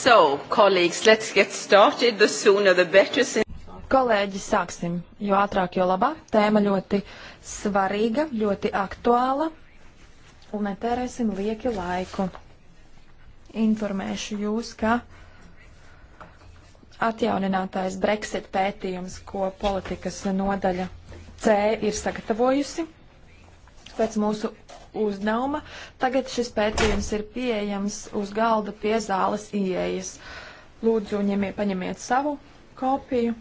So, colleagues, let's get started. The sooner the better. Kolēģi, sāksim. Jo ātrāk, jo labāk. Tēma ļoti svarīga, ļoti aktuāla. Un netērēsim lieki laiku. Informēšu jūs, ka atjauninātais Brexit pētījums, ko politikas nodaļa C ir sagatavojusi, pēc mūsu uzdevuma. Tagad šis pētījums ir pieejams uz galda pie zāles ieejas. Lūdzu, ņemiet, paņemiet savu kopiju.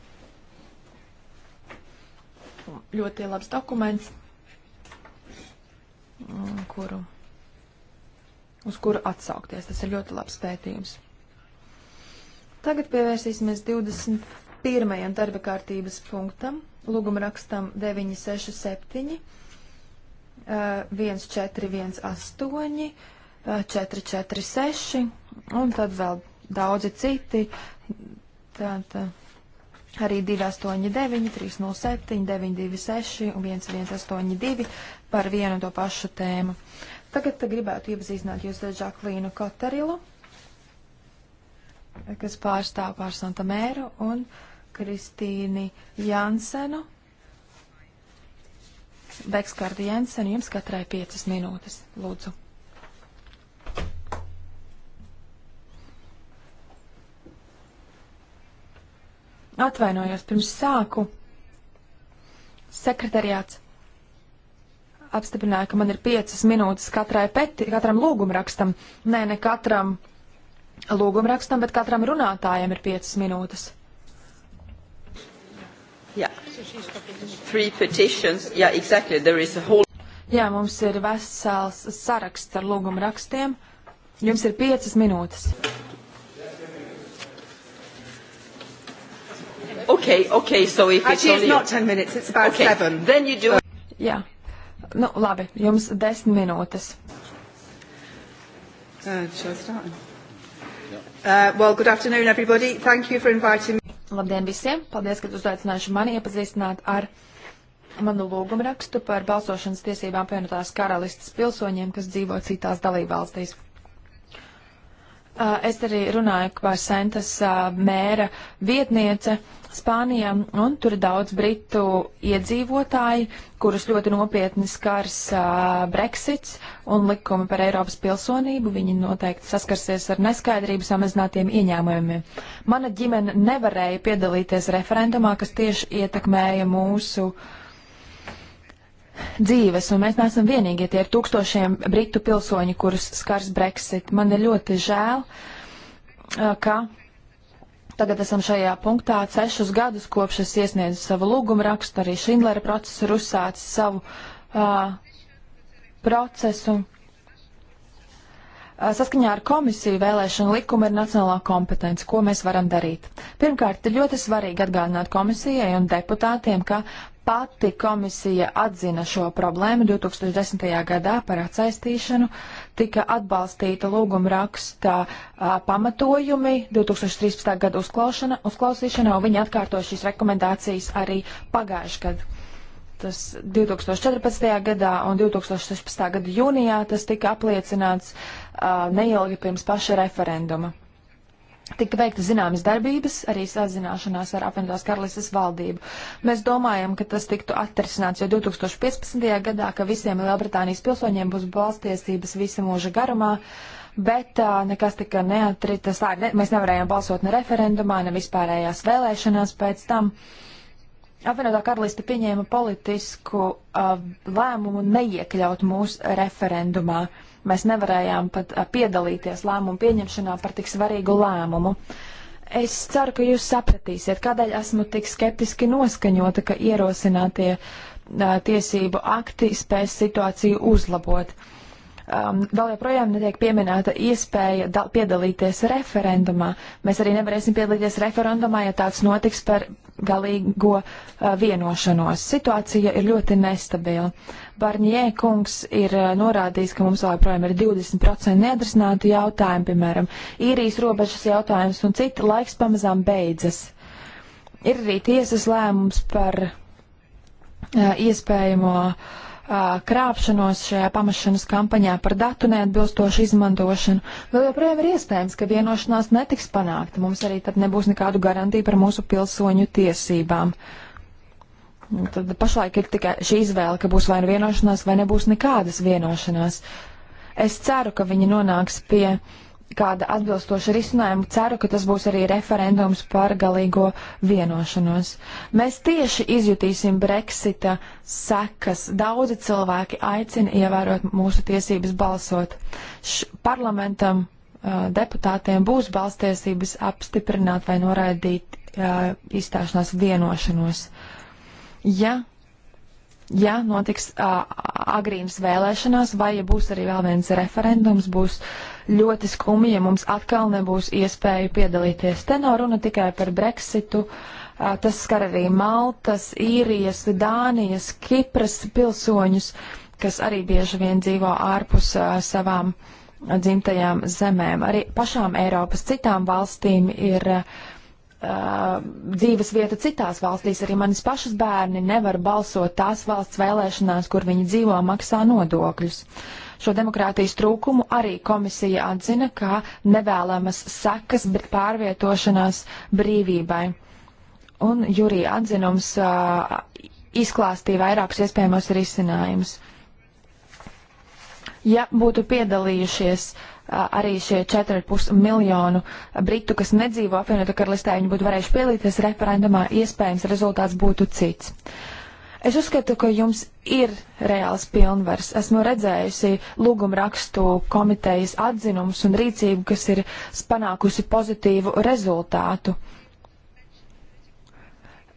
Ļoti labs dokuments, mm, kuru, uz kuru atsaukties. Tas ir ļoti labs pētījums. Tagad pievērsīsimies 21. darba kārtības punktam, lūgumrakstam 967 1418, 446 eh, un tad vēl daudzi citi. Tātad eh, arī 289, 307, 926 un 1182 par vienu un to pašu tēmu. Tagad gribētu iepazīstināt jūs ar Žaklīnu Kotarilu, eh, kas pārstāv pārsanta mēru, un Kristīni Jansenu, Bekskārdu Jensenu, jums katrai piecas minūtes, lūdzu. Atvainojos, pirms sāku sekretariāts apstiprināja, ka man ir piecas minūtes katrai peti, katram lūgumrakstam. Nē, ne katram lūgumrakstam, bet katram runātājam ir piecas minūtes. Yeah. Three petitions. Yeah, exactly. There is a whole. Jā, mums ir vesels saraksts ar lūgumu rakstiem. Jums ir piecas minūtes. Okay, okay, so if Actually, it's, only... it's not ten minutes, it's about okay. seven. Then you do. Jā, nu labi, jums desmit minūtes. Uh, shall I start? Uh, well, good afternoon, everybody. Thank you for inviting me. Labdien visiem! Paldies, ka uzaicinājuši mani iepazīstināt ar manu lūgumu rakstu par balsošanas tiesībām pienotās karalistas pilsoņiem, kas dzīvo citās dalībvalstīs. Es arī runāju par Sentas mēra vietniece, Spānijā, un tur ir daudz britu iedzīvotāji, kurus ļoti nopietni skars uh, Brexits un likumi par Eiropas pilsonību. Viņi noteikti saskarsies ar neskaidrību samazinātiem ieņēmumiem. Mana ģimene nevarēja piedalīties referendumā, kas tieši ietekmēja mūsu dzīves, un mēs neesam vienīgie. Tie ir tūkstošiem britu pilsoņi, kurus skars Brexit. Man ir ļoti žēl, uh, ka Tagad esam šajā punktā sešus gadus kopš es iesniedzu savu lūgumu rakstu, arī Šindlera process ir uzsācis savu uh, procesu. Uh, saskaņā ar komisiju vēlēšana likuma ir nacionālā kompetence, ko mēs varam darīt. Pirmkārt, ir ļoti svarīgi atgādināt komisijai un deputātiem, ka pati komisija atzina šo problēmu 2010. gadā par atsaistīšanu, tika atbalstīta lūguma rakstā pamatojumi 2013. gada uzklausīšanā, un viņi atkārtoja šīs rekomendācijas arī pagājušajā gadā. Tas 2014. gadā un 2016. gada jūnijā tas tika apliecināts a, neilgi pirms paša referenduma. Tika veikta zināmas darbības, arī sazināšanās ar apvienotās karalistes valdību. Mēs domājam, ka tas tiktu atrisināts jau 2015. gadā, ka visiem Lielbritānijas pilsoņiem būs balstiesības visa mūža garumā, bet uh, nekas tika neatritas. Tā, ne, mēs nevarējām balsot ne referendumā, ne vispārējās vēlēšanās pēc tam. Apvienotā karaliste pieņēma politisku uh, lēmumu neiekļaut mūs referendumā. Uh, Mēs nevarējām pat piedalīties lēmumu pieņemšanā par tik svarīgu lēmumu. Es ceru, ka jūs sapratīsiet, kādēļ esmu tik skeptiski noskaņota, ka ierosinātie tiesību akti spēs situāciju uzlabot. Um, vēl joprojām netiek pieminēta iespēja piedalīties referendumā. Mēs arī nevarēsim piedalīties referendumā, ja tāds notiks par galīgo vienošanos. Situācija ir ļoti nestabila. Barņē kungs ir norādījis, ka mums vēl joprojām ir 20% neatrisinātu jautājumu, piemēram, īrijas robežas jautājums un citi laiks pamazām beidzas. Ir arī tiesas lēmums par uh, iespējamo uh, krāpšanos šajā pamešanas kampaņā par datu neatbilstošu izmantošanu, vēl joprojām ir iespējams, ka vienošanās netiks panākta. Mums arī tad nebūs nekādu garantiju par mūsu pilsoņu tiesībām. Tad pašlaik ir tikai šī izvēle, ka būs vai nu vienošanās, vai nebūs nekādas vienošanās. Es ceru, ka viņi nonāks pie uh, kāda atbilstoša risinājuma. Ceru, ka tas būs arī referendums par galīgo vienošanos. Mēs tieši izjutīsim Brexita sekas. Daudzi cilvēki aicina ievērot mūsu tiesības balsot. Š parlamentam uh, deputātiem būs balstiesības apstiprināt vai noraidīt uh, izstāšanās vienošanos. Ja ja notiks uh, agrīnas vēlēšanās, vai ja būs arī vēl viens referendums, būs uh, ļoti skumji, ja mums atkal nebūs iespēja piedalīties. Te nav runa tikai par Brexitu, tas skar arī Maltas, Īrijas, Dānijas, Kipras pilsoņus, kas arī bieži vien dzīvo ārpus savām dzimtajām zemēm. Arī pašām Eiropas citām valstīm ir Uh, dzīves vieta citās valstīs. Arī manis pašas bērni nevar balsot tās valsts vēlēšanās, kur viņi dzīvo, maksā nodokļus. Uh, Šo demokrātijas trūkumu arī komisija atzina kā nevēlamas sekas pārvietošanās brīvībai. Un jūrija atzinums uh, izklāstīja vairākus iespējamos risinājumus. Ja būtu piedalījušies uh, arī šie 4,5 miljonu britu, kas nedzīvo apvienotā karalistē, viņi būtu varējuši piedalīties referendumā, iespējams rezultāts būtu cits. Uh, Es uzskatu, ka jums ir reāls pilnvars. Esmu redzējusi lūgumrakstu komitejas atzinumus un rīcību, kas ir panākusi pozitīvu rezultātu.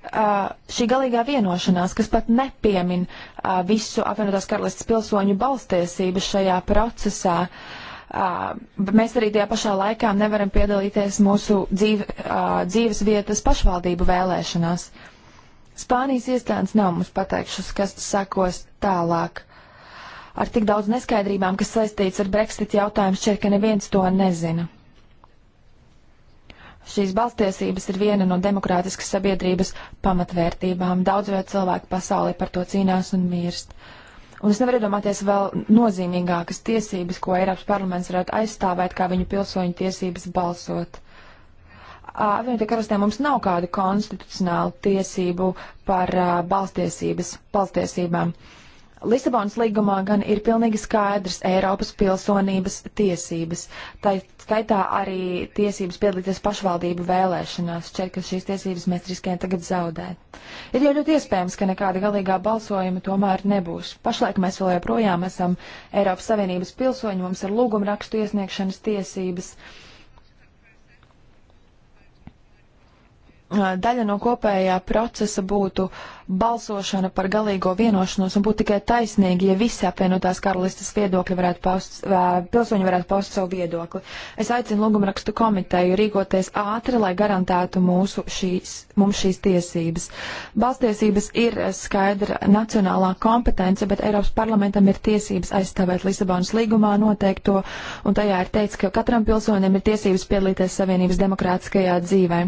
Uh, šī galīgā vienošanās, kas pat nepiemin uh, visu apvienotās karalistas pilsoņu balstiesības šajā procesā, uh, mēs arī tajā pašā laikā nevaram piedalīties mūsu dzīve, uh, dzīves vietas pašvaldību vēlēšanās. Uh, Spānijas iestādes nav mums pateikšas, kas sakos tālāk. Ar tik daudz neskaidrībām, kas saistīts ar Brexit jautājumu, šķiet, ka neviens to nezina. Šīs balstiesības ir viena no demokrātiskas sabiedrības pamatvērtībām. Daudz vēl cilvēku pasaulē par to cīnās un mirst. Un es nevaru iedomāties vēl nozīmīgākas tiesības, ko Eiropas parlaments varētu aizstāvēt, kā viņu pilsoņu tiesības balsot. Apvienotie karalistē mums nav kādu konstitucionālu tiesību par uh, balstiesības, balstiesībām. Lisabonas līgumā gan ir pilnīgi skaidrs Eiropas pilsonības tiesības. Tā skaitā arī tiesības piedalīties pašvaldību vēlēšanās. Šķiet, ka šīs tiesības mēs riskējam tagad zaudēt. Ir jau ļoti iespējams, ka nekāda galīgā balsojuma tomēr nebūs. Pašlaik mēs vēl joprojām esam Eiropas Savienības pilsoņi, mums ir lūgumrakstu iesniegšanas tiesības. Uh, daļa no kopējā procesa būtu uh, balsošana par galīgo vienošanos un būtu tikai taisnīgi, ja visi apvienotās karalistes viedokļi varētu paust, vē, pilsoņi varētu paust savu viedokli. Es aicinu lūgumrakstu komiteju rīkoties ātri, lai garantētu mūsu šīs, mums šīs tiesības. Balstiesības ir skaidra nacionālā kompetence, bet Eiropas parlamentam ir tiesības aizstāvēt Lisabonas līgumā noteikto, un tajā ir teikts, ka katram pilsonim ir tiesības piedalīties Savienības demokrātiskajā dzīvē.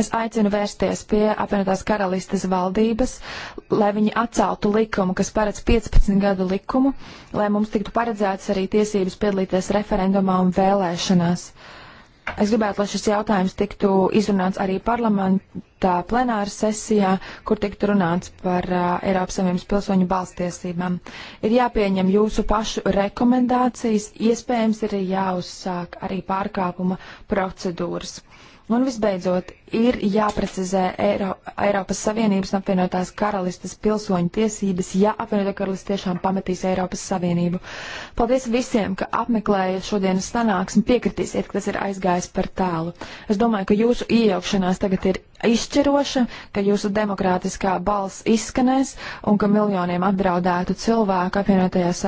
Es aicinu vērsties pie apvienotās karalistes valdības tiesas, lai viņi atceltu likumu, kas paredz 15 gadu likumu, lai mums tiktu paredzēts arī tiesības piedalīties referendumā un vēlēšanās. Es gribētu, lai šis jautājums tiktu izrunāts arī parlamentā plenāra sesijā, kur tiktu runāts par uh, Eiropas Savienības pilsoņu balstiesībām. Ir jāpieņem jūsu pašu rekomendācijas, iespējams ir jāuzsāk arī pārkāpuma procedūras Un visbeidzot, ir jāprecizē Eiro, Eiropas Savienības un apvienotās karalistes pilsoņu tiesības, ja apvienotā karalists tiešām pametīs Eiropas Savienību. Paldies visiem, ka apmeklējat šodienas sanāksmi, piekritīsiet, ka tas ir aizgājis par tālu. Es domāju, ka jūsu iejaukšanās tagad ir izšķiroša, ka jūsu demokrātiskā balss izskanēs un ka miljoniem apdraudētu cilvēku apvienotajās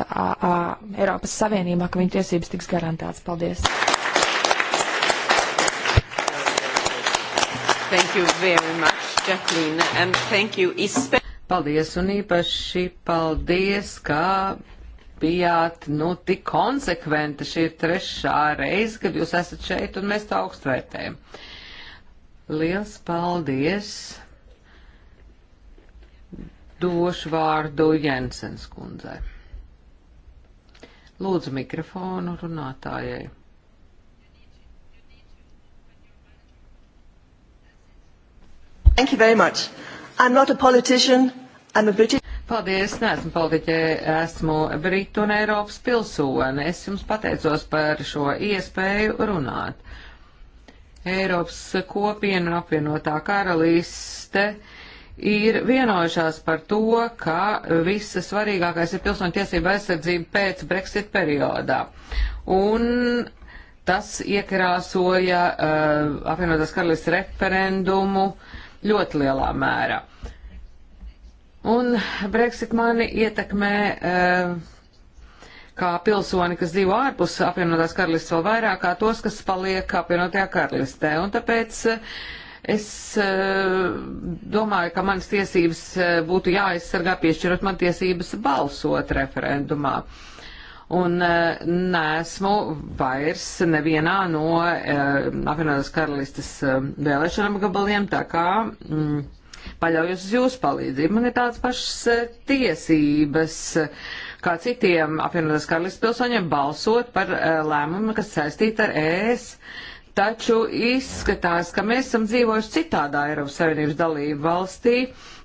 Eiropas Savienībā, ka viņu tiesības tiks garantētas. Paldies! Thank you very much, Jacqueline, and thank you. Paldies un īpaši paldies, ka bijāt, nu, tik konsekventi. Šī ir trešā reize, kad jūs esat šeit, un mēs to augstvērtējam. Liels paldies! Došu vārdu Jensens kundzei. Lūdzu mikrofonu runātājai. Thank you very much. I'm not a politician, I'm a British. Paldies, neesmu politiķe, esmu Britu un Eiropas pilsone. Es jums pateicos par šo iespēju runāt. Eiropas kopiena un apvienotā karalīste ir vienojušās par to, ka viss svarīgākais ir pilsoņu tiesība aizsardzība pēc Brexit periodā. Un tas iekrāsoja uh, apvienotās karalīstes referendumu uh, ļoti lielā mērā. Un Brexit mani ietekmē eh, kā pilsoni, kas dzīvo ārpus apvienotās karalistes vēl vairāk, kā tos, kas paliek apvienotajā karalistē. Un tāpēc eh, es eh, domāju, ka manas tiesības būtu jāaizsargā, piešķirot man tiesības balsot referendumā. Uh, un eh, nesmu vairs nevienā no eh, apvienotās karalistes eh, vēlēšanām gabaliem, tā kā mm, paļaujos uz jūsu palīdzību. Man ir tādas pašas tiesības kā citiem apvienotās karalistes pilsoņiem balsot par lēmumu, kas saistīta ar ES. Taču izskatās, ka mēs esam dzīvojuši citādā Eiropas Savienības dalību valstī,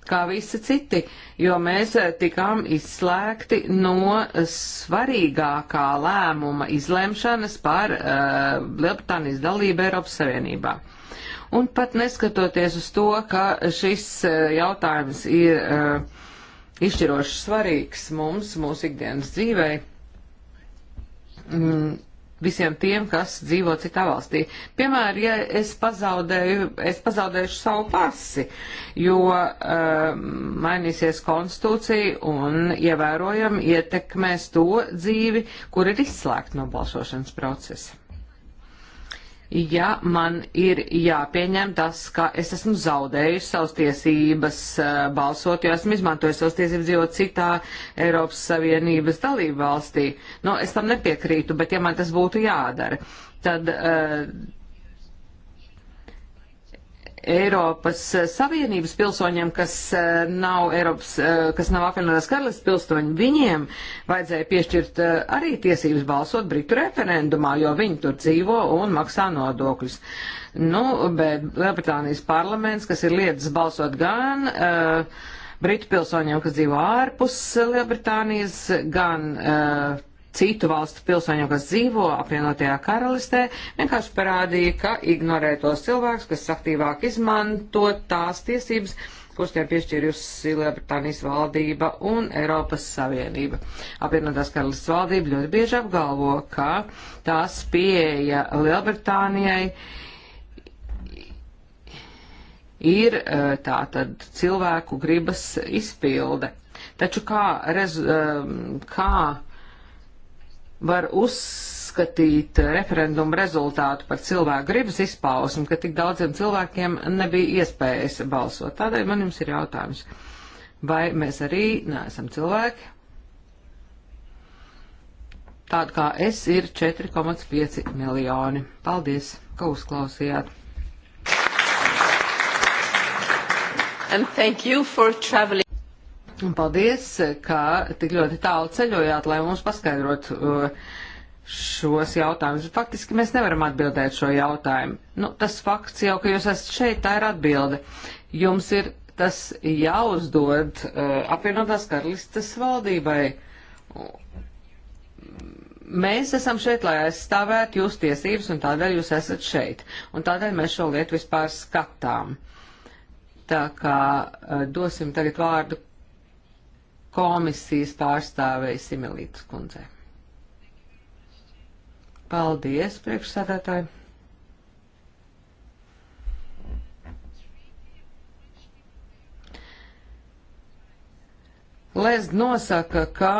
kā visi citi, jo mēs eh, tikām izslēgti no svarīgākā lēmuma izlemšanas par uh, Lielbritānijas dalību Eiropas Savienībā. Un pat neskatoties uz to, ka šis uh, jautājums ir uh, izšķiroši svarīgs mums, mūsu ikdienas dzīvē, mm, visiem tiem, kas dzīvo citā valstī. Piemēram, ja es pazaudēju, es pazaudēšu savu pasi, jo uh, mainīsies konstitūcija un ievērojami ietekmēs to dzīvi, kur ir izslēgt no balsošanas procesa ja man ir jāpieņem tas, ka es esmu zaudējusi savas tiesības eh, balsot, jo esmu izmantojis savas tiesības dzīvot citā Eiropas Savienības dalību valstī. Nu, es tam nepiekrītu, bet ja man tas būtu jādara, tad. Uh, Eiropas eh, Savienības pilsoņiem, kas eh, nav, Eiropas, eh, kas nav apvienotās karalistas pilsoņi, viņiem vajadzēja piešķirt arī tiesības balsot Britu referendumā, jo viņi tur dzīvo un maksā nodokļus. Nu, bet Lielbritānijas parlaments, kas ir lietas balsot gan uh, Britu pilsoņiem, kas dzīvo ārpus Lielbritānijas, gan uh, citu valstu pilsoņu, kas dzīvo apvienotajā karalistē, vienkārši parādīja, ka ignorē tos cilvēkus, kas aktīvāk izmanto tās tiesības, kuras tiem piešķīrusi Lielbritānijas valdība un Eiropas Savienība. Apvienotās karalistes valdība ļoti bieži apgalvo, ka tās pieeja Lielbritānijai ir eh, tātad cilvēku gribas izpilde. Taču kā, rez, eh, kā var uzskatīt eh, referendumu rezultātu par cilvēku gribas izpausmu, ka tik daudziem cilvēkiem nebija iespējas balsot. Tādēļ man jums ir jautājums. Vai mēs arī neesam cilvēki? Tāda kā es ir 4,5 miljoni. Paldies, ka uzklausījāt. And thank you for traveling. Un paldies, ka tik ļoti tālu ceļojāt, lai mums paskaidrot uh, šos jautājumus. Faktiski mēs nevaram atbildēt šo jautājumu. Nu, tas fakts jau, ka jūs esat šeit, tā ir atbilde. Jums ir tas jāuzdod uh, apvienotās karalistas valdībai. Mēs esam šeit, lai aizstāvētu jūs tiesības, un tādēļ jūs esat šeit. Un tādēļ mēs šo lietu vispār skatām. Tā kā uh, dosim tagad vārdu komisijas pārstāvēja Similītas kundzei. Paldies, priekšsādātāji! Lēst nosaka, ka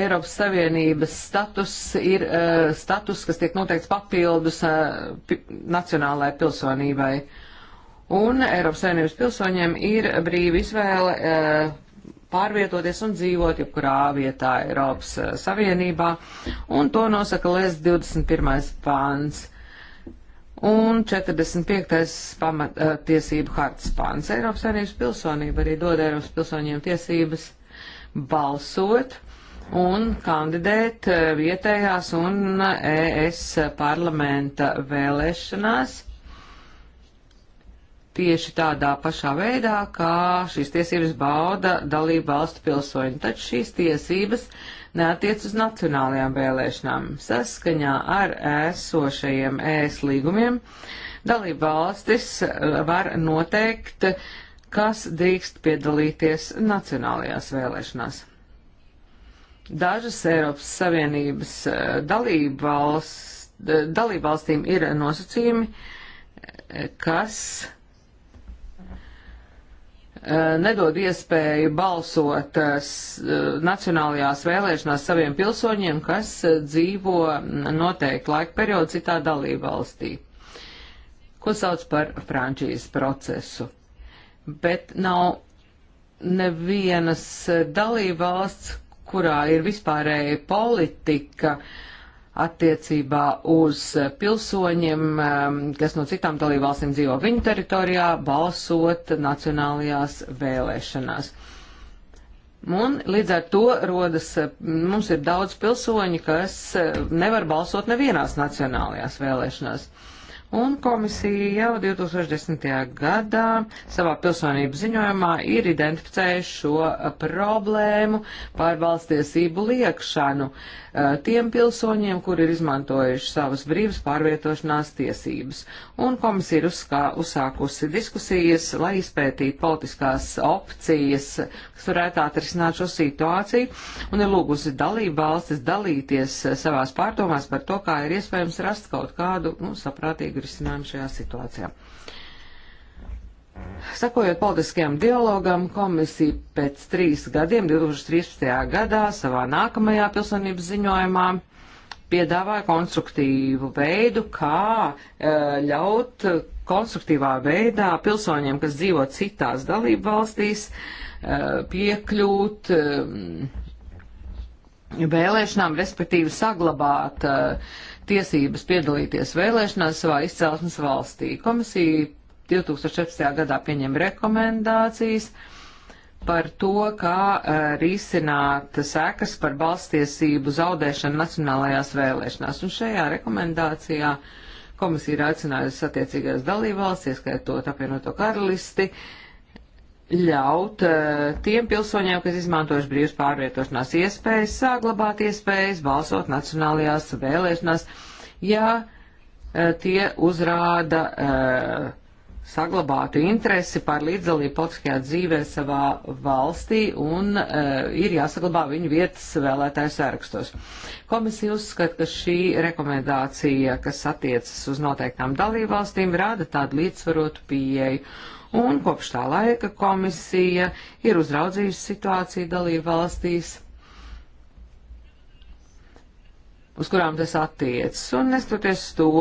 Eiropas Savienības status ir uh, status, kas tiek noteikts papildus uh, pi nacionālajai pilsonībai. Un Eiropas Savienības pilsoņiem ir brīva izvēle uh, pārvietoties un dzīvot jebkurā vietā Eiropas eh, Savienībā, un to nosaka lēs 21. pāns un 45. pamatiesību eh, hartas pāns. Eiropas Savienības pilsonība arī dod Eiropas pilsoņiem tiesības balsot un kandidēt eh, vietējās un ES e parlamenta vēlēšanās tieši tādā pašā veidā, kā šīs tiesības bauda dalību valstu pilsoņi, taču šīs tiesības neatiec uz nacionālajām vēlēšanām. Saskaņā ar esošajiem ēs e līgumiem dalību valstis eh, var noteikt, kas drīkst piedalīties nacionālajās vēlēšanās. Dažas Eiropas Savienības eh, dalību valsts, eh, dalībvalstīm ir nosacījumi, kas Eh, nedod iespēju balsot eh, eh, nacionālajās vēlēšanās saviem pilsoņiem, kas dzīvo mm, noteikti laika periodu citā dalībvalstī, ko sauc par frančīzes procesu. Bet nav nevienas dalībvalsts, kurā ir vispārēja politika, uh, attiecībā uz pilsoņiem, um, kas no citām dalībvalstīm dzīvo viņu teritorijā, balsot nacionālajās vēlēšanās. Un līdz ar to rodas, mums ir daudz pilsoņi, kas nevar balsot nevienās nacionālajās vēlēšanās. Un komisija jau 2010. gadā savā pilsonības ziņojumā ir identificējuši šo problēmu par valsts tiesību liekšanu. Uh, Uh, tiem pilsoņiem, kuri ir izmantojuši savas brīvas pārvietošanās tiesības. Un komisija ir uzskā, uzsākusi diskusijas, lai izpētītu politiskās opcijas, kas varētu atrisināt šo situāciju, un ir lūgusi dalību valstis dalīties uh, savās pārdomās par to, kā ir iespējams rast kaut kādu nu, saprātīgu risinājumu šajā situācijā. Sakojot politiskajam dialogam, komisija pēc trīs gadiem, 2013. gadā, savā nākamajā pilsonības ziņojumā piedāvāja konstruktīvu veidu, kā e, ļaut konstruktīvā veidā pilsoņiem, kas dzīvo citās dalību valstīs, e, piekļūt e, vēlēšanām, respektīvi saglabāt tiesības piedalīties vēlēšanās savā izcelsmes valstī. Komisija 2014. gadā pieņem rekomendācijas par to, kā uh, risināt sekas par balstiesību zaudēšanu nacionālajās vēlēšanās. Un šajā rekomendācijā komisija ir aicinājusi attiecīgās dalībvalsts, ieskaitot apvienoto karalisti, ļaut uh, tiem pilsoņiem, kas izmantojuši brīvas pārvietošanās iespējas, saglabāt iespējas balsot nacionālajās vēlēšanās, ja uh, tie uzrāda uh, saglabātu interesi par līdzdalību politiskajā dzīvē savā valstī un uh, ir jāsaglabā viņu vietas vēlētāju sarakstos. Komisija uzskata, ka šī rekomendācija, kas attiecas uz noteiktām dalībvalstīm, rada tādu līdzsvarotu pieeju. Un kopš tā laika komisija ir uzraudzījusi situāciju dalībvalstīs uz kurām tas attiecas, un nestoties to,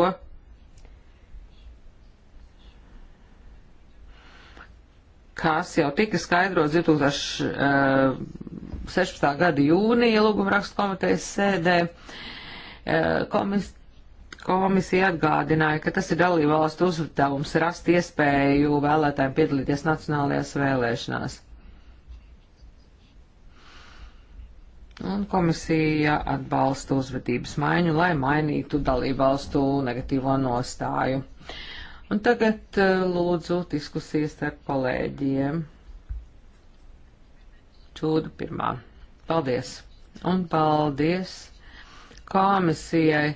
kas jau tika skaidrots 2016. gada jūnija lūgumrakstu komitejas sēdē. Eh, komis, komisija atgādināja, ka tas ir dalībvalstu uzdevums rast iespēju vēlētājiem piedalīties nacionālajās vēlēšanās. Un komisija atbalsta uzvedības maiņu, lai mainītu dalībvalstu negatīvo nostāju. Uh, Un tagad eh, lūdzu diskusijas ar kolēģiem. Čūdu pirmā. Paldies! Un paldies komisijai!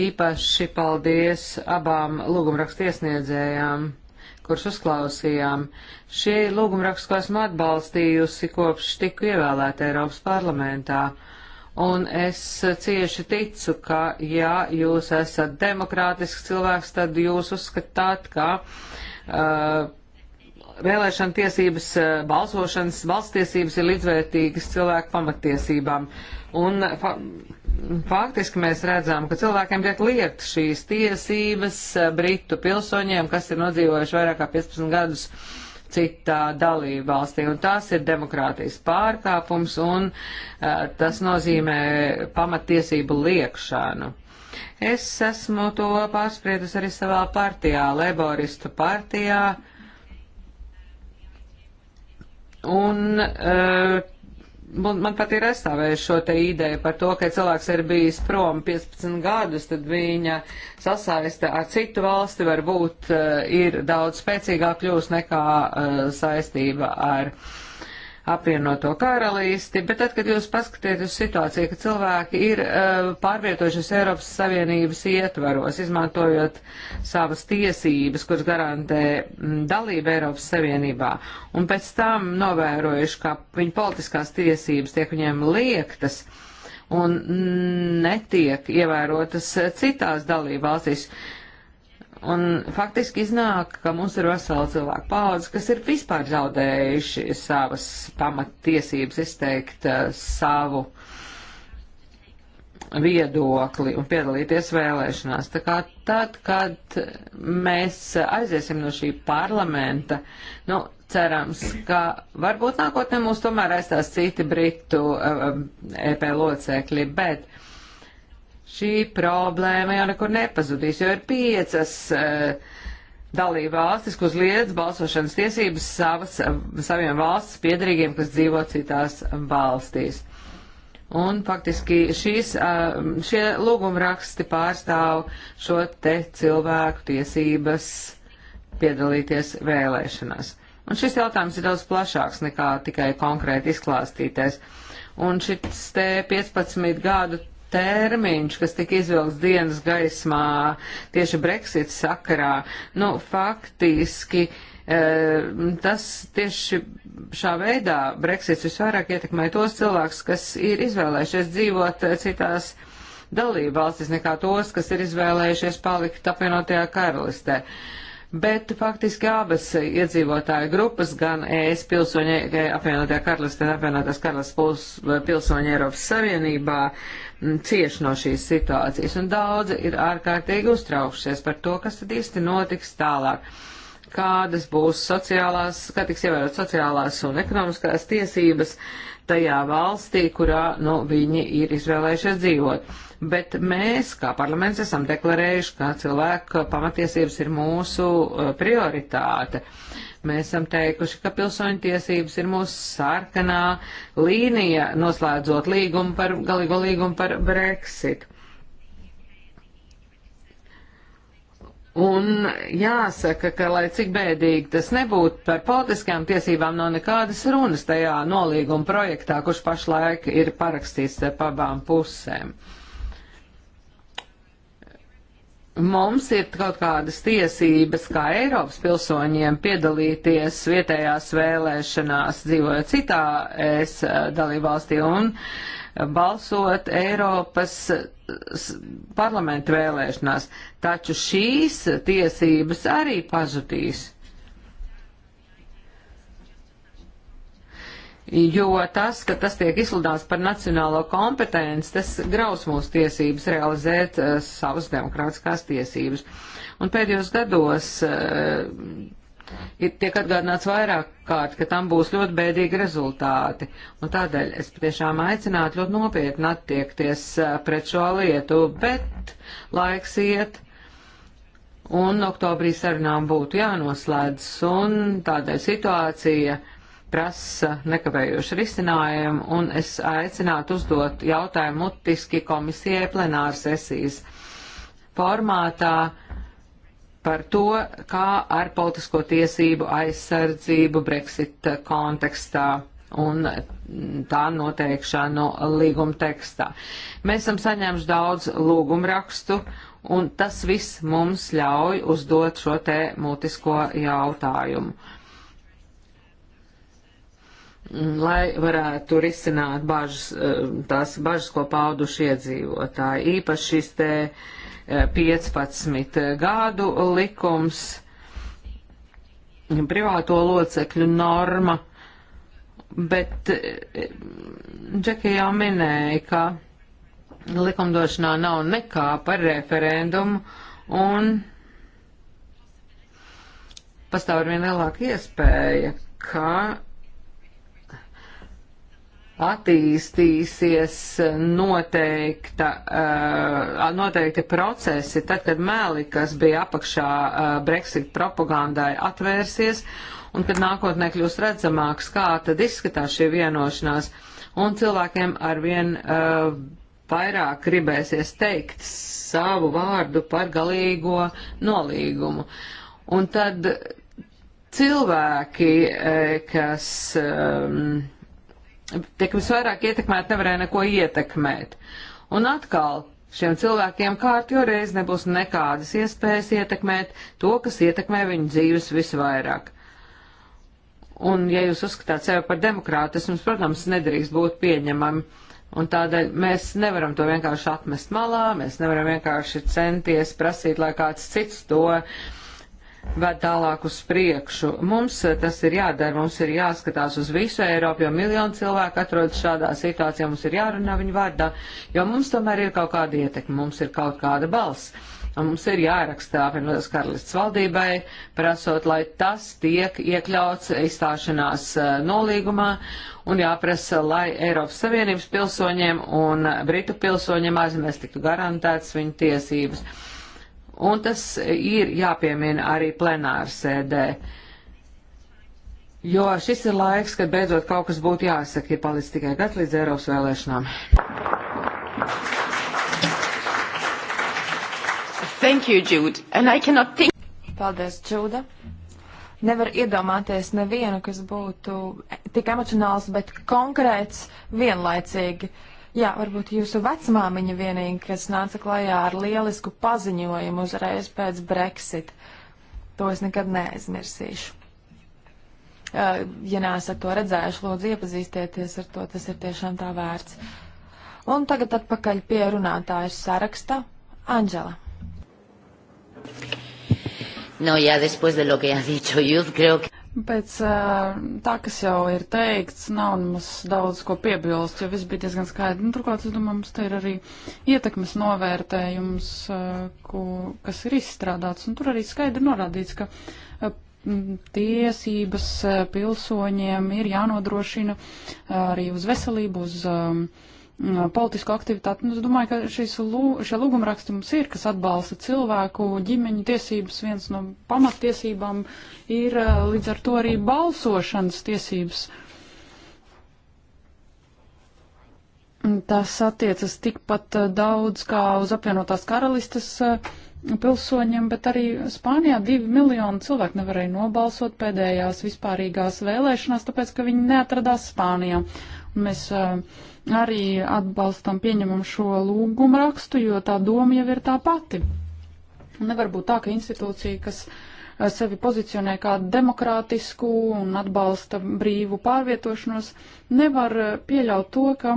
Īpaši paldies abām lūgumrakstu iesniedzējām, kurš uzklausījām. Šie lūgumraksti, ko esmu atbalstījusi kopš tiku ievēlēta Eiropas parlamentā, uh, Un es cieši ticu, ka ja jūs esat demokrātisks cilvēks, tad jūs uzskatāt, ka uh, vēlēšana tiesības, uh, balsošanas, valsts tiesības ir līdzvērtīgas cilvēku pamatiesībām. Un fa faktiski mēs redzam, ka cilvēkiem tiek liekt šīs tiesības uh, Britu pilsoņiem, kas ir nodzīvojuši vairāk kā 15 gadus uh, citā dalībvalstī. Un tas ir demokrātijas pārkāpums un uh, tas nozīmē pamatiesību liekšanu. Es esmu to pārspriedus arī savā partijā, Leboristu partijā. Un uh, Man, man pat ir aizstāvējuši šo te ideju par to, ka cilvēks ir bijis prom 15 gadus, tad viņa sasaista ar citu valsti varbūt eh, ir daudz spēcīgāk kļūst nekā eh, saistība ar uh, apvienoto karalisti, bet tad, kad jūs paskatieties uz situāciju, ka cilvēki ir uh, pārvietojušies Eiropas Savienības ietvaros, izmantojot savas tiesības, kuras garantē mm, dalība Eiropas Savienībā, un pēc tam novērojuši, ka viņu politiskās tiesības tiek viņiem liektas, un mm, netiek ievērotas citās dalībvalstīs. valstīs Un faktiski iznāk, ka mums ir vesela cilvēku paudze, kas ir vispār zaudējuši savas pamattiesības izteikt uh, savu viedokli un piedalīties vēlēšanās. Tā kā tad, kad mēs aiziesim no šī parlamenta, nu, cerams, ka varbūt nākotnē mūs tomēr aizstās citi Britu uh, eh, EP eh, e locekļi, bet uh, Šī problēma jau nekur nepazudīs, jo ir piecas uh, eh, dalība valstis, kuras liedz balsošanas tiesības savas, eh, saviem valsts piedarīgiem, kas dzīvo citās valstīs. Un faktiski šīs, uh, šie lūgumraksti pārstāv šo te cilvēku tiesības piedalīties vēlēšanās. Un šis jautājums ir daudz plašāks nekā tikai konkrēti izklāstītais. Un šis te 15 gadu termiņš, kas tika izvilks dienas gaismā tieši Brexit sakarā, nu, faktiski e, tas tieši šā veidā Brexits visvairāk ietekmē tos cilvēkus, kas ir izvēlējušies dzīvot e, citās dalību valstis nekā tos, kas ir izvēlējušies palikt apvienotajā karalistē. Bet faktiski abas iedzīvotāju grupas, gan ES pilsoņi, apvienotajā karalistē, apvienotās karalistes pilsoņi Eiropas Savienībā, uh, Mm, cieš no šīs situācijas, un daudzi ir ārkārtīgi uztraukšies par to, kas tad īsti notiks tālāk. Uh, kādas būs sociālās, kā tiks ievērot sociālās un ekonomiskās tiesības tajā valstī, kurā nu, viņi ir izvēlējušies dzīvot. Bet mēs, kā parlaments, esam deklarējuši, ka cilvēku pamatiesības ir mūsu eh, prioritāte. Mēs esam teikuši, ka pilsoņu tiesības ir mūsu sarkanā līnija, noslēdzot līgumu par, galīgo līgumu par Brexit. Un jāsaka, ka, lai cik bēdīgi tas nebūtu, par politiskajām tiesībām nav nekādas runas tajā nolīguma projektā, kurš pašlaik ir parakstīts starp abām pusēm. Mums ir kaut kādas tiesības, kā Eiropas pilsoņiem, piedalīties vietējās vēlēšanās, dzīvojot citā es eh, dalībvalstī un balsot Eiropas parlamentu vēlēšanās, taču šīs tiesības arī pazudīs. Jo tas, ka tas tiek izsludināts par nacionālo kompetenci, tas graus mūsu tiesības realizēt uh, savas demokrātiskās tiesības. Un pēdējos gados uh, ir tiek atgādināts vairāk kārt, ka tam būs ļoti bēdīgi rezultāti. Un tādēļ es patiešām aicinātu ļoti nopietni attiekties pret šo lietu, bet laiks iet. Un oktobrī sarunām būtu jānoslēdz, un tādēļ situācija prasa nekavējošu risinājumu, un es aicinātu uzdot jautājumu mutiski komisijai plenāra sesijas formātā par to, kā ar politisko tiesību aizsardzību Brexit kontekstā un tā noteikšanu līguma tekstā. Mēs esam saņēmuši daudz lūgumu rakstu, un tas viss mums ļauj uzdot šo te mutisko jautājumu. Lai varētu risināt bažas, eh, tās bažas, ko pauduši iedzīvotāji, īpaši šis te uh, 15 gadu likums, privāto locekļu norma, bet e, Džeki jau minēja, ka likumdošanā nav nekā par referendumu un pastāv ar vien lielāka iespēja, ka attīstīsies noteikta, eh, noteikti procesi, tad, kad meli, kas bija apakšā eh, Brexit propagandai, atvērsies, un kad nākotnē kļūs redzamāks, kā tad izskatās šī vienošanās, un cilvēkiem arvien eh, vairāk gribēsies teikt savu vārdu par galīgo nolīgumu. Un tad cilvēki, kas um, tiek visvairāk ietekmēti, nevarēja neko ietekmēt. Un atkal šiem cilvēkiem kārt joreiz nebūs nekādas iespējas ietekmēt to, kas ietekmē viņu dzīves visvairāk. Un, ja jūs uzskatāt sevi par demokrātu, tas mums, protams, nedrīkst būt pieņemami. Un tādēļ mēs nevaram to vienkārši atmest malā, mēs nevaram vienkārši centies prasīt, lai kāds cits to uh, ved tālāk uz priekšu. Mums eh, tas ir jādara, mums ir jāskatās uz visu Eiropu, jo miljonu cilvēku atrodas šādā situācijā, mums ir jārunā viņu vārdā, jo mums tomēr ir kaut kāda ietekme, mums ir kaut kāda balss. Un mums ir jārakstā apvienotās karalists valdībai, prasot, lai tas tiek iekļauts izstāšanās eh, nolīgumā un jāprasa, lai Eiropas Savienības pilsoņiem un Britu pilsoņiem aizmēs tiktu garantētas viņu tiesības un tas ir jāpiemina arī plenāra sēdē. Jo šis ir laiks, kad beidzot kaut kas būtu jāsaka, ir palicis tikai gads līdz Eiropas vēlēšanām. Thank you, Jude. And I cannot think. Paldies, Džuda. Nevar iedomāties nevienu, kas būtu tik emocionāls, bet konkrēts vienlaicīgi. Uh, Jā, varbūt jūsu vecmāmiņa vienīgi, kas nāca klajā ar lielisku paziņojumu uzreiz pēc Brexit. To es nekad neaizmirsīšu. Ja neesat to redzējuši, lūdzu iepazīstieties ar to, tas ir tiešām tā vērts. Un tagad atpakaļ pie runātāju saraksta. Anģela. No, ya después de lo que ha dicho Youth, creo que... Pēc tā, kas jau ir teikts, nav mums daudz ko piebilst, jo viss bija diezgan skaidrs. Nu, turklāt, es domāju, mums te ir arī ietekmes novērtējums, ko, kas ir izstrādāts, un tur arī skaidri norādīts, ka tiesības pilsoņiem ir jānodrošina arī uz veselību, uz Mm, politisko aktivitāti. Un nu, es domāju, ka šis, šie lūgumraksti mums ir, kas atbalsta cilvēku ģimeņu tiesības. Viens no pamattiesībām ir uh, līdz ar to arī balsošanas tiesības. Tas attiecas tikpat uh, daudz kā uz apvienotās karalistes uh, pilsoņiem, bet arī Spānijā divi miljoni cilvēku nevarēja nobalsot pēdējās vispārīgās vēlēšanās, tāpēc, ka viņi neatradās Spānijā. Uh, Un mēs arī atbalstam pieņemam šo lūgumu rakstu, jo tā doma jau ir tā pati. Nevar būt tā, ka institūcija, kas sevi pozicionē kā demokrātisku un atbalsta brīvu pārvietošanos, nevar pieļaut to, ka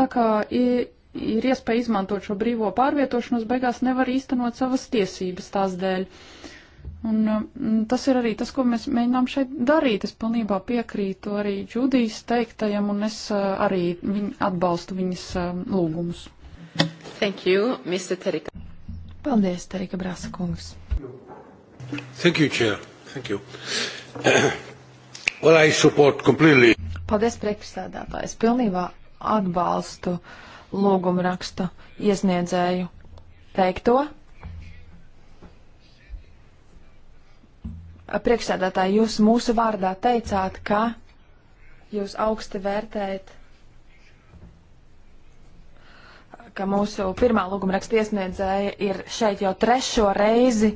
tā kā ir iespēja izmantot šo brīvo pārvietošanos, beigās nevar īstenot savas tiesības tās dēļ. Uh, Un um, tas ir arī tas, ko mēs mēģinām šeit darīt. Es pilnībā piekrītu arī Džudijas teiktajam, un es uh, arī viņ, atbalstu viņas um, lūgumus. Thank you, Mr. Terika. Paldies, Terika Brāsa kungs. Thank you, Chair. Thank you. well, I support completely. Paldies, priekšsēdētāji. Es pilnībā atbalstu lūgumu raksta iesniedzēju teikto. priekšsēdētāji, jūs mūsu vārdā teicāt, ka jūs augsti vērtējat, ka mūsu pirmā lūguma raksta iesniedzēja ir šeit jau trešo reizi,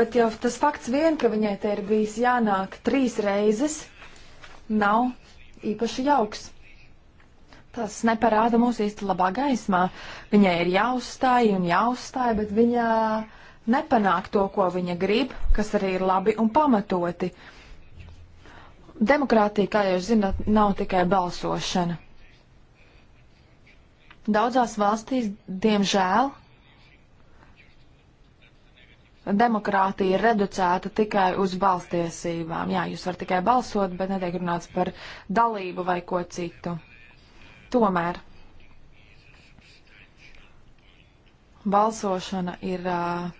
bet jau tas fakts vien, ka viņai te ir bijis jānāk trīs reizes, nav īpaši jauks. Tas neparāda mūs īsti labā gaismā. Viņai ir jāuzstāj un jāuzstāj, bet viņa. Uh, nepanāk to, ko viņa grib, kas arī ir labi un pamatoti. Demokrātija, kā jūs zināt, nav tikai balsošana. Daudzās valstīs, diemžēl, demokrātija ir reducēta tikai uz balstiesībām. Jā, jūs varat tikai balsot, bet netiek runāts par dalību vai ko citu. Tomēr balsošana ir uh,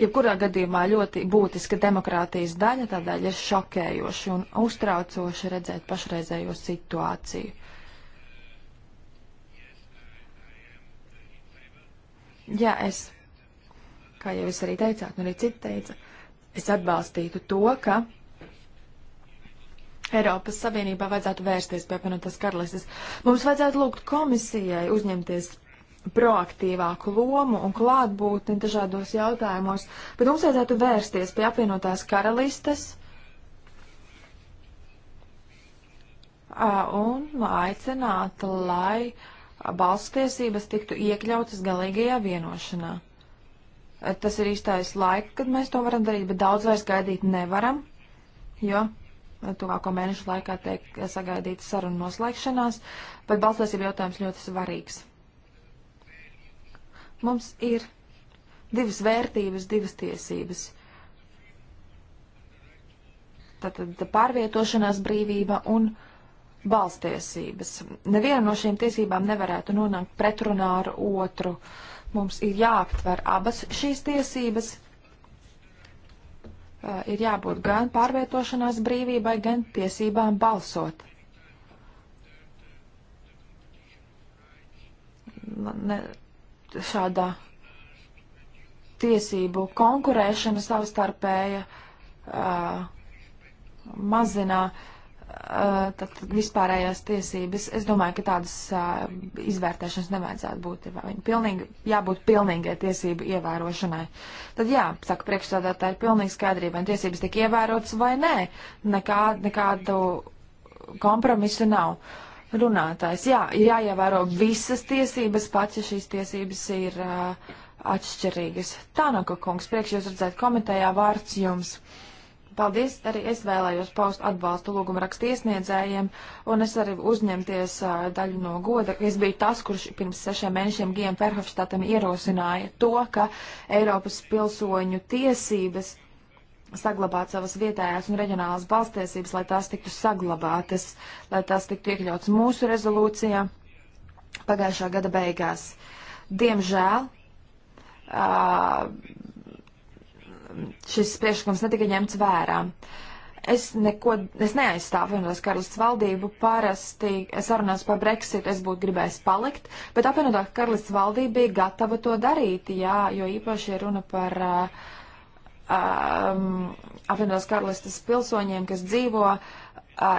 jebkurā gadījumā ļoti būtiska demokrātijas daļa, tādēļ ir šokējoši un uztraucoši redzēt pašreizējo situāciju. Jā, es, kā jau es arī teicāt, un arī citi teica, es atbalstītu to, ka Eiropas Savienībā vajadzētu vērsties pie apvienotās karalistes. Mums vajadzētu lūgt komisijai uzņemties proaktīvāku lomu un klātbūtni dažādos jautājumos, bet mums vajadzētu vērsties pie apvienotās karalistes un aicināt, lai balstiesības tiktu iekļautas galīgajā vienošanā. Tas ir īstais laika, kad mēs to varam darīt, bet daudz vairs gaidīt nevaram, jo tuvāko mēnešu laikā tiek sagaidīta saruna noslēgšanās, bet balstiesība jautājums ļoti svarīgs. Mums ir divas vērtības, divas tiesības. Tātad pārvietošanās brīvība un balstiesības. Neviena no šīm tiesībām nevarētu nonākt pretrunā ar otru. Mums ir jāaptver abas šīs tiesības, ir jābūt gan pārvietošanās brīvībai, gan tiesībām balsot. Ne, šāda tiesību konkurēšana savstarpēja uh, mazinā uh, vispārējās tiesības. Es domāju, ka tādas uh, izvērtēšanas nevajadzētu būt. Pilnīgi, jābūt pilnīgai tiesību ievērošanai. Tad jā, saka priekšstādātāji, pilnīgi skaidrība, vai tiesības tiek ievērotas vai nē. Nekā, nekādu kompromisu nav. Uh, runātājs. Jā, ir jāievēro visas tiesības, pats, ja šīs tiesības ir uh, atšķirīgas. Tānaka kungs, priekš jūs redzēt komitejā vārds jums. Paldies, arī es vēlējos paust atbalstu lūguma rakstu iesniedzējiem, un es arī uzņemties uh, daļu no goda. Es biju tas, kurš pirms sešiem mēnešiem Giem Ferhofštatam ierosināja to, ka Eiropas pilsoņu tiesības uh, saglabāt savas vietējās un reģionālās balstiesības, lai tās tiktu saglabātas, lai tās tiktu iekļauts mūsu rezolūcijā pagājušā gada beigās. Diemžēl šis priekšlikums netika ņemts vērā. Es neko, es neaizstāvu vienotās karalists valdību, parasti sarunās par Brexit es būtu gribējis palikt, bet apvienotā karalists valdība bija gatava to darīt, jā, jo īpaši ir runa par uh, um, apvienotās karalistas pilsoņiem, kas dzīvo uh,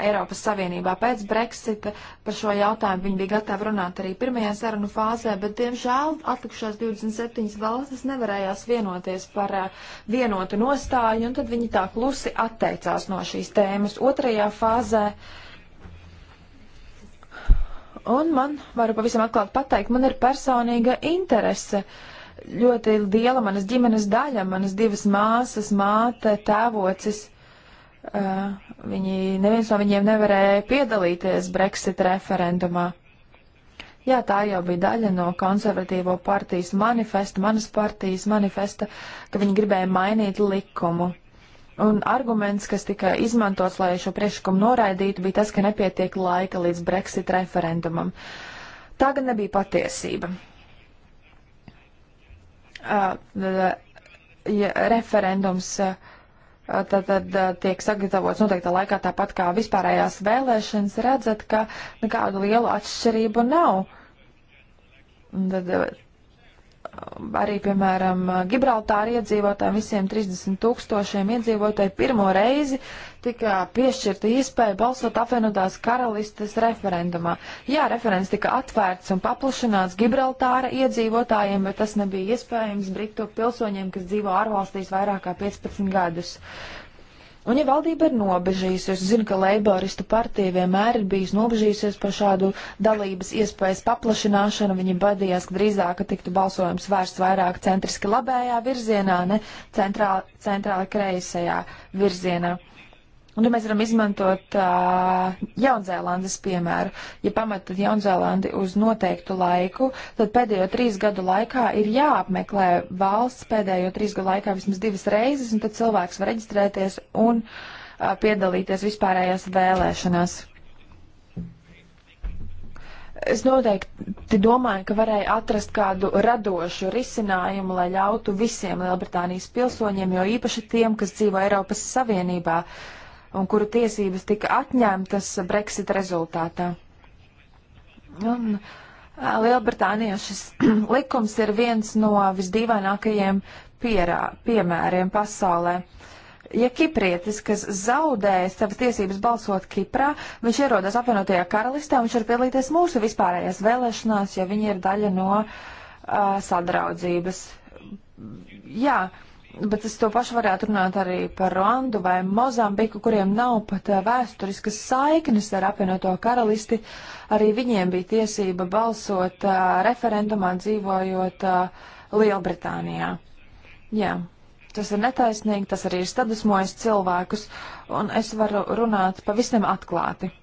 Eiropas Savienībā pēc Brexita. Par šo jautājumu viņi bija gatavi runāt arī pirmajā sarunu fāzē, bet, diemžēl, atlikušās 27 valstis nevarējās vienoties par uh, vienotu nostāju, un tad viņi tā klusi atteicās no šīs tēmas otrajā fāzē. Un man, varu pavisam atklāt pateikt, man ir personīga interese uh, ļoti liela manas ģimenes daļa, manas divas māsas, māte, tēvocis. Uh, viņi, neviens no viņiem nevarēja piedalīties Brexit referendumā. Jā, tā jau bija daļa no konservatīvo partijas manifesta, manas partijas manifesta, ka viņi gribēja mainīt likumu. Un arguments, kas tika izmantots, lai šo priekšlikumu noraidītu, bija tas, ka nepietiek laika līdz Brexit referendumam. Tā gan nebija patiesība. Uh, ja referendums uh, tad, tad uh, tiek sagatavots noteikta laikā, tāpat kā vispārējās vēlēšanas, redzat, ka nekādu lielu atšķirību nav. Tad arī, piemēram, Gibraltāra iedzīvotājiem, visiem 30 tūkstošiem iedzīvotāji pirmo reizi tika piešķirta iespēja balsot apvienotās karalistes referendumā. Jā, referents tika atvērts un paplašināts Gibraltāra iedzīvotājiem, bet tas nebija iespējams Britu pilsoņiem, kas dzīvo ārvalstīs vairāk kā 15 gadus. Uh, Un ja valdība ir nobežījusies, zinu, ka Leiboristu partija vienmēr ir bijis nobežījusies par šādu dalības iespējas paplašināšanu, viņi badījās, ka drīzāk ka tiktu balsojums vērsts vairāk centriski labējā virzienā, ne centrāli, centrāli kreisajā virzienā. Uh, Un tad mēs varam izmantot uh, Jaunzēlandes piemēru. Ja pametat Jaunzēlandi uz noteiktu laiku, tad pēdējo trīs gadu laikā ir jāapmeklē valsts pēdējo trīs gadu laikā vismaz divas reizes, un tad cilvēks var reģistrēties un uh, piedalīties vispārējās vēlēšanās es noteikti domāju, ka varēja atrast kādu radošu risinājumu, lai ļautu visiem Lielbritānijas pilsoņiem, jo īpaši tiem, kas dzīvo Eiropas Savienībā, uh, un kuru tiesības tika atņemtas Brexit rezultātā. Un Lielbritānijā šis likums ir viens no visdīvainākajiem pierā, piemēriem pasaulē. Ja kiprietis, kas zaudēja savas tiesības balsot Kiprā, viņš ierodas apvienotajā karalistē, viņš var piedalīties mūsu vispārējās vēlēšanās, ja viņi ir daļa no uh, sadraudzības. Jā. Uh, Bet es to pašu varētu runāt arī par Ruandu vai Mozambiku, kuriem nav pat eh, vēsturiskas saiknes ar apvienoto karalisti. Arī viņiem bija tiesība balsot uh, referendumā dzīvojot uh, Lielbritānijā. Jā, tas ir netaisnīgi, tas arī ir stadusmojis cilvēkus, un es varu runāt pavisam atklāti.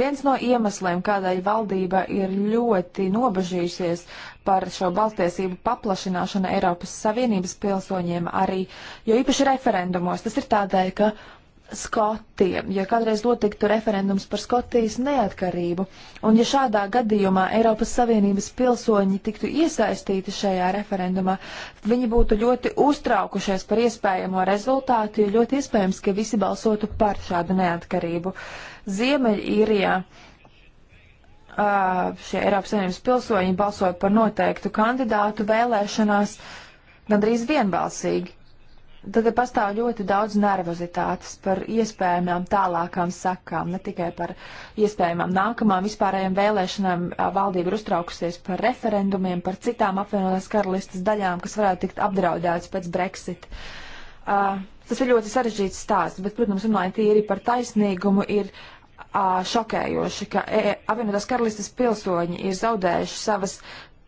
Viens no iemesliem, kādēļ valdība ir ļoti nobežījusies par šo balstiesību paplašināšanu Eiropas Savienības pilsoņiem arī, jo īpaši referendumos, tas ir tādēļ, ka Skotiem, ja kādreiz notiktu referendums par Skotijas neatkarību, un ja šādā gadījumā Eiropas Savienības pilsoņi tiktu iesaistīti šajā referendumā, viņi būtu ļoti uztraukušies par iespējamo rezultātu, jo ļoti iespējams, ka visi balsotu par šādu neatkarību. Uh, Ziemeļīrijā šie Eiropas Savienības pilsoņi balsoja par noteiktu kandidātu vēlēšanās gandrīz vienbalsīgi. Tad pastāv ļoti daudz nervozitātes par iespējamām tālākām sakām, ne tikai par iespējamām nākamām vispārējām vēlēšanām. Valdība ir uztraukusies par referendumiem, par citām apvienotās karalistas daļām, kas varētu tikt apdraudētas pēc Brexit. Uh, tas ir ļoti sarežģīts stāsts, bet, protams, runājot tīri par taisnīgumu, ir šokējoši, ka e, apvienotās karalistes pilsoņi ir zaudējuši savas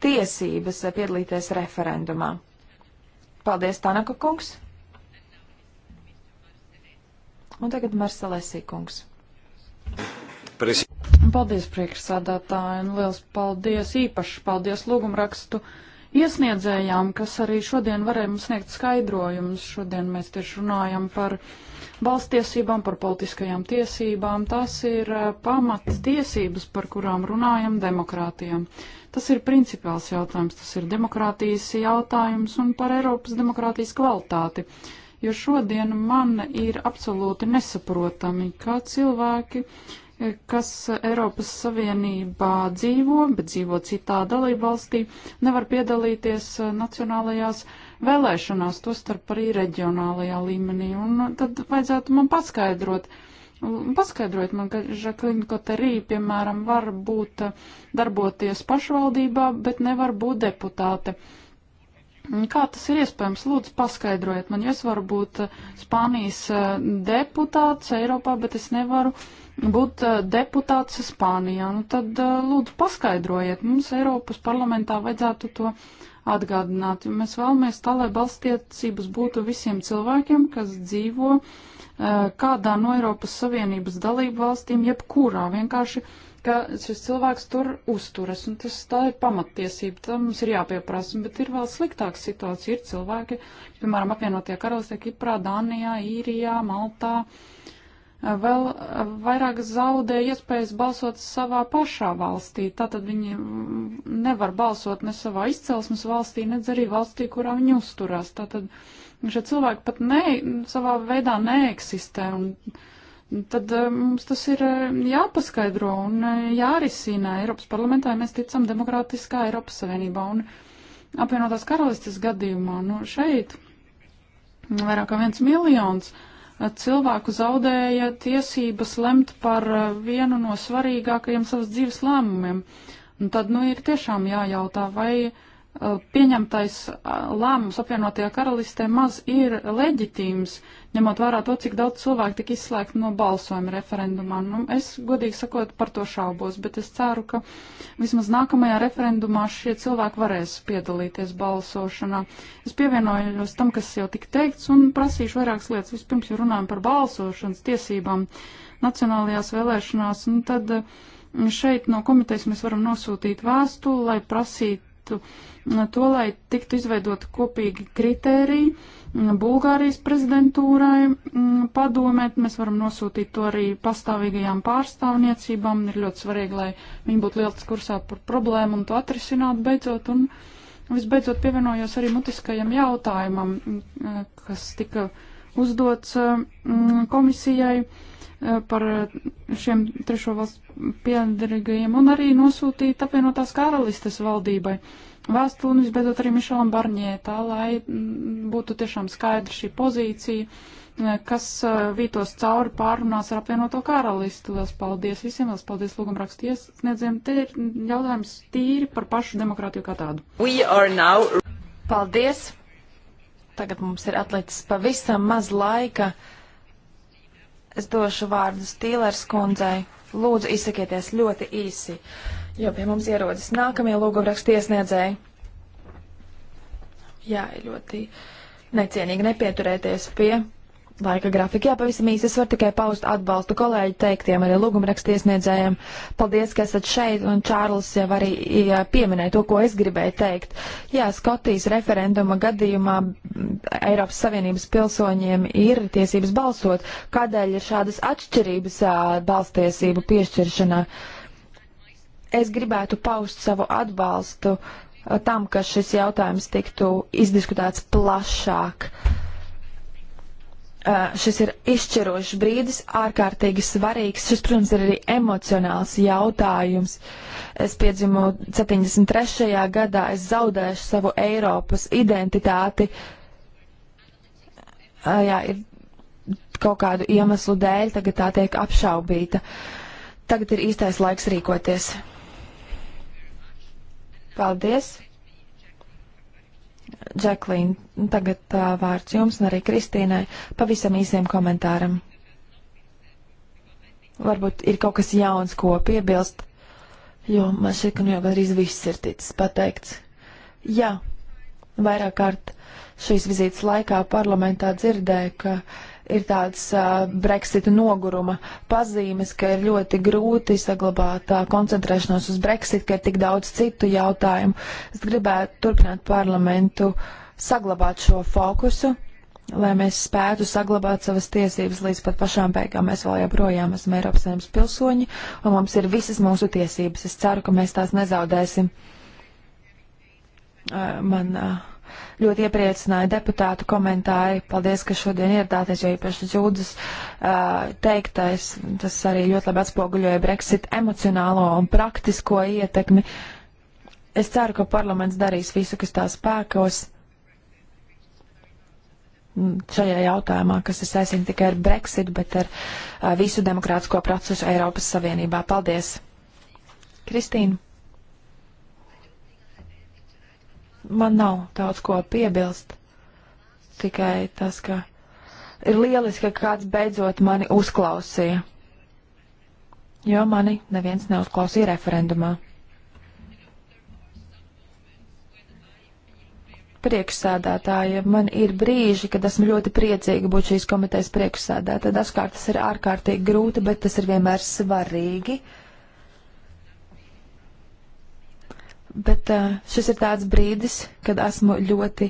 tiesības e, piedalīties referendumā. Paldies, Tanaka kungs. Un tagad Marcelēsī kungs. Presi. Paldies, priekšsādātāji, un liels paldies, īpaši paldies lūgumrakstu iesniedzējām, kas arī šodien varēja mums sniegt skaidrojumus. Šodien mēs tieši runājam par uh, balstiesībām, par politiskajām tiesībām. Tas ir eh, pamattiesības, par kurām runājam demokrātijām. Tas ir principiāls jautājums, tas ir demokrātijas jautājums un par Eiropas demokrātijas kvalitāti. Jo šodien man ir absolūti nesaprotami, kā cilvēki, eh, kas Eiropas Savienībā dzīvo, bet dzīvo citā dalībvalstī, nevar piedalīties eh, nacionālajās uh, vēlēšanās, to starp arī reģionālajā līmenī. Un tad vajadzētu man paskaidrot, paskaidrot man, ka Žaklina Koterī, piemēram, var būt darboties pašvaldībā, bet nevar būt deputāte. Kā tas ir iespējams? Lūdzu, paskaidrojiet man, jo es varu būt Spānijas e, deputāts Eiropā, bet es nevaru būt e, deputāts Spānijā. Nu, tad e, lūdzu, paskaidrojiet mums Eiropas parlamentā vajadzētu to atgādināti. Mēs vēlamies tā, lai balstiecības būtu visiem cilvēkiem, kas dzīvo eh, kādā no Eiropas Savienības dalību valstīm, jebkurā vienkārši ka šis cilvēks tur uzturas, un tas tā ir pamattiesība, tam mums ir jāpieprasa, bet ir vēl sliktāka situācija. Ir cilvēki, piemēram, apvienotie karalistē, Kiprā, Dānijā, Īrijā, Maltā, uh, vēl eh, vairāk zaudē iespējas balsot savā pašā valstī. Tātad viņi mm, nevar balsot ne savā izcelsmes valstī, nedz arī valstī, kurā viņi uzturās. Tātad šie cilvēki pat ne, savā veidā neeksistē. Un tad eh, mums tas ir eh, jāpaskaidro un jārisina Eiropas parlamentā, ja mēs ticam demokrātiskā Eiropas Savienībā. Un apvienotās karalistes gadījumā, nu šeit vairāk kā viens miljons. Uh, cilvēku zaudēja tiesības lemt par eh, vienu no svarīgākajiem savas dzīves lēmumiem. Un tad nu, ir tiešām jājautā, vai uh, Eh, pieņemtais eh, lēmums apvienotajā karalistē maz ir leģitīms, ņemot vērā to, cik daudz cilvēku tika izslēgti no balsojuma referendumā. Nu, es godīgi sakot par to šaubos, bet es ceru, ka vismaz nākamajā referendumā šie cilvēki varēs piedalīties balsošanā. Es pievienojos tam, kas jau tika teikts, un prasīšu vairākas lietas. Vispirms, ja runājam par balsošanas tiesībām nacionālajās vēlēšanās, nu, tad eh, šeit no komitejas mēs varam nosūtīt vēstuli, lai prasītu gribētu mm, to, lai tiktu izveidot kopīgi kritēriji. Mm, Bulgārijas prezidentūrai mm, padomēt, mēs varam nosūtīt to arī pastāvīgajām pārstāvniecībām. Ir ļoti svarīgi, lai viņi būtu lietas kursā par problēmu un to atrisināt beidzot. Un visbeidzot pievienojos arī mutiskajam jautājumam, kas tika uzdots komisijai Eh, par eh, šiem trešo valstu piedarīgajiem un arī nosūtīt apvienotās karalistes valdībai vēstuli un visbeidzot arī Mišelam Barņē, tā lai mm, būtu tiešām skaidra šī pozīcija, eh, kas vītos cauri pārunās ar apvienoto karalisti. Lielas paldies visiem, lielas paldies lūgumrakstiem sniedzējiem. Te ir jautājums tīri par pašu demokrātiju kā tādu. Now... Paldies! Tagad mums ir atlicis pavisam maz laika Es došu vārdu Stīlers kundzei. Lūdzu, izsakieties ļoti īsi, jo pie mums ierodas nākamie lūgumrakstu iesniedzēji. Jā, ļoti necienīgi nepieturēties pie laika grafiku. Jā, pavisam īsi es varu tikai paust atbalstu kolēģi teiktiem, arī lūgumrakstiesniedzējiem. Paldies, ka esat šeit, un Čārlis jau arī pieminēja to, ko es gribēju teikt. Jā, Skotijas referenduma gadījumā Eiropas Savienības pilsoņiem ir tiesības balsot. Kādēļ ir šādas atšķirības balstiesību piešķiršanā? Es gribētu paust savu atbalstu tam, ka šis jautājums tiktu izdiskutēts plašāk. Uh, Eh, šis ir izšķirošs brīdis, ārkārtīgi svarīgs. Šis, protams, ir arī emocionāls jautājums. Es piedzimu 73. gadā, es zaudēšu savu Eiropas identitāti. Eh, jā, ir kaut kādu iemeslu dēļ, tagad tā tiek apšaubīta. Tagad ir īstais laiks rīkoties. Paldies! Džeklīna, tagad uh, vārds jums un arī Kristīnai pavisam īsiem komentāram. Varbūt ir kaut kas jauns, ko piebilst, jo man šķiet, ka nu jau gandrīz viss ir ticis pateikts. Jā, vairāk kārt šīs vizītes laikā parlamentā dzirdēju, ka uh, ir tāds uh, Brexita noguruma pazīmes, ka ir ļoti grūti saglabāt uh, koncentrēšanos uz Brexit, ka ir tik daudz citu jautājumu. Es gribētu turpināt parlamentu saglabāt šo fokusu, lai mēs spētu saglabāt savas tiesības līdz pat pašām beigām. Mēs vēl joprojām esam Eiropas Savienības pilsoņi, un mums ir visas mūsu tiesības. Es ceru, ka mēs tās nezaudēsim. Uh, man, uh, ļoti iepriecināja deputātu komentāri. Paldies, ka šodien ieradāties, jo īpaši dzūdzes uh, teiktais, tas arī ļoti labi atspoguļoja Brexit emocionālo un praktisko ietekmi. Es ceru, ka parlaments darīs visu, kas tā spēkos šajā jautājumā, kas ir saistīts tikai ar Brexit, bet ar uh, visu demokrātisko procesu Eiropas Savienībā. Paldies! Kristīna! man nav daudz ko piebilst. Tikai tas, ka ir lieliski, ka kāds beidzot mani uzklausīja. Jo mani neviens neuzklausīja referendumā. Priekšsēdētāja, man ir brīži, kad esmu ļoti priecīga būt šīs komitejas priekšsēdētāja. Dažkārt tas ir ārkārtīgi grūti, bet tas ir vienmēr svarīgi. Uh, bet uh, šis ir tāds brīdis, kad esmu ļoti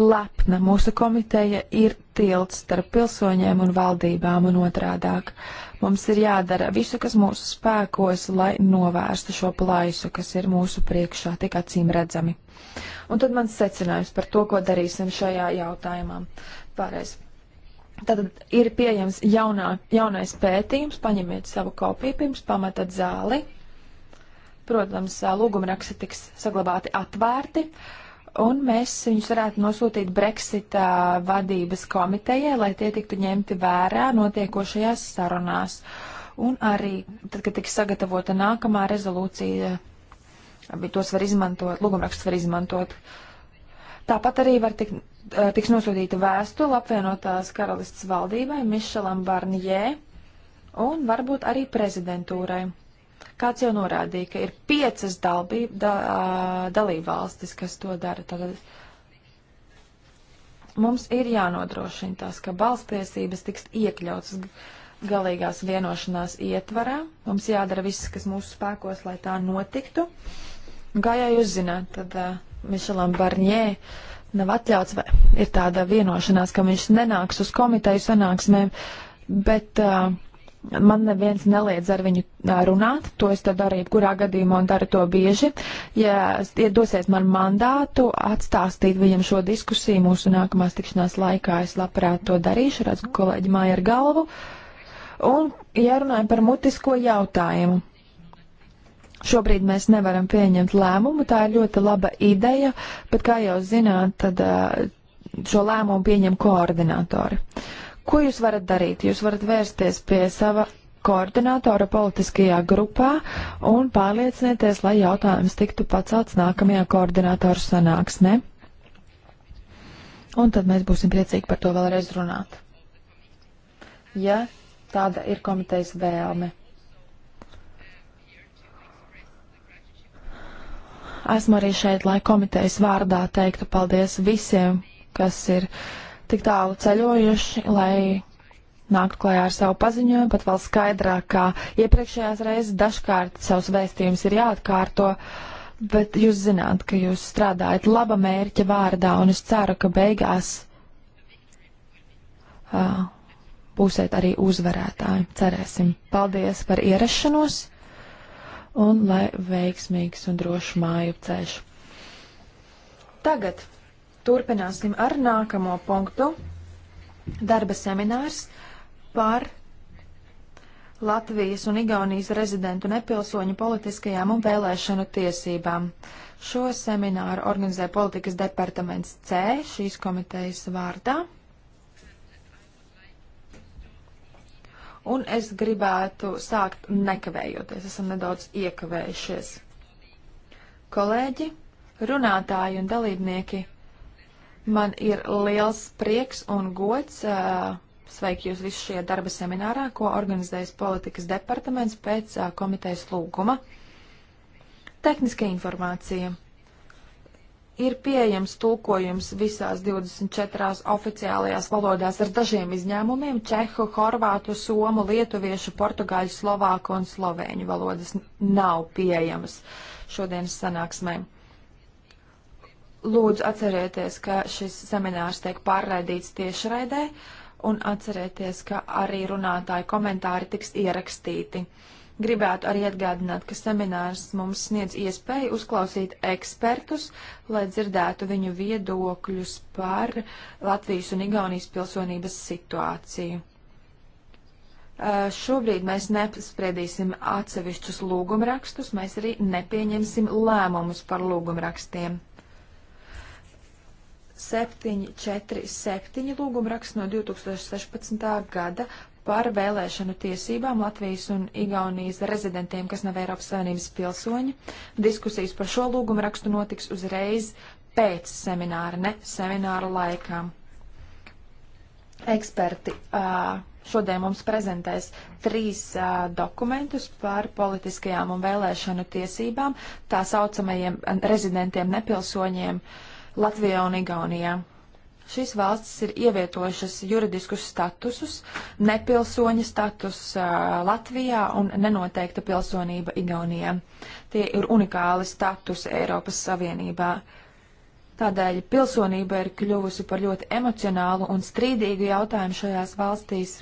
lepna. Mūsu komiteja ir tilts starp pilsoņiem un valdībām un otrādāk. Mums ir jādara visu, kas mūsu spēkos, lai novērstu šo plaisu, kas ir mūsu priekšā, tik acīm redzami. Un tad mans secinājums par to, ko darīsim šajā jautājumā. Pārreiz. Tātad ir pieejams jaunā, jaunais pētījums, paņemiet savu kopiju pirms pametat zāli. Protams, lūgumraksti tiks saglabāti atvērti, un mēs viņus varētu nosūtīt Brexit vadības komitejai, lai tie tiktu ņemti vērā notiekošajās sarunās. Un arī, tad, kad tiks sagatavota nākamā rezolūcija, tos var izmantot, lūgumrakstus var izmantot. Tāpat arī var tikt, tiks nosūtīta vēstule apvienotās karalists valdībai Mišelam Barnijē un varbūt arī prezidentūrai. Kāds jau norādīja, ka ir piecas dalība, da, dalībvalstis, kas to dara. Tātad mums ir jānodrošina tās, ka balstiesības tiks iekļautas galīgās vienošanās ietvarā. Mums jādara viss, kas mūsu spēkos, lai tā notiktu. Kā jau jūs zināt, tad uh, Mišelam Barņē nav atļauts, vai ir tāda vienošanās, ka viņš nenāks uz komiteju sanāksmēm, bet uh, man neviens neliedz ar viņu runāt, to es tad darīju, kurā gadījumā un daru to bieži. Ja, ja dosies man mandātu atstāstīt viņam šo diskusiju mūsu nākamās tikšanās laikā, es labprāt to darīšu, redzu kolēģi māja ar galvu. Un jārunājam par mutisko jautājumu. Šobrīd mēs nevaram pieņemt lēmumu, tā ir ļoti laba ideja, bet, kā jau zināt, tad šo lēmumu pieņem koordinātori. Uh, Ko jūs varat darīt? Jūs varat vērsties pie sava koordinātora politiskajā grupā un pārliecinieties, lai jautājums tiktu pacelts nākamajā koordinātoru sanāksmē. Un tad mēs būsim priecīgi par to vēlreiz runāt. Ja tāda ir komitejas vēlme. Esmu arī šeit, lai komitejas vārdā teiktu paldies visiem, kas ir uh, tik tālu ceļojuši, lai nākt klajā ar savu paziņojumu, pat vēl skaidrāk, kā iepriekšējās reizes dažkārt savus vēstījumus ir jāatkārto, bet jūs zināt, ka jūs strādājat laba mērķa vārdā, un es ceru, ka beigās uh, būsiet arī uzvarētāji. Cerēsim. Paldies par ierašanos, un lai veiksmīgs un drošs māju ceļš. Tagad. Turpināsim ar nākamo punktu. Darba seminārs par Latvijas un Igaunijas rezidentu nepilsoņu politiskajām un vēlēšanu tiesībām. Šo semināru organizē politikas departaments C šīs komitejas vārdā. Un es gribētu sākt nekavējoties, esam nedaudz iekavējušies. Kolēģi, runātāji un dalībnieki Man ir liels prieks un gods uh, sveikt jūs visus šajā darba seminārā, ko organizējas politikas departaments pēc uh, komitejas lūguma. Tehniska informācija. Ir pieejams tulkojums visās 24 oficiālajās valodās ar dažiem izņēmumiem - čehu, horvātu, somu, lietuviešu, portugāļu, slovāku un slovēņu valodas nav pieejamas šodienas sanāksmēm. Lūdzu atcerieties, ka šis seminārs tiek pārraidīts tiešraidē un atcerieties, ka arī runātāju komentāri tiks ierakstīti. Gribētu arī atgādināt, ka seminārs mums sniedz iespēju uzklausīt ekspertus, lai dzirdētu viņu viedokļus par Latvijas un Igaunijas pilsonības situāciju. Šobrīd mēs nepaspriedīsim atsevišķus lūgumrakstus, mēs arī nepieņemsim lēmumus par lūgumrakstiem. 747 lūguma raksts no 2016. gada par vēlēšanu tiesībām Latvijas un Igaunijas rezidentiem, kas nav Eiropas Savienības pilsoņi. Diskusijas par šo lūgumu rakstu notiks uzreiz pēc semināra, ne semināra laikā. Eksperti šodien mums prezentēs trīs dokumentus par politiskajām un vēlēšanu tiesībām, tā saucamajiem rezidentiem nepilsoņiem. Uh, Latvijā un Igaunijā. Šīs valstis ir ievietojušas juridiskus statusus, nepilsoņa status uh, Latvijā un nenoteikta pilsonība Igaunijā. Tie ir unikāli statusi Eiropas Savienībā. Tādēļ pilsonība ir kļuvusi par ļoti emocionālu un strīdīgu jautājumu šajās valstīs.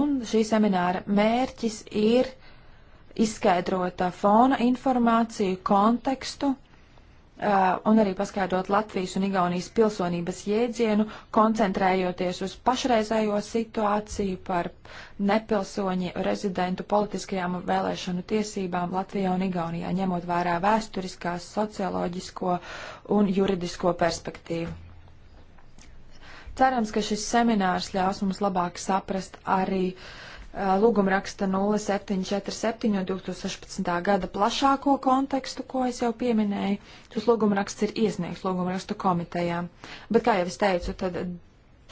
Un šī semināra mērķis ir izskaidrot fona informāciju, kontekstu Uh, un arī paskaidrot Latvijas un Igaunijas pilsonības jēdzienu, koncentrējoties uz pašreizējo situāciju par nepilsoņu rezidentu politiskajām un vēlēšanu tiesībām Latvijā un Igaunijā, ņemot vērā vēsturiskās, socioloģisko un juridisko perspektīvu. Cerams, ka šis seminārs ļaus mums labāk saprast arī uh, lūguma raksta 0747 no 2016. gada plašāko kontekstu, ko es jau pieminēju. Šis lūguma raksts ir iesniegts lūguma rakstu komitejā. Bet, kā jau es teicu, tad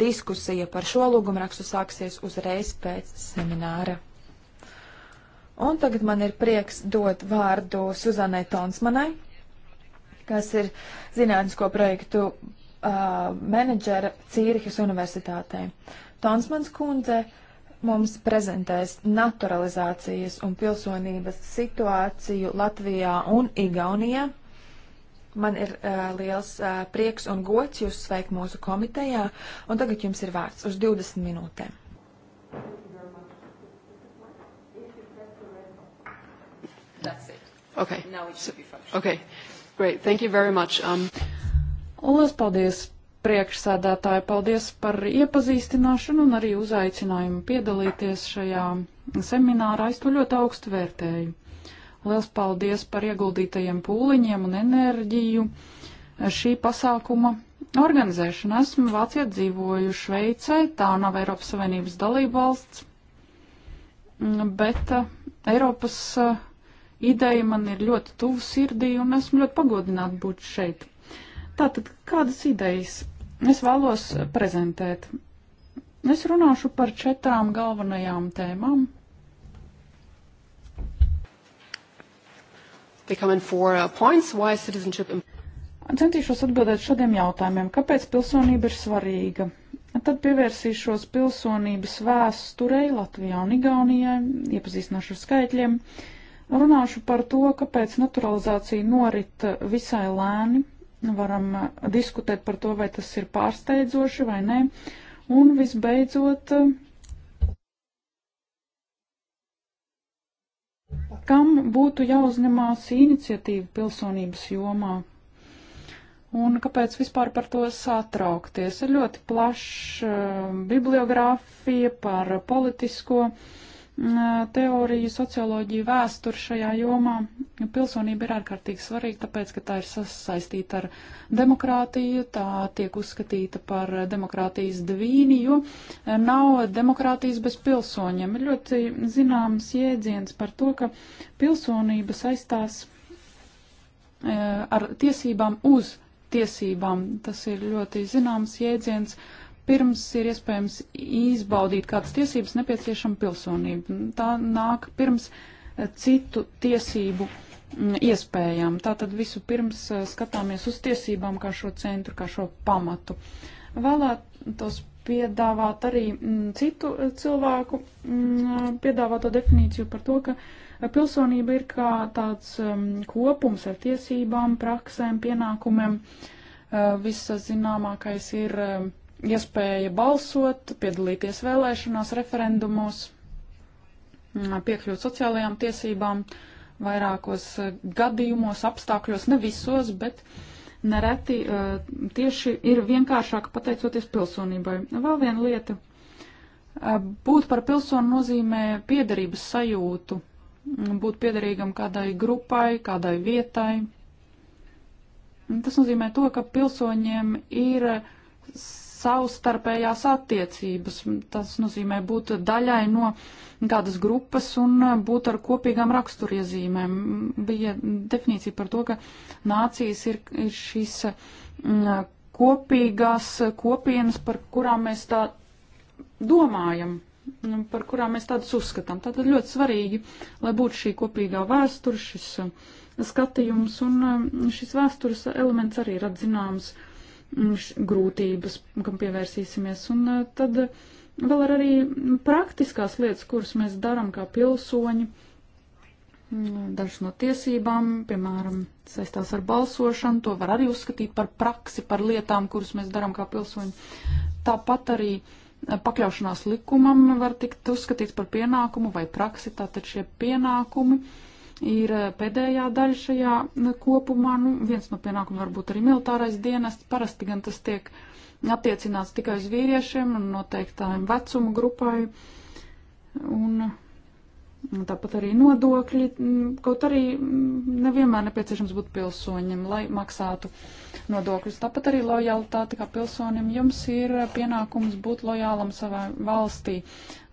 diskusija par šo lūguma rakstu sāksies uzreiz pēc semināra. Un tagad man ir prieks dot vārdu Suzanai Tonsmanai, kas ir zinātnisko projektu uh, menedžera Cīrihas universitātē. Tonsmans kundze uh, mums prezentēs naturalizācijas un pilsonības situāciju Latvijā un Igaunijā. Man ir uh, liels uh, prieks un gods jūs sveikt mūsu komitejā, un tagad jums ir vārds uz 20 minūtēm. Okay. Okay. Great. Thank you very much. Um... Lielas paldies priekšsēdētāji, paldies par iepazīstināšanu un arī uzaicinājumu piedalīties šajā seminārā. Es to ļoti augstu vērtēju. Liels paldies par ieguldītajiem pūliņiem un enerģiju šī pasākuma organizēšana. Esmu Vācijā dzīvoju Šveicē, tā nav Eiropas Savienības dalība valsts, bet eh, Eiropas eh, ideja man ir ļoti tuvu sirdī un esmu ļoti pagodināta būt šeit. Tātad, kādas idejas es vēlos prezentēt. Es runāšu par četrām galvenajām tēmām. Four, uh, points, citizenship... Centīšos atbildēt šādiem jautājumiem. Kāpēc pilsonība ir svarīga? Tad pievērsīšos pilsonības vēsturei Latvijā un Igaunijai, iepazīstināšu ar skaitļiem. Runāšu par to, kāpēc naturalizācija norit visai lēni Varam uh, diskutēt par to, vai tas ir pārsteidzoši vai nē. Un visbeidzot, kam būtu jāuzņemās iniciatīva pilsonības jomā? Un kāpēc vispār par to satraukties? Ir ļoti plaša uh, bibliogrāfija par politisko uh, Mm, teoriju, socioloģiju, vēsturi šajā jomā. Pilsonība ir ārkārtīgi svarīga, tāpēc, ka tā ir sasaistīta ar demokrātiju, tā tiek uzskatīta par demokrātijas divīni, jo eh, nav demokrātijas bez pilsoņiem. Ir ļoti zināms jēdziens par to, ka pilsonība saistās eh, ar tiesībām uz tiesībām. Tas ir ļoti zināms jēdziens. Uh, pirms ir iespējams izbaudīt kādas tiesības, nepieciešama pilsonība. Tā nāk pirms eh, citu tiesību mm, iespējām. Tātad visu pirms eh, skatāmies uz tiesībām kā šo centru, kā šo pamatu. Vēlētos piedāvāt arī mm, citu eh, cilvēku mm, piedāvāto definīciju par to, ka pilsonība ir kā tāds kopums ar tiesībām, praksēm, pienākumiem. Visa zināmākais ir uh, iespēja balsot, piedalīties vēlēšanās, referendumos, piekļūt sociālajām tiesībām vairākos eh, gadījumos, apstākļos, ne visos, bet nereti eh, tieši ir vienkāršāk pateicoties pilsonībai. Vēl viena lieta. Eh, būt par pilsonu nozīmē piederības sajūtu, mm, būt piederīgam kādai grupai, kādai vietai. Tas nozīmē to, ka pilsoņiem ir savstarpējās attiecības. Tas nozīmē būt daļai no kādas grupas un būt ar kopīgām raksturiezīmēm. Bija definīcija par to, ka nācijas ir, ir šīs mm, kopīgās kopienas, par kurām mēs tā domājam nu, par kurām mēs tādus uzskatām. Tātad ļoti svarīgi, lai būtu šī kopīgā vēsture, šis skatījums, un mm, šis vēstures elements arī ir atzināms uh, grūtības, kam pievērsīsimies. Un tad vēl ir arī praktiskās lietas, kuras mēs darām kā pilsoņi. Dažas no tiesībām, piemēram, saistās ar balsošanu, to var arī uzskatīt par praksi, par lietām, kuras mēs darām kā pilsoņi. Tāpat arī pakļaušanās likumam var tikt uzskatīts par pienākumu vai praksi, tātad šie pienākumi uh, ir eh, pēdējā daļa šajā eh, kopumā. Nu, viens no pienākumiem var būt arī militārais dienests. Parasti gan tas tiek attiecināts tikai uz vīriešiem un noteiktājiem vecuma grupai. Un, Tāpat arī nodokļi, mm, kaut arī mm, nevienmēr nepieciešams būt pilsoņiem, lai maksātu nodokļus. Tāpat arī lojalitāte kā pilsonim jums ir eh, pienākums būt lojālam savā valstī.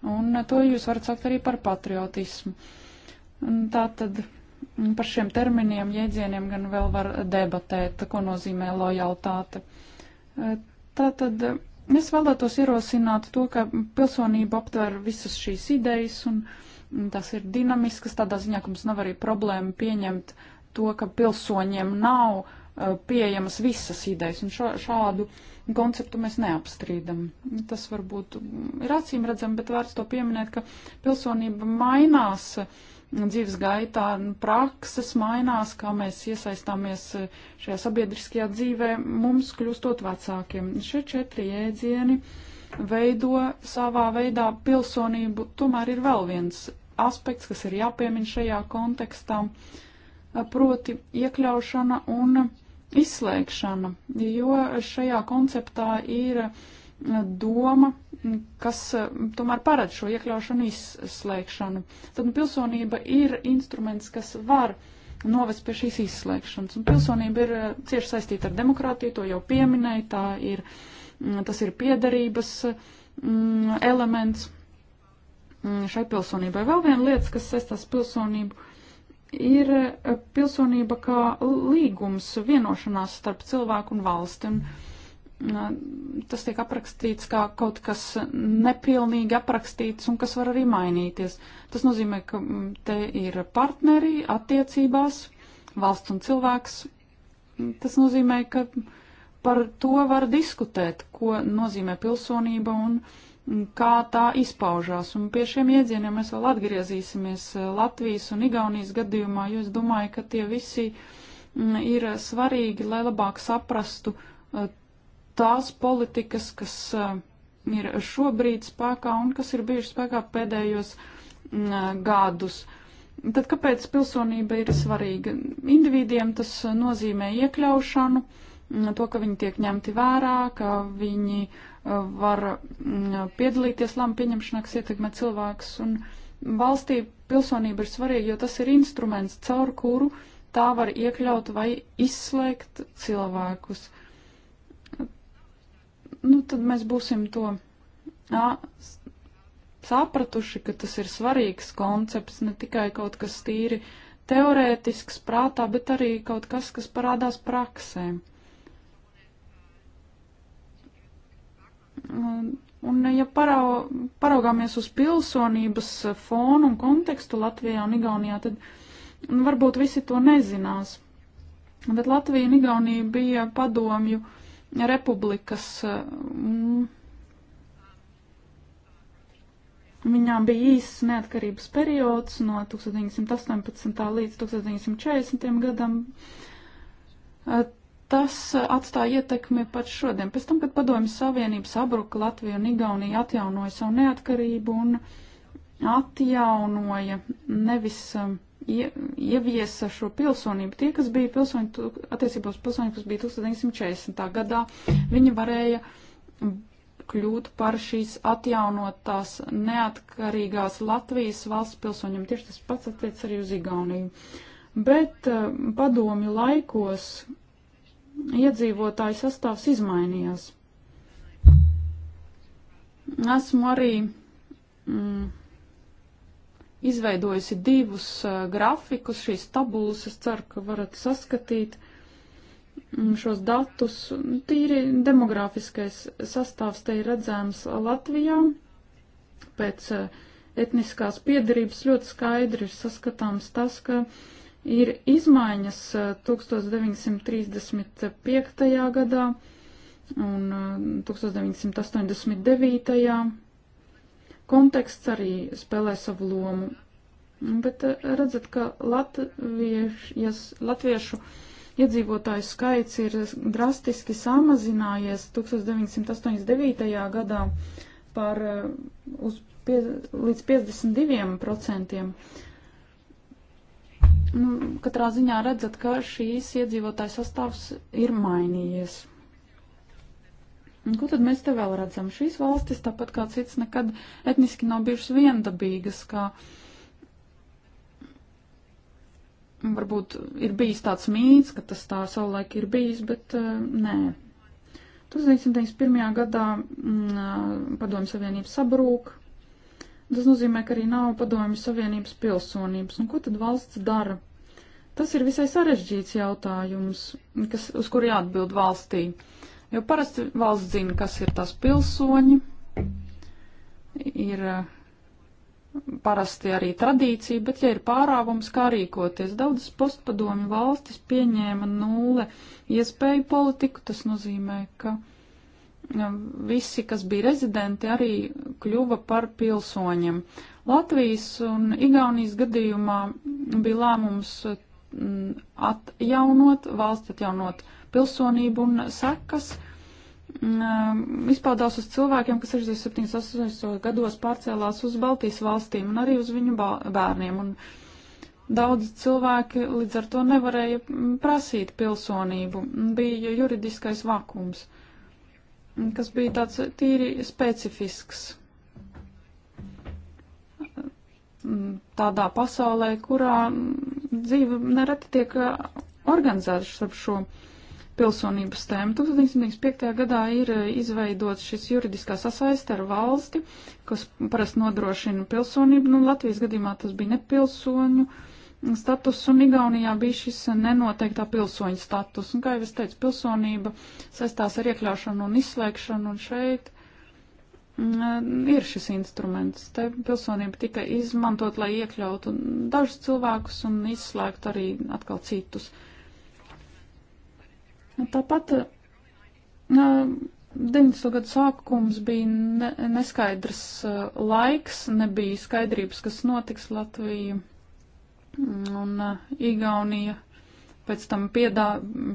Un to jūs varat sakt arī par patriotismu. Uh, Tātad mm, par šiem terminiem, jēdzieniem gan vēl var debatēt, ko nozīmē lojalitāte. E, tātad mm, es vēlētos ierosināt to, ka pilsonība aptver visas šīs idejas, un mm, tas ir dinamisks, tādā ziņā, ka mums nav arī problēma pieņemt to, ka pilsoņiem nav e, pieejamas visas idejas, un šo, šādu konceptu mēs neapstrīdam. Tas varbūt ir acīm redzam, bet vērts to pieminēt, ka pilsonība mainās dzīves gaitā prakses mainās, kā mēs iesaistāmies eh, šajā sabiedriskajā dzīvē, mums kļūstot vecākiem. Šie četri jēdzieni veido savā veidā pilsonību, tomēr ir vēl viens aspekts, kas ir jāpiemin šajā kontekstā, eh, proti iekļaušana un izslēgšana, jo šajā konceptā ir uh, doma, kas eh, tomēr parāda šo iekļaušanu, izslēgšanu. Tad nu, pilsonība ir instruments, kas var novest pie šīs izslēgšanas. Un pilsonība ir eh, cieši saistīta ar demokrātiju, to jau pieminēju, tā ir, mm, tas ir piederības mm, elements mm, šai pilsonībai. Vēl viena lieta, kas saistās pilsonību, ir eh, pilsonība kā līgums, vienošanās starp cilvēku un valsti. Un, tas tiek aprakstīts kā kaut kas nepilnīgi aprakstīts un kas var arī mainīties. Tas nozīmē, ka mm, te ir partneri attiecībās, valsts un cilvēks. Tas nozīmē, ka par to var diskutēt, ko nozīmē pilsonība un mm, kā tā izpaužās. Un pie šiem iedzieniem mēs vēl atgriezīsimies eh, Latvijas un Igaunijas gadījumā, jo es domāju, ka tie visi mm, ir svarīgi, lai labāk saprastu eh, tās politikas, kas uh, ir šobrīd spēkā un kas ir bijušas spēkā pēdējos mm, uh, gadus. Tad kāpēc pilsonība ir svarīga? Individiem tas uh, nozīmē iekļaušanu, mm, to, ka viņi tiek ņemti vērā, ka viņi var mm, piedalīties lēmumu pieņemšanā, kas ietekmē cilvēkus. Un valstī pilsonība ir svarīga, jo tas ir instruments, caur kuru tā var iekļaut vai izslēgt cilvēkus. Uh, nu, tad mēs būsim to jā, sapratuši, ka tas ir svarīgs koncepts, ne tikai kaut kas tīri teorētisks prātā, bet arī kaut kas, kas parādās praksē. Un, un ja parau, paraugāmies uz pilsonības fonu un kontekstu Latvijā un Igaunijā, tad nu, varbūt visi to nezinās. Bet Latvija un Igaunija bija padomju uh, republikas. Eh, viņām bija īsts neatkarības periods no 1918. līdz 1940. gadam. Eh, tas eh, atstāja ietekmi pat šodien. Pēc tam, kad Padomju Savienība sabruka Latviju un Igauniju atjaunoja savu neatkarību un atjaunoja nevis uh, ieviesa šo pilsonību. Tie, kas bija pilsoņi, attiecībā uz pilsoņiem, kas bija 1940. gadā, viņi varēja kļūt par šīs atjaunotās neatkarīgās Latvijas valsts pilsoņiem. Tieši tas pats attiec arī uz Igauniju. Bet eh, padomju laikos iedzīvotāju sastāvs izmainījās. Esmu arī mm, izveidojusi divus uh, grafikus, šīs tabulas, es ceru, ka varat saskatīt mm, šos datus. Tīri demografiskais sastāvs te ir redzēms Latvijā. Pēc uh, etniskās piedarības ļoti skaidri ir saskatāms tas, ka ir izmaiņas 1935. Uh, gadā un 1989. Uh, konteksts arī spēlē savu lomu. Bet eh, redzat, ka Latviešu, latviešu iedzīvotāju skaits ir drastiski samazinājies 1989. gadā par eh, uz pie, līdz 52%. Nu, katrā ziņā redzat, ka šīs iedzīvotāju sastāvs ir mainījies. Un ko tad mēs te vēl redzam? Šīs valstis, tāpat kā cits, nekad etniski nav bijušas viendabīgas, kā varbūt ir bijis tāds mīts, ka tas tā savulaik ir bijis, bet uh, nē. 1991. gadā mm, eh, Padomju Savienība sabrūk. Tas nozīmē, ka arī nav Padomju Savienības pilsonības. Un ko tad valsts dara? Tas ir visai sarežģīts jautājums, kas, uz kuru jāatbild valstī. Uh, Jo parasti valsts zina, kas ir tās pilsoņi, ir eh, parasti arī tradīcija, bet ja ir pārāvums, kā rīkoties, daudzas postpadomju valstis pieņēma nulle iespēju politiku, tas nozīmē, ka eh, visi, kas bija rezidenti, arī kļuva par pilsoņiem. Latvijas un Igaunijas gadījumā bija lēmums Mm, atjaunot, valsts atjaunot pilsonību un sekas mm, mm, izpaudās uz cilvēkiem, kas 67, 88 gados pārcēlās uz Baltijas valstīm un arī uz viņu bērniem. Un daudz cilvēki līdz ar to nevarēja prasīt pilsonību. Bija juridiskais vakums, kas bija tāds tīri specifisks Mm, tādā pasaulē, kurā mm, dzīve nereti tiek uh, organizēta starp šo pilsonības tēmu. 1905. gadā ir uh, izveidots šis juridiskā sasaiste ar valsti, kas parasti nodrošina pilsonību. Nu, Latvijas gadījumā tas bija nepilsoņu status, un Igaunijā bija šis nenoteiktā pilsoņa status. Un, kā jau es teicu, pilsonība saistās ar iekļaušanu un izslēgšanu, un šeit Mm, ir šis instruments. Te pilsonība tika izmantot, lai iekļautu dažus cilvēkus un izslēgtu arī atkal citus. Tāpat 90. Mm, gadu sākums bija ne, neskaidrs mm, laiks, nebija skaidrības, kas notiks Latviju un Igaunija pēc tam piedā,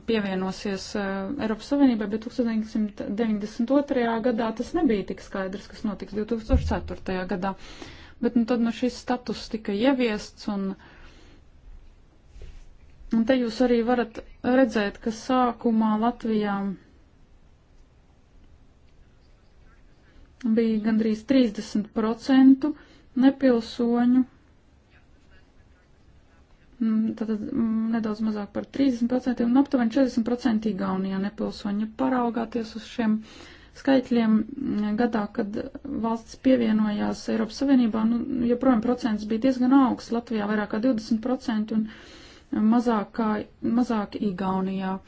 pievienosies eh, Eiropas Savienībai, bet 1992. gadā tas nebija tik skaidrs, kas notiks 2004. gadā. Bet nu, tad nu, šis status tika ieviests, un, un te jūs arī varat redzēt, ka sākumā Latvijā bija gandrīz 30% nepilsoņu tātad mm, mm, nedaudz mazāk par 30% un aptuveni 40% Igaunijā nepilsoņi. Paraugāties uz šiem skaitļiem gadā, kad valsts pievienojās Eiropas Savienībā, nu, joprojām procents bija diezgan augsts, Latvijā vairāk kā 20% un mazāk, kā, mazāk Igaunijā.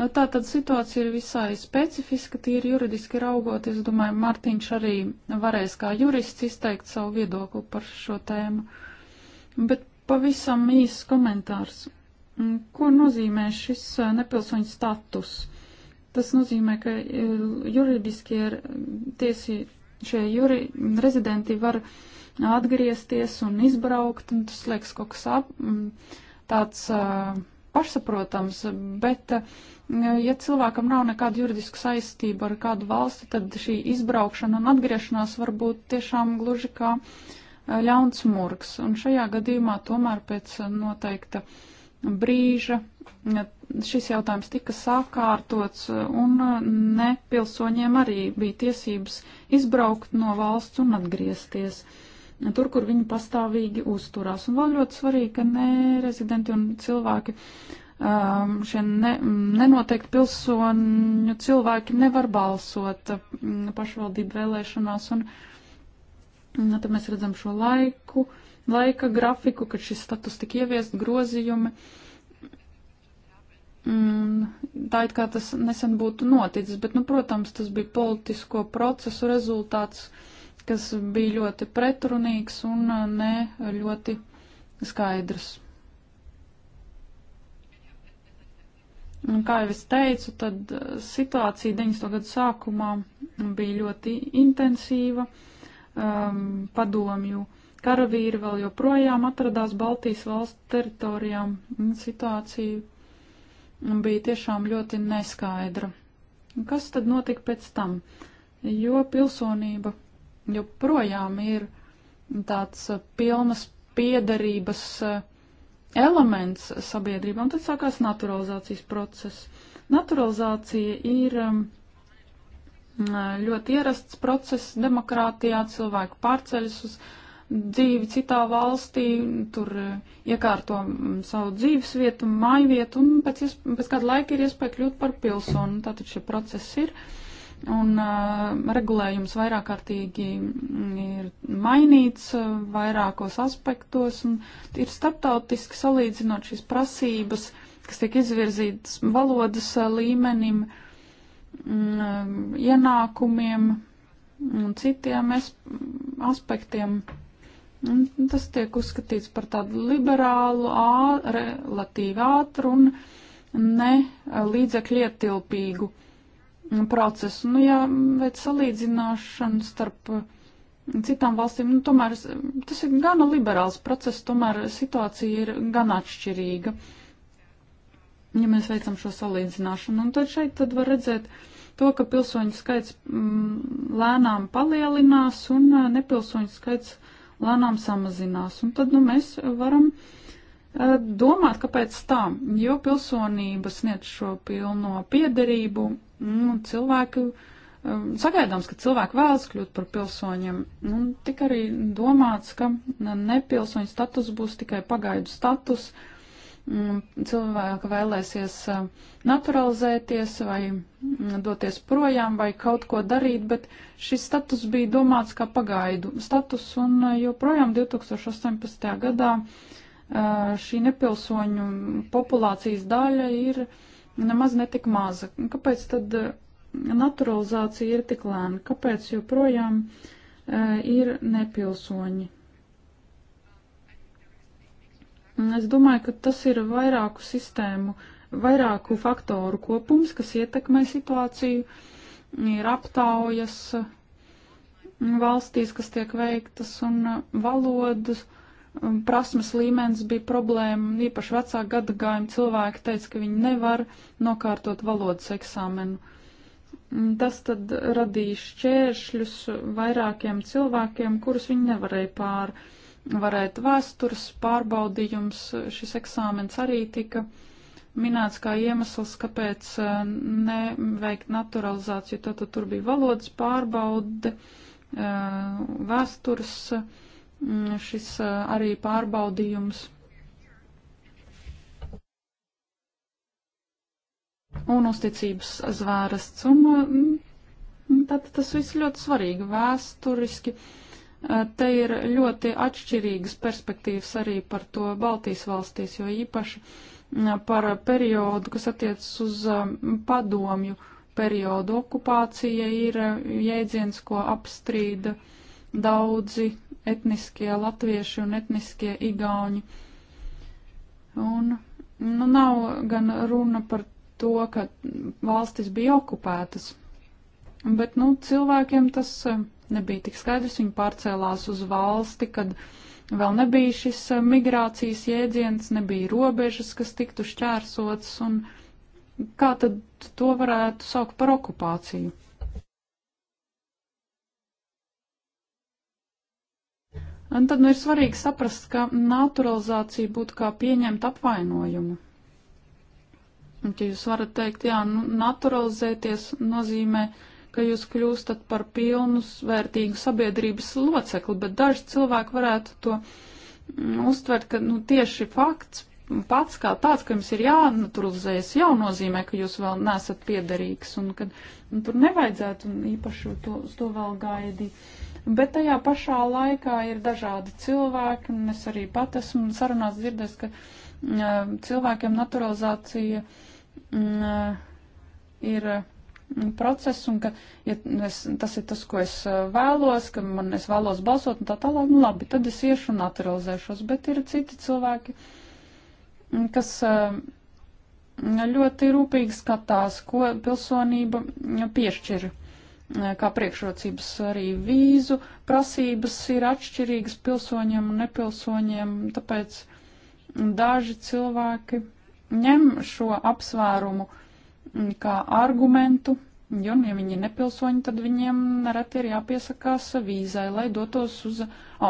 Tā tad situācija ir visai specifiska, tīri juridiski raugoties. Es domāju, Mārtiņš arī varēs kā jurists izteikt savu viedokli par šo tēmu. Bet Pavisam īsts komentārs. Mm, ko nozīmē šis eh, nepilsoņu status? Tas nozīmē, ka eh, juridiskie tiesi, šie juri, mm, rezidenti var atgriezties un izbraukt, un tas liekas kaut kas ap, mm, tāds eh, pašsaprotams, bet ja cilvēkam nav nekāda juridiska saistība ar kādu valsti, tad šī izbraukšana un atgriešanās var būt tiešām gluži kā uh, ļauns murgs. Un šajā gadījumā tomēr pēc noteikta brīža šis jautājums tika sākārtots, un nepilsoņiem arī bija tiesības izbraukt no valsts un atgriezties tur, kur viņi pastāvīgi uzturās. Un vēl ļoti svarīgi, ka nerezidenti un cilvēki, um, šie ne, nenoteikti pilsoņu cilvēki nevar balsot mm, pašvaldību vēlēšanās. Un, Tad mēs redzam šo laiku, laika grafiku, kad šis status tika ieviest grozījumi. Tā it kā tas nesen būtu noticis, bet, nu, protams, tas bija politisko procesu rezultāts, kas bija ļoti pretrunīgs un uh, ne ļoti skaidrs. Un kā jau es teicu, tad uh, situācija 90. gadu sākumā bija ļoti intensīva. Uh, um, padomju karavīri vēl joprojām atradās Baltijas valsts teritorijā. Situācija bija tiešām ļoti neskaidra. Kas tad notika pēc tam? Jo pilsonība joprojām ir tāds uh, pilnas piedarības uh, elements sabiedrībā, un tad sākās naturalizācijas process. Naturalizācija ir um, ļoti ierasts process demokrātijā, cilvēku pārceļas uz dzīvi citā valstī, tur eh, iekārto mm, savu dzīves vietu, māju vietu, un pēc, pēc kāda laika ir iespēja kļūt par pilsoni. Tātad šie procesi ir, un uh, regulējums vairāk kārtīgi mm, ir mainīts uh, vairākos aspektos, un ir starptautiski salīdzinot šīs prasības, kas tiek izvirzītas valodas uh, līmenim. Uh, Um, ienākumiem un citiem mm, aspektiem. Un tas tiek uzskatīts par tādu liberālu, ā, relatīvi ātru un ne līdzekļu ietilpīgu procesu. Nu, ja veic salīdzināšanu starp citām valstīm, nu, tomēr tas ir gana liberāls process, tomēr situācija ir gan atšķirīga. Uh, ja mēs veicam šo salīdzināšanu. Un tad šeit tad var redzēt to, ka pilsoņu skaits mm, lēnām palielinās un eh, nepilsoņu skaits lēnām samazinās. Un tad nu, mēs varam eh, domāt, kāpēc tā, jo pilsonība sniedz šo pilno piederību, nu, cilvēki, eh, sagaidāms, ka cilvēki vēlas kļūt par pilsoņiem, un tik arī domāts, ka nepilsoņu status būs tikai pagaidu status, uh, Mm, cilvēki vēlēsies uh, naturalizēties vai mm, doties projām vai kaut ko darīt, bet šis status bija domāts kā pagaidu status un uh, joprojām 2018. gadā uh, šī nepilsoņu populācijas daļa ir nemaz netik maza. Kāpēc tad naturalizācija ir tik lēna? Kāpēc joprojām ir nepilsoņi? Es domāju, ka tas ir vairāku sistēmu, vairāku faktoru kopums, kas ietekmē situāciju. Ir aptaujas valstīs, kas tiek veiktas, un valodas prasmes līmenis bija problēma. Īpaši vecāku gadu gājumu cilvēki teica, ka viņi nevar nokārtot valodas eksāmenu. Tas tad radīja šķēršļus vairākiem cilvēkiem, kurus viņi nevarēja pārvarēt varētu vēstures pārbaudījums, šis eksāmens arī tika minēts kā iemesls, kāpēc e, neveikt naturalizāciju, tātad tur bija valodas pārbaude, e, vēstures šis e, arī pārbaudījums. Un uzticības zvērests. Un tātad tas viss ļoti svarīgi vēsturiski. Uh, Te ir ļoti atšķirīgas perspektīvas arī par to Baltijas valstīs, jo īpaši par periodu, kas attiecas uz padomju periodu okupācija, ir jēdziens, ko apstrīda daudzi etniskie latvieši un etniskie igauņi. Un nu, nav gan runa par to, ka valstis bija okupētas, bet nu, cilvēkiem tas. Uh, nebija tik skaidrs, viņi pārcēlās uz valsti, kad vēl nebija šis eh, migrācijas jēdziens, nebija robežas, kas tiktu šķērsots, un kā tad to varētu saukt par okupāciju? Un tad nu, ir svarīgi saprast, ka naturalizācija būtu kā pieņemt apvainojumu. Un, ja jūs varat teikt, jā, nu, naturalizēties nozīmē uh, ka jūs kļūstat par pilnus vērtīgu sabiedrības locekli, bet daži cilvēki varētu to mm, uztvert, ka nu, tieši fakts pats kā tāds, ka jums ir jānaturalizējas, jau nozīmē, ka jūs vēl nesat piederīgs un ka nu, tur nevajadzētu īpaši to, to vēl gaidīt. Bet tajā pašā laikā ir dažādi cilvēki, un es arī pat esmu sarunās dzirdējis, ka uh, cilvēkiem naturalizācija uh, ir. Uh, procesu, un ka ja es, tas ir tas, ko es eh, vēlos, ka man es vēlos balsot un tā tālāk, nu labi, tad es iešu un naturalizēšos, bet ir citi cilvēki, mm, kas eh, ļoti rūpīgi skatās, ko pilsonība mm, piešķir eh, kā priekšrocības arī vīzu prasības ir atšķirīgas pilsoņiem un nepilsoņiem, tāpēc daži cilvēki ņem šo apsvērumu uh, kā argumentu, jo, nu, ja viņi ir nepilsoņi, tad viņiem nereti ir jāpiesakās vīzai, lai dotos uz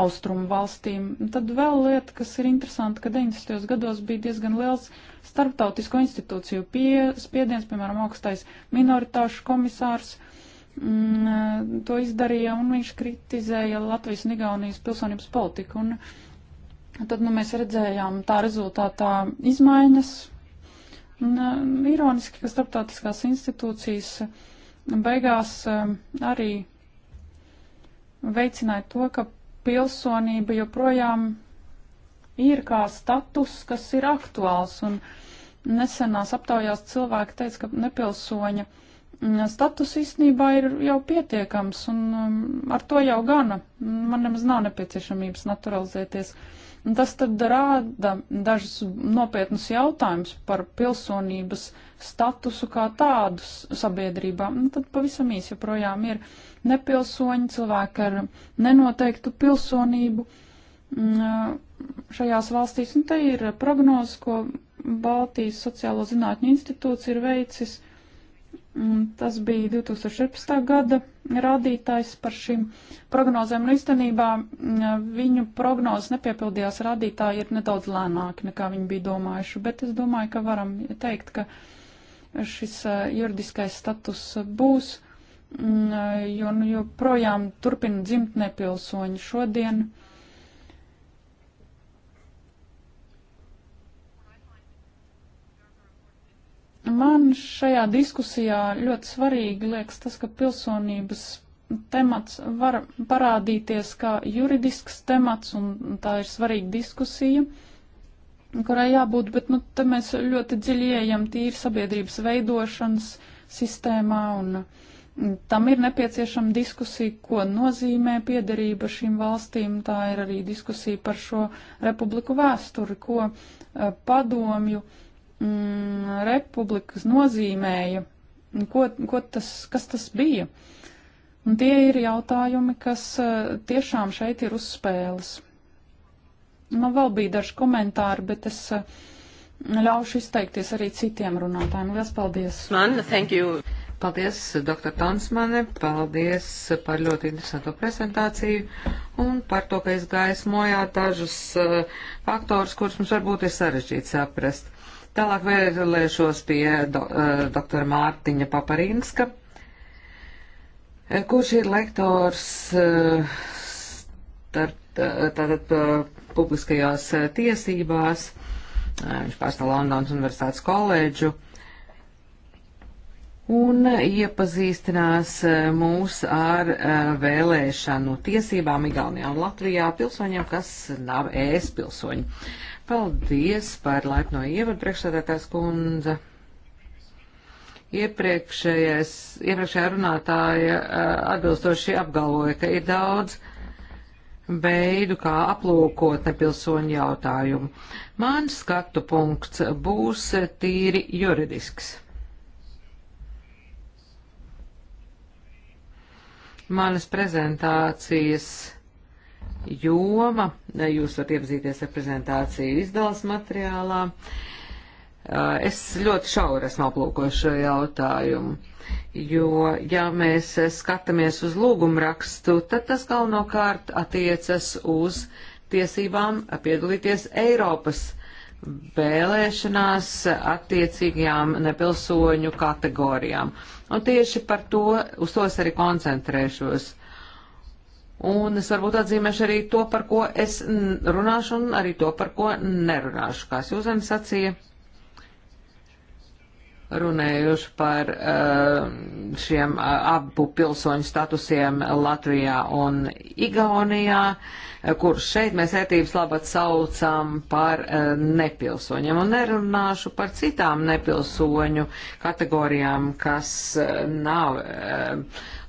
austrumu valstīm. Tad vēl lieta, kas ir interesanta, ka 90. gados bija diezgan liels starptautisko institūciju spiediens, piemēram, augstais minoritāšu komisārs mm, to izdarīja, un viņš kritizēja Latvijas un Igaunijas pilsonības politiku. Un tad nu, mēs redzējām tā rezultātā izmaiņas, Um, ironiski, ka starptautiskās institūcijas um, beigās um, arī veicināja to, ka pilsonība joprojām ir kā status, kas ir aktuāls. Un nesenās aptaujās cilvēki teica, ka nepilsoņa mm, status īstenībā ir jau pietiekams, un ar to jau gana. Man nemaz nav nepieciešamības naturalizēties. Uh, Un tas tad rāda dažus nopietnus jautājumus par pilsonības statusu kā tādus sabiedrībā. Un tad pavisam īsi joprojām ir nepilsoņi, cilvēki ar nenoteiktu pilsonību mm, šajās valstīs. Un te ir prognozes, ko Baltijas Sociālo zinātņu institūts ir veicis Tas bija 2014. gada rādītājs par šīm prognozēm. Nu, īstenībā viņu prognozes nepiepildījās rādītāji ir nedaudz lēnāki, nekā viņi bija domājuši. Bet es domāju, ka varam teikt, ka šis e, juridiskais status būs, e, jo nu, joprojām turpina dzimt nepilsoņi šodien. Uh, Man šajā diskusijā ļoti svarīgi liekas tas, ka pilsonības temats var parādīties kā juridisks temats, un tā ir svarīga diskusija, kurai jābūt, bet nu, te mēs ļoti dziļi ejam tīri sabiedrības veidošanas sistēmā, un tam ir nepieciešama diskusija, ko nozīmē piederība šīm valstīm. Tā ir arī diskusija par šo republiku vēsturi, ko eh, padomju. Uh, mm, republikas nozīmēja, ko, ko tas, kas tas bija. Un tie ir jautājumi, kas eh, tiešām šeit ir uz spēles. Man nu, vēl bija daži komentāri, bet es eh, ļaušu izteikties arī citiem runātājiem. Lielas paldies! Man, thank you! Paldies, doktor Tansmane, paldies par ļoti interesanto prezentāciju un par to, ka izgaismojāt dažus eh, faktorus, kurus mums varbūt ir sarežģīti saprast. Tālāk vēlēšos pie do, eh, doktora Mārtiņa Paparīnska, kurš ir lektors eh, starp, eh, tātad publiskajās tiesībās. Viņš pārstāv Londonas Universitātes koledžu un iepazīstinās mūs ar vēlēšanu tiesībām Igaunijā un Latvijā pilsoņiem, kas nav ēs pilsoņi. Paldies par laipno ievadu priekšsēdētājs kundze. Iepriekšējais, iepriekšējā runātāja atbilstoši apgalvoja, ka ir daudz veidu, kā aplūkot nepilsoņu jautājumu. Mans skatu punkts būs tīri juridisks. Manas prezentācijas joma. Jūs varat iepazīties ar prezentāciju izdāles materiālā. Es ļoti šauri esmu aplūkojuši šo jautājumu, jo, ja mēs skatāmies uz lūgumrakstu, tad tas galvenokārt attiecas uz tiesībām piedalīties Eiropas vēlēšanās attiecīgajām nepilsoņu kategorijām. Un tieši par to, uz tos arī koncentrēšos. Un es varbūt atzīmēšu arī to, par ko es runāšu, un arī to, par ko nerunāšu. Kā Jūzena sacīja, runējuši par eh, šiem abu pilsoņu statusiem Latvijā un Igaunijā, kur šeit mēs ētības labāk saucam par eh, nepilsoņiem. Un nerunāšu par citām nepilsoņu kategorijām, kas eh, nav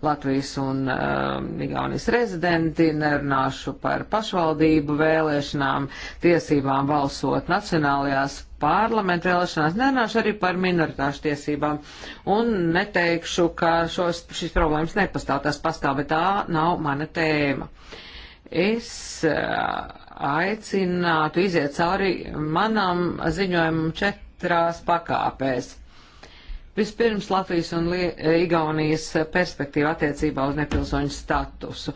Latvijas un uh, Igaunijas rezidenti, nerunāšu par pašvaldību vēlēšanām, tiesībām balsot nacionālajās parlamentu vēlēšanās, nerunāšu arī par minoritāšu tiesībām un neteikšu, ka šos, šīs problēmas nepastāv, tās pastāv, bet tā nav mana tēma. Es uh, aicinātu iziet cauri manam ziņojumam četrās pakāpēs. Vispirms Latvijas un eh, Igaunijas eh, perspektīva attiecībā uz nepilsoņu statusu.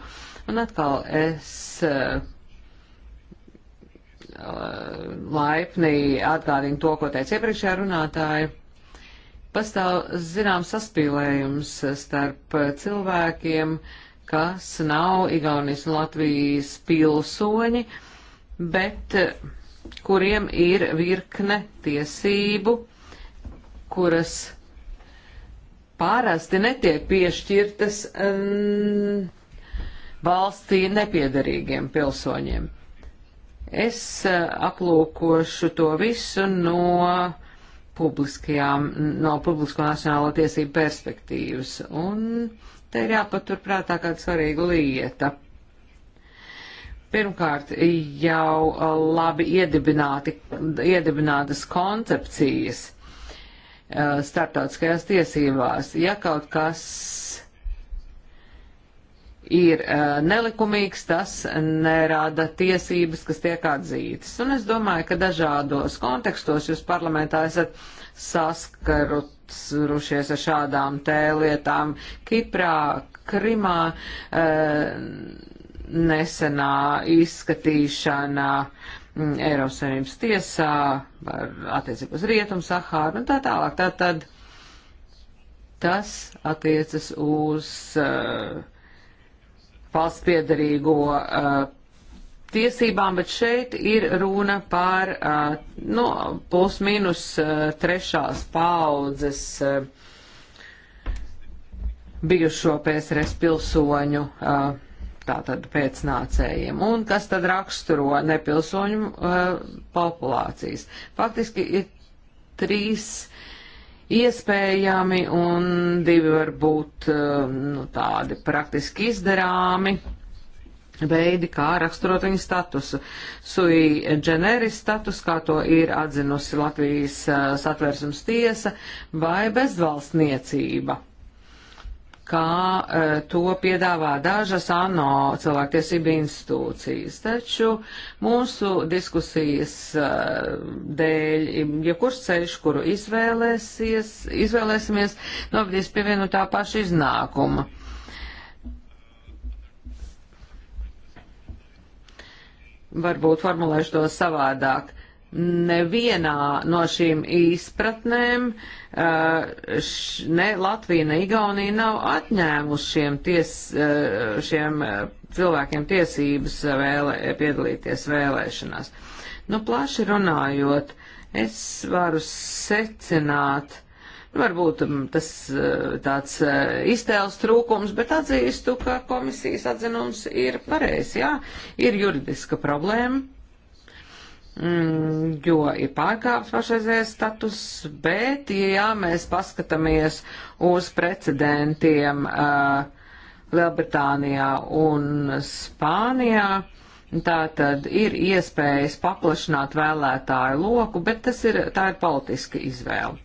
Un atkal es eh, laipni atgādinu to, ko teica iepriekšējā runātāja. Pastāv zināms saspīlējums starp cilvēkiem, kas nav Igaunijas un Latvijas pilsoņi, bet kuriem ir virkne tiesību, kuras parasti netiek piešķirtas um, valstī nepiedarīgiem pilsoņiem. Es uh, aplūkošu to visu no publiskajām, no publisko nacionālo tiesību perspektīvas. Un te ir jāpaturprātā kāda svarīga lieta. Pirmkārt, jau labi iedibināti, iedibinātas koncepcijas Uh, starptautiskajās tiesībās. Ja kaut kas ir uh, nelikumīgs, tas nerāda tiesības, kas tiek atzītas. Un es domāju, ka dažādos kontekstos jūs parlamentā esat saskarušies ar šādām tēlietām Kiprā, Krimā. Uh, nesenā izskatīšana uh, Mm, Eiropas Savienības tiesā par attiecību uz Rietumu Sahāru un tā tālāk. Tātad tas attiecas uz uh, valsts piedarīgo uh, tiesībām, bet šeit ir runa par uh, no, plus minus uh, trešās paudzes uh, bijušo PSRS pilsoņu uh, tātad pēcnācējiem, un kas tad raksturo nepilsoņu uh, populācijas. Faktiski ir trīs iespējami un divi var būt uh, nu, tādi praktiski izdarāmi veidi, kā raksturot viņu statusu. Sui generis status, kā to ir atzinusi Latvijas uh, eh, satversums tiesa, vai bezvalstniecība kā uh, to piedāvā dažas ANO cilvēktiesība institūcijas. Taču mūsu diskusijas uh, dēļ, ja kurš ceļš, kuru izvēlēsimies, novadīs pie vienu tā paša iznākuma. Varbūt formulēšu to savādāk. Uh, nevienā no šīm izpratnēm eh, š, ne Latvija, ne Igaunija nav atņēmusi šiem, ties, eh, šiem eh, cilvēkiem tiesības vēlē, piedalīties vēlēšanās. Nu, plaši runājot, es varu secināt, Varbūt mm, tas tāds iztēles trūkums, bet atzīstu, ka komisijas atzinums ir pareizs, jā, ir juridiska problēma mm, jo ir pārkāpts pašreizējais status, bet, ja mēs paskatāmies uz precedentiem uh, Lielbritānijā un Spānijā, tā tad ir iespējas paplašināt vēlētāju loku, bet tas ir, tā ir politiska izvēle.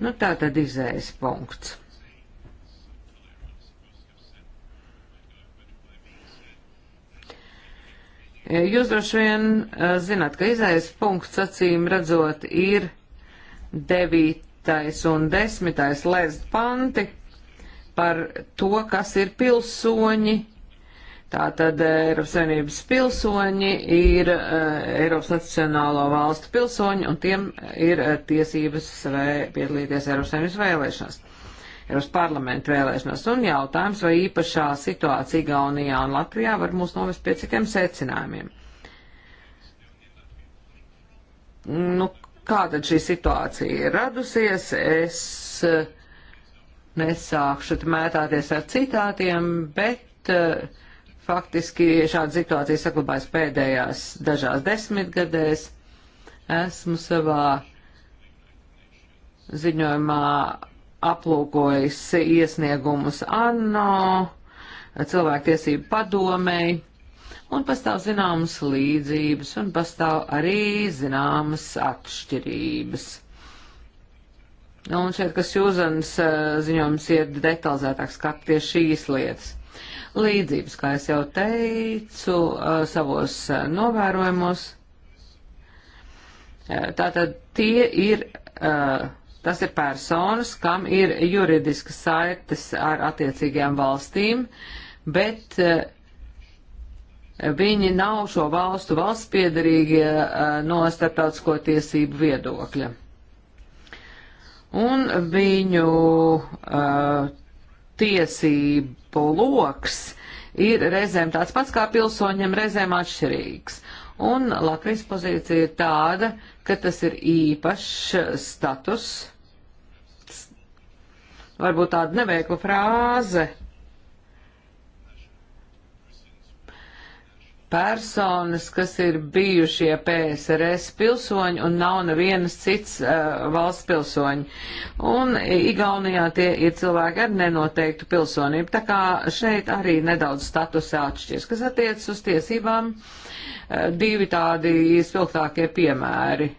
Nu, tā tad izējas punkts. Jūs droši vien zināt, ka izējas punkts acīm redzot ir devītais un desmitais lēst panti par to, kas ir pilsoņi. Tātad Eiropas Savienības pilsoņi ir Eiropas Nacionālo valstu pilsoņi un tiem ir tiesības piedalīties Eiropas Savienības vēlēšanās. Eiropas parlamentu vēlēšanās. Un jautājums, vai īpašā situācija Igaunijā un Latvijā var mūs novest pie cikiem secinājumiem. Nu, kā tad šī situācija ir radusies? Es eh, nesākšu mētāties ar citātiem, bet eh, faktiski šāda situācija saglabājas pēdējās dažās desmitgadēs. Esmu savā ziņojumā aplūkojis iesniegumus ANO, cilvēktiesību padomēji, un pastāv zināmas līdzības, un pastāv arī zināmas atšķirības. Un šeit, kas Jūzans eh, ziņojums ir detalizētāk skat tieši šīs lietas. Līdzības, kā es jau teicu, eh, savos eh, novērojumos, tātad tie ir uh, Tas ir personas, kam ir juridiskas saites ar attiecīgajām valstīm, bet eh, viņi nav šo valstu valsts piedarīgie eh, no starptautisko tiesību viedokļa. Un viņu uh, tiesību loks ir reizēm tāds pats kā pilsoņiem, reizēm atšķirīgs. Un Latvijas pozīcija ir tāda, ka tas ir īpašs status. Varbūt tāda neveikla frāze. Personas, kas ir bijušie PSRS pilsoņi un nav nevienas cits uh, valsts pilsoņi. Un Igaunijā tie ir cilvēki ar nenoteiktu pilsonību. Tā kā šeit arī nedaudz statusi atšķirs, kas attiec uz tiesībām. Uh, divi tādi spilgtākie piemēri.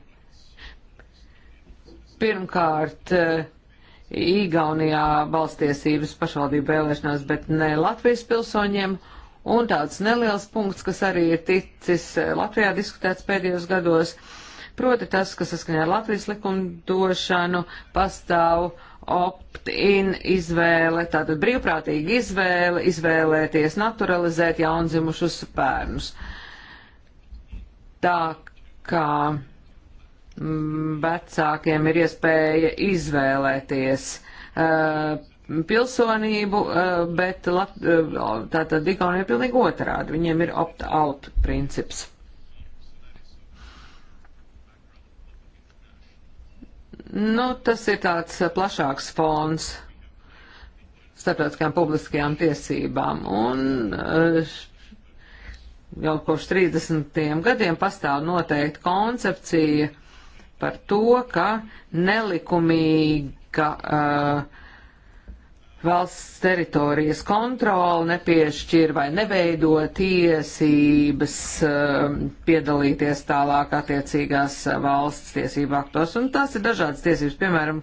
Pirmkārt, eh, Igaunijā valstiesības pašvaldība vēlēšanās, bet ne Latvijas pilsoņiem. Un tāds neliels punkts, kas arī ir ticis eh, Latvijā diskutēts pēdējos gados, proti tas, kas saskaņā ar Latvijas likumdošanu pastāv opt-in izvēle, tātad brīvprātīga izvēle, izvēlēties naturalizēt jaundzimušus bērnus. Tā kā Mm, vecākiem ir iespēja izvēlēties uh, pilsonību, uh, bet uh, tātad Igaunija ir pilnīgi otrādi. Viņiem ir opt-out princips. Nu, tas ir tāds plašāks fons starptautiskajām publiskajām tiesībām. Un jau kopš 30. gadiem pastāv noteikti koncepcija, par to, ka nelikumīga uh, valsts teritorijas kontroli nepiešķir vai neveido tiesības uh, piedalīties tālāk attiecīgās valsts tiesību aktos. Un tās ir dažādas tiesības, piemēram,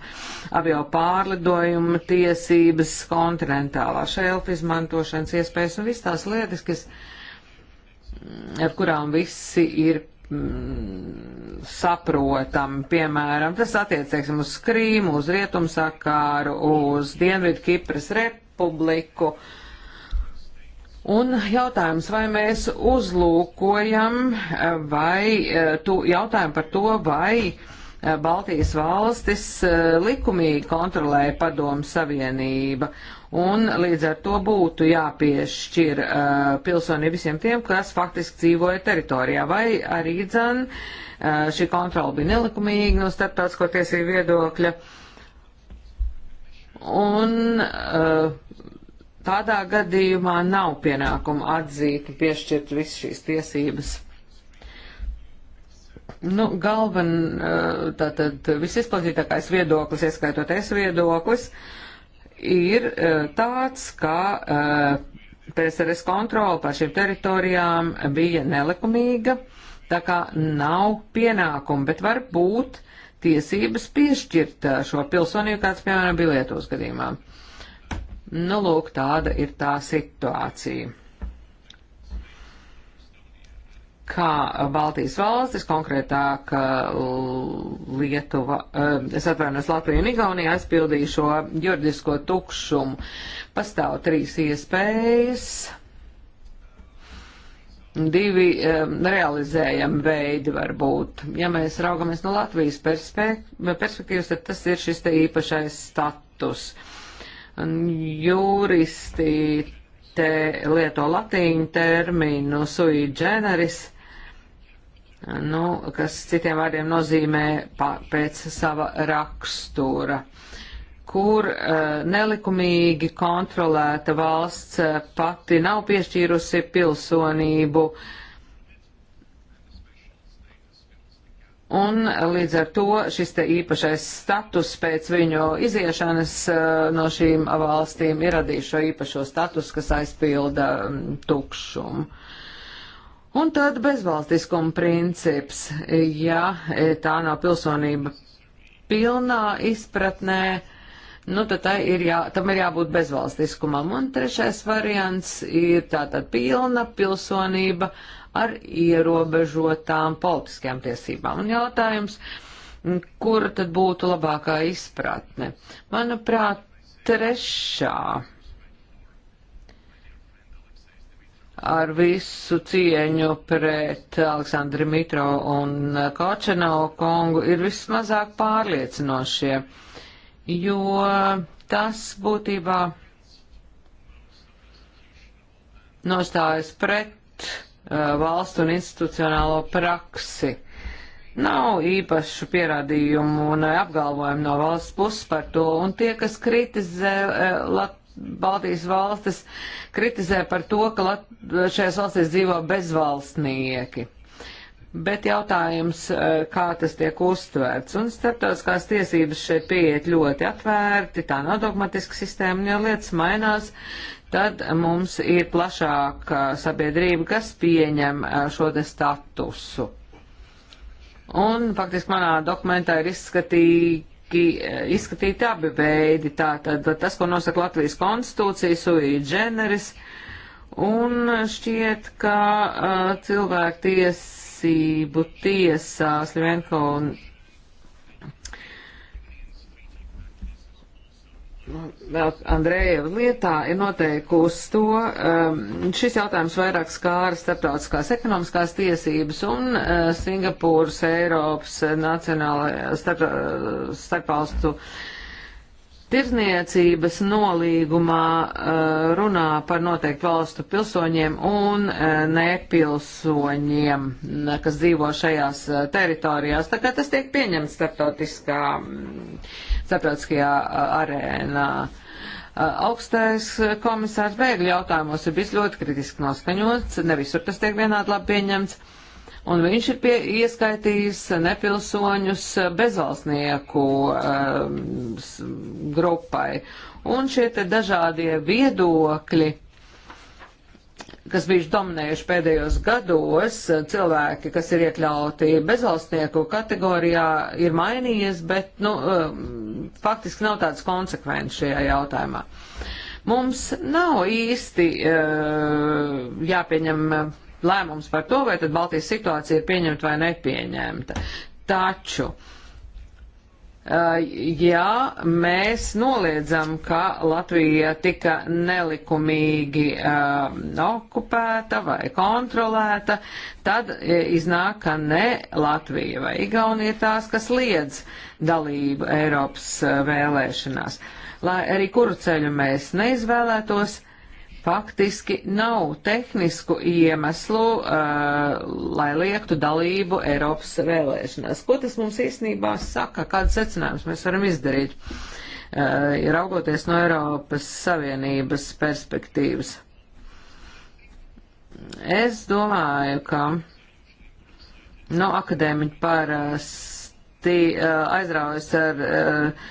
avio pārlidojuma tiesības, kontinentālā šelfa izmantošanas iespējas un viss tās lietas, kas mm, ar kurām visi ir mm, saprotami, piemēram, tas attiec, teiksim, uz Krīmu, uz Rietumsakāru, uz Dienvidu Kipras republiku. Un jautājums, vai mēs uzlūkojam, vai e, tu, jautājumu par to, vai e, Baltijas valstis e, likumīgi kontrolē padomu savienība Un līdz ar to būtu jāpiešķir uh, pilsonība visiem tiem, kas faktiski dzīvoja teritorijā. Vai arī dzan uh, šī kontrola bija nelikumīga no starptautisko tiesību viedokļa. Un uh, tādā gadījumā nav pienākuma atzīt un piešķirt visas šīs tiesības. Nu, galven, uh, tātad visizplatītākais viedoklis, ieskaitot es viedoklis, uh, ir eh, tāds, ka PSRS eh, kontrola pār šīm teritorijām bija nelikumīga, tā kā nav pienākumu, bet var būt tiesības piešķirt eh, šo pilsonību, kāds, piemēram, bija Lietuvas gadījumā. Nu, lūk, tāda ir tā situācija kā Baltijas valstis, konkrētāk uh, Lietuva, uh, es atvainos Latviju un Igauniju, aizpildīju šo juridisko tukšumu. Pastāv trīs iespējas, divi um, realizējami veidi varbūt. Ja mēs raugamies no Latvijas perspektīvas, tad tas ir šis te īpašais status. Juristi te lieto latīņu terminu sui generis nu, kas citiem vārdiem nozīmē pēc sava rakstura kur uh, nelikumīgi kontrolēta valsts uh, pati nav piešķīrusi pilsonību. Un eh, līdz ar to šis te īpašais status pēc viņu iziešanas uh, no šīm valstīm ir radījis šo īpašo status, kas aizpilda um, tukšumu. Un tad bezvalstiskuma princips, ja e, tā nav pilsonība pilnā izpratnē, nu tad tā ir jā, tam ir jābūt bezvalstiskumam. Un trešais variants ir tātad pilna pilsonība ar ierobežotām politiskajām tiesībām. Un jautājums, kura tad būtu labākā izpratne? Manuprāt, trešā ar visu cieņu pret Aleksandru Mitro un Kočenovu Kongu ir vismazāk pārliecinošie, jo tas būtībā nostājas pret uh, valstu un institucionālo praksi. Nav īpašu pierādījumu un apgalvojumu no valsts puses par to, un tie, kas kritizē uh, Baltijas valstis kritizē par to, ka Lat šajās valstīs dzīvo bezvalstnieki. Bet jautājums, e, kā tas tiek uztverts. Un starptautiskās tiesības šeit pieiet ļoti atvērti, tā nav dogmatiska sistēma, un ja lietas mainās, tad mums ir plašāka sabiedrība, kas pieņem e, šo te statusu. Un faktiski manā dokumentā ir izskatīta E, izskatīti abi veidi. Tātad tas, ko nosaka Latvijas konstitūcija, sui generis, un šķiet, ka e, cilvēktiesību tiesā Slivenko un Nu, vēl Andrējeva lietā ir noteikusi to, um, šis jautājums vairāk skāra starptautiskās ekonomiskās tiesības un uh, Singapūras, Eiropas, Nacionālajā uh, starpvalstu starp Tirzniecības nolīgumā uh, runā par noteiktu valstu pilsoņiem un uh, nepilsoņiem, kas dzīvo šajās uh, teritorijās. Tā kā tas tiek pieņemts starptautiskā, mm, starptautiskajā arēnā. Augstais komisārs bēgļu jautājumos ir bijis ļoti kritiski noskaņots, ne visur tas tiek vienādi labi pieņemts un viņš ir pie, ieskaitījis nepilsoņus bezvalstnieku um, grupai. Un šie te dažādie viedokļi, kas bijuši dominējuši pēdējos gados, cilvēki, kas ir iekļauti bezvalstnieku kategorijā, ir mainījies, bet nu, um, faktiski nav tāds konsekvents šajā jautājumā. Mums nav īsti uh, jāpieņem. Uh, lēmums par to, vai tad Baltijas situācija ir pieņemta vai nepieņemta. Taču, eh, ja mēs noliedzam, ka Latvija tika nelikumīgi uh, okupēta vai kontrolēta, tad eh, iznāk, ka ne Latvija vai Igaunija ir tās, kas liedz dalību Eiropas vēlēšanās. Lai arī kuru ceļu mēs neizvēlētos, faktiski nav tehnisku iemeslu, uh, lai liektu dalību Eiropas vēlēšanās. Ko tas mums īstenībā saka, kādas secinājumus mēs varam izdarīt, uh, raugoties no Eiropas Savienības perspektīvas? Es domāju, ka no akadēmiķi parasti uh, aizraujas ar uh,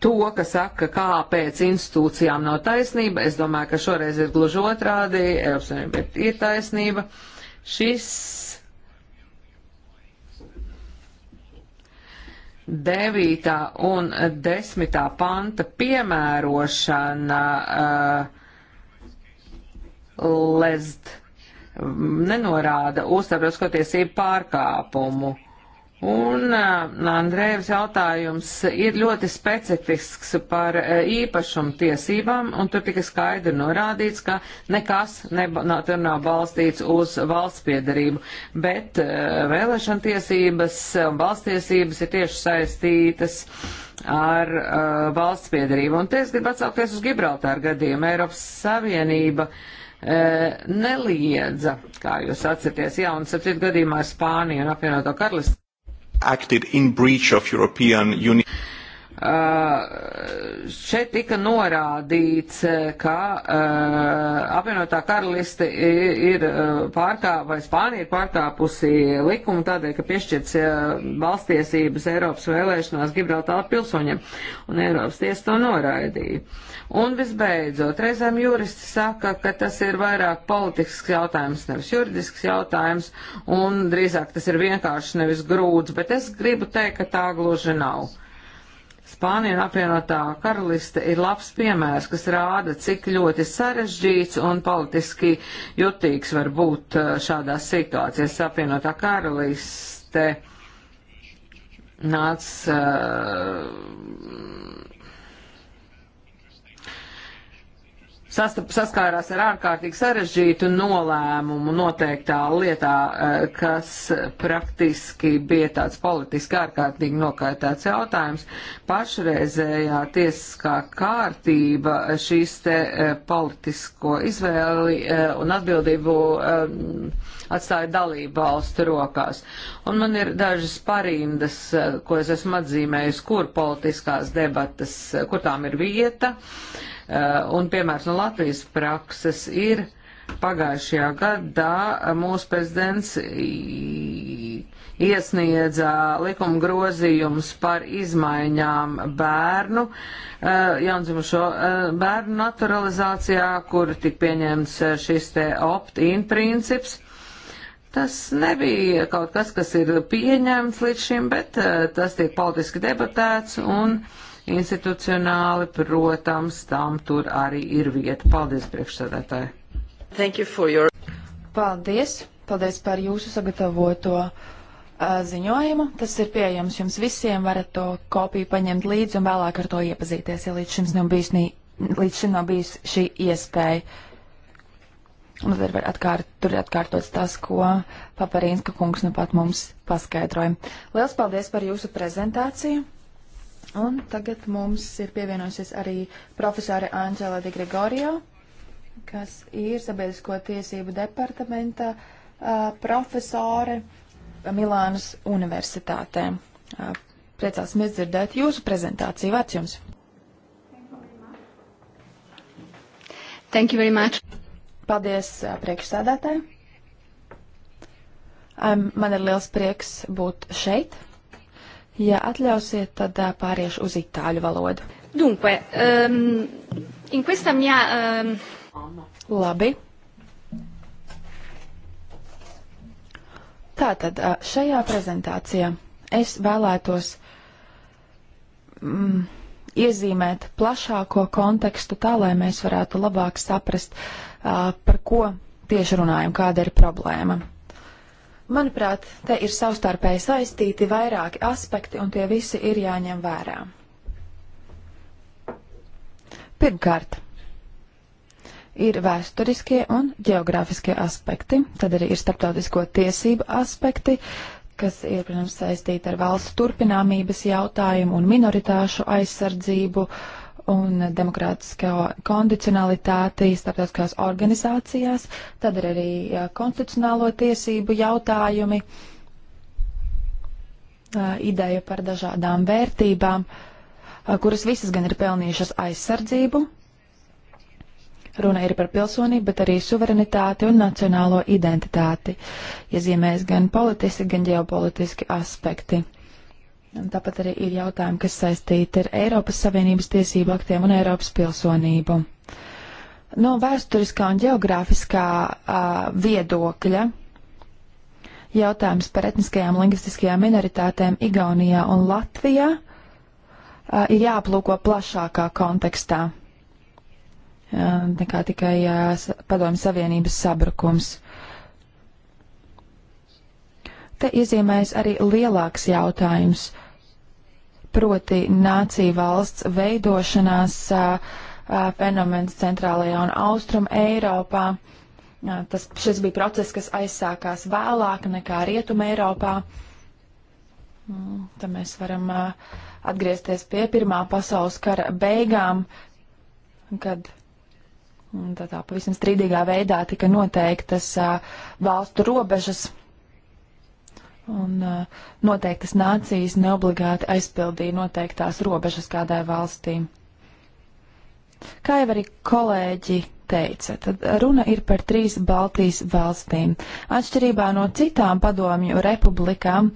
to, ka saka, kāpēc institūcijām nav taisnība. Es domāju, ka šoreiz ir gluži otrādi. Eiropas Savienība ir taisnība. Šis devītā un desmitā panta piemērošana uh, lezd nenorāda uz starptautisko tiesību pārkāpumu. Uh, Un uh, Andrējevs jautājums ir ļoti specifisks par uh, īpašumu tiesībām, un tur tika skaidri norādīts, ka nekas neba, nav, tur nav balstīts uz valsts piedarību, bet uh, vēlēšana tiesības, valsts tiesības ir tieši saistītas ar uh, valsts piedarību. Un te es gribu atsaukties uz Gibraltāru gadījumu. Eiropas Savienība uh, neliedza, kā jūs atceraties, jaunas apcīt gadījumā ar Spāniju un apvienoto karalistu acted in breach of European Union. Uh, šeit tika norādīts, uh, ka uh, apvienotā karaliste ir, ir uh, pārkāpusi, vai Spānija ir pārkāpusi likumu tādēļ, ka piešķirts uh, valstiesības Eiropas vēlēšanās Gibraltāra pilsoņiem, un Eiropas tiesa to noraidīja. Uh, Un visbeidzot, reizēm juristi saka, ka tas ir vairāk politisks jautājums, nevis juridisks jautājums, un drīzāk tas ir vienkārši nevis grūts, bet es gribu teikt, ka tā gluži nav. Spānija un apvienotā karaliste ir labs piemērs, kas rāda, cik ļoti sarežģīts un politiski jutīgs var būt uh, šādās situācijās. Apvienotā karaliste nāca. Uh, sastap, saskārās ar ārkārtīgi sarežģītu nolēmumu noteiktā lietā, eh, kas praktiski bija tāds politiski ārkārtīgi nokaitēts jautājums. Pašreizējā tiesiskā kārtība šīs te eh, politisko izvēli eh, un atbildību atstāja dalību valstu rokās. Un man ir dažas parindas, eh, ko es esmu atzīmējis, kur politiskās debatas, eh, kur tām ir vieta. Eh, un piemērs no Latvijas prakses ir pagājušajā gadā mūsu prezidents iesniedza likuma grozījums par izmaiņām bērnu, jaundzimušo bērnu naturalizācijā, kur tik pieņemts šis te opt-in princips. Tas nebija kaut kas, kas ir pieņemts līdz šim, bet eh, tas tiek politiski debatēts un institucionāli, protams, tam tur arī ir vieta. Paldies, priekšsēdētāji! You your... Paldies! Paldies par jūsu sagatavoto eh, ziņojumu. Tas ir pieejams jums visiem. Varat to kopiju paņemt līdzi un vēlāk ar to iepazīties, ja līdz šim nav bijis, līdz šim nav bijis šī iespēja. Un tad var atkārt, tur ir atkārtots tas, ko Paparīnska kungs nu pat mums paskaidroja. Liels paldies par jūsu prezentāciju. Un tagad mums ir pievienojusies arī profesori Anģela Di Gregorio, kas ir sabiedrisko tiesību departamenta uh, profesore Milānas universitātē. Uh, priecāsimies dzirdēt jūsu prezentāciju. Vārds jums! Thank you very much. Paldies priekšsēdētāji. Man ir liels prieks būt šeit. Ja atļausiet, tad pāriešu uz itāļu valodu. Dunque, um, in questa mia... Um... Labi. Tātad šajā prezentācijā es vēlētos mm, iezīmēt plašāko kontekstu tā, lai mēs varētu labāk saprast uh, par ko tieši runājam, kāda ir problēma. Manuprāt, te ir savstarpēji saistīti vairāki aspekti, un tie visi ir jāņem vērā. Pirmkārt, ir vēsturiskie un geogrāfiskie aspekti, tad arī ir starptautisko tiesību aspekti, kas ir, protams, saistīti ar valsts turpināmības jautājumu un minoritāšu aizsardzību. Uh, un demokrātiskā kondicionalitāte starptautiskās organizācijās, tad ir arī konstitucionālo tiesību jautājumi, ideja par dažādām vērtībām, kuras visas gan ir pelnījušas aizsardzību. Runa ir par pilsonību, bet arī suverenitāti un nacionālo identitāti, iezīmēs gan politiski, gan ģeopolitiski aspekti. Tāpat arī ir jautājumi, kas saistīti ar Eiropas Savienības tiesību aktiem un Eiropas pilsonību. No vēsturiskā un geogrāfiskā uh, viedokļa jautājums par etniskajām lingvistiskajām minoritātēm Igaunijā un Latvijā uh, ir jāaplūko plašākā kontekstā uh, nekā tikai uh, Padomju Savienības sabrukums. Te iezīmējas arī lielāks jautājums proti nācija valsts veidošanās a, a, fenomens centrālajā un austrum Eiropā. A, tas, šis bija process, kas aizsākās vēlāk nekā rietum Eiropā. Mm, Tad mēs varam atgriezties pie Pirmā pasaules kara beigām, kad mm, tā, tā pavisam strīdīgā veidā tika noteiktas valstu robežas Un uh, noteiktas nācijas neobligāti aizpildīja noteiktās robežas kādai valstī. Kā jau arī kolēģi teica, tad runa ir par trīs Baltijas valstīm. Atšķirībā no citām padomju republikām,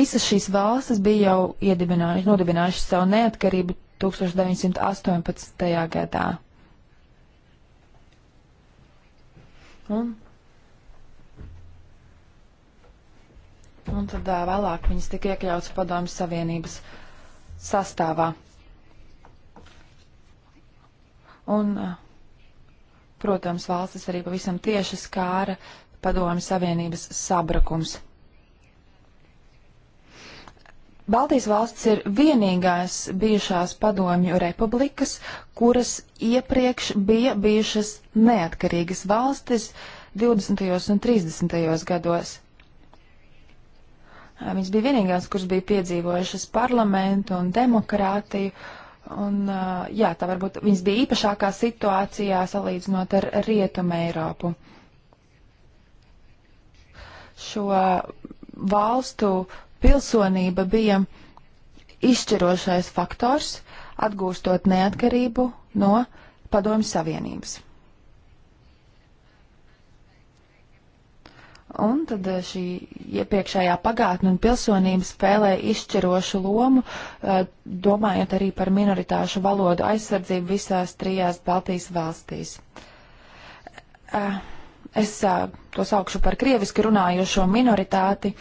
visas šīs valstis bija jau iedibinājušas, nodibinājušas savu neatkarību 1918. gadā. Un Un tad uh, vēlāk viņas tika iekļauts Padomju Savienības sastāvā. Un, uh, protams, valstis arī pavisam tieši skāra Padomju Savienības sabrakums. Baltijas valstis ir vienīgās bijušās padomju republikas, kuras iepriekš bija bijušas neatkarīgas valstis 20. un 30. gados. Viņas bija vienīgās, kuras bija piedzīvojušas parlamentu un demokrātiju. Un, jā, tā varbūt viņas bija īpašākā situācijā salīdzinot ar Rietumu Eiropu. Šo valstu pilsonība bija izšķirošais faktors, atgūstot neatkarību no Padomju Savienības. Un tad eh, šī iepriekšējā pagātne un pilsonība spēlē izšķirošu lomu, eh, domājot arī par minoritāšu valodu aizsardzību visās trijās Baltijas valstīs. Eh, es to saukšu par krieviski runājošo minoritāti.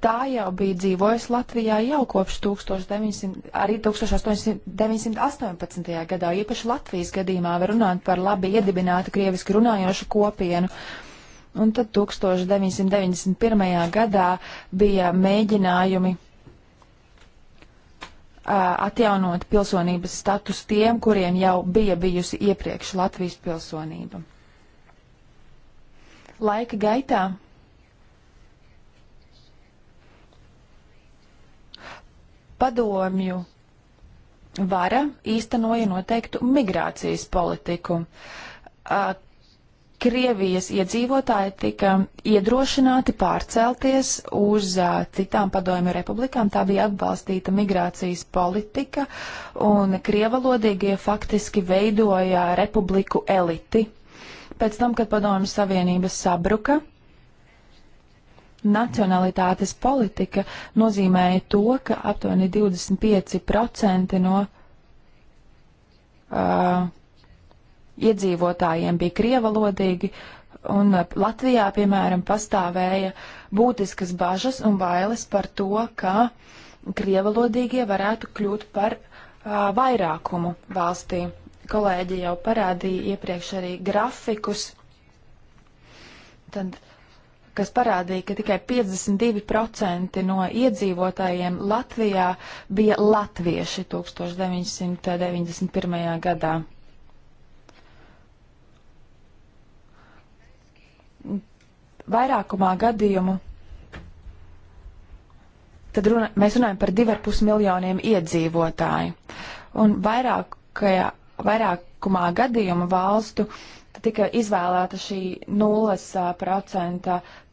Tā jau bija dzīvojusi Latvijā jau kopš 1900, arī 1818. gadā, īpaši Latvijas gadījumā var runāt par labi iedibinātu krieviski runājošu kopienu. Uh, Un tad 1991. gadā bija mēģinājumi atjaunot pilsonības status tiem, kuriem jau bija bijusi iepriekš Latvijas pilsonība. Laika gaitā padomju vara īstenoja noteiktu migrācijas politiku, Krievijas iedzīvotāji tika iedrošināti pārcelties uz uh, citām padomju republikām. Tā bija atbalstīta migrācijas politika, un krievalodīgie faktiski veidoja republiku eliti. Pēc tam, kad padomju savienība sabruka, nacionalitātes politika nozīmēja to, ka aptuveni 25% no uh, iedzīvotājiem bija krievalodīgi, un uh, Latvijā, piemēram, pastāvēja būtiskas bažas un bailes par to, ka krievalodīgie varētu kļūt par uh, vairākumu valstī. Kolēģi jau parādīja iepriekš arī grafikus, tad, kas parādīja, ka tikai 52% no iedzīvotājiem Latvijā bija latvieši 1991. gadā. vairākumā gadījumu tad runa, mēs runājam par 2,5 miljoniem iedzīvotāju. Un vairākajā, vairākumā gadījumu valstu tika izvēlēta šī 0%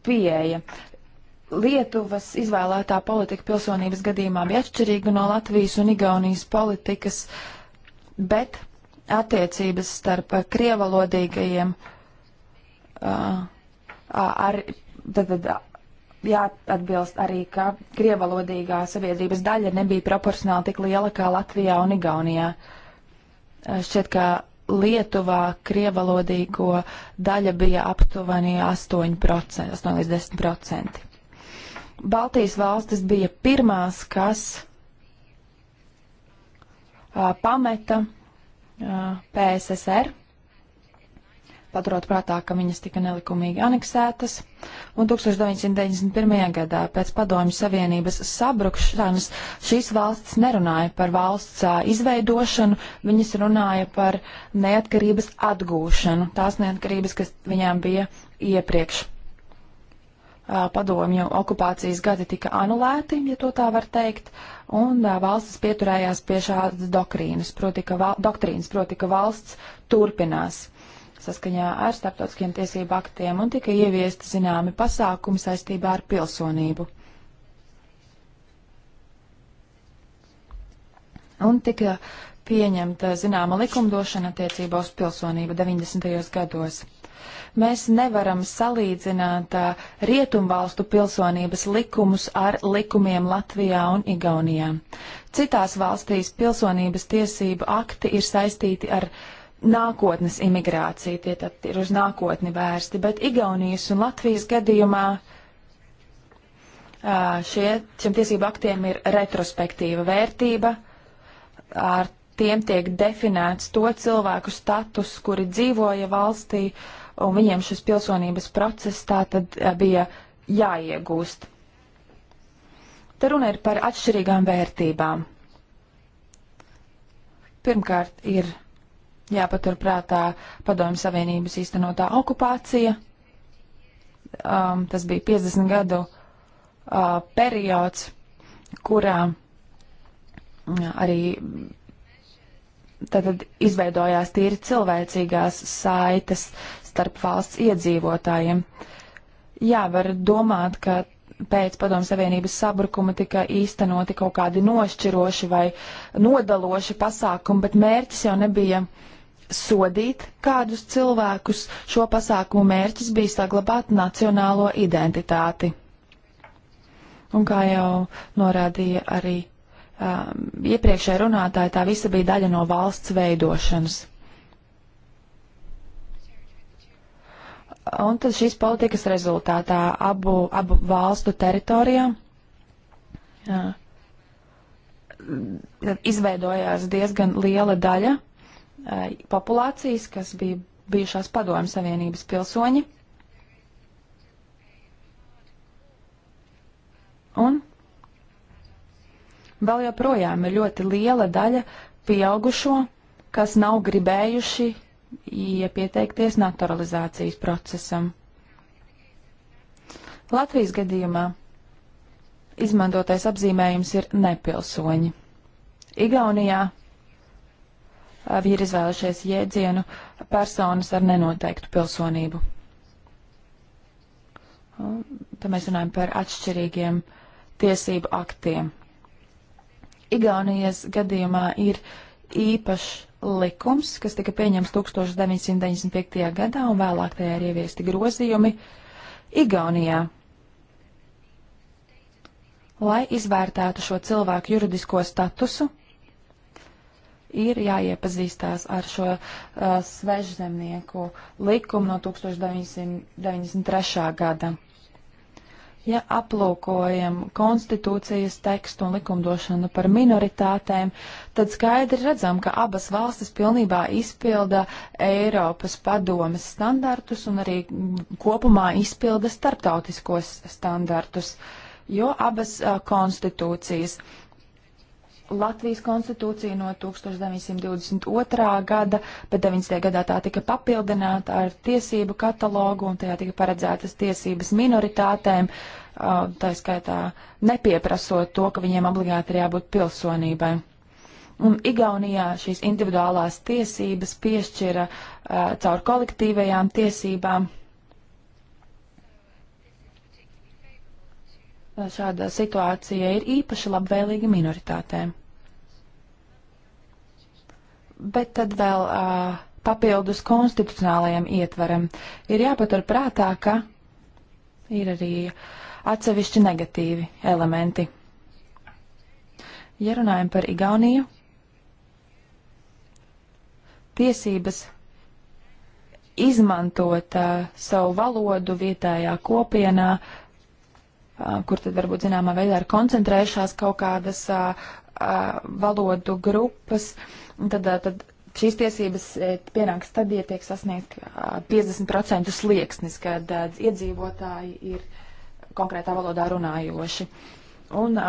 pieeja. Lietuvas izvēlētā politika pilsonības gadījumā bija atšķirīga no Latvijas un Igaunijas politikas, bet attiecības starp krievalodīgajiem uh, ar, tad, tad jāatbilst arī, ka krievalodīgā sabiedrības daļa nebija proporcionāli tik liela kā Latvijā un Igaunijā. Šķiet, ka Lietuvā krievalodīgo daļa bija aptuveni 8%, 8 līdz 10%. Baltijas valstis bija pirmās, kas a, pameta a, PSSR paturot prātā, ka viņas tika nelikumīgi aneksētas, un 1991. gadā pēc Padomju Savienības sabrukšanas šīs valsts nerunāja par valsts uh, izveidošanu, viņas runāja par neatkarības atgūšanu, tās neatkarības, kas viņām bija iepriekš. Uh, padomju okupācijas gadi tika anulēti, ja to tā var teikt, un uh, valstis pieturējās pie šādas doktrīnas, proti, ka, val, doktrīnas, proti, ka valsts turpinās saskaņā ar starptautiskiem tiesību aktiem un tika ieviesti zināmi pasākumi saistībā ar pilsonību. Un tika pieņemta zināma likumdošana attiecībā uz pilsonību 90. gados. Mēs nevaram salīdzināt uh, rietumvalstu pilsonības likumus ar likumiem Latvijā un Igaunijā. Citās valstīs pilsonības tiesību akti ir saistīti ar uh, nākotnes imigrācija, tie tad ir uz nākotni vērsti, bet Igaunijas un Latvijas gadījumā šie, šiem tiesību aktiem ir retrospektīva vērtība, ar tiem tiek definēts to cilvēku status, kuri dzīvoja valstī, un viņiem šis pilsonības process tā tad bija jāiegūst. Te runa ir par atšķirīgām vērtībām. Pirmkārt ir jāpaturprātā Padomju Savienības īstenotā okupācija. Um, tas bija 50 gadu uh, periods, kurā mm, arī tad izveidojās tīri cilvēcīgās saites starp valsts iedzīvotājiem. Jā, var domāt, ka pēc Padomu Savienības sabrukuma tika īstenoti kaut kādi nošķiroši vai nodaloši pasākumi, bet mērķis jau nebija uh, sodīt kādus cilvēkus, šo pasākumu mērķis bija saglabāt nacionālo identitāti. Un kā jau norādīja arī um, iepriekšēja runātāja, tā visa bija daļa no valsts veidošanas. Un tad šīs politikas rezultātā abu, abu valstu teritorijā jā, uh, izveidojās diezgan liela daļa Eh, populācijas, kas bija bijušās padomju savienības pilsoņi. Un vēl joprojām ir ļoti liela daļa pieaugušo, kas nav gribējuši iepieteikties naturalizācijas procesam. Latvijas gadījumā izmantotais apzīmējums ir nepilsoņi. Igaunijā Viņi ir izvēlušies jēdzienu personas ar nenoteiktu pilsonību. Tad mēs runājam par atšķirīgiem tiesību aktiem. Igaunijas gadījumā ir īpašs likums, kas tika pieņemts 1995. gadā un vēlāk tajā ir ieviesti grozījumi Igaunijā. Lai izvērtētu šo cilvēku juridisko statusu, ir jāiepazīstās ar šo uh, svežzemnieku likumu no 1993. gada. Ja aplūkojam konstitūcijas tekstu un likumdošanu par minoritātēm, tad skaidri redzam, ka abas valstis pilnībā izpilda Eiropas padomes standartus un arī kopumā izpilda starptautiskos standartus, jo abas uh, konstitūcijas uh, Latvijas konstitūcija no 1922. gada, bet 90. gadā tā tika papildināta ar tiesību katalogu un tajā tika paredzētas tiesības minoritātēm, tā skaitā nepieprasot to, ka viņiem obligāti ir jābūt pilsonībai. Un Igaunijā šīs individuālās tiesības piešķira caur kolektīvajām tiesībām šāda situācija ir īpaši labvēlīga minoritātēm. Bet tad vēl uh, papildus konstitucionālajiem ietvaram ir jāpatur prātā, ka ir arī atsevišķi negatīvi elementi. Ja runājam par Igauniju, tiesības izmantot uh, savu valodu vietējā kopienā uh, kur tad varbūt zināmā veidā ir koncentrējušās kaut kādas valodu grupas, tad, tad šīs tiesības pienāks tad, ja tiek sasniegt 50% slieksnis, kad iedzīvotāji ir konkrētā valodā runājoši. Un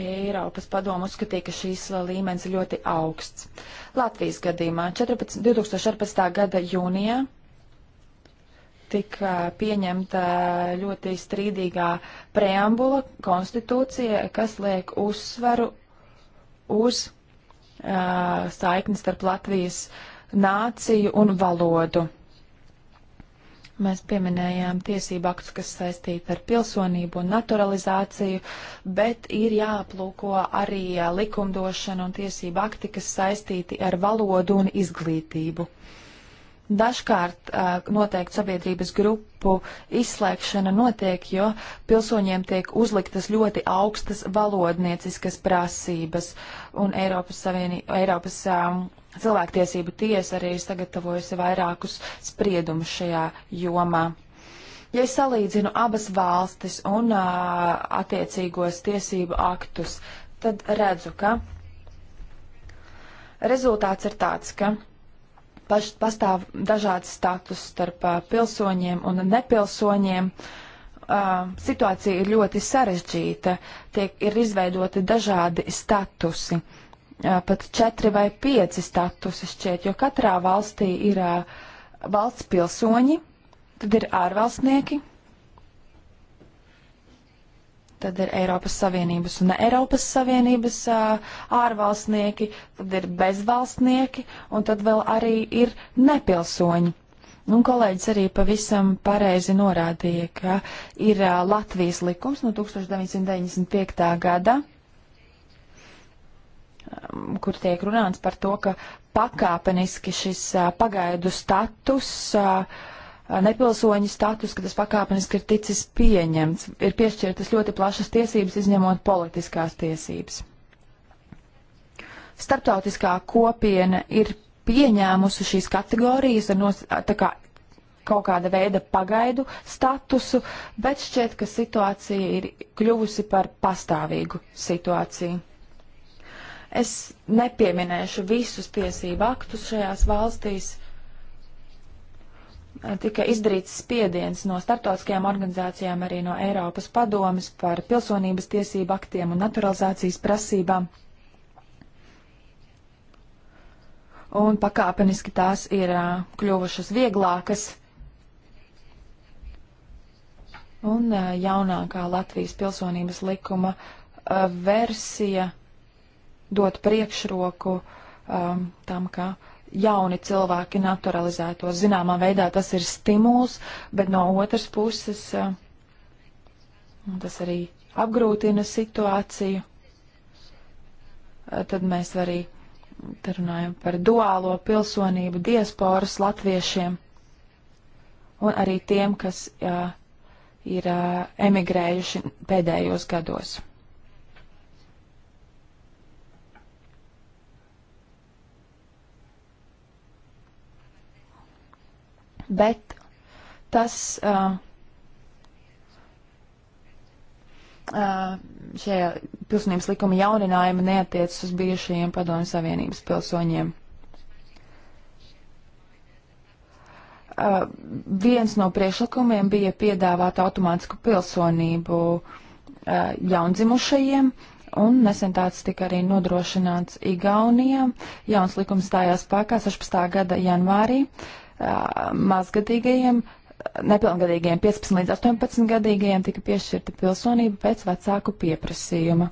Eiropas padomu uzskatīja, ka šīs līmenis ir ļoti augsts. Latvijas gadījumā 14, 2014. gada jūnijā tika pieņemta ļoti strīdīgā preambula konstitūcija, kas liek uzsvaru uz uh, saikni starp Latvijas nāciju un valodu. Mēs pieminējām tiesību aktus, kas saistīti ar pilsonību un naturalizāciju, bet ir jāaplūko arī likumdošana un tiesību akti, kas saistīti ar valodu un izglītību. Uh, Dažkārt noteikti sabiedrības grupu izslēgšana notiek, jo pilsoņiem tiek uzliktas ļoti augstas valodnieciskas prasības, un Eiropas, Savienī, Eiropas um, cilvēktiesība tiesa arī ir sagatavojusi vairākus spriedumus šajā jomā. Ja es salīdzinu abas valstis un uh, attiecīgos tiesību aktus, tad redzu, ka rezultāts ir tāds, ka paš, pastāv dažāds status starp uh, pilsoņiem un nepilsoņiem. Uh, situācija ir ļoti sarežģīta, tiek, ir izveidoti dažādi statusi, uh, pat četri vai pieci statusi šķiet, jo katrā valstī ir uh, valsts pilsoņi, tad ir ārvalstnieki, tad ir Eiropas Savienības un Eiropas Savienības uh, ārvalstnieki, tad ir bezvalstnieki, un tad vēl arī ir nepilsoņi. Un kolēģis arī pavisam pareizi norādīja, ka ir uh, Latvijas likums no 1995. gada, um, kur tiek runāts par to, ka pakāpeniski šis uh, pagaidu status uh, nepilsoņu status, ka tas pakāpeniski ir ticis pieņemts, ir piešķirtas ļoti plašas tiesības, izņemot politiskās tiesības. Startautiskā kopiena ir pieņēmusi šīs kategorijas ar nos, kā, kaut kāda veida pagaidu statusu, bet šķiet, ka situācija ir kļuvusi par pastāvīgu situāciju. Es nepieminēšu visus tiesību aktus šajās valstīs. Uh, tika izdarīts spiediens no starptautiskajām organizācijām, arī no Eiropas padomas par pilsonības tiesību aktiem un naturalizācijas prasībām. Un pakāpeniski tās ir uh, kļuvušas vieglākas. Un uh, jaunākā Latvijas pilsonības likuma uh, versija dot priekšroku um, tam, ka uh, jauni cilvēki naturalizētos. Zināmā veidā tas ir stimuls, bet no otras puses eh, tas arī apgrūtina situāciju. Eh, tad mēs arī runājam par duālo pilsonību diasporas latviešiem un arī tiem, kas jā, ir eh, emigrējuši pēdējos gados. bet tas uh, uh, šie pilsonības likuma jauninājumi neatiec uz bijušajiem padomju savienības pilsoņiem. Uh, viens no priešlikumiem bija piedāvāt automātisku pilsonību uh, jaundzimušajiem, un nesen tāds tika arī nodrošināts Igaunijā. Jauns likums stājās spēkā 16. gada janvārī. Uh, mazgadīgajiem, nepilngadīgajiem 15 līdz 18 gadīgajiem tika piešķirta pilsonība pēc vecāku pieprasījuma.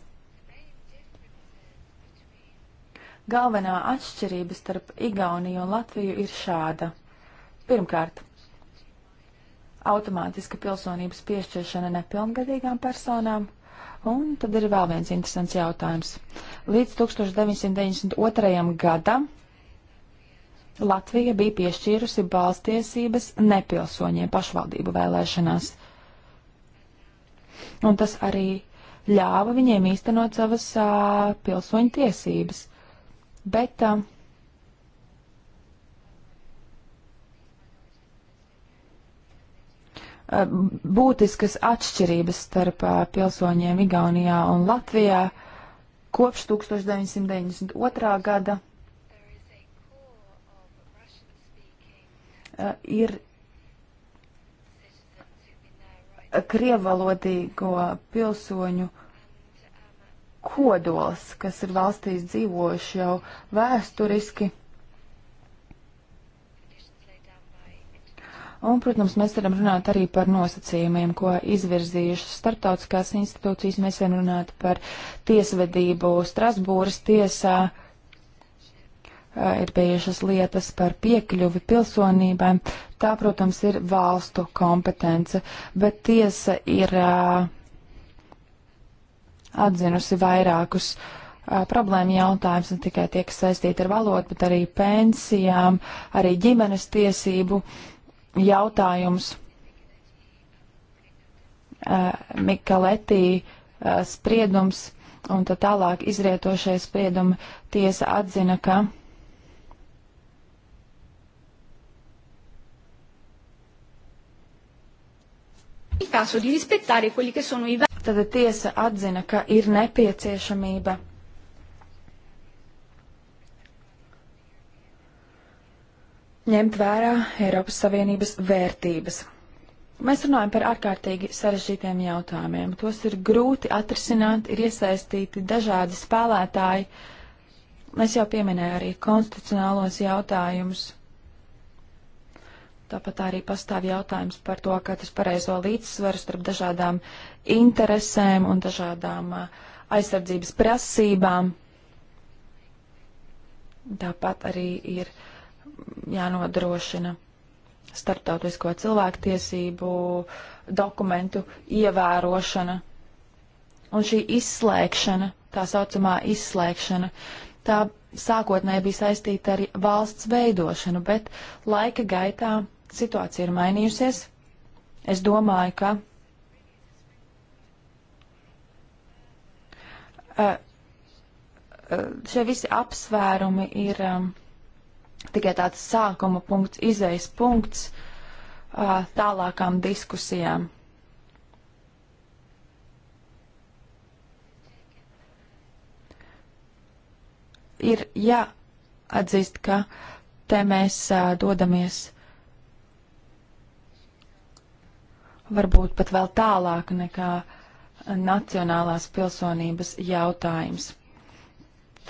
Galvenā atšķirība starp Igauniju un Latviju ir šāda. Pirmkārt, automātiska pilsonības piešķiršana nepilngadīgām personām. Un tad ir vēl viens interesants jautājums. Līdz 1992. gadam Latvija bija piešķīrusi balstiesības nepilsoņiem pašvaldību vēlēšanās. Un tas arī ļāva viņiem īstenot savas uh, pilsoņu tiesības. Bet uh, būtiskas atšķirības starp pilsoņiem Igaunijā un Latvijā kopš 1992. gada. ir krievalodīgo pilsoņu kodols, kas ir valstīs dzīvojuši jau vēsturiski. Un, protams, mēs varam runāt arī par nosacījumiem, ko izvirzījušas starptautiskās institūcijas. Mēs varam runāt par tiesvedību Strasbūras tiesā. Uh, Eh, ir bijušas lietas par piekļuvi pilsonībai. Tā, protams, ir valstu kompetence, bet tiesa ir eh, atzinusi vairākus eh, problēmu jautājumus, ne tikai tie, kas saistīti ar valodu, bet arī pensijām, arī ģimenes tiesību jautājums. Mikaletī spriedums un tā tālāk izrietošais spriedumi tiesa atzina, ka Tad tiesa atzina, ka ir nepieciešamība ņemt vērā Eiropas Savienības vērtības. Mēs runājam par ārkārtīgi sarežģītiem jautājumiem. Tos ir grūti atrisināt, ir iesaistīti dažādi spēlētāji. Es jau pieminēju arī konstitucionālos jautājumus. Tāpat arī pastāv jautājums par to, kā tas pareizo līdzsvaru starp dažādām interesēm un dažādām aizsardzības prasībām. Tāpat arī ir jānodrošina starptautisko cilvēktiesību dokumentu ievērošana un šī izslēgšana, tā saucamā izslēgšana, tā sākotnēji bija saistīta ar valsts veidošanu, bet laika gaitā situācija ir mainījusies. Es domāju, ka uh, šie visi apsvērumi ir um, tikai tāds sākuma punkts, izejas punkts uh, tālākām diskusijām. Ir jāatzīst, ka te mēs uh, dodamies varbūt pat vēl tālāk nekā nacionālās pilsonības jautājums.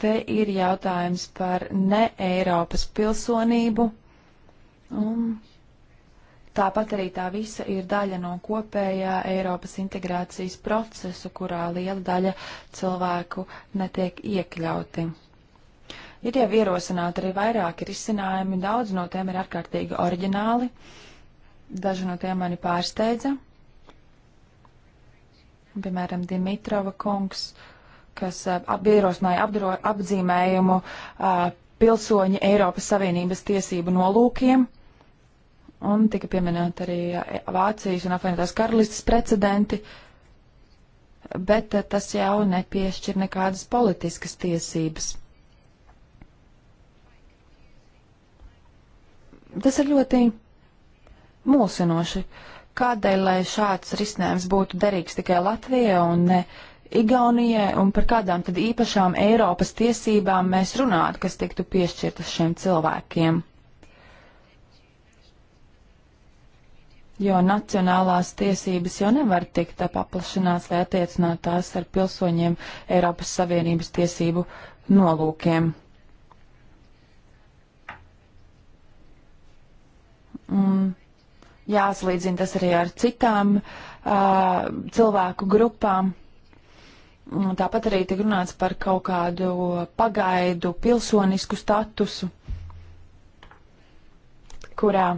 Te ir jautājums par ne Eiropas pilsonību. Um, tāpat arī tā visa ir daļa no kopējā Eiropas integrācijas procesu, kurā liela daļa cilvēku netiek iekļauti. Ir jau ierosināti arī vairāki risinājumi, daudz no tiem ir ārkārtīgi oriģināli. Uh, Daži no tiem mani pārsteidza. Piemēram, Dimitrova kungs, kas eh, apierosināja apzīmējumu eh, pilsoņi Eiropas Savienības tiesību nolūkiem. Un tika pieminēta arī eh, Vācijas un apvienotās karalistas precedenti, bet tas jau nepiešķir nekādas politiskas tiesības. Tas ir ļoti mulsinoši. Kādēļ, lai šāds risinājums būtu derīgs tikai Latvijai un ne Igaunijai, un par kādām tad īpašām Eiropas tiesībām mēs runātu, kas tiktu piešķirtas šiem cilvēkiem? Jo nacionālās tiesības jau nevar tikt paplašināts, lai attiecinātu tās ar pilsoņiem Eiropas Savienības tiesību nolūkiem. Un jāsalīdzina tas arī ar citām uh, cilvēku grupām. Tāpat arī tiek runāts par kaut kādu pagaidu pilsonisku statusu, kurā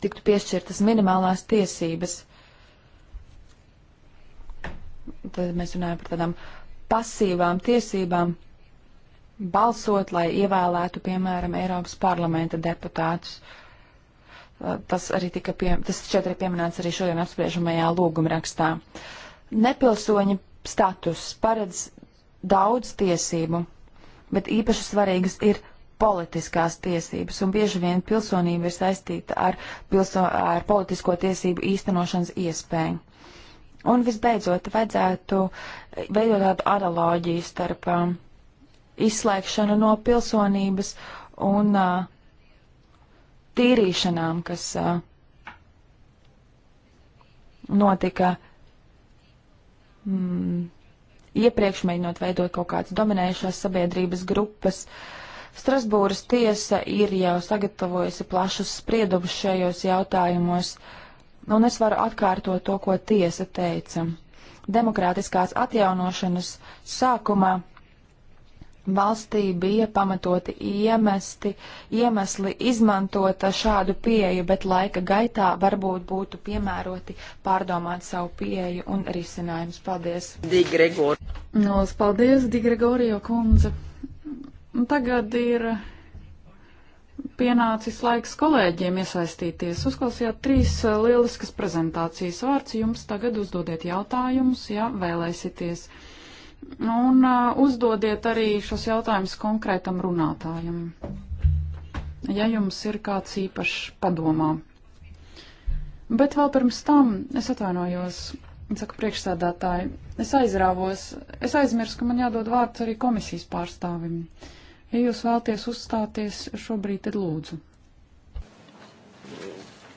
tiktu piešķirtas minimālās tiesības. Tad mēs runājam par tādām pasīvām tiesībām balsot, lai ievēlētu, piemēram, Eiropas parlamenta deputātus. Uh, Eh, tas arī tika pie, tas šeit arī pieminēts arī šodien apspriežamajā lūgumrakstā. Nepilsoņa status paredz daudz tiesību, bet īpaši svarīgas ir politiskās tiesības, un bieži vien pilsonība ir saistīta ar, pilso, ar politisko tiesību īstenošanas iespēju. Un visbeidzot, vajadzētu veidot tādu analoģiju starp um, izslēgšanu no pilsonības un uh, tīrīšanām, kas uh, notika mm, iepriekš mēģinot veidot kaut kādas dominējušās sabiedrības grupas. Strasbūras tiesa ir jau sagatavojusi plašus spriedumus šajos jautājumos, un es varu atkārtot to, ko tiesa teica. Demokrātiskās atjaunošanas sākumā valstī bija pamatoti iemesti, iemesli izmantot šādu pieeju, bet laika gaitā varbūt būtu piemēroti pārdomāt savu pieeju un risinājumus. Paldies! Digregor. Nos, nu, paldies, Digregorijo kundze! Tagad ir pienācis laiks kolēģiem iesaistīties. Uzklausījāt trīs eh, lieliskas prezentācijas vārds. Jums tagad uzdodiet jautājumus, ja vēlēsieties. Un uzdodiet arī šos jautājumus konkrētam runātājam, ja jums ir kāds īpašs padomā. Bet vēl pirms tam es atvainojos, saka priekšsēdētāji, es aizrāvos, es aizmirsu, ka man jādod vārds arī komisijas pārstāvim. Ja jūs vēlties uzstāties šobrīd, tad lūdzu.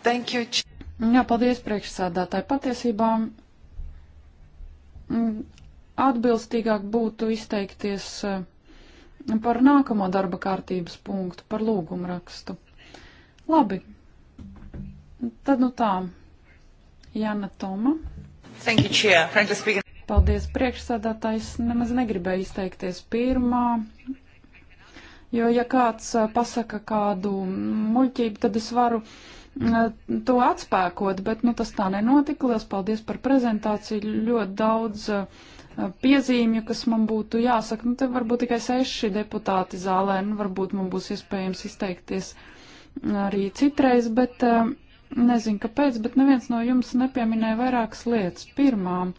Thank you. Jā, paldies priekšsēdētāji. Patiesībā mm, atbilstīgāk būtu izteikties eh, par nākamo darba kārtības punktu, par lūgumu rakstu. Labi. Tad nu tā. Jana Toma. Thank you, Chair. Frankly speaking. Paldies priekšsādātājs. Nemaz negribēju izteikties pirmā. Jo, ja kāds eh, pasaka kādu muļķību, tad es varu eh, to atspēkot, bet nu, tas tā nenotika. Lielas paldies par prezentāciju. Ļoti daudz uh, piezīmju, kas man būtu jāsaka. Nu, te varbūt tikai seši deputāti zālē, nu, varbūt man būs iespējams izteikties arī citreiz, bet eh, nezinu kāpēc, bet neviens no jums nepieminēja vairākas lietas. Pirmām,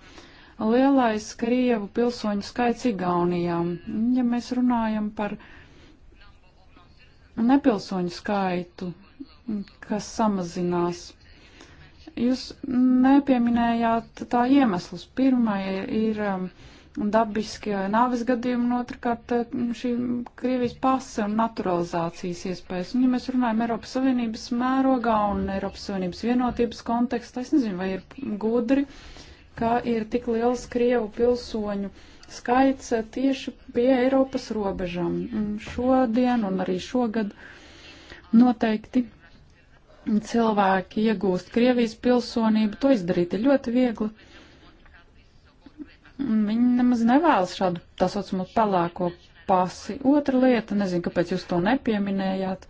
lielais Krievu pilsoņu skaits Igaunijā. Ja mēs runājam par nepilsoņu skaitu, kas samazinās. Jūs nepieminējāt tā iemeslus. Pirmā ir um, dabiskie nāves gadījumi, un otrkārt um, šī Krievijas pasa un naturalizācijas iespējas. Un, ja mēs runājam Eiropas Savienības mērogā un Eiropas Savienības vienotības kontekstā, es nezinu, vai ir gudri, ka ir tik liels Krievu pilsoņu skaits tieši pie Eiropas robežām šodien un arī šogad noteikti cilvēki iegūst Krievijas pilsonību, to izdarīt ir ļoti viegli. Viņi nemaz nevēlas šādu tā saucamo pelēko pasi. Otra lieta, nezinu, kāpēc jūs to nepieminējāt.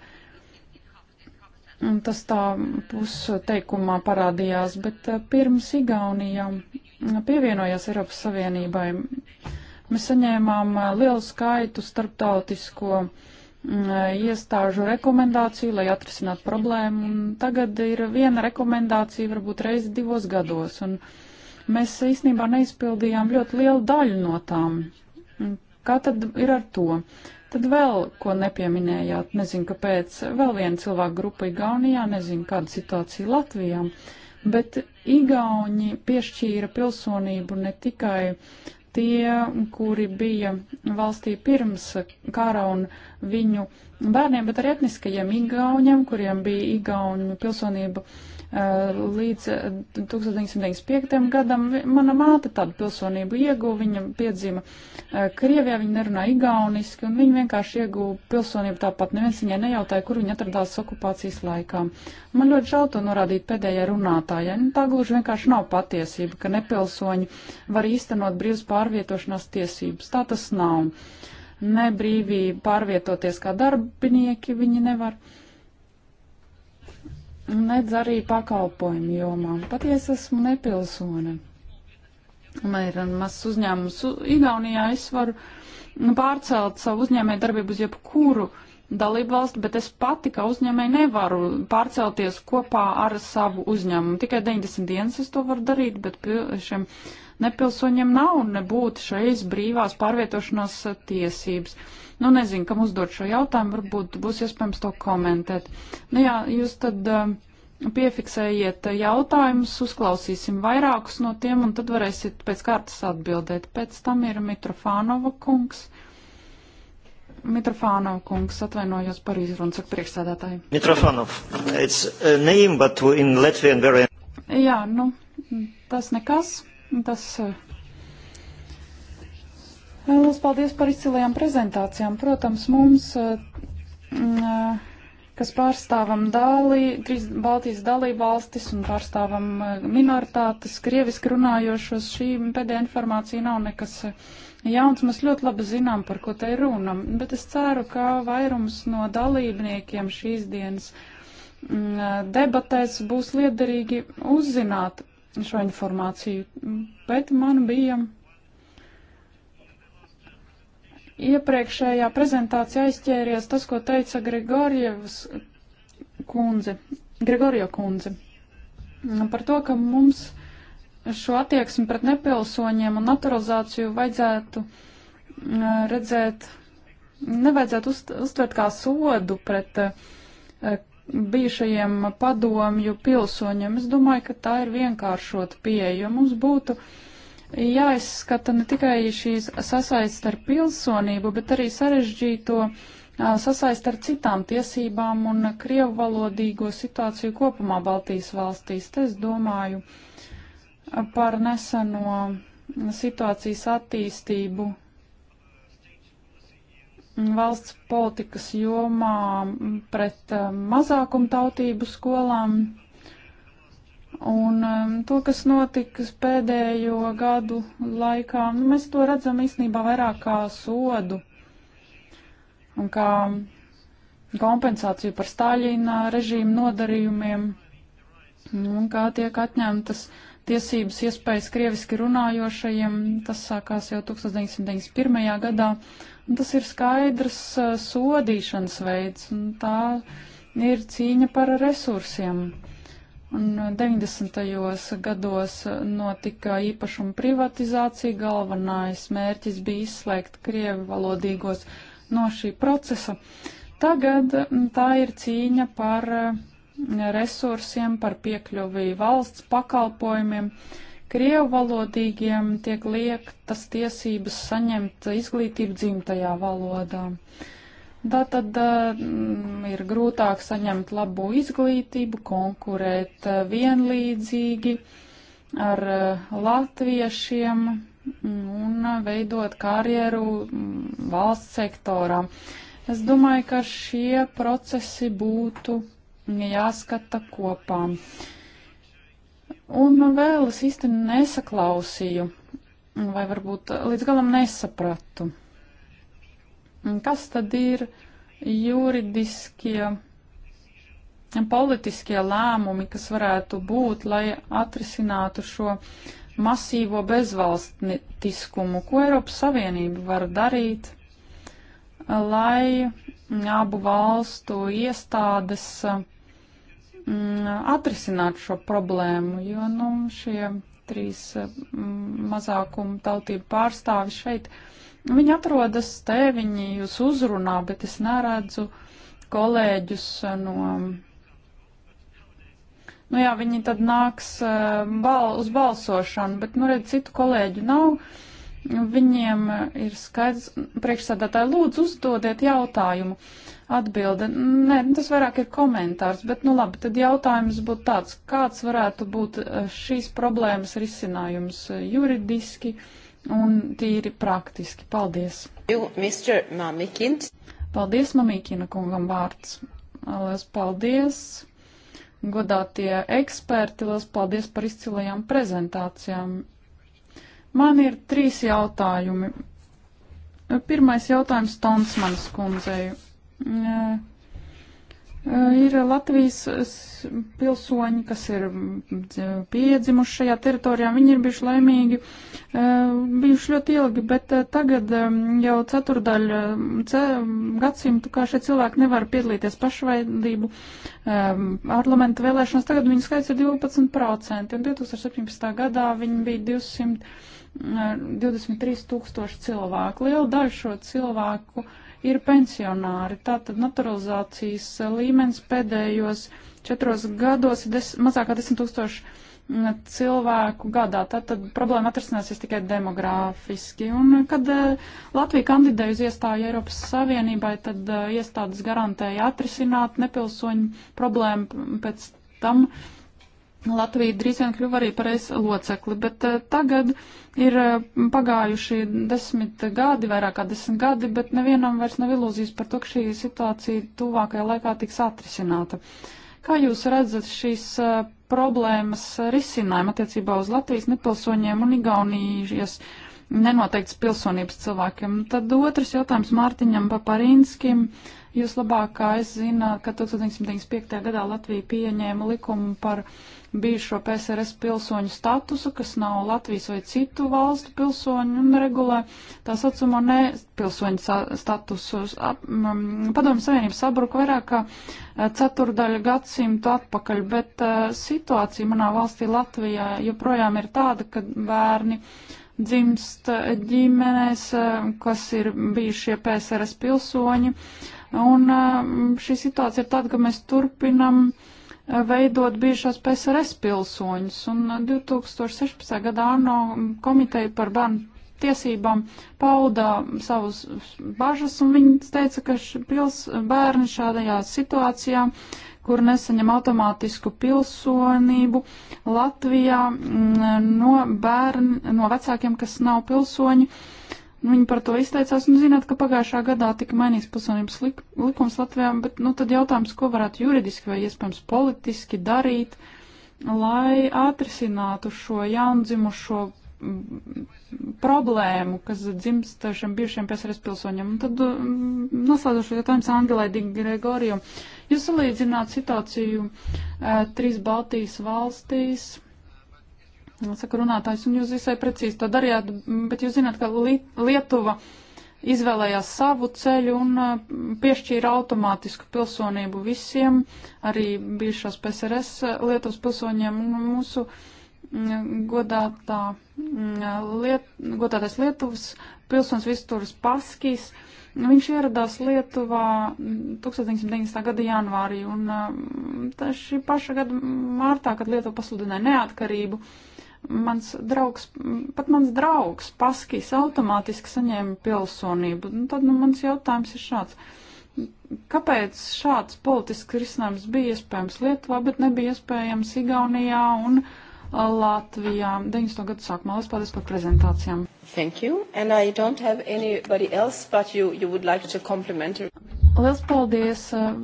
Tas tā pusteikumā parādījās, bet eh, pirms Igaunijā pievienojās Eiropas Savienībai, mēs saņēmām eh, lielu skaitu starptautisko uh, Mm, iestāžu rekomendāciju, lai atrisinātu problēmu. Un tagad ir viena rekomendācija varbūt reizi divos gados, un mēs īstenībā neizpildījām ļoti lielu daļu no tām. Kā tad ir ar to? Tad vēl, ko nepieminējāt, nezinu, kāpēc, vēl viena cilvēka grupa Igaunijā, nezinu, kāda situācija Latvijā, bet Igauni piešķīra pilsonību ne tikai tie, kuri bija valstī pirms kara un viņu bērniem, bet arī etniskajiem igauņiem, kuriem bija igauņu pilsonība uh, Līdz 1995. Eh, gadam mana māte tādu pilsonību ieguva, viņa piedzima eh, Krievijā, viņa nerunā igauniski, un viņa vienkārši ieguva pilsonību tāpat. Neviens viņai nejautāja, kur viņa atradās okupācijas laikā. Man ļoti žēl to norādīt pēdējai runātājai. Nu, tā gluži vienkārši nav patiesība, ka nepilsoņi var īstenot brīvas pārvietošanās tiesības. Tā tas nav. Ne brīvī pārvietoties kā darbinieki viņi nevar. Uh, nedz arī pakalpojumu jomā. Patiesi esmu nepilsone. Man ir mazs uzņēmums Igaunijā, es varu nu, pārcelt savu uzņēmēju darbību uz jebkuru dalību valsti, bet es pati kā uzņēmēji nevaru pārcelties kopā ar savu uzņēmumu. Tikai 90 dienas es to varu darīt, bet šiem nepilsoņiem nav un nebūtu šais brīvās pārvietošanās tiesības. Uh, Nu, nezinu, kam uzdot šo jautājumu, varbūt būs iespējams to komentēt. Nu jā, jūs tad eh, piefiksējiet jautājumus, uzklausīsim vairākus no tiem, un tad varēsiet pēc kārtas atbildēt. Pēc tam ir Mitrofānova kungs. Mitrofānov kungs, atvainojos par izrunu, saka priekšsēdētāji. Mitrofānov, it's a name, but in Latvian very... Jā, nu, tas nekas, tas eh, Lielas paldies par izcilajām prezentācijām. Protams, mums, eh, eh, kas pārstāvam dālī, trīs Baltijas dalībvalstis un pārstāvam eh, minoritātes, krieviski runājošos, šī pēdējā informācija nav nekas jauns. Mēs ļoti labi zinām, par ko te ir runa, bet es ceru, ka vairums no dalībniekiem šīs dienas debatēs būs liederīgi uzzināt šo informāciju. Bet man bija iepriekšējā prezentācijā aizķēries tas, ko teica Grigorjevs kundze, Grigorjo kundze, par to, ka mums šo attieksmi pret nepilsoņiem un naturalizāciju vajadzētu mm, redzēt, nevajadzētu uztvert kā sodu pret eh, bijušajiem padomju pilsoņiem. Es domāju, ka tā ir vienkāršota pieeja, jo mums būtu uh, jāizskata ne tikai šīs sasaistes ar pilsonību, bet arī sarežģīto sasaist ar citām tiesībām un krievu valodīgo situāciju kopumā Baltijas valstīs. Te es domāju par neseno situācijas attīstību valsts politikas jomā pret mazākumtautību skolām un um, to, kas notikas pēdējo gadu laikā, nu, mēs to redzam īstenībā vairāk kā sodu un kā kompensāciju par Staļina režīmu nodarījumiem un kā tiek atņemtas tiesības iespējas krieviski runājošajiem. Tas sākās jau 1991. gadā, un tas ir skaidrs uh, sodīšanas veids, un tā ir cīņa par resursiem. Un 90. gados notika īpašuma privatizācija, galvenais mērķis bija izslēgt krievi valodīgos no šī procesa. Tagad mm, tā ir cīņa par mm, resursiem, par piekļuvi valsts pakalpojumiem. Krievu valodīgiem tiek liektas tiesības saņemt izglītību dzimtajā valodā. Uh, Da, tad mm, ir grūtāk saņemt labu izglītību, konkurēt eh, vienlīdzīgi ar eh, latviešiem mm, un eh, veidot karjeru mm, valsts sektorā. Es domāju, ka šie procesi būtu jāskata kopā. Un vēl es īsti nesaklausīju, vai varbūt līdz galam nesapratu. Kas tad ir juridiskie, politiskie lēmumi, kas varētu būt, lai atrisinātu šo masīvo bezvalstiskumu? Ko Eiropas Savienība var darīt, lai abu valstu iestādes mm, atrisinātu šo problēmu? Jo, nu, šie trīs mm, mazākumu tautību pārstāvi šeit. Uh, Viņi atrodas te, viņi jūs uzrunā, bet es neredzu kolēģus eh, no. Nu jā, viņi tad nāks eh, bal, uz balsošanu, bet, nu redz, citu kolēģu nav. Viņiem ir skaidrs, priekšsēdētāji, lūdzu, uzdodiet jautājumu. Atbilde, nē, nu, tas vairāk ir komentārs, bet, nu labi, tad jautājums būtu tāds, kāds varētu būt eh, šīs problēmas risinājums juridiski. Uh, un tīri praktiski. Paldies! You, Mr. Mamikins. Paldies, Mamikina kungam vārds. Lielas paldies, godātie eksperti, lielas paldies par izcilajām prezentācijām. Man ir trīs jautājumi. Pirmais jautājums Tonsmanas kundzei. Eh, ir Latvijas pilsoņi, kas ir piedzimuši šajā teritorijā, viņi ir bijuši laimīgi, eh, bijuši ļoti ilgi, bet eh, tagad jau ceturdaļu gadsimtu, kā šie cilvēki nevar piedalīties pašvaldību parlamentu vēlēšanās, tagad viņu skaits ir 12%, un 2017. gadā viņi bija 200. 23 tūkstoši cilvēku. Liela daļa šo cilvēku uh, ir pensionāri. Tātad naturalizācijas eh, līmenis pēdējos četros gados ir des, mazāk kā 10 tūkstoši mm, cilvēku gadā. Tātad problēma atrasināsies tikai demogrāfiski. Un eh, kad eh, Latvija kandidēja uz iestāju Eiropas Savienībai, tad iestādes garantēja atrisināt nepilsoņu problēmu pēc tam Latvija drīz vien kļuva arī par es locekli, bet eh, tagad ir eh, pagājuši desmit gadi, vairāk kā desmit gadi, bet nevienam vairs nav ilūzijas par to, ka šī situācija tuvākajā laikā tiks atrisināta. Kā jūs redzat šīs eh, problēmas risinājumu attiecībā uz Latvijas nepilsoņiem un Igaunijas nenoteikts pilsonības cilvēkiem? Tad otrs jautājums Mārtiņam Paparīnskim. Jūs labāk kā es zinu, ka 1995. gadā Latvija pieņēma likumu par uh, bijušo PSRS pilsoņu statusu, kas nav Latvijas vai citu valstu pilsoņu un regulē tā saucamo nepilsoņu statusu. Mm, Padomu Savienība sabruka vairāk kā eh, ceturdaļu gadsimtu atpakaļ, bet eh, situācija manā valstī Latvijā joprojām ir tāda, ka bērni dzimst eh, ģimenēs, kas ir bijušie PSRS pilsoņi. Un šī situācija ir tāda, ka mēs turpinam uh, veidot bijušos PSRS pilsoņus, un 2016. Uh, gadā ANO komiteja par bērnu tiesībām pauda savus bažas, un viņi teica, ka pils, bērni šādajā situācijā, kur nesaņem automātisku pilsonību, Latvijā mm, no, bērni, no vecākiem, kas nav pilsoņi, uh, Viņi par to izteicās, un zināt, ka pagājušā gadā tika mainīts pilsonības lik likums Latvijā, bet, nu, tad jautājums, ko varētu juridiski vai iespējams politiski darīt, lai atrisinātu šo jaundzimušo mm, problēmu, kas dzimst šiem bijušiem PSRS pilsoņiem. Un tad mm, noslēdzošu jautājums Angelai Di Gregorijam. Jūs salīdzināt situāciju e, trīs Baltijas valstīs Nu, saka runātājs, un jūs visai precīzi to darījāt, bet jūs zināt, ka Lietuva izvēlējās savu ceļu un piešķīra automātisku pilsonību visiem, arī bijušās PSRS Lietuvas pilsoņiem un mūsu godātā, liet, godātais Lietuvas pilsons Visturs Paskīs. Viņš ieradās Lietuvā 1990. gada janvārī, un tā šī paša gada martā, kad Lietuva pasludināja neatkarību, uh, Mans draugs, pat mans draugs Paskis automātiski saņēma pilsonību. Un nu, tad nu, mans jautājums ir šāds. Kāpēc šāds politisks risinājums bija iespējams Lietuvā, bet nebija iespējams Igaunijā un uh, Latvijā 90. gadu sākumā? Lielas paldies par prezentācijām. Thank you. And I don't have anybody else, but you, you would like to compliment her. Liels paldies!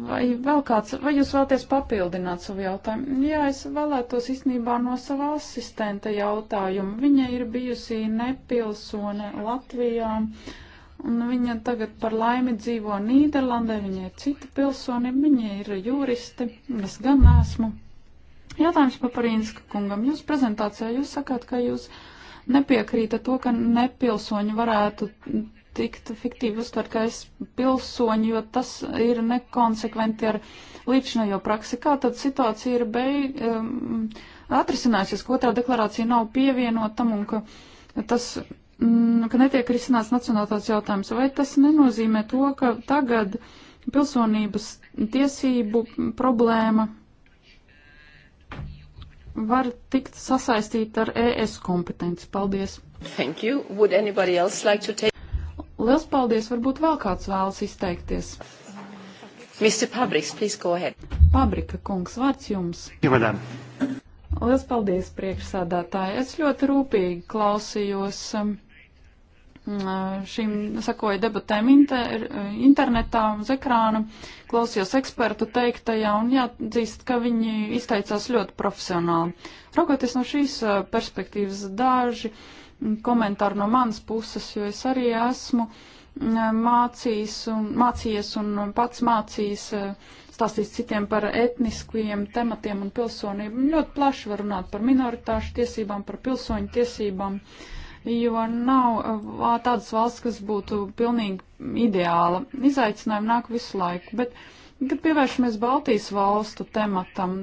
Vai vēl kāds, vai jūs vēlaties papildināt savu jautājumu? Jā, es vēlētos īstenībā no sava asistenta jautājumu. Viņa ir bijusi nepilsone Latvijā, un viņa tagad par laimi dzīvo Nīderlandē, viņa ir cita pilsone, viņa ir juristi, es gan esmu. Jautājums paparīnska kungam. Jūs prezentācijā jūs sakāt, ka jūs nepiekrīta to, ka nepilsoņi varētu tiktu fiktīvi uztvert kā es pilsoņu, jo tas ir nekonsekventi ar līdzinājo praksi. Kā tad situācija ir beig, um, atrisinājusies, ka otrā deklarācija nav pievienotam un ka tas, mm, ka netiek risināts nacionālās jautājums? Vai tas nenozīmē to, ka tagad pilsonības tiesību problēma var tikt sasaistīta ar ES kompetenci? Paldies! Thank you. Would anybody else like to take? Liels paldies! Varbūt vēl kāds vēlas izteikties. Mr. Pabriks, please go ahead. Pabrika kungs, vārds jums. Jā, madam. Liels paldies, priekšsādātāji. Es ļoti rūpīgi klausījos um, uh, šīm, sakoju, debatēm inter, internetā uz ekrāna, klausījos ekspertu teiktajā un jāatzīst, ka viņi izteicās ļoti profesionāli. Raugoties no šīs uh, perspektīvas, daži komentāru no manas puses, jo es arī esmu eh, mācījis un, mācījies un pats mācījis eh, stāstīt citiem par etniskajiem tematiem un pilsonību. Ļoti plaši var runāt par minoritāšu tiesībām, par pilsoņu tiesībām, jo nav eh, tādas valsts, kas būtu pilnīgi ideāla. Izaicinājumi nāk visu laiku, bet, kad pievēršamies Baltijas valstu tematam,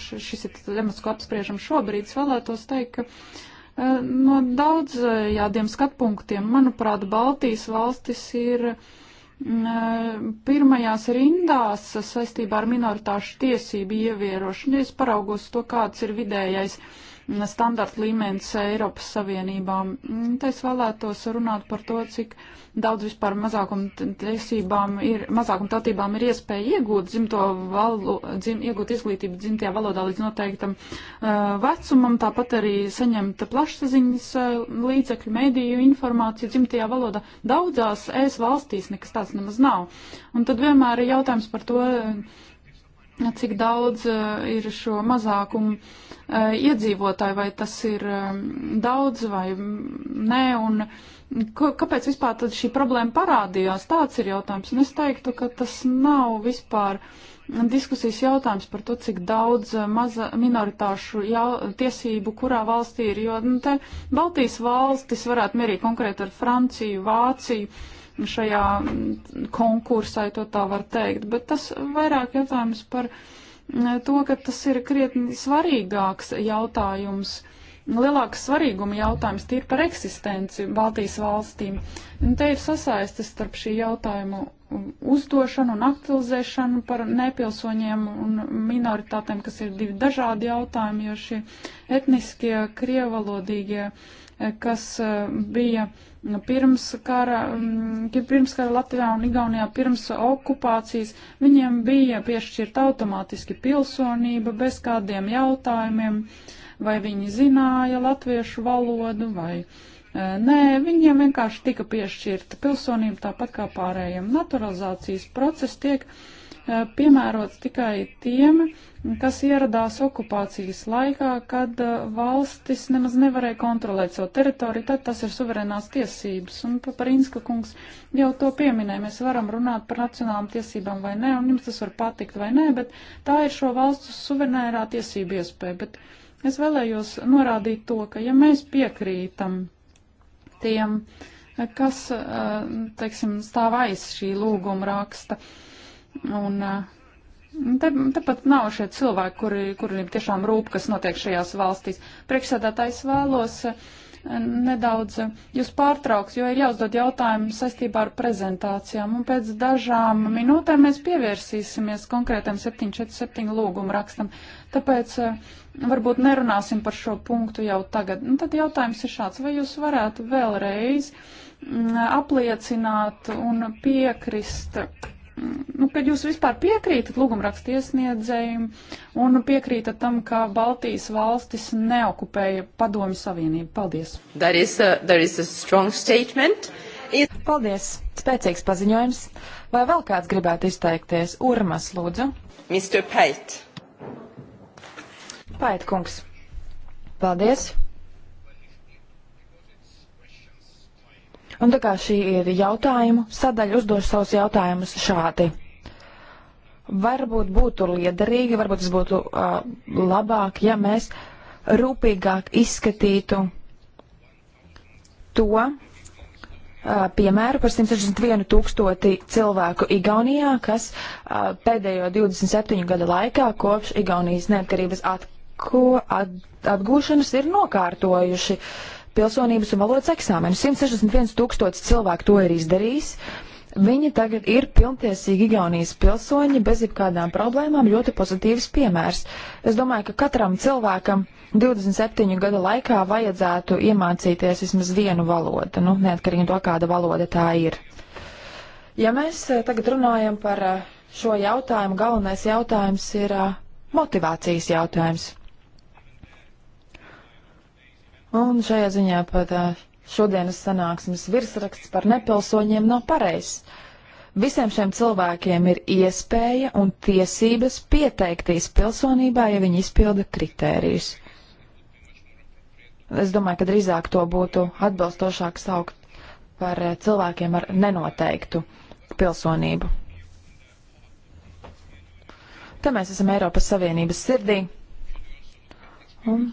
šis ir temats, ko apspriežam šobrīd, es vēlētos teikt, ka Eh, no daudzjādiem skatpunktiem. Manuprāt, Baltijas valstis ir mm, eh, pirmajās rindās saistībā ar minoritāšu tiesību ievierošanu. Es paraugos to, kāds ir vidējais uh, standarta līmenis Eiropas Savienībā. Mm, te es vēlētos runāt par to, cik daudz vispār mazākumtiesībām ir, mazākumtatībām ir iespēja iegūt, dzimto valo, dzim, iegūt izglītību dzimtajā valodā līdz noteiktam uh, vecumam, tāpat arī saņemt plašsaziņas uh, līdzekļu, mediju informāciju dzimtajā valodā. Daudzās ES valstīs nekas tāds nemaz nav. Un tad vienmēr ir jautājums par to, cik daudz eh, ir šo mazākumu eh, iedzīvotāju, vai tas ir eh, daudz vai nē, un kāpēc vispār tad šī problēma parādījās, tāds ir jautājums. Un es teiktu, ka tas nav vispār diskusijas jautājums par to, cik daudz maza minoritāšu jau, tiesību kurā valstī ir, jo nu, te Baltijas valstis varētu mierīgi konkrēti ar Franciju, Vāciju šajā konkursā, ja to tā var teikt, bet tas vairāk jautājums par mm, to, ka tas ir krietni svarīgāks jautājums lielāks svarīguma jautājums tīri par eksistenci Baltijas valstīm. Un te ir sasaistes starp šī jautājumu uzdošanu un aktualizēšanu par nepilsoņiem un minoritātēm, kas ir divi dažādi jautājumi, jo šie etniskie, krievalodīgie kas eh, bija pirms kara, mm, pirms kara Latvijā un Igaunijā, pirms okupācijas, viņiem bija piešķirta automātiski pilsonība bez kādiem jautājumiem, vai viņi zināja latviešu valodu vai eh, nē, viņiem vienkārši tika piešķirta pilsonība tāpat kā pārējiem. Naturalizācijas process tiek eh, piemērots tikai tiem, kas ieradās okupācijas laikā, kad uh, valstis nemaz nevarēja kontrolēt savu teritoriju, tad tas ir suverēnās tiesības. Un Paparinska kungs jau to pieminēja, mēs varam runāt par nacionālām tiesībām vai nē, un jums tas var patikt vai nē, bet tā ir šo valstu suverēnā tiesība iespēja. Bet es vēlējos norādīt to, ka ja mēs piekrītam tiem, kas, uh, teiksim, stāv aiz šī lūguma raksta, un uh, Te, tepat nav šie cilvēki, kuri, kuriem tiešām rūp, kas notiek šajās valstīs. Priekšsēdētājs vēlos eh, nedaudz eh, jūs pārtrauks, jo ir jāuzdod jautājumu saistībā ar prezentācijām. Un pēc dažām minūtēm mēs pievērsīsimies konkrētam 747 lūgumu rakstam. Tāpēc eh, varbūt nerunāsim par šo punktu jau tagad. Un nu, tad jautājums ir šāds, vai jūs varētu vēlreiz mm, apliecināt un piekrist nu, kad jūs vispār piekrītat lūgumrakstu iesniedzējiem un piekrītat tam, ka Baltijas valstis neokupēja Padomju Savienību? Paldies! That is a, that is a strong statement. It... Paldies! Spēcīgs paziņojums. Vai vēl kāds gribētu izteikties? Urmas, lūdzu. Mr. Pait. Pait kungs. Paldies! Yes. Un tā kā šī ir jautājumu sadaļa, uzdošu savus jautājumus šādi. Varbūt būtu liederīgi, varbūt tas būtu uh, labāk, ja mēs rūpīgāk izskatītu to uh, piemēru par 161 tūkstoti cilvēku Igaunijā, kas uh, pēdējo 27 gada laikā kopš Igaunijas neatkarības atko, at, atgūšanas ir nokārtojuši uh, pilsonības un valodas eksāmenu. 161 tūkstots cilvēku to ir izdarījis. Viņi tagad ir pilntiesīgi Igaunijas pilsoņi bez jebkādām problēmām, ļoti pozitīvs piemērs. Es domāju, ka katram cilvēkam 27 gada laikā vajadzētu iemācīties vismaz vienu valodu, nu, neatkarīgi no to, kāda valoda tā ir. Ja mēs eh, tagad runājam par eh, šo jautājumu, galvenais jautājums ir eh, motivācijas jautājums. Un šajā ziņā pat šodienas sanāksmes virsraksts par nepilsoņiem nav pareizs. Visiem šiem cilvēkiem ir iespēja un tiesības pieteikties pilsonībā, ja viņi izpilda kritērijus. Es domāju, ka drīzāk to būtu atbilstošāk saukt par cilvēkiem ar nenoteiktu pilsonību. Te mēs esam Eiropas Savienības sirdī. Un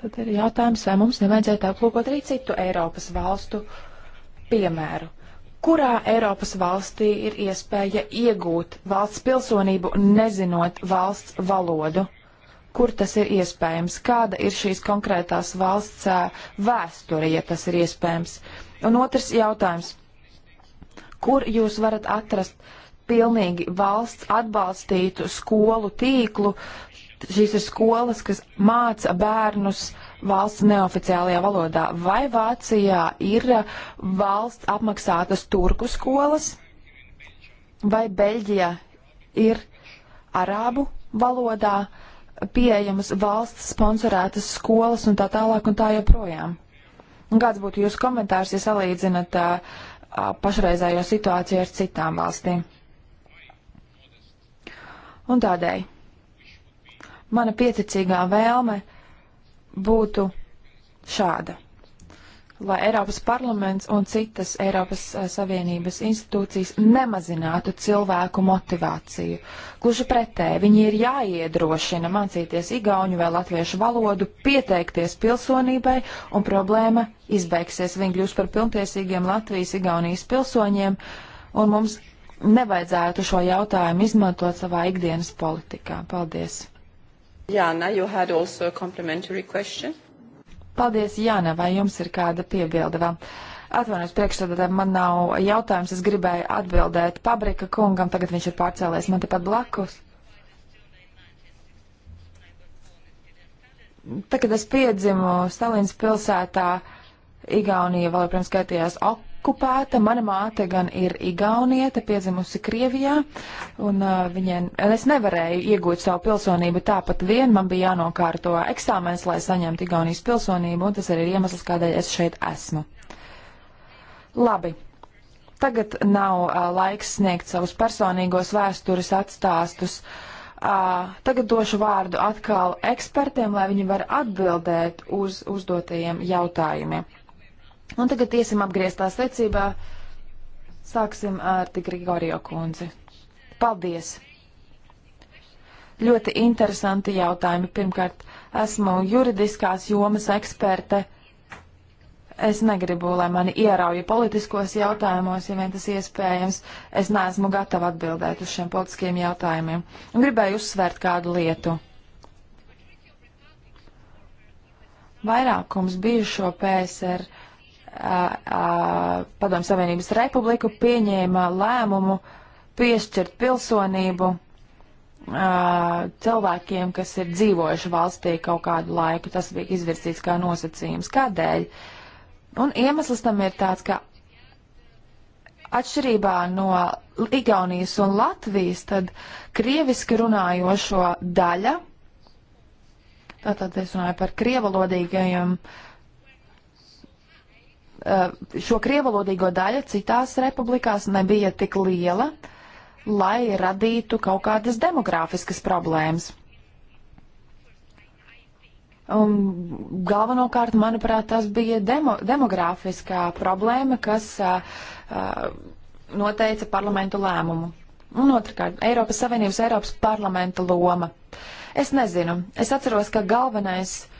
tad ir jautājums, vai mums nevajadzētu aplūkot arī citu Eiropas valstu piemēru. Kurā Eiropas valstī ir iespēja iegūt valsts pilsonību, nezinot valsts valodu? Kur tas ir iespējams? Kāda ir šīs konkrētās valsts vēsture, ja tas ir iespējams? Un otrs jautājums. Kur jūs varat atrast pilnīgi valsts atbalstītu skolu tīklu, Šīs ir skolas, kas māca bērnus valsts neoficiālajā valodā. Vai Vācijā ir eh, valsts apmaksātas turku skolas, vai Beļģijā ir arābu valodā pieejamas valsts sponsorētas skolas un tā tālāk un tā joprojām? Un kāds būtu jūsu komentārs, ja salīdzinat a, eh, a, pašreizējo situāciju ar citām valstīm? Un tādēļ Mana pieticīgā vēlme būtu šāda lai Eiropas parlaments un citas Eiropas eh, Savienības institūcijas nemazinātu cilvēku motivāciju. Gluži pretēji, viņi ir jāiedrošina mācīties igauņu vai latviešu valodu, pieteikties pilsonībai, un problēma izbeigsies. Viņi kļūs par pilntiesīgiem Latvijas, Igaunijas pilsoņiem, un mums nevajadzētu šo jautājumu izmantot savā ikdienas politikā. Paldies! Jāna, you had also a complimentary question. Paldies, Jāna, vai jums ir kāda piebilde vēl? Atvainojos priekšstādātājiem, man nav jautājums, es gribēju atbildēt Pabrika kungam, tagad viņš ir pārcēlējis man tepat blakus. Tagad es piedzimu Stalins pilsētā, Igaunija vēl joprojām skaitījās ok okupēta. Mana māte gan ir igaunieta, piedzimusi Krievijā, un uh, viņai, es nevarēju iegūt savu pilsonību tāpat vien, man bija jānokārto eksāmenis, lai saņemtu Igaunijas pilsonību, un tas arī ir iemesls, kādēļ es šeit esmu. Labi. Tagad nav uh, laiks sniegt savus personīgos vēstures atstāstus. Uh, tagad došu vārdu atkal ekspertiem, lai viņi var atbildēt uz uzdotajiem jautājumiem. Un tagad iesim apgrieztā secībā. Sāksim ar tik Grigorijo kundzi. Paldies! Ļoti interesanti jautājumi. Pirmkārt, esmu juridiskās jomas eksperte. Es negribu, lai mani ierauja politiskos jautājumos, ja vien tas iespējams. Es neesmu gatava atbildēt uz šiem politiskiem jautājumiem. Un gribēju uzsvērt kādu lietu. Vairākums bijušo PSR Padomu Savienības republiku pieņēma lēmumu piešķirt pilsonību cilvēkiem, kas ir dzīvojuši valstī kaut kādu laiku. Tas bija izvirzīts kā nosacījums. Kādēļ? Un iemesls tam ir tāds, ka atšķirībā no Igaunijas un Latvijas, tad krieviski runājošo daļa, tātad es runāju par krievalodīgajiem uh, Eh, šo krievalodīgo daļu citās republikās nebija tik liela, lai radītu kaut kādas demogrāfiskas problēmas. Um, galvenokārt, manuprāt, tas bija demo, demogrāfiskā problēma, kas uh, noteica parlamentu lēmumu. Un otrkārt, Eiropas Savienības Eiropas parlamenta loma. Es nezinu, es atceros, ka galvenais uh,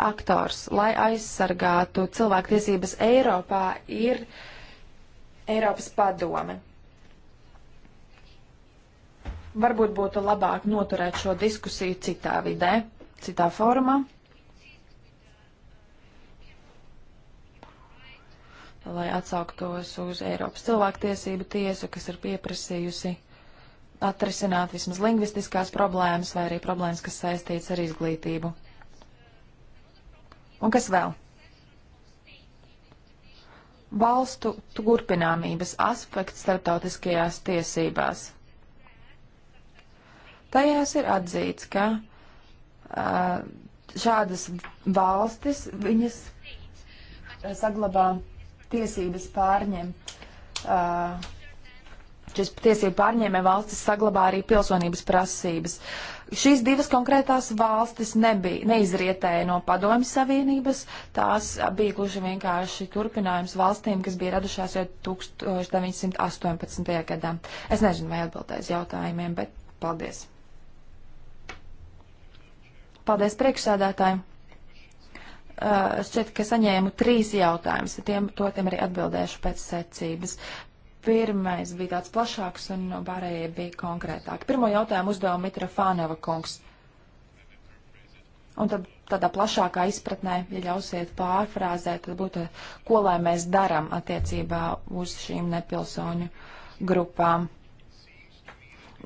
aktors, lai aizsargātu cilvēktiesības Eiropā, ir Eiropas padome. Varbūt būtu labāk noturēt šo diskusiju citā vidē, citā formā. lai atsauktos uz Eiropas cilvēktiesību tiesu, kas ir pieprasījusi atrisināt vismaz lingvistiskās problēmas vai arī problēmas, kas saistīts ar izglītību. Un kas vēl? Valstu turpināmības aspekts starptautiskajās tiesībās. Tajās ir atzīts, ka uh, šādas valstis, viņas saglabā tiesības pārņemt. Uh, šis tiesību pārņēmē valstis saglabā arī pilsonības prasības. Šīs divas konkrētās valstis nebija, neizrietēja no padomjas Savienības, tās bija gluži vienkārši turpinājums valstīm, kas bija radušās jau 1918. gadā. Es nezinu, vai atbildēs jautājumiem, bet paldies. Paldies priekšsādātājiem. Uh, šķiet, ka saņēmu trīs jautājumus, tiem, to tiem arī atbildēšu pēc secības. Pirmais bija tāds plašāks, un pārējie bija konkrētāki. Pirmo jautājumu uzdeva Mitra Fāneva kungs. Un tad tādā plašākā izpratnē, ja ļausiet pārfrāzēt, tad būtu, ko lai mēs daram attiecībā uz šīm nepilsoņu grupām.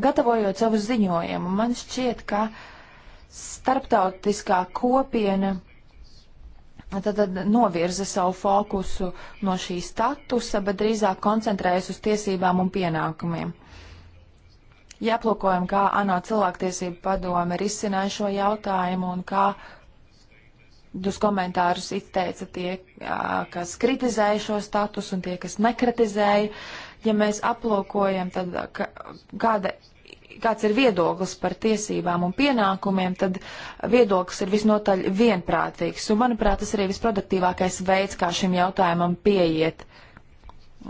Gatavojot savu ziņojumu, man šķiet, ka starptautiskā kopiena tad, tad novirza savu fokusu no šī statusa, bet drīzāk koncentrējas uz tiesībām un pienākumiem. Ja aplūkojam, kā ANO cilvēktiesība padome ir izcinājuši šo jautājumu un kā dus komentārus izteica tie, kas kritizēja šo statusu un tie, kas nekritizēja, ja mēs aplūkojam, tad kāda kāds ir viedoklis par tiesībām un pienākumiem, tad viedoklis ir visnotaļ vienprātīgs. Un, manuprāt, tas arī visproduktīvākais veids, kā šim jautājumam pieiet.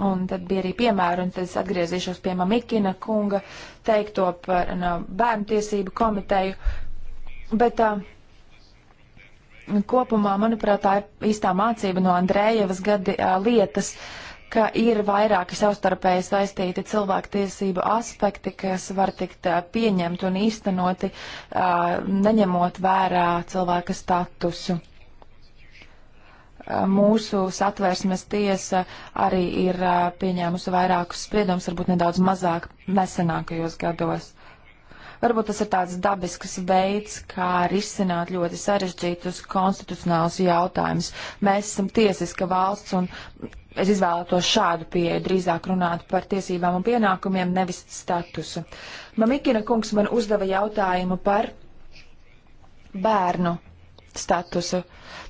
Un tad bija arī piemēra, un tad es atgriezīšos pie Mamikina kunga teikto par no, nu, bērnu tiesību komiteju. Bet tā, kopumā, manuprāt, tā ir īstā mācība no Andrējevas gadi, lietas. Uh, ka ir vairāki savstarpēji saistīti cilvēktiesību aspekti, kas var tikt pieņemti un īstenoti, neņemot vērā cilvēka statusu. Mūsu satvērsmes tiesa arī ir pieņēmusi vairākus spriedumus, varbūt nedaudz mazāk nesenākajos gados. Varbūt tas ir tāds dabisks veids, kā risināt ļoti sarežģītus konstitucionālus jautājumus. Mēs esam tiesiska valsts un es izvēlētos šādu pieeju, drīzāk runāt par tiesībām un pienākumiem, nevis statusu. Mamikina kungs man uzdeva jautājumu par bērnu statusu.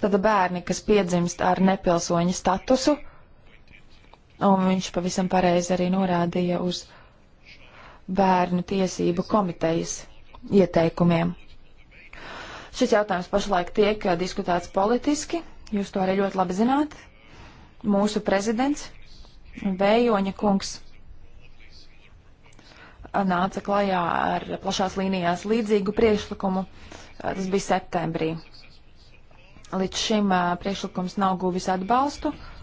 Tad bērni, kas piedzimst ar nepilsoņa statusu, un viņš pavisam pareizi arī norādīja uz bērnu tiesību komitejas ieteikumiem. Šis jautājums pašlaik tiek eh, diskutēts politiski, jūs to arī ļoti labi zināt. Mūsu prezidents Vējoņa kungs eh, nāca klajā ar plašās līnijās līdzīgu priekšlikumu. Eh, tas bija septembrī. Līdz šim priekšlikums nav guvis atbalstu. Uh,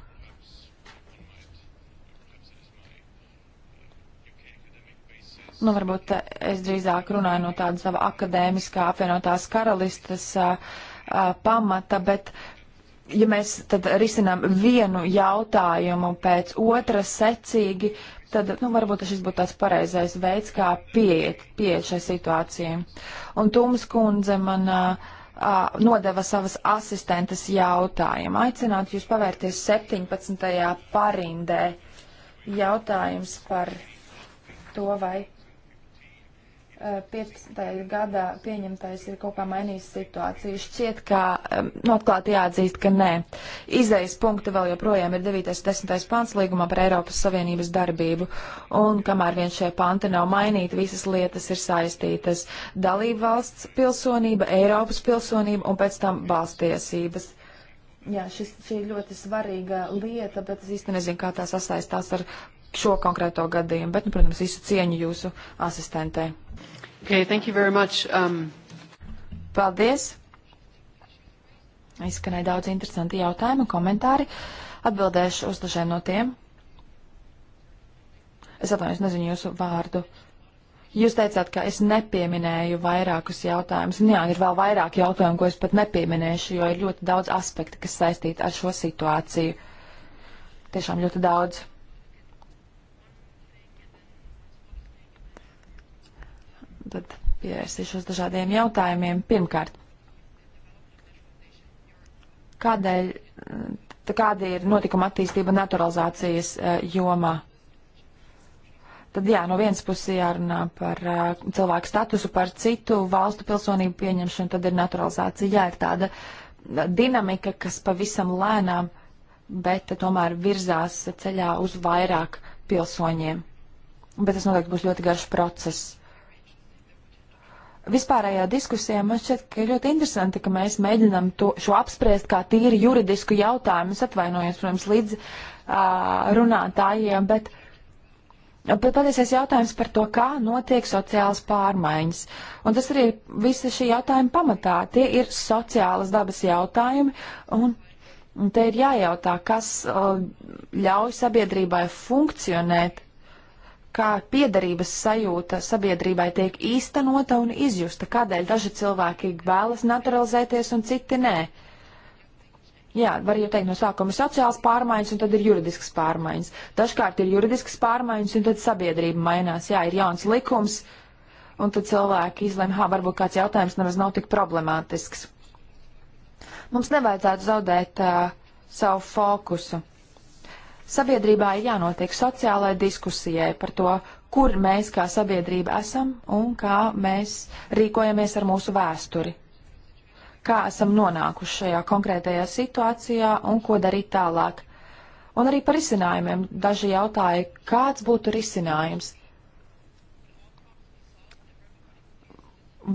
Nu, varbūt eh, es drīzāk runāju no tāda sava akadēmiskā apvienotās karalistas a, eh, a, eh, pamata, bet ja mēs tad risinām vienu jautājumu pēc otra secīgi, tad, nu, varbūt šis būtu tāds pareizais veids, kā pieiet, pieiet šai situācijai. Un Tums kundze man a, a, nodeva savas asistentes jautājumu. Aicinātu jūs pavērties 17. parindē. Jautājums par to, vai 15. Eh, gadā pieņemtais ir kaut kā mainījis situāciju. Šķiet, ka um, atklāti jāatzīst, ka nē. Izejas punkti vēl joprojām ir 9. un 10. pants līgumā par Eiropas Savienības darbību. Un kamēr vien šie panti nav mainīti, visas lietas ir saistītas. Dalība valsts pilsonība, Eiropas pilsonība un pēc tam valstiesības. Jā, šis, šī ir ļoti svarīga lieta, bet es īsti nezinu, kā tā sasaistās ar šo konkrēto gadījumu, bet, nu, protams, visu cieņu jūsu asistentē. Okay, thank you very much. Um... Paldies! Izskanēja daudz interesanti jautājumi un komentāri. Atbildēšu uz dažiem no tiem. Es atvainojos, nezinu jūsu vārdu. Jūs teicāt, ka es nepieminēju vairākus jautājumus. Nu jā, ir vēl vairāk jautājumu, ko es pat nepieminēšu, jo ir ļoti daudz aspekti, kas saistīti ar šo situāciju. Tiešām ļoti daudz. tad pievērsīšos dažādiem jautājumiem. Pirmkārt, kādēļ, kāda ir notikuma attīstība naturalizācijas e, jomā? Tad jā, no vienas puses jārunā par uh, cilvēku statusu, par citu valstu pilsonību pieņemšanu, tad ir naturalizācija. Jā, ir tāda dinamika, kas pavisam lēnām, bet tomēr virzās ceļā uz vairāk pilsoņiem. Bet tas noteikti būs ļoti garš process vispārējā diskusijā man šķiet, ka ļoti interesanti, ka mēs mēģinam to, šo apspriest kā tīri juridisku jautājumu. Es atvainojos, protams, līdz uh, runātājiem, bet, bet patiesais jautājums par to, kā notiek sociālas pārmaiņas. Un tas arī ir visa šī jautājuma pamatā. Tie ir sociālas dabas jautājumi. Un, un te ir jājautā, kas uh, ļauj sabiedrībai funkcionēt kā piederības sajūta sabiedrībai tiek īstenota un izjusta, kādēļ daži cilvēki vēlas naturalizēties un citi nē. Jā, var jau teikt, no sākuma ir sociāls pārmaiņas, un tad ir juridisks pārmaiņas. Dažkārt ir juridisks pārmaiņas, un tad sabiedrība mainās. Jā, ir jauns likums, un tad cilvēki izlēma, ha, varbūt kāds jautājums nemaz nav tik problemātisks. Mums nevajadzētu zaudēt uh, savu fokusu. Sabiedrībā ir jānotiek sociālai diskusijai par to, kur mēs kā sabiedrība esam un kā mēs rīkojamies ar mūsu vēsturi. Kā esam nonākuši šajā konkrētajā situācijā un ko darīt tālāk. Un arī par risinājumiem daži jautāja, kāds būtu risinājums.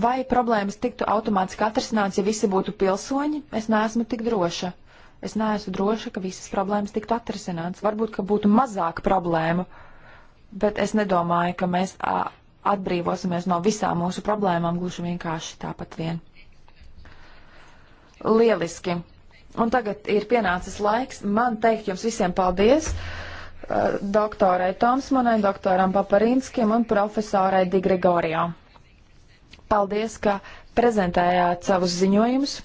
Vai problēmas tiktu automātiski atrisināts, ja visi būtu pilsoņi? Es neesmu tik droša es neesmu droša, ka visas problēmas tiktu atrisināts. Varbūt, ka būtu mazāk problēmu, bet es nedomāju, ka mēs atbrīvosimies no visām mūsu problēmām gluži vienkārši tāpat vien. Lieliski! Un tagad ir pienācis laiks man teikt jums visiem paldies uh, doktorai Tomsmanai, doktoram Paparinskim un profesorai Digrigorijā. Paldies, ka prezentējāt savus ziņojumus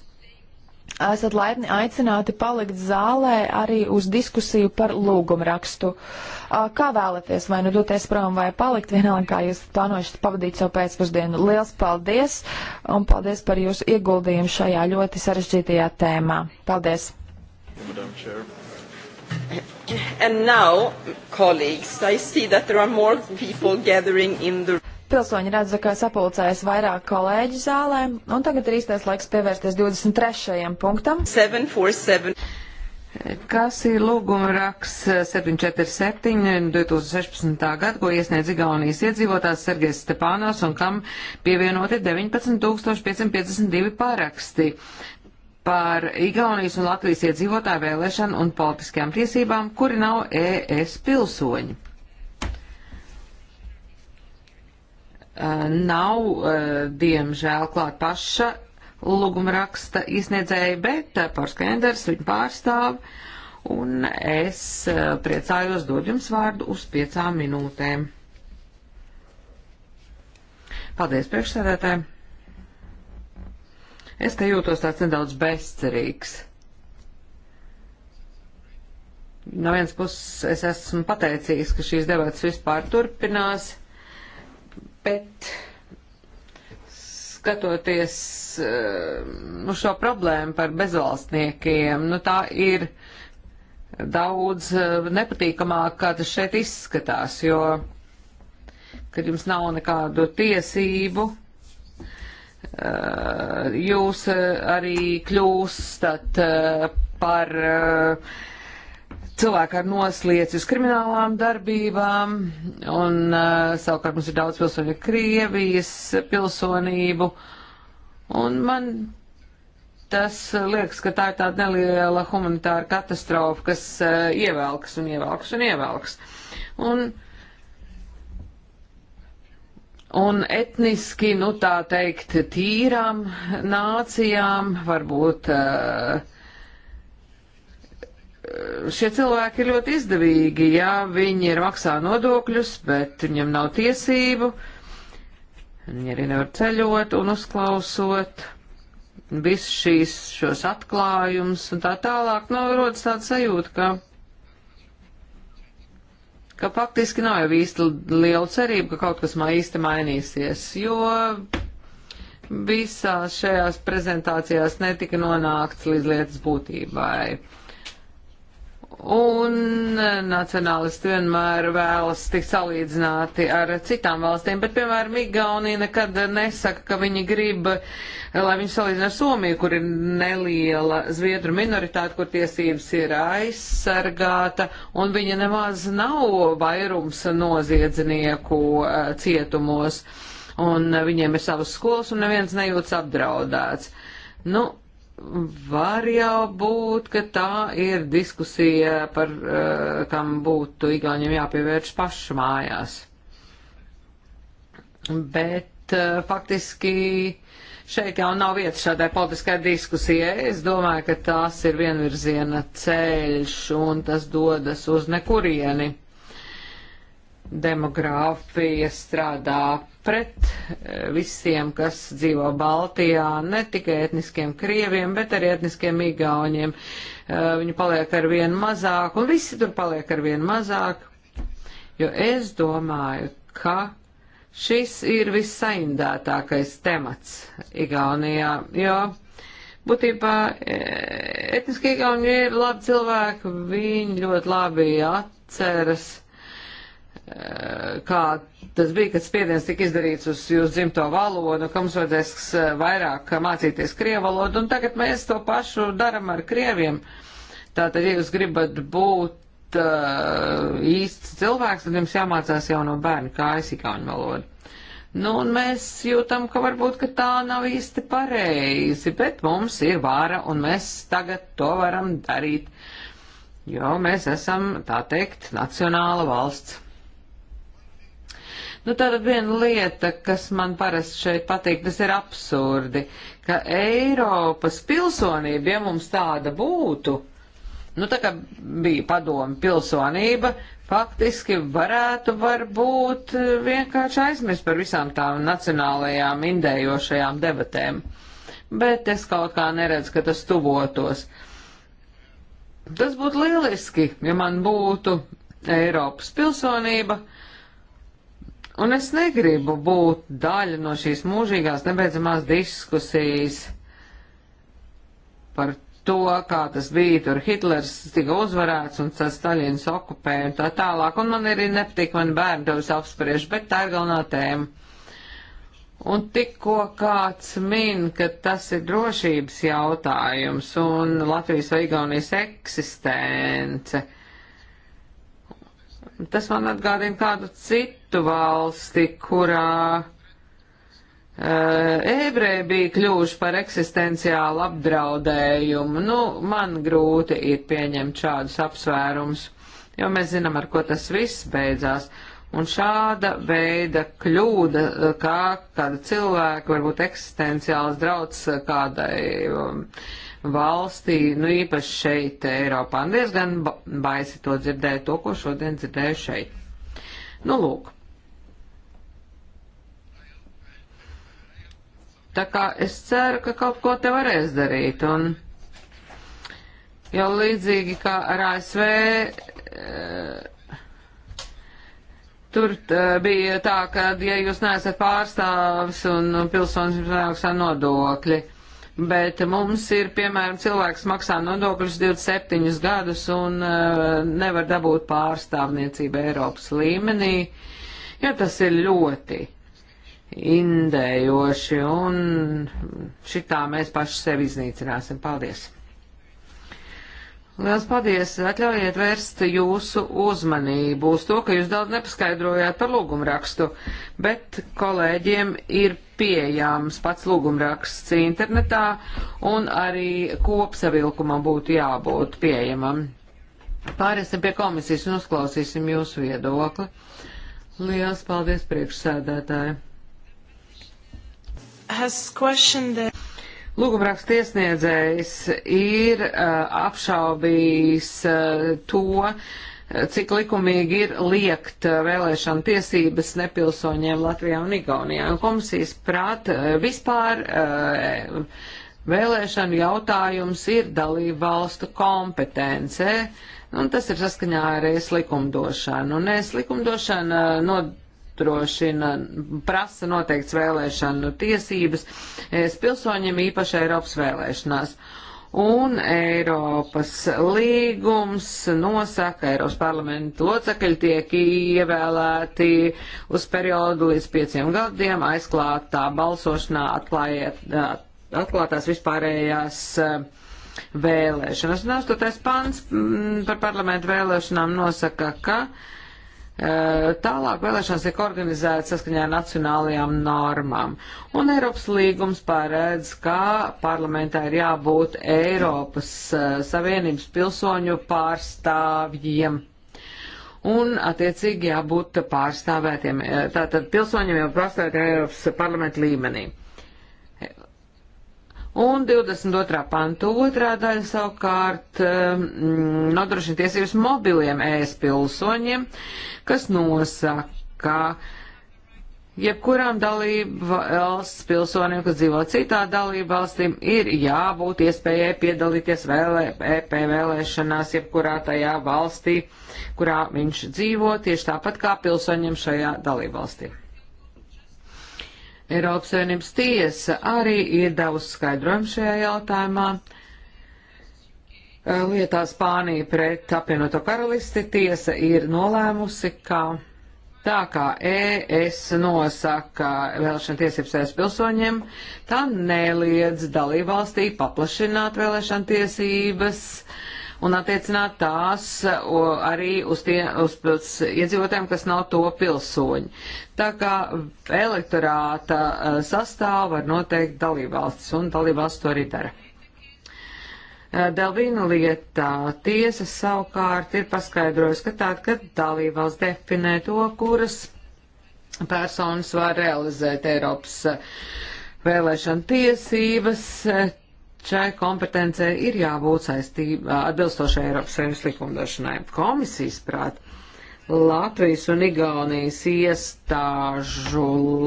esat laipni aicināti palikt zālē arī uz diskusiju par lūgumrakstu. Kā vēlaties, vai nu doties prom vai palikt, vienalga kā jūs plānojat pavadīt savu pēcpusdienu. Liels paldies un paldies par jūsu ieguldījumu šajā ļoti sarežģītajā tēmā. Paldies! And now, colleagues, I see that there are more people gathering in the pilsoņi redz, ka sapulcējas vairāk kolēģi zālē, un tagad ir īstais laiks pievērsties 23. punktam. 747. Kas ir lūguma raksts 747 2016. gadu, ko iesniedz Igaunijas iedzīvotājs Sergejs Stepānos un kam pievienoti 19552 paraksti par Igaunijas un Latvijas iedzīvotāju vēlēšanu un politiskajām tiesībām, kuri nav ES pilsoņi? Eh, nav, eh, diemžēl, klāt paša lūguma raksta izniedzēja, bet eh, Porska Enders viņu pārstāv, un es priecājos dod jums vārdu uz piecām minūtēm. Paldies, priekšsēdētāji! Es te jūtos tāds nedaudz bezcerīgs. No vienas puses es esmu pateicīgs, ka šīs debatas vispār turpinās bet skatoties eh, nu, šo problēmu par bezvalstniekiem, nu, tā ir daudz eh, nepatīkamāk, kā tas šeit izskatās, jo, kad jums nav nekādu tiesību, eh, jūs arī kļūstat par cilvēki ar noslieci uz kriminālām darbībām, un uh, savukārt mums ir daudz pilsoņu Krievijas pilsonību, un man tas eh, liekas, ka tā ir tāda neliela humanitāra katastrofa, kas uh, ievelks un ievelks un ievelks. Un, un etniski, nu tā teikt, tīrām nācijām varbūt. Uh, šie cilvēki ir ļoti izdevīgi, ja viņi ir maksā nodokļus, bet viņam nav tiesību, viņi arī nevar ceļot un uzklausot visus šīs šos atklājumus un tā tālāk, nav nu, rodas tāda sajūta, ka, ka faktiski nav jau īsti liela cerība, ka kaut kas mā īsti mainīsies, jo visās šajās prezentācijās netika nonākts līdz lietas būtībai. Un e, nacionālisti vienmēr vēlas tikt salīdzināti ar citām valstīm, bet, piemēram, Igaunija nekad nesaka, ka viņi grib, e, lai viņi salīdzina ar Somiju, kur ir neliela zviedru minoritāte, kur tiesības ir aizsargāta, un viņa nemaz nav vairums noziedznieku e, cietumos, un viņiem ir savas skolas, un neviens nejūtas apdraudēts. Nu, Var jau būt, ka tā ir diskusija par, eh, kam būtu igauņiem jāpievērš paši mājās. Bet eh, faktiski šeit jau nav vietas šādai politiskai diskusijai. Es domāju, ka tās ir vienvirziena ceļš un tas dodas uz nekurieni. Demogrāfija strādā pret e, visiem, kas dzīvo Baltijā, ne tikai etniskiem krieviem, bet arī etniskiem igauņiem. E, viņi paliek ar vien mazāk, un visi tur paliek ar vien mazāk, jo es domāju, ka šis ir vissaindētākais temats Igaunijā, jo būtībā e, etniski igauņi ir labi cilvēki, viņi ļoti labi atceras, kā tas bija, kad spiediens tika izdarīts uz jūsu dzimto valodu, ka mums vajadzēs eh, vairāk eh, mācīties krievu valodu, un tagad mēs to pašu daram ar krieviem. Tātad, ja jūs gribat būt uh, īsts cilvēks, tad jums jāmācās jau no bērna kājas ikāņu valodu. Nu, un mēs jūtam, ka varbūt, ka tā nav īsti pareizi, bet mums ir vāra, un mēs tagad to varam darīt, jo mēs esam, tā teikt, nacionāla valsts. Nu, tāda viena lieta, kas man parasti šeit patīk, tas ir absurdi, ka Eiropas pilsonība, ja mums tāda būtu, nu, tā kā bija padoma pilsonība, faktiski varētu varbūt eh, vienkārši aizmirst par visām tām nacionālajām indējošajām debatēm. Bet es kaut kā neredzu, ka tas tuvotos. Tas būtu lieliski, ja man būtu Eiropas pilsonība Un es negribu būt daļa no šīs mūžīgās nebeidzamās diskusijas par to, kā tas bija, tur Hitlers tika uzvarēts un tas Staļins okupēja un tā tālāk. Un man arī nepatīk mani bērni tevis apspriež, bet tā ir galvenā tēma. Un tikko kāds min, ka tas ir drošības jautājums un Latvijas vai Igaunijas eksistence Tas man atgādina kādu citu valsti, kurā eh, ebreji bija kļuvuši par eksistenciālu apdraudējumu. Nu, man grūti ir pieņemt šādus apsvērumus, jo mēs zinām, ar ko tas viss beidzās. Un šāda veida kļūda, eh, kā kāda cilvēka, varbūt eksistenciāls drauds eh, kādai um, valstī, nu īpaši šeit Eiropā, un diezgan ba baisi to dzirdēju, to, ko šodien dzirdēju šeit. Nu, lūk. Tā kā es ceru, ka kaut ko te varēs darīt, un jau līdzīgi kā ar ASV, e, eh, tur t, eh, bija tā, ka, ja jūs neesat pārstāvis un pilsonis maksā nodokļi, bet mums ir, piemēram, cilvēks maksā nodokļus 27 gadus un uh, nevar dabūt pārstāvniecību Eiropas līmenī, jo tas ir ļoti indējoši un šitā mēs paši sevi iznīcināsim. Paldies! Liels paldies! Atļaujiet vērst jūsu uzmanību uz to, ka jūs daudz nepaskaidrojāt par lūgumrakstu, bet kolēģiem ir pieejams pats lūgumraksts internetā un arī kopsavilkumam būtu jābūt pieejamam. Pāriesim pie komisijas un uzklausīsim jūsu viedokli. Lielas paldies priekšsēdētāji. Lūgumraksta iesniedzējs ir uh, apšaubījis uh, to, uh, cik likumīgi ir liekt eh, vēlēšanu tiesības nepilsoņiem Latvijā un Igaunijā. Un komisijas prāt eh, vispār eh, vēlēšanu jautājums ir dalību valstu kompetencē, un tas ir saskaņā ar es likumdošanu. Un es likumdošana nodrošina, prasa noteikts vēlēšanu tiesības es pilsoņiem īpaši Eiropas vēlēšanās. Uh, un Eiropas līgums nosaka, Eiropas parlamenta locekļi tiek ievēlēti uz periodu līdz pieciem gadiem, aizklātā balsošanā atklājiet, atklātās vispārējās eh, vēlēšanas. Un 8. pants mm, par parlamentu vēlēšanām nosaka, ka Tālāk vēlēšanas tiek organizētas saskaņā ar nacionālajām normām. Un Eiropas līgums paredz, ka parlamentā ir jābūt Eiropas Savienības pilsoņu pārstāvjiem. Un, attiecīgi, jābūt pārstāvētiem, tātad pilsoņiem jau pārstāvētiem Eiropas parlamenta līmenī. Un 22. panta otrā daļa savukārt mm, nodrošina tiesības mobiliem ES pilsoņiem, kas nosaka, ka jebkurām dalību valsts pilsonim, kas dzīvo citā dalību valstīm, ir jābūt iespējai piedalīties vēlē, EP vēlēšanās jebkurā tajā valstī, kurā viņš dzīvo, tieši tāpat kā pilsoņiem šajā dalību valstī. Eiropas Savienības tiesa arī ir devusi skaidrojumu šajā jautājumā. Eh, lietā Spānija pret apvienoto karalisti tiesa ir nolēmusi, ka tā kā ES nosaka vēlēšana tiesības ES pilsoņiem, tā neliedz dalībvalstī paplašināt vēlēšana tiesības uh, un attiecināt tās arī uz, tie, uz, uz iedzīvotājiem, kas nav to pilsoņi. Tā kā elektorāta e, sastāv var noteikt dalībvalstis, un dalībvalsts to arī dara. E, Delvīna lietā tiesa savukārt ir paskaidrojusi, ka tāda, kad dalībvalsts definē to, kuras personas var realizēt Eiropas e, vēlēšana tiesības, Šai kompetencē ir jābūt saistība atbilstošai Eiropas Savienības likumdošanai. Komisijas prāt, Latvijas un Igaunijas iestāžu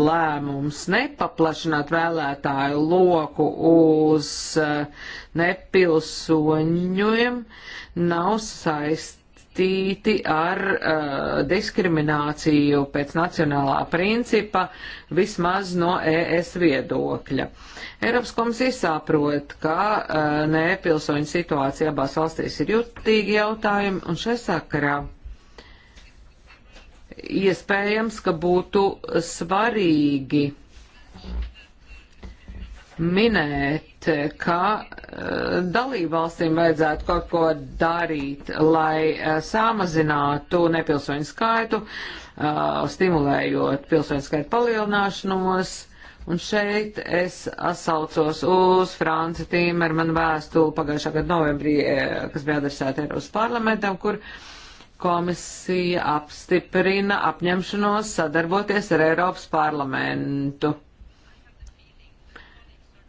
lēmums nepaplašināt vēlētāju loku uz eh, nepilsoņiem nav saistīts saistīti ar uh, diskrimināciju pēc nacionālā principa vismaz no ES viedokļa. Eiropas komisija saprot, ka uh, eh, nē, pilsoņu situācija abās valstīs ir jutīgi jautājumi, un šai sakarā iespējams, ka būtu svarīgi minēt Eh, ka eh, dalībvalstīm vajadzētu kaut ko darīt, lai eh, samazinātu nepilsoņu skaitu, stimulējot pilsoņu skaitu palielināšanos. Un šeit es atsaucos uz Franci Tīmermanu vēstuli pagājušā gada novembrī, kas bija adresēta Eiropas parlamentam, kur komisija apstiprina apņemšanos sadarboties ar Eiropas parlamentu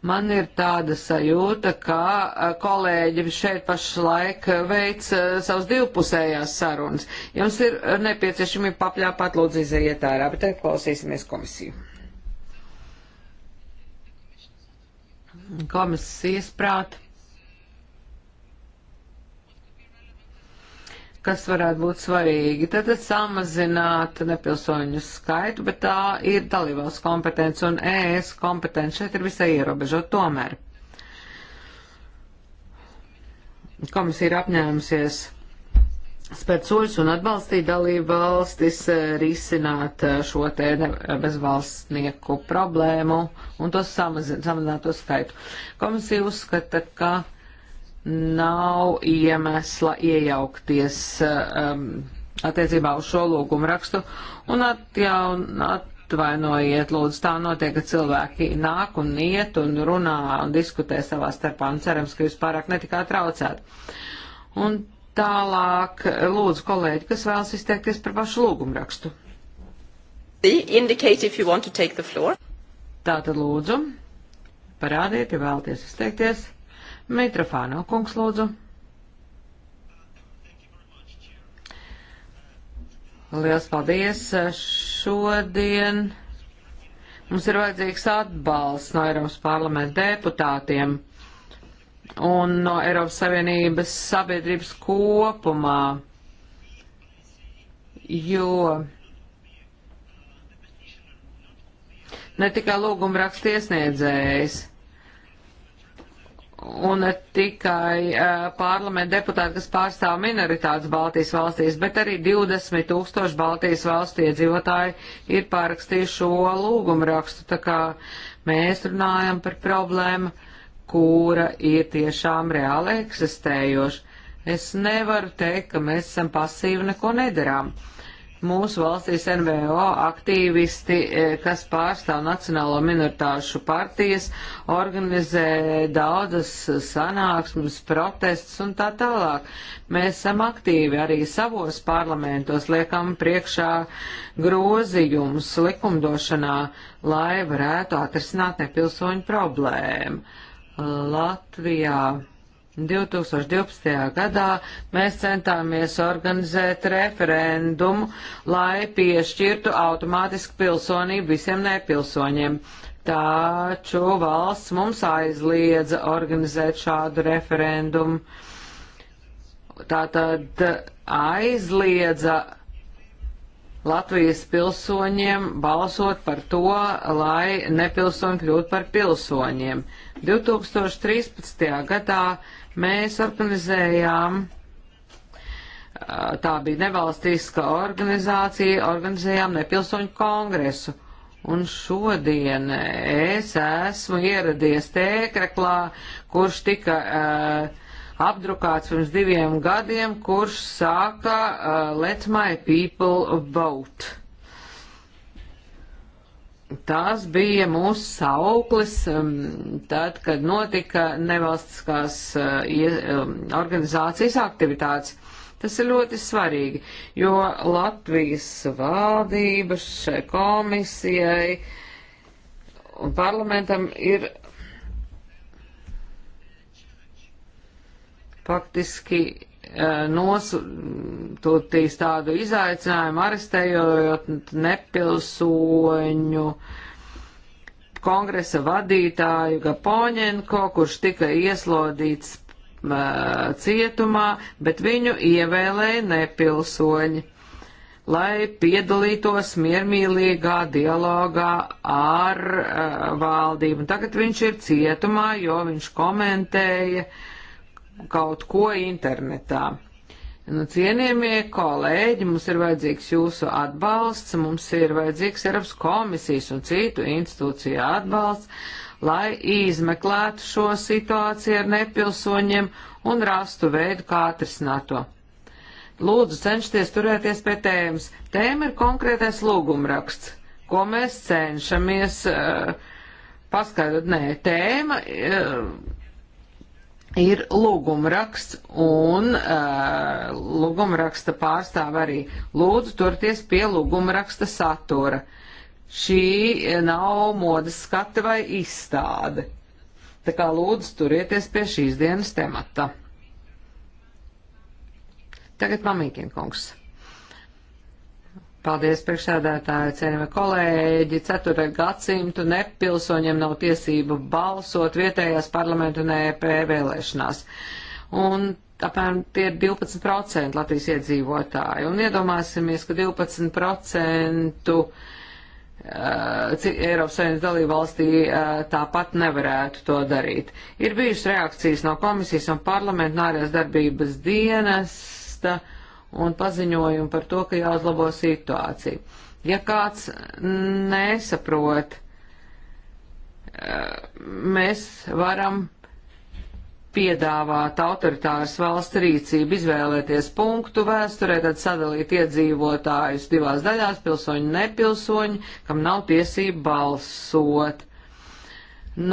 Man ir tāda sajūta, ka kolēģi šeit pašlaik veic savas divpusējās sarunas. Jums ir nepieciešami papļāpāt lūdzu iziet ārā, bet tagad klausīsimies komisiju. Komisijas prāta kas varētu būt svarīgi. Tad samazināt nepilsoņu skaitu, bet tā ir dalībvalsts kompetence un ES kompetence šeit ir visai ierobežot tomēr. Komisija ir apņēmusies spērt soļus un atbalstīt dalību valstis, eh, risināt eh, šo te bezvalstnieku problēmu un to samazināt to skaitu. Komisija uzskata, ka nav iemesla iejaukties um, attiecībā uz šo lūgumu rakstu un atjaun, atvainojiet, lūdzu, tā notiek, ka cilvēki nāk un iet un runā un diskutē savā starpā un cerams, ka jūs pārāk netikā traucēt. Un tālāk, lūdzu, kolēģi, kas vēlas izteikties par pašu lūgumu rakstu. Indicate if you want to take the floor. Tātad lūdzu, parādiet, ja vēlaties izteikties. Mitrofāno kungs lūdzu. Liels paldies! Šodien mums ir vajadzīgs atbalsts no Eiropas parlamenta deputātiem un no Eiropas Savienības sabiedrības kopumā, jo ne tikai lūguma rakstiesniedzējs un ne tikai uh, parlamenta deputāti, kas pārstāv minoritātes Baltijas valstīs, bet arī 20 tūkstoši Baltijas valstu iedzīvotāji ir pārakstījuši šo lūgumu rakstu. Tā kā mēs runājam par problēmu, kura ir tiešām reāli eksistējoša. Es nevaru teikt, ka mēs esam pasīvi neko nedarām. Uh, mūsu valstīs NVO aktīvisti, e, kas pārstāv Nacionālo minoritāšu partijas, organizē daudzas sanāksmes, protestus un tā tālāk. Mēs esam aktīvi arī savos parlamentos, liekam priekšā grozījumus likumdošanā, lai varētu atrisināt nepilsoņu problēmu. Latvijā 2012. gadā mēs centāmies organizēt referendumu, lai piešķirtu automātisku pilsonību visiem nepilsoņiem. Taču valsts mums aizliedza organizēt šādu referendumu. Tātad aizliedza Latvijas pilsoņiem balsot par to, lai nepilsoņi kļūtu par pilsoņiem. 2013. gadā Mēs organizējām, tā bija nevalstiska organizācija, organizējām nepilsoņu kongresu. Un šodien es esmu ieradies tēkreklā, kurš tika uh, apdrukāts pirms diviem gadiem, kurš saka uh, Let my people vote tās bija mūsu sauklis, um, tad, kad notika nevalstiskās uh, um, organizācijas aktivitātes. Tas ir ļoti svarīgi, jo Latvijas valdības šai komisijai un parlamentam ir faktiski E, nosūtīs tādu izaicinājumu, arestējot nepilsoņu kongresa vadītāju Gapoņenko, kurš tika ieslodīts uh, cietumā, bet viņu ievēlēja nepilsoņi, lai piedalītos miermīlīgā dialogā ar uh, valdību. Un tagad viņš ir cietumā, jo viņš komentēja uh, kaut ko internetā. Nu, cienījamie kolēģi, mums ir vajadzīgs jūsu atbalsts, mums ir vajadzīgs Eiropas komisijas un citu institūciju atbalsts, lai izmeklētu šo situāciju ar nepilsoņiem un rastu veidu, kā atrisināt to. Lūdzu, cenšties turēties pie tēmas. Tēma ir konkrētais lūgumraksts, ko mēs cenšamies uh, paskaidrot. Nē, tēma. Uh, ir lūgumraksts, un uh, lūgumraksta pārstāv arī lūdzu turties pie lūgumraksta satura. Šī eh, nav modas skata vai izstāde. Tā kā lūdzu turieties pie šīs dienas temata. Tagad mamīkin kungs. Paldies, priekšsēdētāji, cienījami kolēģi. Ceturtā gadsimtu nepilsoņiem nav tiesību balsot vietējās parlamentu un EP vēlēšanās. Un apmēram tie ir 12% Latvijas iedzīvotāji. Un iedomāsimies, ka 12% eh, Eiropas Savienības dalību valstī eh, tāpat nevarētu to darīt. Ir bijušas reakcijas no komisijas un parlamentu un ārējās darbības dienesta. No un paziņojumu par to, ka jāuzlabo situācija. Ja kāds nesaprot, eh, mēs varam piedāvāt autoritāras valsts rīcību, izvēlēties punktu vēsturē, tad sadalīt iedzīvotājus divās daļās - pilsoņi, nepilsoņi, kam nav tiesība balsot.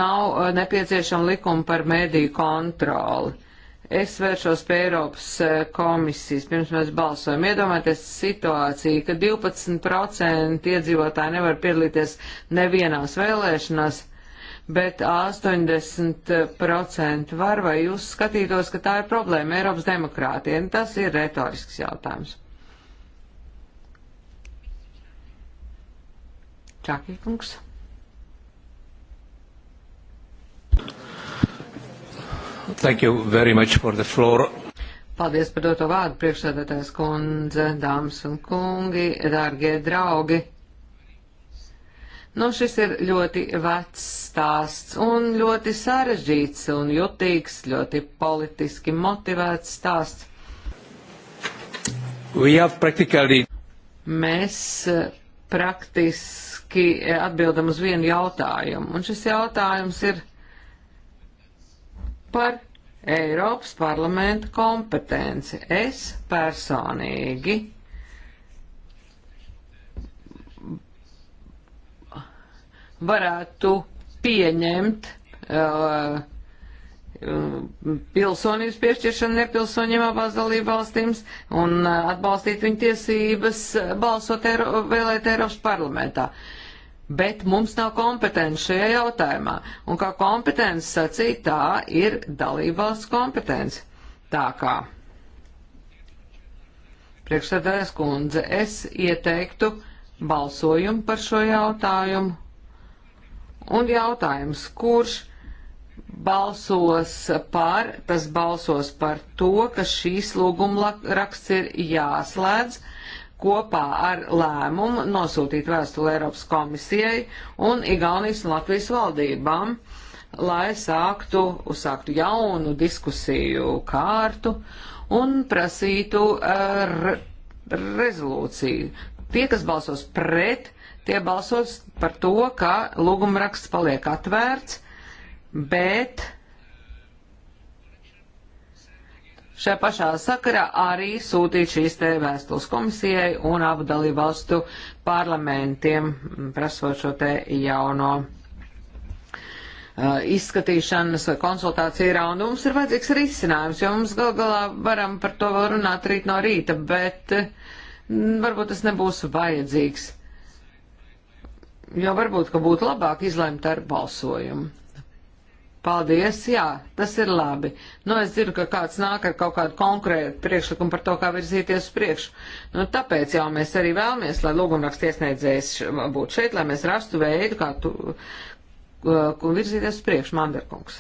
Nav eh, nepieciešama likuma par mēdīju kontroli. Es vēršos pie Eiropas eh, komisijas, pirms mēs balsojam. Iedomājieties situāciju, ka 12% iedzīvotāji nevar piedalīties nevienās vēlēšanās, bet 80% var, vai jūs skatītos, ka tā ir problēma Eiropas demokrātiem. Nu, tas ir retorisks jautājums. Čakīkungs. Thank you very much for the floor. Paldies par doto vārdu, priekšsēdētājs kundze, dāmas un kungi, dārgie draugi. Nu, šis ir ļoti vecs stāsts un ļoti sarežģīts un jutīgs, ļoti politiski motivēts stāsts. Practically... Mēs eh, praktiski eh, atbildam uz vienu jautājumu, un šis jautājums ir par Eiropas parlamenta kompetenci. Es personīgi varētu pieņemt uh, pilsonības piešķiršanu nepilsoņiem abās dalībvalstīms un uh, atbalstīt viņu tiesības balsot Eiro, vēlēt Eiropas parlamentā bet mums nav kompetence šajā jautājumā. Un kā kompetence sacīja, tā ir dalībvalsts kompetence. Tā kā. Priekšsēdētājs kundze, es ieteiktu balsojumu par šo jautājumu. Un jautājums, kurš balsos par, tas balsos par to, ka šīs lūguma raksts ir jāslēdz kopā ar lēmumu nosūtīt vēstuli Eiropas komisijai un Igaunijas un Latvijas valdībām, lai sāktu, uzsāktu jaunu diskusiju kārtu un prasītu eh, re, rezolūciju. Tie, kas balsos pret, tie balsos par to, ka lūgumraksts paliek atvērts, bet šajā pašā sakarā arī sūtīt šīs te vēstules komisijai un apdalību valstu parlamentiem, mm, prasot šo te jauno uh, izskatīšanas vai konsultāciju raundu. Mums ir vajadzīgs risinājums, jo mums gal galā varam par to vēl runāt rīt no rīta, bet uh, varbūt tas nebūs vajadzīgs. Jo varbūt, ka būtu labāk izlemt ar balsojumu. Paldies, jā, tas ir labi. Nu, es dzirdu, ka kāds nāk ar kaut kādu konkrētu priekšlikumu par to, kā virzīties uz priekšu. Nu, tāpēc jau mēs arī vēlamies, lai lūgumraksts iesniedzējs būtu šeit, lai mēs rastu veidu, kā tu, uh, ko virzīties uz priekšu, Manderkungs.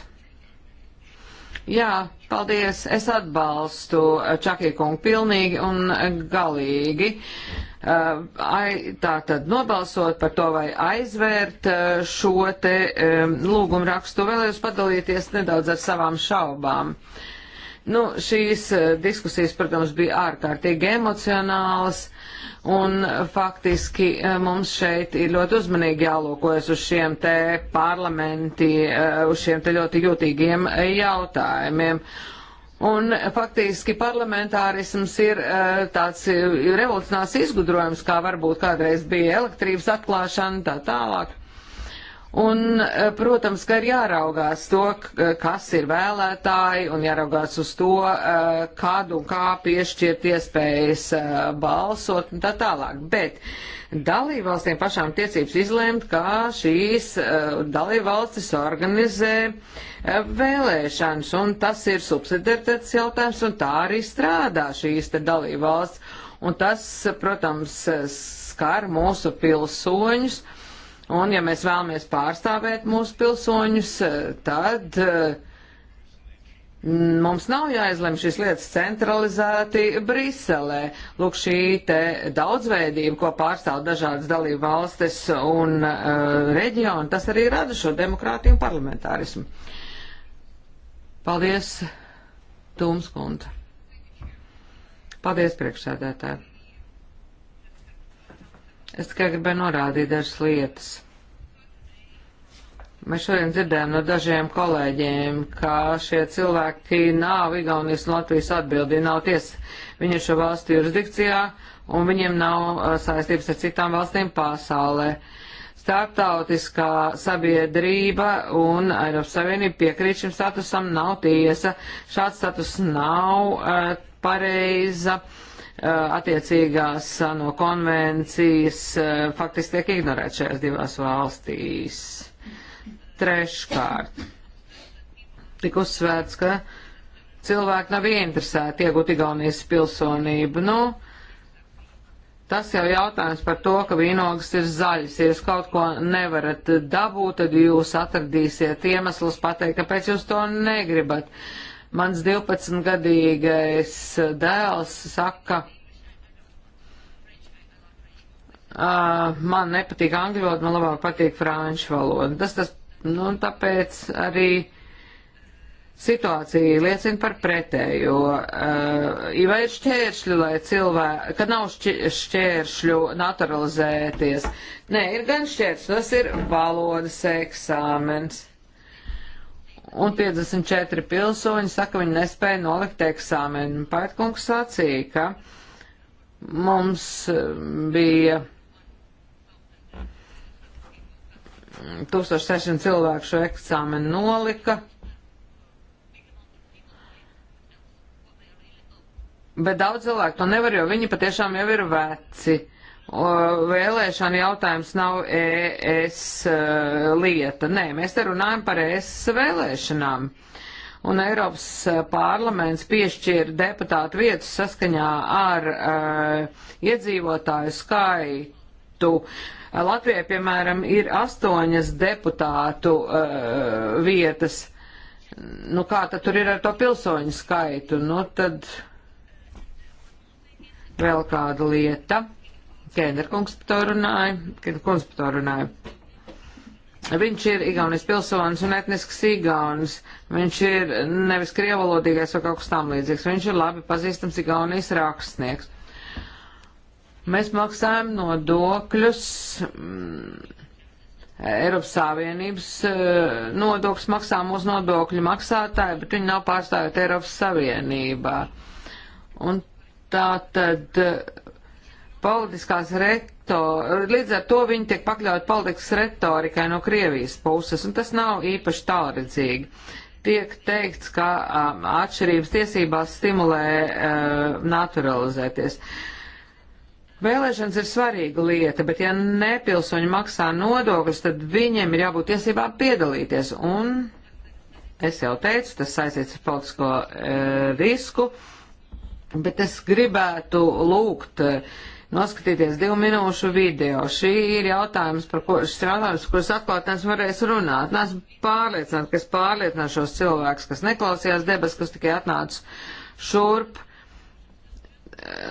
Jā, paldies. Es atbalstu Čakī kungu pilnīgi un galīgi. Uh, tā tad nobalsot par to, vai aizvērt uh, šo te um, lūgumu rakstu, vēlējos padalīties nedaudz ar savām šaubām. Uh, Nu, šīs eh, diskusijas, protams, bija ārkārtīgi emocionālas, un faktiski eh, mums šeit ir ļoti uzmanīgi jālūkojas uz šiem te parlamenti, eh, uz šiem te ļoti jūtīgiem jautājumiem. Un faktiski parlamentārisms ir tāds revolucionārs izgudrojums, kā varbūt kādreiz bija elektrības atklāšana tā tālāk. Un, e, protams, ka ir jāraugās to, kas ir vēlētāji, un jāraugās uz to, e, kad un kā piešķirt iespējas e, balsot un tā tālāk. Bet dalībvalstīm pašām tiecības izlēmt, kā šīs dalībvalstis organizē vēlēšanas, un tas ir subsidiaritātes jautājums, un tā arī strādā šīs te dalībvalsts. Un tas, protams, skar mūsu pilsoņus. Uh, Un ja mēs vēlamies pārstāvēt mūsu pilsoņus, eh, tad eh, mums nav jāizlem šīs lietas centralizēti Briselē. Lūk, šī te daudzveidība, ko pārstāv dažādas dalību valstis un uh, reģioni, tas arī rada šo demokrātiju un parlamentārismu. Paldies, Tūmskundze. Paldies, priekšsēdētāji. Es tikai gribēju norādīt dažas lietas. Mēs šodien dzirdējām no dažiem kolēģiem, ka šie cilvēki nav Igaunijas un Latvijas atbildi, nav tiesa. Viņi ir šo valstu jurisdikcijā un viņiem nav uh, saistības ar citām valstīm pasaulē. Startautiskā sabiedrība un Eiropas Savienība piekrīt šim statusam nav tiesa. Šāds status nav uh, pareiza. Uh, Eh, attiecīgās eh, no konvencijas eh, faktiski tiek ignorēt šajās divās valstīs. Treškārt, tik uzsvērts, ka cilvēki nav ieinteresēti iegūt Igaunijas pilsonību. Nu, tas jau jautājums par to, ka vīnogas ir zaļas. Ja jūs kaut ko nevarat dabūt, tad jūs atradīsiet iemeslus pateikt, kāpēc jūs to negribat. Uh, Mans 12-gadīgais dēls saka, uh, man nepatīk angļu valoda, man labāk patīk franču valoda. Tas tas, nu, tāpēc arī situācija liecina par pretējo. Uh, vai ir šķēršļi, lai cilvēki, ka nav šķēršļu naturalizēties? Nē, ir gan šķēršļi, tas ir valodas eksāmens un 54 pilsoņi saka, viņi nespēja nolikt eksāmenu. Paitkungs sacīja, ka mums eh, bija 1600 cilvēku šo eksāmenu nolika, bet daudz cilvēku to nevar, jo viņi patiešām jau ir veci. Vēlēšana jautājums nav ES e, lieta. Nē, mēs te runājam par ES vēlēšanām. Un Eiropas e, parlaments piešķir deputātu vietas saskaņā ar uh, iedzīvotāju skaitu. Latvijai, piemēram, ir astoņas deputātu uh, vietas. Nu, kā tad tur ir ar to pilsoņu skaitu? Nu, tad vēl kāda lieta. Kēderkungs par to runāja, Kēderkungs par to runāja. Viņš ir Igaunijas pilsonis un etnisks Igaunis. Viņš ir nevis krievalodīgais vai kaut kas tam līdzīgs. Viņš ir labi pazīstams Igaunijas rakstnieks. Mēs maksājam nodokļus. Mm, Eiropas Savienības eh, nodokļus maksā mūsu nodokļu maksātāji, bet viņi nav pārstāvjoti Eiropas Savienībā. Un tā tad eh, politiskās retorikas, līdz ar to viņi tiek pakļauti politikas retorikai no Krievijas puses, un tas nav īpaši tālredzīgi. Tiek teikts, ka um, atšķirības tiesībās stimulē uh, naturalizēties. Vēlēšanas ir svarīga lieta, bet ja nepilsoņi maksā nodokļus, tad viņiem ir jābūt tiesībām piedalīties. Un es jau teicu, tas saistīts ar politisko uh, risku, bet es gribētu lūgt uh, noskatīties divu minūšu video. Šī ir jautājums, par ko, šis jautājums, kuras atklātnes varēs runāt. Nesmu pārliecināts, kas pārliecinās šos cilvēkus, kas neklausījās debes, kas tikai atnāca šurp.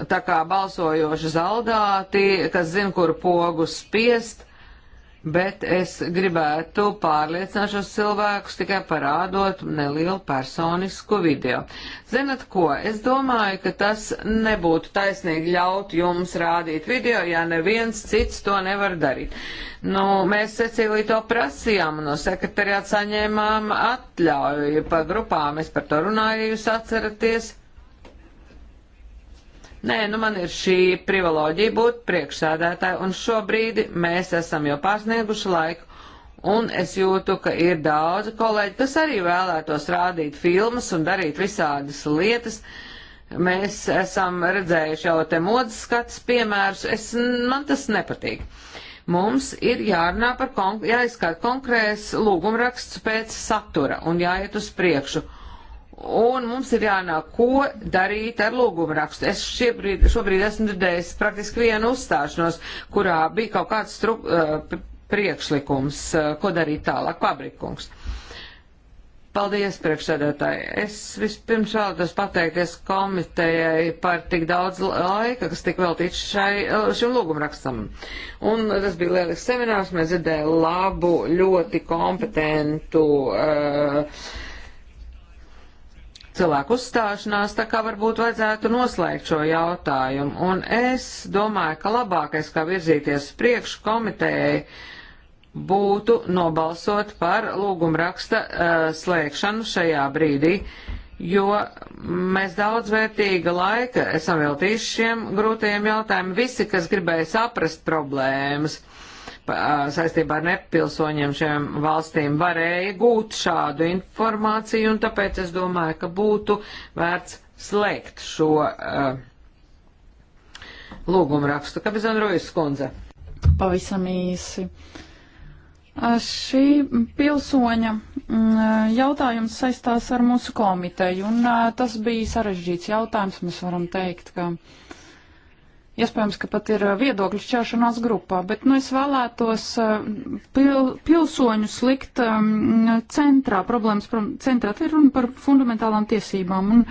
Tā kā balsojoši zaldāti, kas zina, kur pogu spiest, bet es gribētu pārliecināt šos cilvēkus tikai parādot nelielu personisku video. Zinat ko, es domāju, ka tas nebūtu taisnīgi ļaut jums rādīt video, ja neviens cits to nevar darīt. Nu, mēs Cecīlī to prasījām, no sekretariāta saņēmām atļauju pa grupām, es par to runāju, ja jūs atceraties. Nē, nu man ir šī priviloģija būt priekšsādātāji, un šobrīd mēs esam jau pārsnieguši laiku, un es jūtu, ka ir daudzi kolēģi, kas arī vēlētos rādīt filmas un darīt visādas lietas. Mēs esam redzējuši jau te modas skats piemērus, es, man tas nepatīk. Mums ir jārunā par, konk jāizskat konkrēts lūgumraksts pēc satura un jāiet uz priekšu Un mums ir jānāk, ko darīt ar lūgumu rakstu. Es šiebrīd, šobrīd esmu dzirdējis praktiski vienu uzstāšanos, kurā bija kaut kāds stru, uh, priekšlikums, uh, ko darīt tālāk, pabrikums. Paldies, priekšsēdētāji. Es vispirms vēlētos pateikties komitejai par tik daudz laika, kas tik veltīts šai, uh, šim lūgumrakstam. Un tas bija lielisks seminārs, mēs dzirdējām labu, ļoti kompetentu. Uh, cilvēku uzstāšanās, tā kā varbūt vajadzētu noslēgt šo jautājumu. Un es domāju, ka labākais, kā virzīties priekšu komitejai, būtu nobalsot par lūgumraksta uh, slēgšanu šajā brīdī, jo mēs daudz vērtīga laika esam veltījuši šiem grūtajiem jautājumiem. Visi, kas gribēja saprast problēmas, uh, saistībā ar nepilsoņiem šiem valstīm varēja gūt šādu informāciju, un tāpēc es domāju, ka būtu vērts slēgt šo uh, lūgumu rakstu. Kapizan Rojas kundze. Pavisam īsi. Šī pilsoņa jautājums saistās ar mūsu komiteju, un tas bija sarežģīts jautājums. Mēs varam teikt, ka uh, Iespējams, ka pat ir uh, viedokļu šķēršanās grupā, bet nu, es vēlētos uh, pil, pilsoņus likt um, centrā, problēmas centrā. Te ir runa par fundamentālām tiesībām. Un,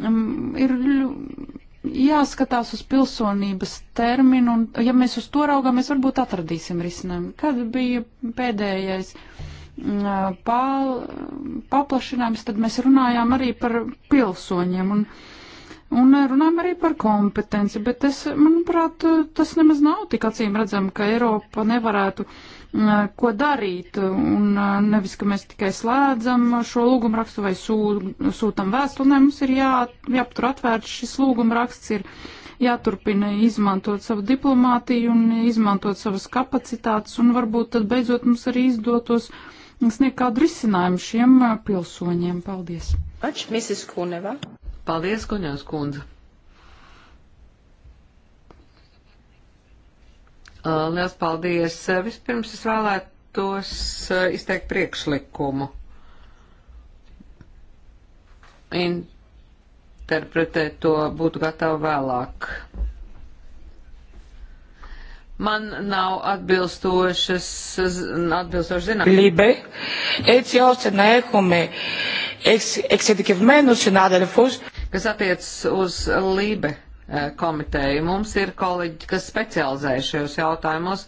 um, ir jāskatās uz pilsonības terminu, un ja mēs uz to raugāmies, varbūt atradīsim risinājumu. Kad bija pēdējais? Mm, uh, pā, paplašinājums, tad mēs runājām arī par pilsoņiem. Un, uh, Un eh, runājam arī par kompetenci, bet es, manuprāt, eh, tas nemaz nav tik acīm redzam, ka Eiropa nevarētu eh, ko darīt. Un nevis, ka mēs tikai slēdzam šo lūgumrakstu vai sū, sūtam vēstuli, ne, mums ir jā, jāpatur atvērts šis lūgumraksts, ir jāturpina izmantot savu diplomātiju un izmantot savas kapacitātes, un varbūt tad beidzot mums arī izdotos sniegt kādu risinājumu šiem pilsoņiem. Paldies! Much, Mrs. Kuneva. Paldies, Koņās kundze. Liels paldies. Vispirms es vēlētos izteikt priekšlikumu. Interpretēt to būtu gatava vēlāk. Man nav atbilstošas, atbilstošas zināšanas. Lībe, έτσι ώστε να έχουμε εξ, εξειδικευμένους συνάδελφους kas attiecas uz Lībe eh, komiteju. Mums ir kolēģi, kas specializējas šajos jautājumos,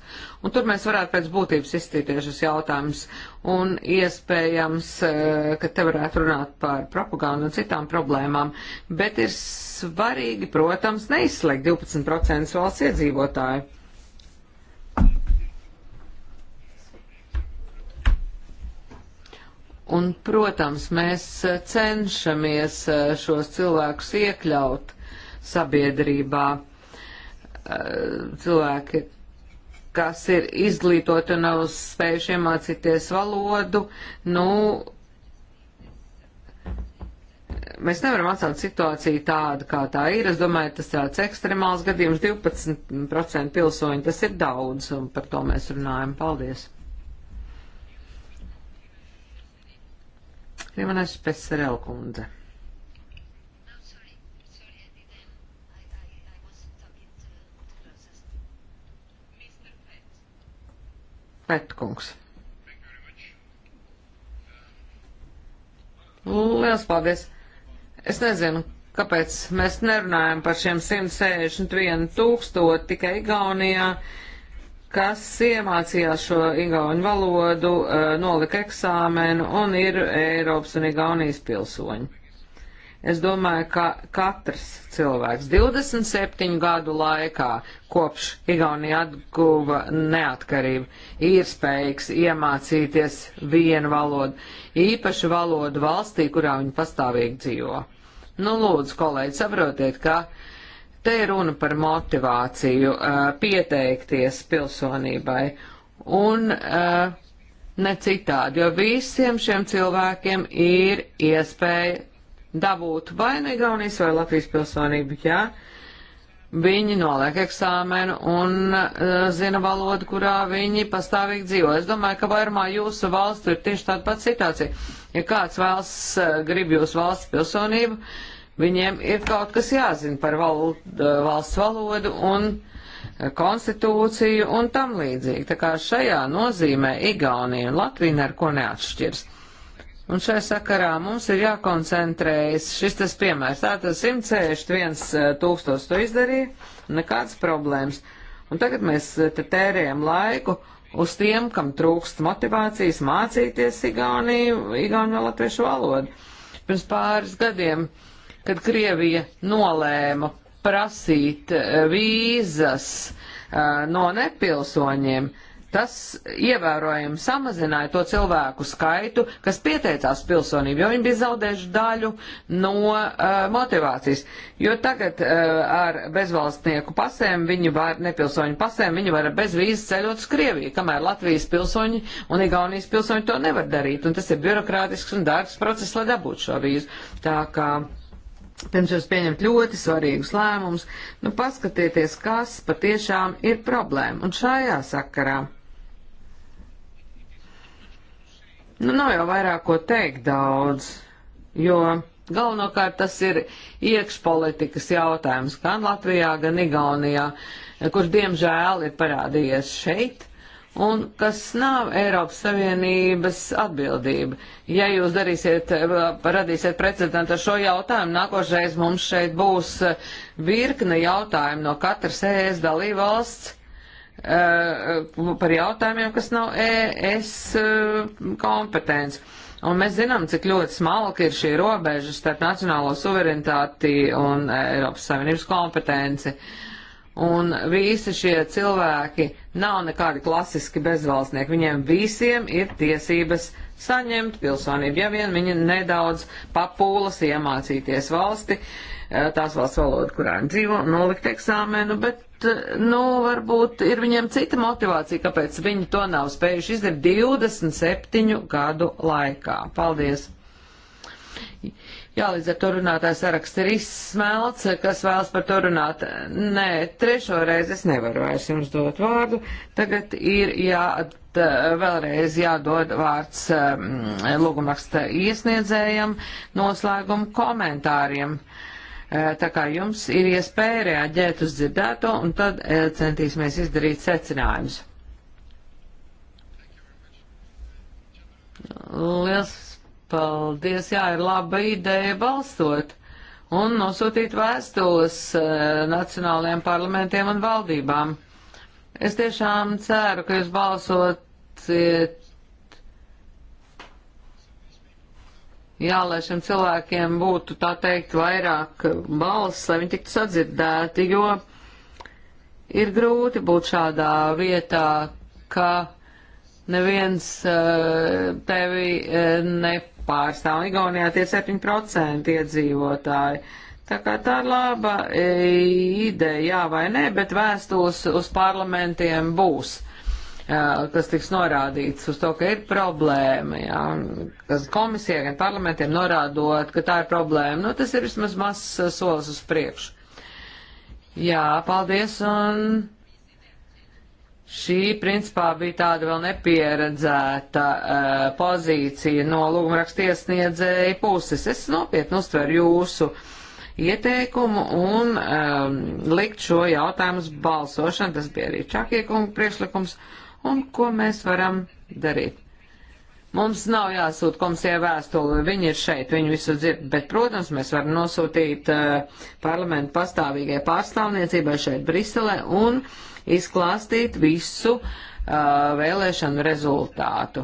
un tur mēs varētu pēc būtības izstīties šos jautājumus. Un iespējams, eh, ka te varētu runāt par propagandu un citām problēmām, bet ir svarīgi, protams, neizslēgt 12% valsts iedzīvotāju. Un, protams, mēs eh, cenšamies eh, šos cilvēkus iekļaut sabiedrībā. Eh, cilvēki, kas ir izglītoti un nav spējuši iemācīties valodu, nu, mēs nevaram atstāt situāciju tādu, kā tā ir. Es domāju, tas tāds ekstremāls gadījums - 12% pilsoņi, tas ir daudz, un par to mēs runājam. Paldies! Siemanais Peserel kundze. Petkungs. Liels paldies! Es nezinu, kāpēc mēs nerunājam par šiem 161 tūkstoši tikai Igaunijā. Uh, kas iemācījās šo igauņu valodu, eh, nolika eksāmenu un ir Eiropas un Igaunijas pilsoņi. Es domāju, ka katrs cilvēks 27 gadu laikā, kopš Igaunija atguva neatkarību, ir spējīgs iemācīties vienu valodu, īpaši valodu valstī, kurā viņi pastāvīgi dzīvo. Nu, lūdzu, kolēģi, saprotiet, ka uh, Te ir runa par motivāciju uh, pieteikties pilsonībai un uh, ne citādi, jo visiem šiem cilvēkiem ir iespēja dabūt vai nu Igaunijas vai Latvijas pilsonību, ja viņi noliek eksāmenu un uh, zina valodu, kurā viņi pastāvīgi dzīvo. Es domāju, ka vairumā jūsu valstu ir tieši tāda pati situācija. Ja kāds vēlas, uh, grib jūsu valsts pilsonību, uh, Viņiem ir kaut kas jāzina par val, valsts valodu un e, konstitūciju un tam līdzīgi. Tā kā šajā nozīmē Igaunija un Latvija ar ko neatšķirs. Un šai sakarā mums ir jākoncentrējas šis tas piemērs. Tātad 161 e, tūkstoši to izdarīja, nekādas problēmas. Un tagad mēs e, te tērējam laiku uz tiem, kam trūkst motivācijas mācīties Igauniju, Igauniju latviešu valodu. Pirms pāris gadiem uh, kad Krievija nolēma prasīt eh, vīzas eh, no nepilsoņiem, tas ievērojami samazināja to cilvēku skaitu, kas pieteicās pilsonību, jo viņi bija zaudējuši daļu no uh, motivācijas. Jo tagad uh, ar bezvalstnieku pasēm, viņi var, nepilsoņu pasēm, viņi var bez vīzes ceļot uz Krieviju, kamēr Latvijas pilsoņi un Igaunijas pilsoņi to nevar darīt. Un tas ir birokrātisks un dārgs process, lai dabūtu šo vīzu. Tā kā uh, Pirms jūs pieņemt ļoti svarīgus lēmumus, nu paskatieties, kas patiešām ir problēma. Un šajā sakarā, nu nav jau vairāk ko teikt daudz, jo Galvenokārt tas ir iekšpolitikas jautājums gan Latvijā, gan Igaunijā, kurš diemžēl ir parādījies šeit un kas nav Eiropas Savienības atbildība. Ja jūs darīsiet, eh, radīsiet precedentu ar šo jautājumu, nākošais mums šeit būs eh, virkne jautājumu no katras ES dalībvalsts eh, par jautājumiem, kas nav ES kompetence. Un mēs zinām, cik ļoti smalki ir šī robeža starp nacionālo suverenitāti un Eiropas Savienības kompetenci. Uh, Un visi šie cilvēki nav nekādi klasiski bezvalstnieki. Viņiem visiem ir tiesības saņemt pilsonību, ja vien viņi nedaudz papūlas iemācīties valsti, eh, tās valsts valodu, kurā viņi dzīvo, nolikt eksāmenu, bet, eh, nu, varbūt ir viņiem cita motivācija, kāpēc viņi to nav spējuši izdarīt 27 gadu laikā. Paldies! Jā, līdz ar to runātājs saraksts ir izsmelts, kas vēlas par to runāt. Nē, trešo reizi es nevaru vairs jums dot vārdu. Tagad ir jā, t, vēlreiz jādod vārds um, lūgumraksta iesniedzējam noslēgumu komentāriem. E, tā kā jums ir iespēja reaģēt uz dzirdēto, un tad e, centīsimies izdarīt secinājumus. Liels Paldies, jā, ir laba ideja balsot un nosūtīt vēstules uh, nacionālajiem parlamentiem un valdībām. Es tiešām ceru, ka jūs balsosiet Jā, lai šiem cilvēkiem būtu, tā teikt, vairāk balss, lai viņi tiktu sadzirdēti, jo ir grūti būt šādā vietā, ka neviens eh, tevi eh, ne pārstāv. Igaunijā tie ir 7% iedzīvotāji. Tā kā tā ir laba e, ideja, jā vai nē, bet vēstules uz parlamentiem būs, e, kas tiks norādīts uz to, ka ir problēma, jā, kas komisijai gan parlamentiem norādot, ka tā ir problēma. Nu, tas ir vismaz mazs solis uz priekšu. Jā, paldies un Šī principā bija tāda vēl nepieredzēta uh, pozīcija no lūgumrakstiesniedzēja puses. Es nopietni uztveru jūsu ieteikumu un um, likt šo jautājumu uz balsošanu. Tas bija arī Čakiekunga priekšlikums. Un ko mēs varam darīt? Mums nav jāsūta komisijai vēstuli, viņi ir šeit, viņi visu dzird, bet, protams, mēs varam nosūtīt uh, parlamentu pastāvīgai pārstāvniecībai šeit Briselē un izklāstīt visu uh, vēlēšanu rezultātu.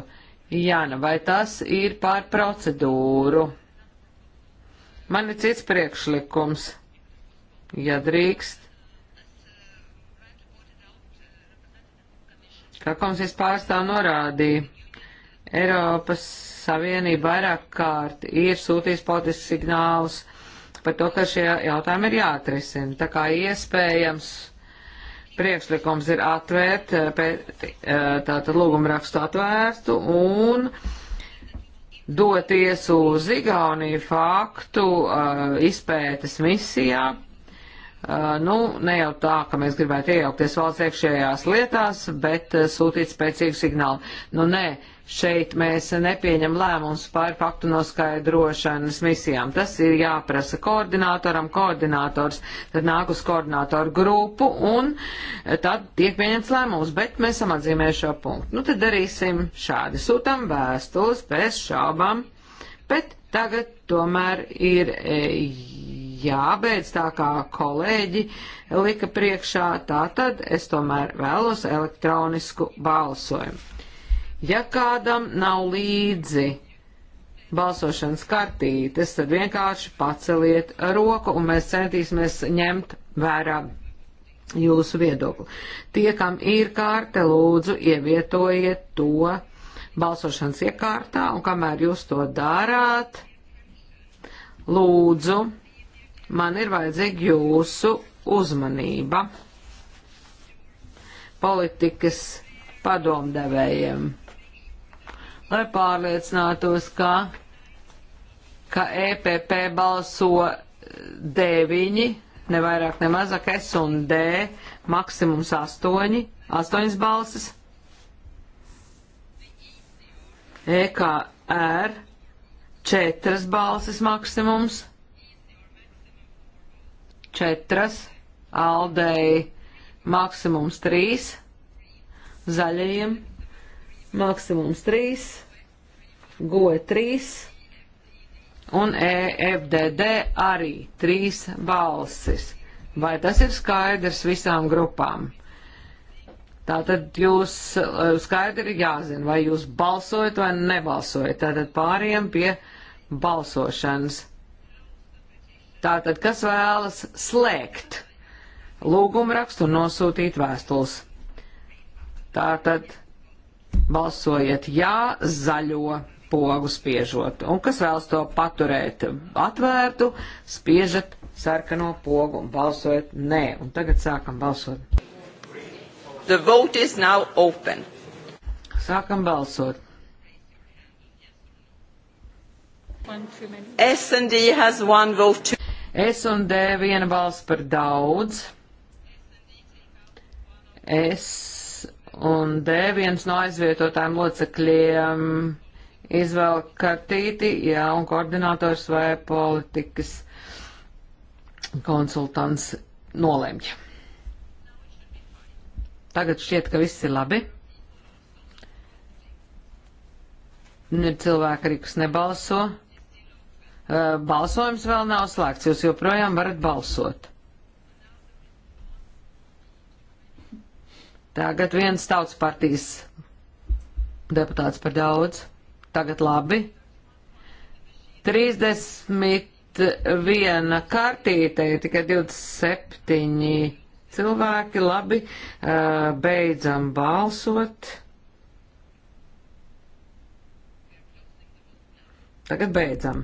Jāna, vai tas ir pār procedūru? Man ir cits priekšlikums, ja drīkst. Kā komisijas pārstāv norādīja, Eiropas Savienība vairāk kārt ir sūtījis politisks signāls par to, ka šie jautājumi ir jāatrisina. Tā kā iespējams priekšlikums ir atvērt, eh, eh, tātad lūgumrakstu atvērtu un doties uz Igauniju faktu eh, izpētes misijā. Nu, ne jau tā, ka mēs gribētu iejaukties valsts iekšējās lietās, bet sūtīt spēcīgu signālu. Nu, nē, Šeit mēs nepieņem lēmums par faktu noskaidrošanas misijām. Tas ir jāprasa koordinatoram, koordinators, tad nāk uz koordinatoru grupu un tad tiek pieņemts lēmums, bet mēs esam atzīmējuši šo punktu. Nu tad darīsim šādi. Sūtam vēstules bez šaubām, bet tagad tomēr ir e, jābeidz tā kā kolēģi lika priekšā, tā tad es tomēr vēlos elektronisku balsojumu. Ja kādam nav līdzi balsošanas kartītes, tad vienkārši paceliet roku un mēs centīsimies ņemt vērā jūsu viedokli. Tie, kam ir kārte, lūdzu ievietojiet to balsošanas iekārtā un kamēr jūs to darāt, lūdzu, man ir vajadzīga jūsu uzmanība politikas padomdevējiem lai pārliecinātos, ka, ka EPP balso deviņi, ne vairāk, ne mazāk, S un D, maksimums astoņi, astoņas balsis. EKR četras balsis maksimums, četras, Aldei maksimums trīs, zaļajiem maksimums 3, goja 3 un EFDD arī 3 balsis. Vai tas ir skaidrs visām grupām? Tātad jūs eh, skaidri ir jāzina, vai jūs balsojat vai nebalsojat. Tātad pāriem pie balsošanas. Tātad, kas vēlas slēgt lūgumu rakstu un nosūtīt vēstules? Tātad Balsojiet jā, zaļo pogu spiežot. Un kas vēlas to paturēt atvērtu, spiežat sarkano pogu un balsojiet nē. Un tagad sākam balsot. The vote is now open. Sākam balsot. S&D has one vote too. S un D viena balss par daudz. S un D viens no aizvietotājiem locekļiem izvēl kartīti, jā, un koordinators vai politikas konsultants nolemj. Tagad šķiet, ka viss ir labi. Un ir cilvēki arī, kas nebalso. Balsojums vēl nav slēgts, jūs joprojām varat balsot. Tagad viens tautas partijas deputāts par daudz. Tagad labi. 31 kartīte, tikai 27 cilvēki. Labi, beidzam balsot. Tagad beidzam.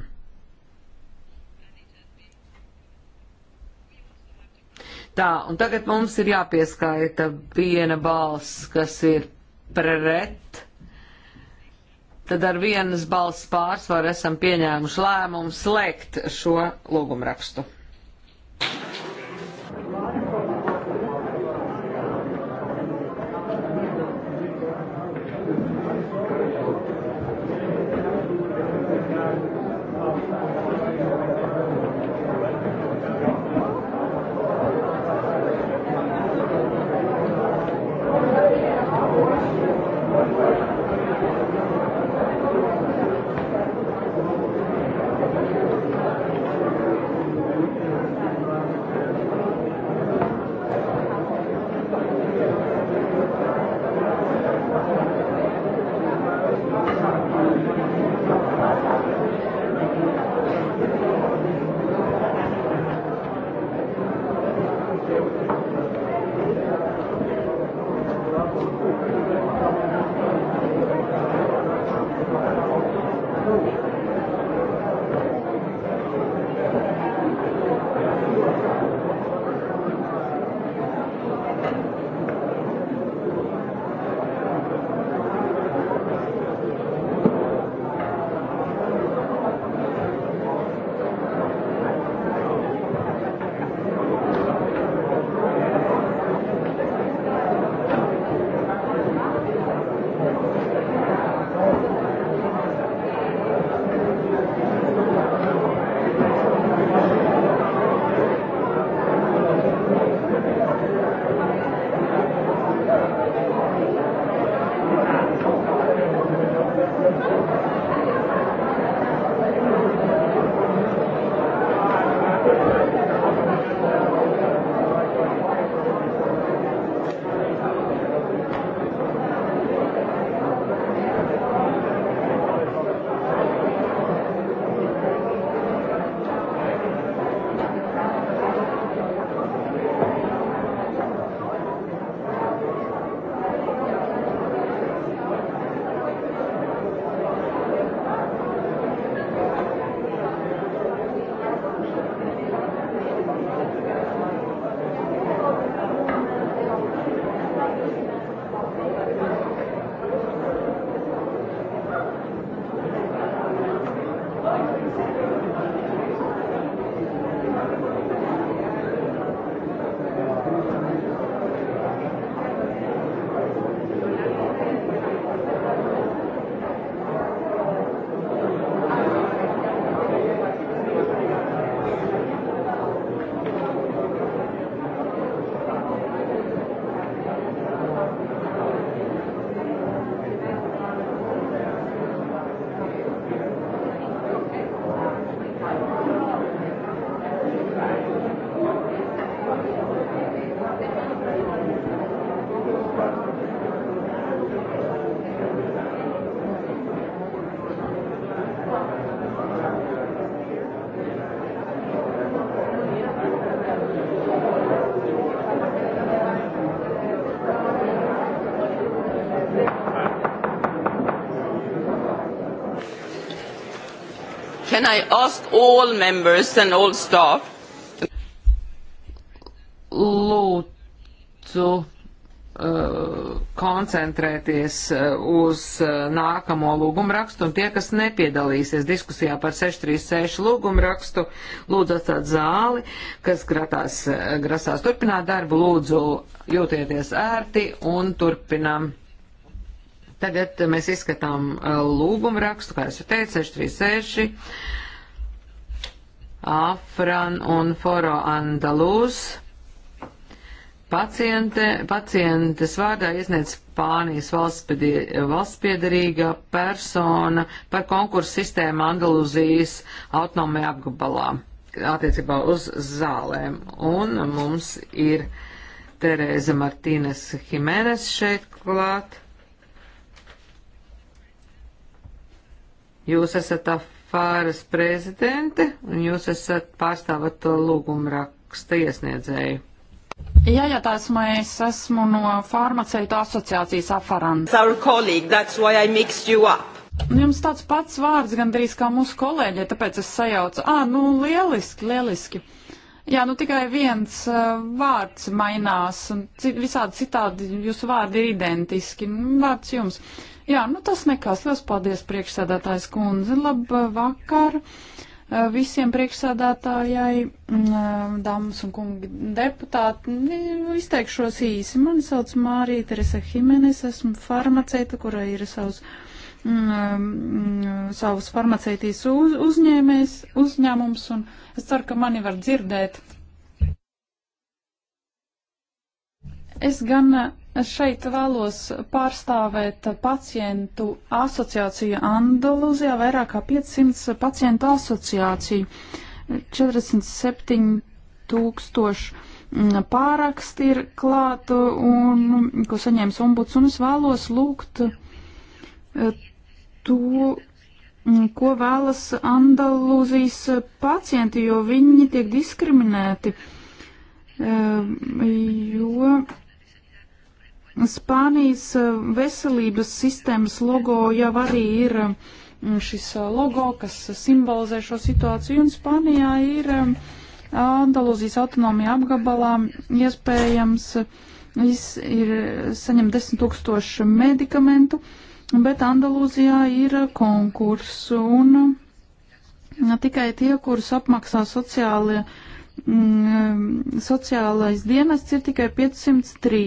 Tā, un tagad mums ir jāpieskaita viena balss, kas ir pret. Tad ar vienas balss pārsvaru esam pieņēmuši lēmumu slēgt šo lūgumrakstu. Can I ask all members and all staff? Lūdzu uh, koncentrēties uh, uz uh, nākamo lūgumrakstu un tie, kas nepiedalīsies diskusijā par 636 lūgumrakstu, lūdzu atstāt zāli, kas gratās, uh, grasās turpināt darbu, lūdzu jūtieties ērti un turpinām. Tagad eh, mēs izskatām eh, lūgumu rakstu, kā es jau teicu, 636, Afran un Foro Andalūs. Paciente, pacientes vārdā iesniedz Spānijas valsts piedarīga persona par konkursu sistēmu Andalūzijas autonomajā apgabalā attiecībā uz zālēm. Un mums ir Tereza Martīnes Himenes šeit klāt. Jūs esat afāras prezidente un jūs esat pārstāvat to lūgumu raksta iesniedzēju. Jā, jā, tā esmu es, esmu no farmaceitu asociācijas afaran. Jums tāds pats vārds gandrīz kā mūsu kolēģi, tāpēc es sajaucu. Ā, nu, lieliski, lieliski. Jā, nu tikai viens uh, vārds mainās, un cit, visādi citādi jūsu vārdi ir identiski. Nu, vārds jums. Uh, Jā, nu tas nekas. Lielas paldies priekšsēdētājs kundze. Labu eh, vakar eh, visiem priekšsēdētājai, mm, eh, dāmas un kungi deputāti. Nu, izteikšos īsi. Mani sauc Mārija Teresa Himenes, esmu farmaceita, kurai ir savs, mm, mm savs farmaceitīs uz, uzņēmēs, uzņēmums, un es ceru, ka mani var dzirdēt. Es gan Šeit vēlos pārstāvēt pacientu asociāciju Andalūzijā, vairāk kā 500 pacientu asociāciju, 47 tūkstoši pāraksti ir klāt, un, ko saņēmis ombuds, un es vēlos lūgt eh, to, mm, ko vēlas Andalūzijas pacienti, jo viņi tiek diskriminēti, eh, jo Spānijas eh, veselības sistēmas logo jau arī ir eh, mm, šis eh, logo, kas simbolizē šo situāciju, un Spānijā ir Andalūzijas autonomija apgabalā iespējams ir saņemt 10 tūkstošu medikamentu, bet Andalūzijā ir konkurs, un tikai tie, kurus apmaksā sociāli, mm, sociālais dienests, ir tikai 503.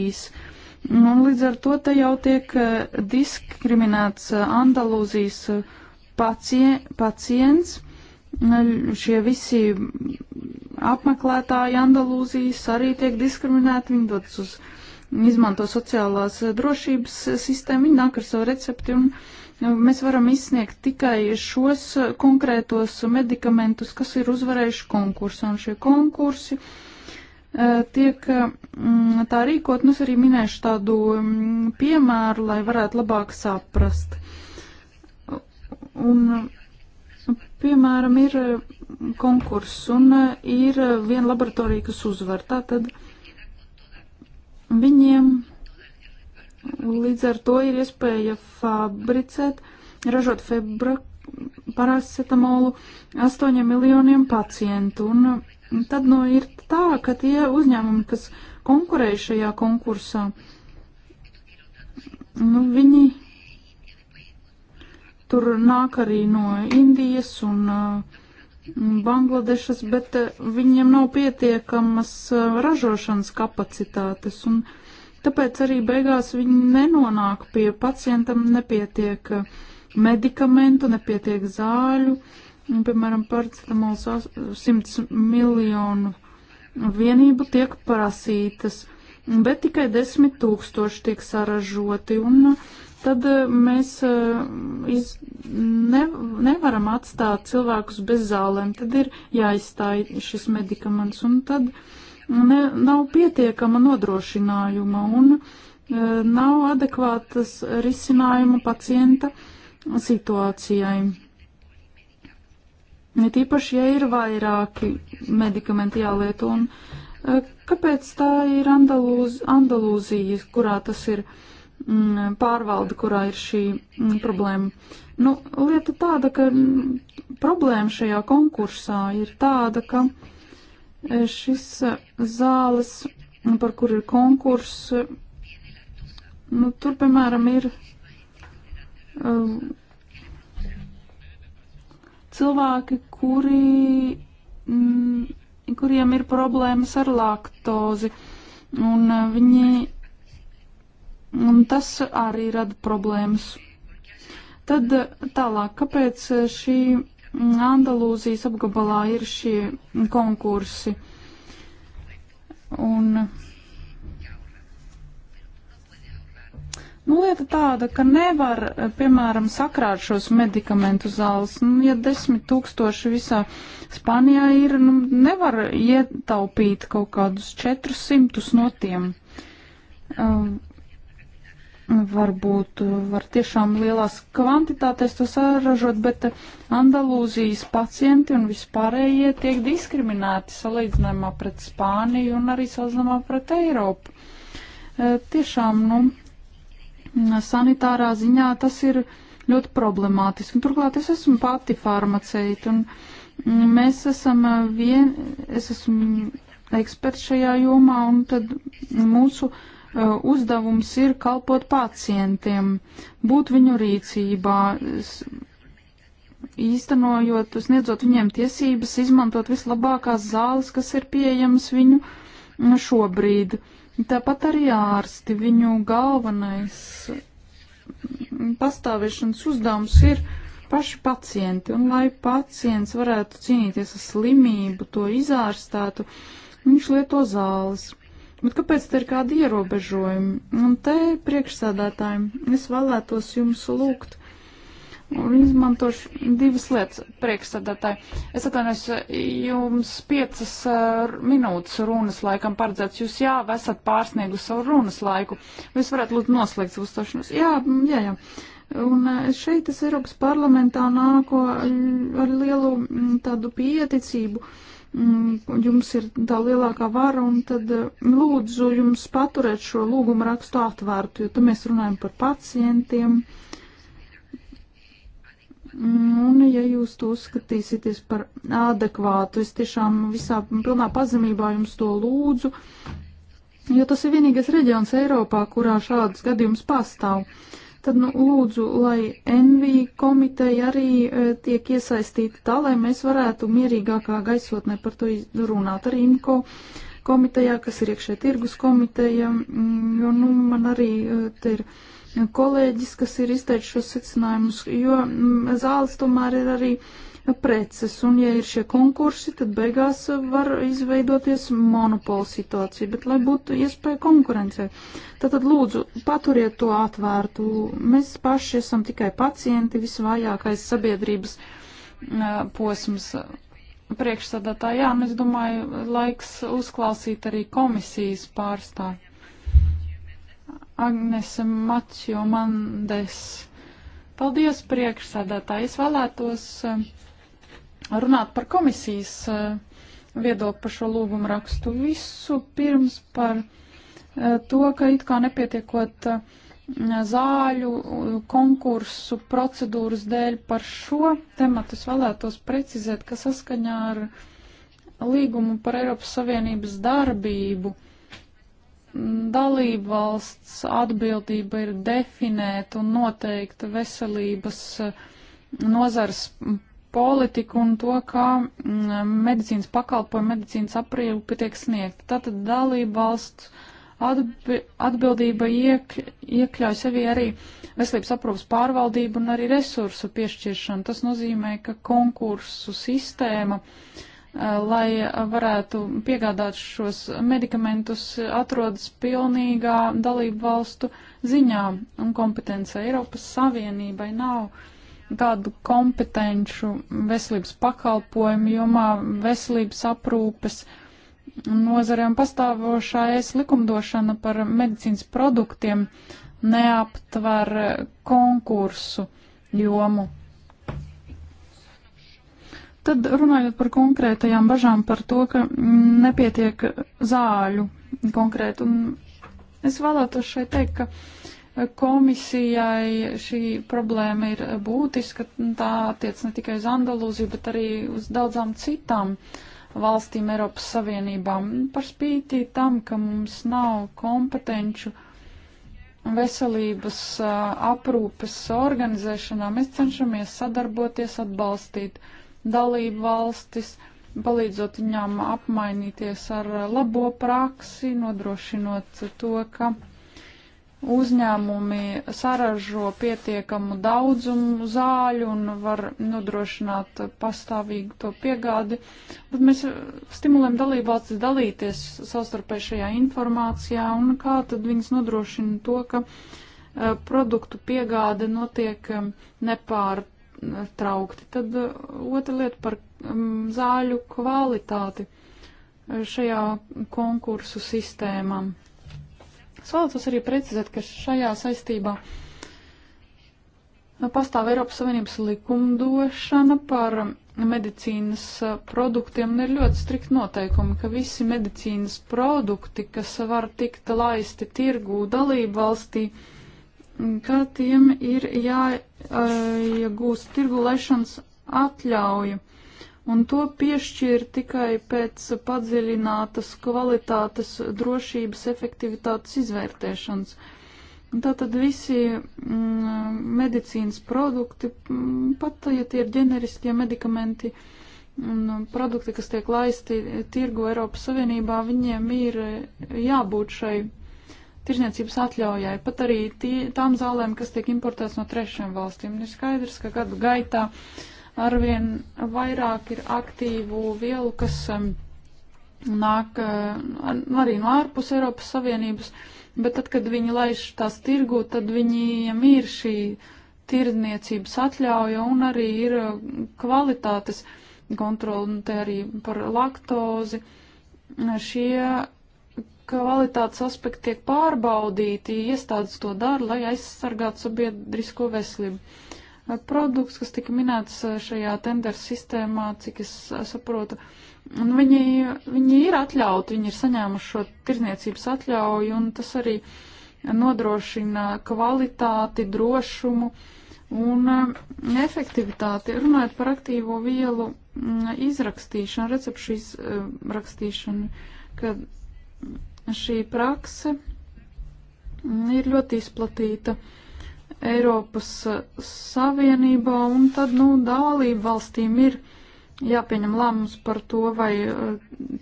Un nu, līdz ar to te jau tiek eh, diskriminēts eh, Andalūzijas eh, pacie, pacients. Nu, šie visi apmeklētāji Andalūzijas arī tiek diskriminēti. Viņi dodas uz izmanto sociālās drošības sistēmu, viņi nāk ar savu recepti un mēs varam izsniegt tikai šos konkrētos medikamentus, kas ir uzvarējuši konkursu. Un šie konkursi uh, Eh, tiek mm, tā rīkot, nu es arī minēšu tādu mm, piemēru, lai varētu labāk saprast. Un, piemēram, ir konkurss un ir viena laboratorija, kas uzvar. Tātad viņiem līdz ar to ir iespēja fabricēt, ražot febra paracetamolu 8 miljoniem pacientu. Un tad, nu, ir tā, ka tie uzņēmumi, kas konkurēja šajā konkursā, nu, viņi tur nāk arī no Indijas un uh, Bangladešas, bet uh, viņiem nav pietiekamas uh, ražošanas kapacitātes, un tāpēc arī beigās viņi nenonāk pie pacientam, nepietiek uh, medikamentu, nepietiek zāļu, un, piemēram, paracetamols 100 miljonu vienību tiek prasītas, bet tikai desmit tūkstoši tiek saražoti, un uh, tad uh, mēs uh, iz, ne, nevaram atstāt cilvēkus bez zālēm, tad ir jāizstāj šis medikaments, un tad ne, nav pietiekama nodrošinājuma, un nav adekvātas risinājuma pacienta situācijai. Ja tīpaši, ja ir vairāki medikamenti jālieto, un eh, kāpēc tā ir Andalūz, Andalūzija, kurā tas ir mm, pārvalde, kurā ir šī mm, problēma? Nu, lieta tāda, ka mm, problēma šajā konkursā ir tāda, ka eh, šis eh, zāles, mm, par kur ir konkurs, mm, nu, tur, piemēram, ir. Um, cilvēki, kuri, m, mm, kuriem ir problēmas ar laktozi. Un eh, viņi, un tas arī rada problēmas. Tad eh, tālāk, kāpēc eh, šī Andalūzijas apgabalā ir šie konkursi? Un Nu, lieta tāda, ka nevar, eh, piemēram, sakrāt šos medikamentu zāles. Nu, ja desmit tūkstoši visā Spānijā ir, nu, nevar ietaupīt kaut kādus 400 no tiem. Um, varbūt eh, var tiešām lielās kvantitātēs to sāražot, bet eh, Andalūzijas pacienti un vispārējie tiek diskriminēti salīdzinājumā pret Spāniju un arī salīdzinājumā pret Eiropu. E, tiešām, nu, sanitārā ziņā tas ir ļoti problemātiski. Un, turklāt es esmu pati farmaceita un mm, mēs esam uh, vien, es esmu eksperts šajā jomā un tad mūsu uh, uzdevums ir kalpot pacientiem, būt viņu rīcībā, īstenojot, sniedzot viņiem tiesības, izmantot vislabākās zāles, kas ir pieejamas viņu mm, šobrīd. Uh, Tāpat arī ārsti, viņu galvenais mm, pastāvēšanas uzdevums ir paši pacienti, un lai pacients varētu cīnīties ar slimību, to izārstātu, viņš lieto zāles. Bet kāpēc te ir kādi ierobežojumi? Un te priekšsādātājiem es vēlētos jums lūgt Un izmantošu divas lietas priekšsēdētāji. Es atvainojos, jums piecas uh, minūtes runas laikam paredzēts. Jūs jā, esat pārsniegusi savu runas laiku. Jūs varat lūdzu noslēgt savu stāšanos. Jā, jā, jā. Un eh, šeit es Eiropas parlamentā nāku ar lielu mm, tādu pieticību. Mm, jums ir tā lielākā vara, un tad eh, lūdzu jums paturēt šo lūgumu rakstu atvērtu, jo tad mēs runājam par pacientiem. Uh, Un, ja jūs to uzskatīsieties par adekvātu, es tiešām visā pilnā pazemībā jums to lūdzu, jo tas ir vienīgais reģions Eiropā, kurā šāds gadījums pastāv. Tad nu, lūdzu, lai NV komiteja arī e, tiek iesaistīta tā, lai mēs varētu mierīgākā gaisotnē par to runāt ar IMCO komitejā, kas ir iekšē tirgus komiteja, mm, jo nu, man arī e, te ir kolēģis, kas ir izteicis šos secinājumus, jo mm, zāles tomēr ir arī preces, un ja ir šie konkursi, tad beigās var izveidoties monopola situācija, bet lai būtu iespēja konkurencei. Tātad lūdzu, paturiet to atvērtu. Mēs paši esam tikai pacienti, visvājākais sabiedrības mm, posms priekšsādātājām. Es domāju, laiks uzklausīt arī komisijas pārstāvi. Agnese Matsjo Mandes. Paldies priekšsēdētāji. Es vēlētos eh, runāt par komisijas eh, viedokli par šo lūgumu rakstu. Visu pirms par eh, to, ka it kā nepietiekot zāļu konkursu procedūras dēļ par šo tematu es vēlētos precizēt, ka saskaņā ar līgumu par Eiropas Savienības darbību dalībvalsts atbildība ir definēt un noteikt veselības eh, nozars politiku un to, kā mm, medicīnas pakalpojumi, medicīnas aprīpe tiek sniegta. Tātad dalībvalsts atbi atbildība iek iekļauj sevi arī veselības aprūpas pārvaldību un arī resursu piešķiršanu. Tas nozīmē, ka konkursu sistēma uh, Eh, lai varētu piegādāt šos medikamentus, atrodas pilnīgā dalību valstu ziņā un kompetence. Eiropas Savienībai nav kādu kompetenču veselības pakalpojumu jomā, veselības aprūpes nozarēm pastāvošā es likumdošana par medicīnas produktiem neaptver konkursu jomu. Tad runājot par konkrētajām bažām par to, ka mm, nepietiek zāļu konkrēti, un es vēlētos šeit teikt, ka e, komisijai šī problēma ir e, būtiska, tā attiec ne tikai uz Andalūziju, bet arī uz daudzām citām valstīm Eiropas Savienībām. Par spīti tam, ka mums nav kompetenču veselības e, aprūpes organizēšanā, mēs cenšamies sadarboties, atbalstīt uh, dalību valstis, palīdzot viņām apmainīties ar labo praksi, nodrošinot to, ka uzņēmumi saražo pietiekamu daudzumu zāļu un var nodrošināt pastāvīgu to piegādi. Bet mēs stimulējam dalībvalstis dalīties savstarpēji šajā informācijā un kā tad viņas nodrošina to, ka eh, produktu piegāde notiek eh, nepār satraukti. Tad uh, otra lieta par um, zāļu kvalitāti uh, šajā konkursu sistēmā. Es vēlētos arī precizēt, ka šajā saistībā uh, pastāv Eiropas Savienības likumdošana par um, medicīnas produktiem un ir ļoti strikt noteikumi, ka visi medicīnas produkti, kas var tikt laisti tirgū dalību valstī, uh, ka tiem ir jāiegūst eh, tirgu lešanas atļauju, un to piešķir tikai pēc padziļinātas kvalitātes drošības efektivitātes izvērtēšanas. Tātad visi mm, medicīnas produkti, mm, pat ja tie ir ģeneriskie medikamenti, un produkti, kas tiek laisti tirgu Eiropas Savienībā, viņiem ir jābūt šai tirzniecības atļaujai, pat arī tī, tām zālēm, kas tiek importētas no trešām valstīm. Ir skaidrs, ka gadu gaitā arvien vairāk ir aktīvu vielu, kas um, nāk uh, arī no ārpus Eiropas Savienības, bet tad, kad viņi laiž tās tirgu, tad viņiem ir šī tirzniecības atļauja un arī ir uh, kvalitātes kontrola, un te arī par laktozi. Šie kvalitātes aspekti tiek pārbaudīti, iestādes to dara, lai aizsargātu sabiedrisko veselību. Produkts, kas tika minēts eh, šajā tendera sistēmā, cik es eh, saprotu, un nu, viņi, viņi ir atļauti, viņi ir saņēmuši šo tirzniecības atļauju, un tas arī nodrošina kvalitāti, drošumu un eh, efektivitāti. Runājot par aktīvo vielu mm, izrakstīšanu, recepšu izrakstīšanu, kad Šī prakse ir ļoti izplatīta Eiropas Savienībā, un tad, nu, dalību valstīm ir jāpieņem lēmums par to, vai eh,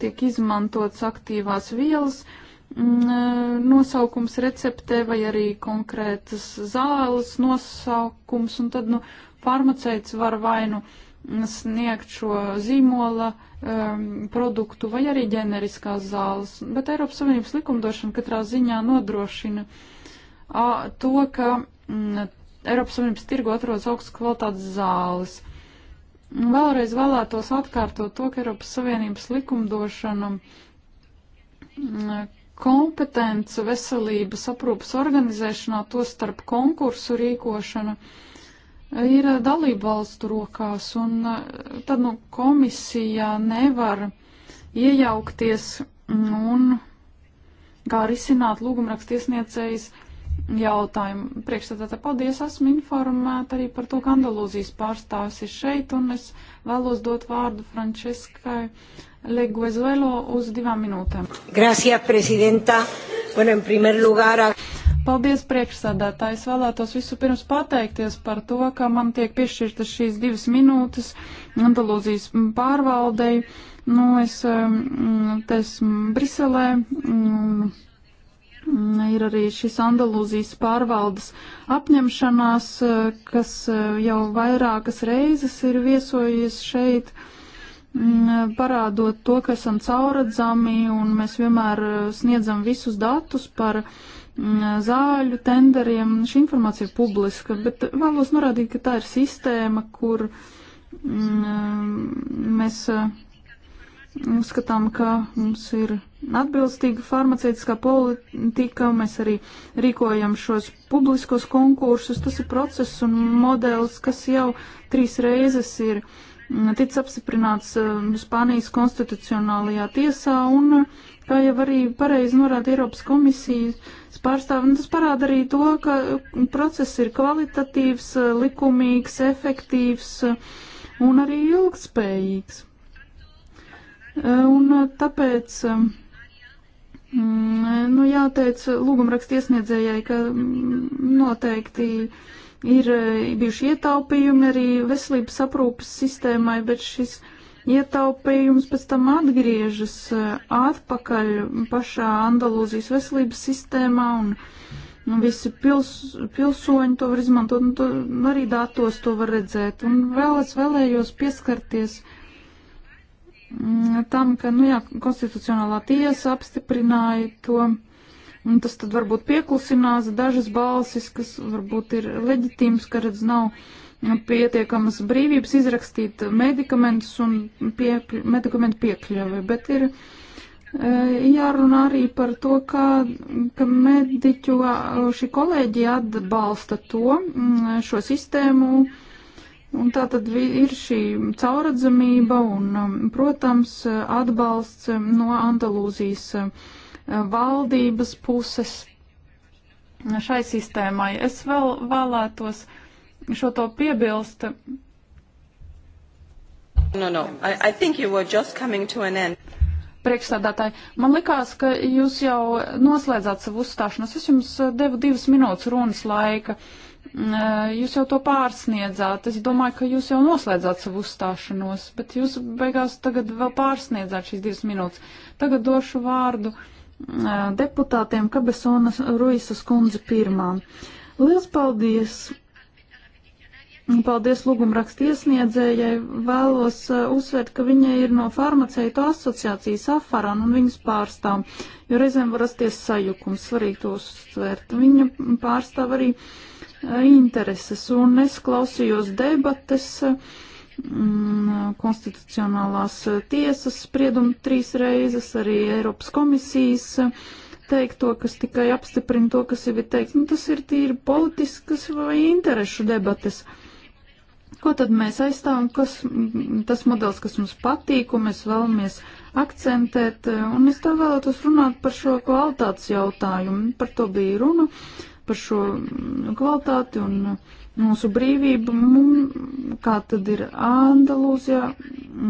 tiek izmantots aktīvās vielas mm, eh, nosaukums receptē vai arī konkrētas zāles nosaukums, un tad, nu, farmaceits var vai nu sniegt šo zīmola uh, um, produktu vai arī ģeneriskās zāles, bet Eiropas Savienības likumdošana katrā ziņā nodrošina a, to, ka mm, Eiropas Savienības tirgu atrodas augstas kvalitātes zāles. Vēlreiz vēlētos atkārtot to, ka Eiropas Savienības likumdošana mm, kompetence veselības aprūpas organizēšanā, to starp konkursu rīkošana, uh, ir dalību valstu rokās, un eh, tad nu, komisija nevar iejaukties un kā risināt lūgumrakstiesniecējas jautājumu. Priekšstādātā paldies, esmu informēta arī par to, ka Andalūzijas pārstāvis ir šeit, un es vēlos dot vārdu Franceskai Leguezuelo uz divām minūtēm. Gracias, prezidenta. Bueno, en primer lugar... A... Paldies, priekšsādātāji. Es vēlētos vispirms pateikties par to, ka man tiek piešķirtas šīs divas minūtes Andalūzijas pārvaldei. Nu, es um, te esmu Briselē. Mm, ir arī šis Andalūzijas pārvaldes apņemšanās, kas uh, jau vairākas reizes ir viesojies šeit mm, parādot to, ka esam cauradzami un mēs vienmēr uh, sniedzam visus datus par uh, Mm, zāļu tenderiem. Šī informācija ir publiska, bet vēlos norādīt, ka tā ir sistēma, kur mm, mēs mm, uzskatām, ka mums ir atbilstīga farmaceitiskā politika, mēs arī rīkojam šos publiskos konkursus. Tas ir process un modelis, kas jau trīs reizes ir ticis apstiprināts Spānijas konstitucionālajā tiesā un, kā jau arī pareizi norāda Eiropas komisijas, pārstāv. Un tas parāda arī to, ka process ir kvalitatīvs, likumīgs, efektīvs un arī ilgspējīgs. Un tāpēc, mm, nu jāteic lūgumrakst iesniedzējai, ka noteikti ir bijuši ietaupījumi arī veselības aprūpas sistēmai, bet šis ietaupījums pēc tam atgriežas eh, atpakaļ pašā Andalūzijas veselības sistēmā un Nu, visi pils, pilsoņi to var izmantot, un to, arī datos to var redzēt. Un vēl es vēlējos pieskarties mm, tam, ka, nu jā, konstitucionālā tiesa apstiprināja to, un tas tad varbūt pieklusinās dažas balsis, kas varbūt ir leģitīmas, ka redz nav pietiekamas brīvības izrakstīt medikamentus un piekļu, medikamentu piekļuvi, bet ir e, jārunā arī par to, ka, ka mediķu šī kolēģija atbalsta to, mm, šo sistēmu, un tā tad ir šī cauradzamība un, protams, atbalsts no Andalūzijas valdības puses šai sistēmai. Es vēl vēlētos uh, šo to piebilst. No, no. I, I think you were just coming to an end. Priekšsādātāji, man likās, ka jūs jau noslēdzāt savu uzstāšanos. Es jums eh, devu divas minūtes runas laika. Mm, eh, jūs jau to pārsniedzāt. Es domāju, ka jūs jau noslēdzāt savu uzstāšanos, bet jūs beigās tagad vēl pārsniedzāt šīs divas minūtes. Tagad došu vārdu mm, eh, deputātiem Kabesonas Ruisas kundze pirmām. Liels paldies! Paldies lūgumrakstu iesniedzējai. Vēlos uh, uzsvērt, ka viņa ir no farmaceitu asociācijas afaran un viņas pārstāv, jo reizēm var rasties sajukums, svarīgi to uzsvērt. Viņa pārstāv arī uh, intereses un es klausījos debates mm, konstitucionālās uh, tiesas spriedumu trīs reizes, arī Eiropas komisijas teikt to, kas tikai apstiprina to, kas jau ir teikts. Nu, tas ir tīri politiskas vai interešu debates. Uh, Ko tad mēs aizstāvam, kas tas modelis, kas mums patīk, ko mēs vēlamies akcentēt, un es tā vēlētos runāt par šo kvalitātes jautājumu, par to bija runa, par šo kvalitāti un mūsu brīvību, mum, kā tad ir Andalūzijā,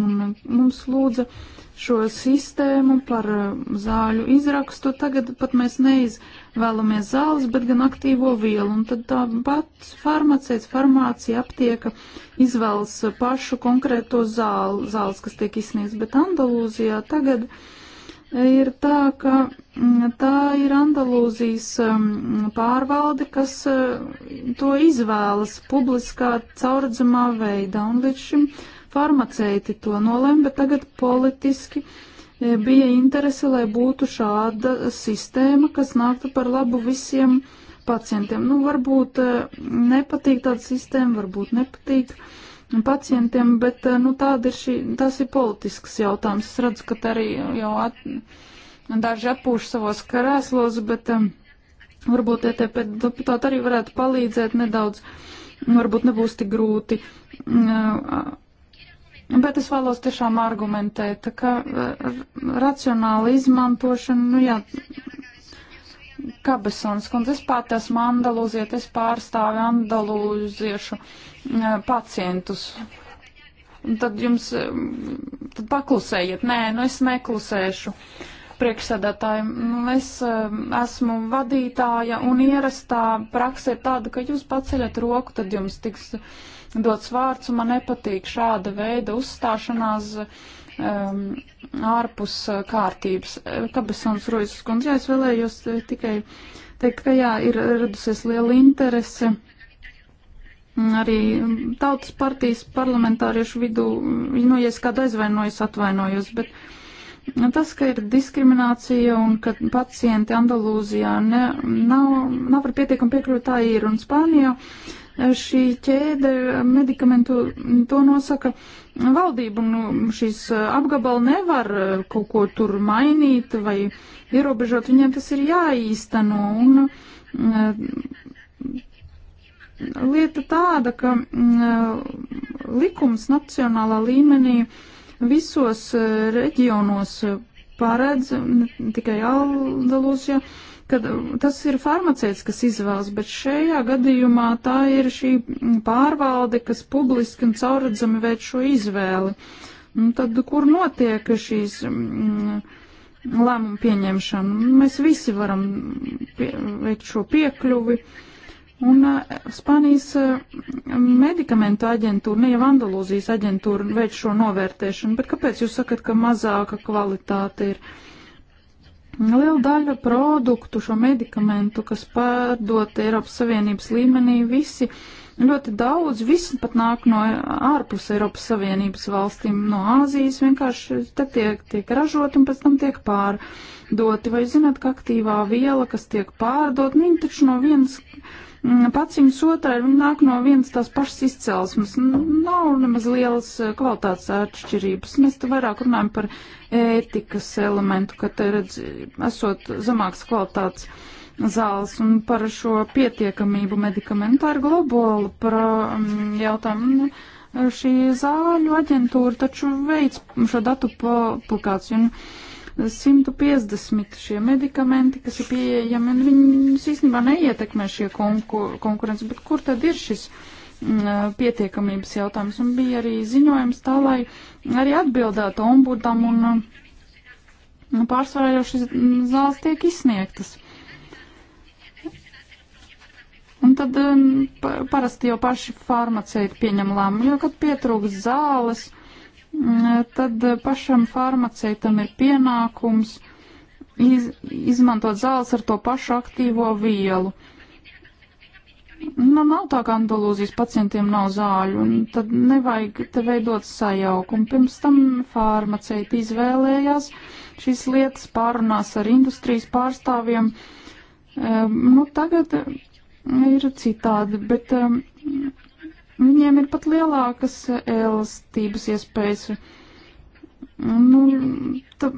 un mums lūdza šo sistēmu par zāļu izrakstu, tagad pat mēs neizmantojam vēlamies zāles, bet gan aktīvo vielu. Un tad tāpat farmaceits, farmācija, aptieka izvēlas pašu konkrēto zāli, zāles, kas tiek izsniegts. Bet Andalūzijā tagad ir tā, ka mm, tā ir Andalūzijas mm, pārvalde, kas mm, to izvēlas publiskā caurredzamā veidā. Un līdz šim farmaceiti to nolēma, bet tagad politiski E, bija interese, lai būtu šāda sistēma, kas nāktu par labu visiem pacientiem. Nu, varbūt e, nepatīk tāda sistēma, varbūt nepatīk pacientiem, bet e, nu, tāda ir šī, tas ir politisks jautājums. Es redzu, ka arī jau at, daži atpūš savos karēslos, bet um, varbūt ETP deputāti arī varētu palīdzēt nedaudz. Varbūt nebūs tik grūti uh, Bet es vēlos tiešām argumentēt, ka eh, racionāla izmantošana, nu jā, Kabesons kundze, es pat esmu andalūziet, es pārstāvu andalūziešu eh, pacientus. Un tad jums, eh, tad paklusējiet, nē, nu es neklusēšu priekšsēdētāji. Nu, es esmu vadītāja un ierastā praksa ir tāda, ka jūs paceļat roku, tad jums tiks. Uh, dots vārds, un man nepatīk šāda veida uzstāšanās um, ārpus uh, kārtības. Eh, Kabesons Ruizas kundze, jā, es vēlējos eh, tikai teikt, ka jā, ir radusies liela interese. Mm, arī mm, tautas partijas parlamentāriešu vidū, mm, nu, ja es kādu aizvainojos, atvainojos, bet uh, Tas, ka ir diskriminācija un ka pacienti Andalūzijā ne, nav, nav par pietiekam piekļūt, tā ir. Un Spānijā šī ķēde medikamentu to nosaka valdība, un nu, šīs apgabala nevar kaut ko tur mainīt vai ierobežot, viņiem tas ir jāīsteno. Un, lieta tāda, ka likums nacionālā līmenī visos reģionos paredz, ne tikai Aldalūsija, ja, kad um, tas ir farmaceits, kas izvēlas, bet šajā gadījumā tā ir šī mm, pārvalde, kas publiski un cauradzami veic šo izvēli. Un tad, kur notiek šīs mm, lēmumu pieņemšana, mēs visi varam pie, veikt šo piekļuvi. Un uh, Spānijas uh, medikamentu aģentūra, ne jau Andalūzijas aģentūra, veic šo novērtēšanu, bet kāpēc jūs sakat, ka mazāka kvalitāte ir? Liela daļa produktu, šo medikamentu, kas pārdot Eiropas Savienības līmenī, visi ļoti daudz, visi pat nāk no ārpus Eiropas Savienības valstīm, no Āzijas, vienkārši te tiek, tiek ražot un pēc tam tiek pārdoti. Vai zināt, ka aktīvā viela, kas tiek pārdot, nu, viņi taču no vienas Mm, pats viņas otrā ir, viņa nāk no vienas tās pašas izcelsmes. Nav nemaz lielas eh, kvalitātes atšķirības. Mēs te vairāk runājam par ētikas elementu, ka te redz, esot zemāks kvalitātes zāles un par šo pietiekamību medikamentā ir globāla par mm, jautājumu. Eh, šī zāļu aģentūra taču veids šo datu publikāciju. Un, 150 šie medikamenti, kas ir pieejami, un viņus īstenībā neietekmē šie konkur konkurence, bet kur tad ir šis mm, pietiekamības jautājums? Un bija arī ziņojums tā, lai arī atbildētu ombudam, un, un mm, pārsvarā jau šis zāles tiek izsniegtas. Un tad um, parasti jau paši farmaceiti pieņem lēmumu, jo kad pietrūks zāles, uh, Mm, tad eh, pašam farmaceitam ir pienākums iz, izmantot zāles ar to pašu aktīvo vielu. Nu, nav tā, ka Andalūzijas pacientiem nav zāļu, un tad nevajag te veidot sajaukumu. Pirms tam farmaceiti izvēlējās šīs lietas, pārunās ar industrijas pārstāvjiem. E, nu, tagad ir citādi, bet e, Viņiem ir pat lielākas eh, elastības iespējas Nu,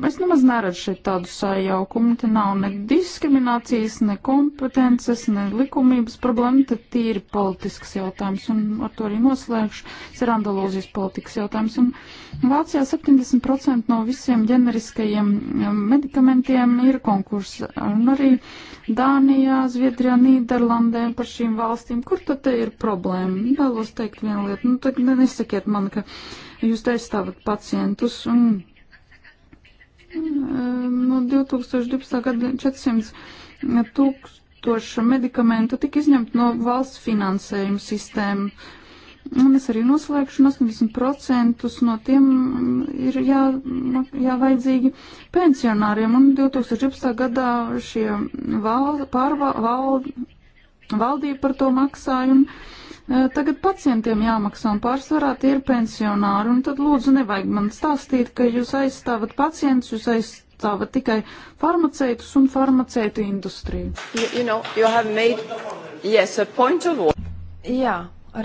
es nemaz neredzu šeit tādu sajaukumu. Te nav ne diskriminācijas, ne kompetences, ne likumības problēma. Te tīri politisks jautājums, un ar to arī noslēgšu. Tas ir Andalūzijas politikas jautājums. Un Vācijā 70% no visiem ģeneriskajiem um, medikamentiem ir konkursa. Un arī Dānijā, Zviedrijā, Nīderlandē par šīm valstīm. Kur tad te ir problēma? Vēlos teikt vienu lietu. Nu, tad nesakiet man, ka Jūs te aizstāvat pacientus un um, no 2012. gada 400 tūkstoši medikamentu tika izņemti no valsts finansējuma sistēmu. Un es arī noslēgšu 80% no tiem um, ir jā, jā vajadzīgi pensionāriem. Un 2014. gadā šie val, pārvaldība par to maksāja. Un, tagad pacientiem jāmaksā, un pārsvarā tie ir pensionāri, un tad lūdzu nevajag man stāstīt, ka jūs aizstāvat pacientus, jūs aizstāvat tikai farmaceitus un farmaceitu industriju. You, you know, you made, yes, Jā,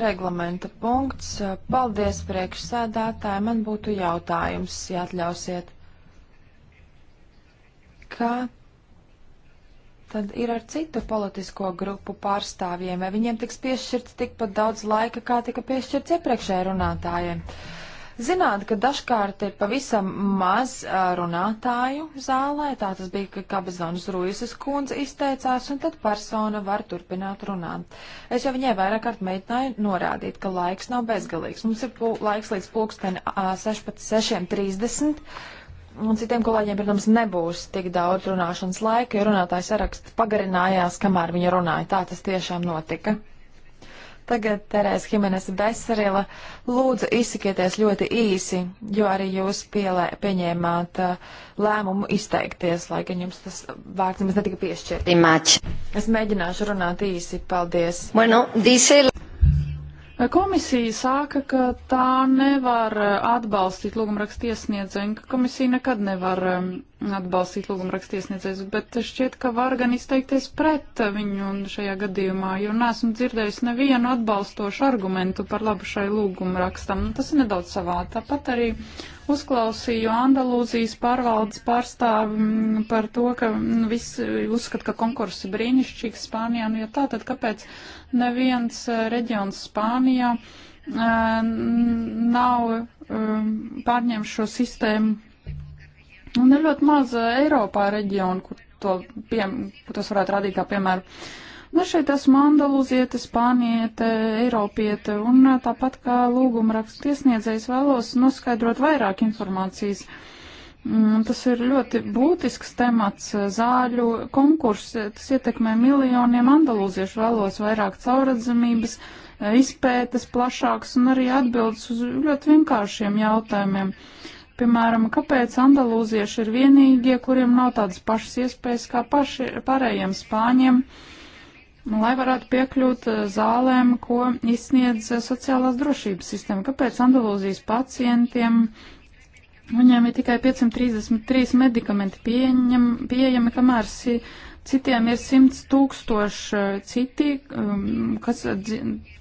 reglamenta punkts. Paldies priekšsēdētāji, man būtu jautājums, ja atļausiet. Kā tad ir ar citu politisko grupu pārstāvjiem, vai viņiem tiks piešķirts tikpat daudz laika, kā tika piešķirts iepriekšējiem runātājiem. Zināt, ka dažkārt ir pavisam maz runātāju zālē, tā tas bija, ka Kabezonas Ruisas kundze izteicās, un tad persona var turpināt runāt. Es jau viņai vairāk kārt mēģināju norādīt, ka laiks nav bezgalīgs. Mums ir laiks līdz pulksteni 16.30. Un citiem kolēģiem, protams, nebūs tik daudz runāšanas laika, jo runātājs saraksts pagarinājās, kamēr viņa runāja. Tā tas tiešām notika. Tagad Terēs Himenes Besarila lūdzu izsakieties ļoti īsi, jo arī jūs pielē, pieņēmāt uh, lēmumu izteikties, lai gan jums tas vārds nemaz netika piešķirts. Es mēģināšu runāt īsi. Paldies. Bueno, diesel. Komisija saka, ka tā nevar eh, atbalstīt lūgumrakstu iesniedzēju, ka komisija nekad nevar eh, atbalstīt lūgumu rakstiesniedzējus, bet šķiet, ka var gan izteikties pret viņu šajā gadījumā, jo nesmu dzirdējis nevienu atbalstošu argumentu par labu šai lūgumu rakstam. Nu, tas ir nedaudz savā. Tāpat arī uzklausīju Andalūzijas pārvaldes pārstāvi mm, par to, ka nu, visi uzskata, ka konkurss ir brīnišķīgs Spānijā. Nu, ja tā, tad kāpēc neviens eh, reģions Spānijā uh, nav uh, pārņēmis šo sistēmu Un ir ļoti maz eh, Eiropā reģionu, kur, to, piem, kur tas varētu radīt kā piemēru. Nu, šeit esmu andalūziete, spāniete, eiropiete, un eh, tāpat kā lūguma raksts tiesniedzējs vēlos noskaidrot vairāk informācijas. Mm, tas ir ļoti būtisks temats eh, zāļu konkurss, tas ietekmē miljoniem andalūziešu, vēlos vairāk cauradzamības, izpētes plašāks un arī atbildes uz ļoti vienkāršiem jautājumiem. Uh, Piemēram, kāpēc andalūzieši ir vienīgie, kuriem nav tādas pašas iespējas kā paši, pārējiem spāņiem, lai varētu piekļūt eh, zālēm, ko izsniedz eh, sociālās drošības sistēma? Kāpēc andalūzijas pacientiem viņiem ir tikai 533 medikamenti pieņem, pieejami, kamēr si Citiem ir 100 tūkstoši eh, citi, um, kas,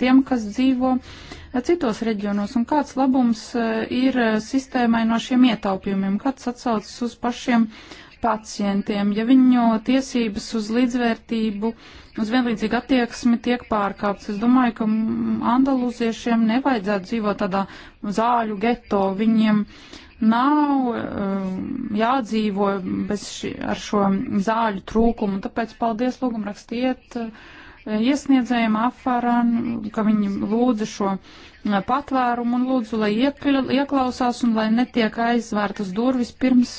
tiem, kas dzīvo eh, citos reģionos. Un kāds labums eh, ir sistēmai no šiem ietaupījumiem? Kāds atsaucas uz pašiem pacientiem, ja viņu tiesības uz līdzvērtību, uz vienlīdzīgu attieksmi tiek pārkāptas. Es domāju, ka andalūziešiem nevajadzētu dzīvot tādā zāļu geto. Viņiem nav um, jādzīvo bez ši, ar šo zāļu trūkumu. Tāpēc paldies lūgum rakstiet uh, iesniedzējiem afaran, ka viņi lūdza šo uh, patvērumu un lūdzu, lai iekļa, ieklausās un lai netiek aizvērtas durvis pirms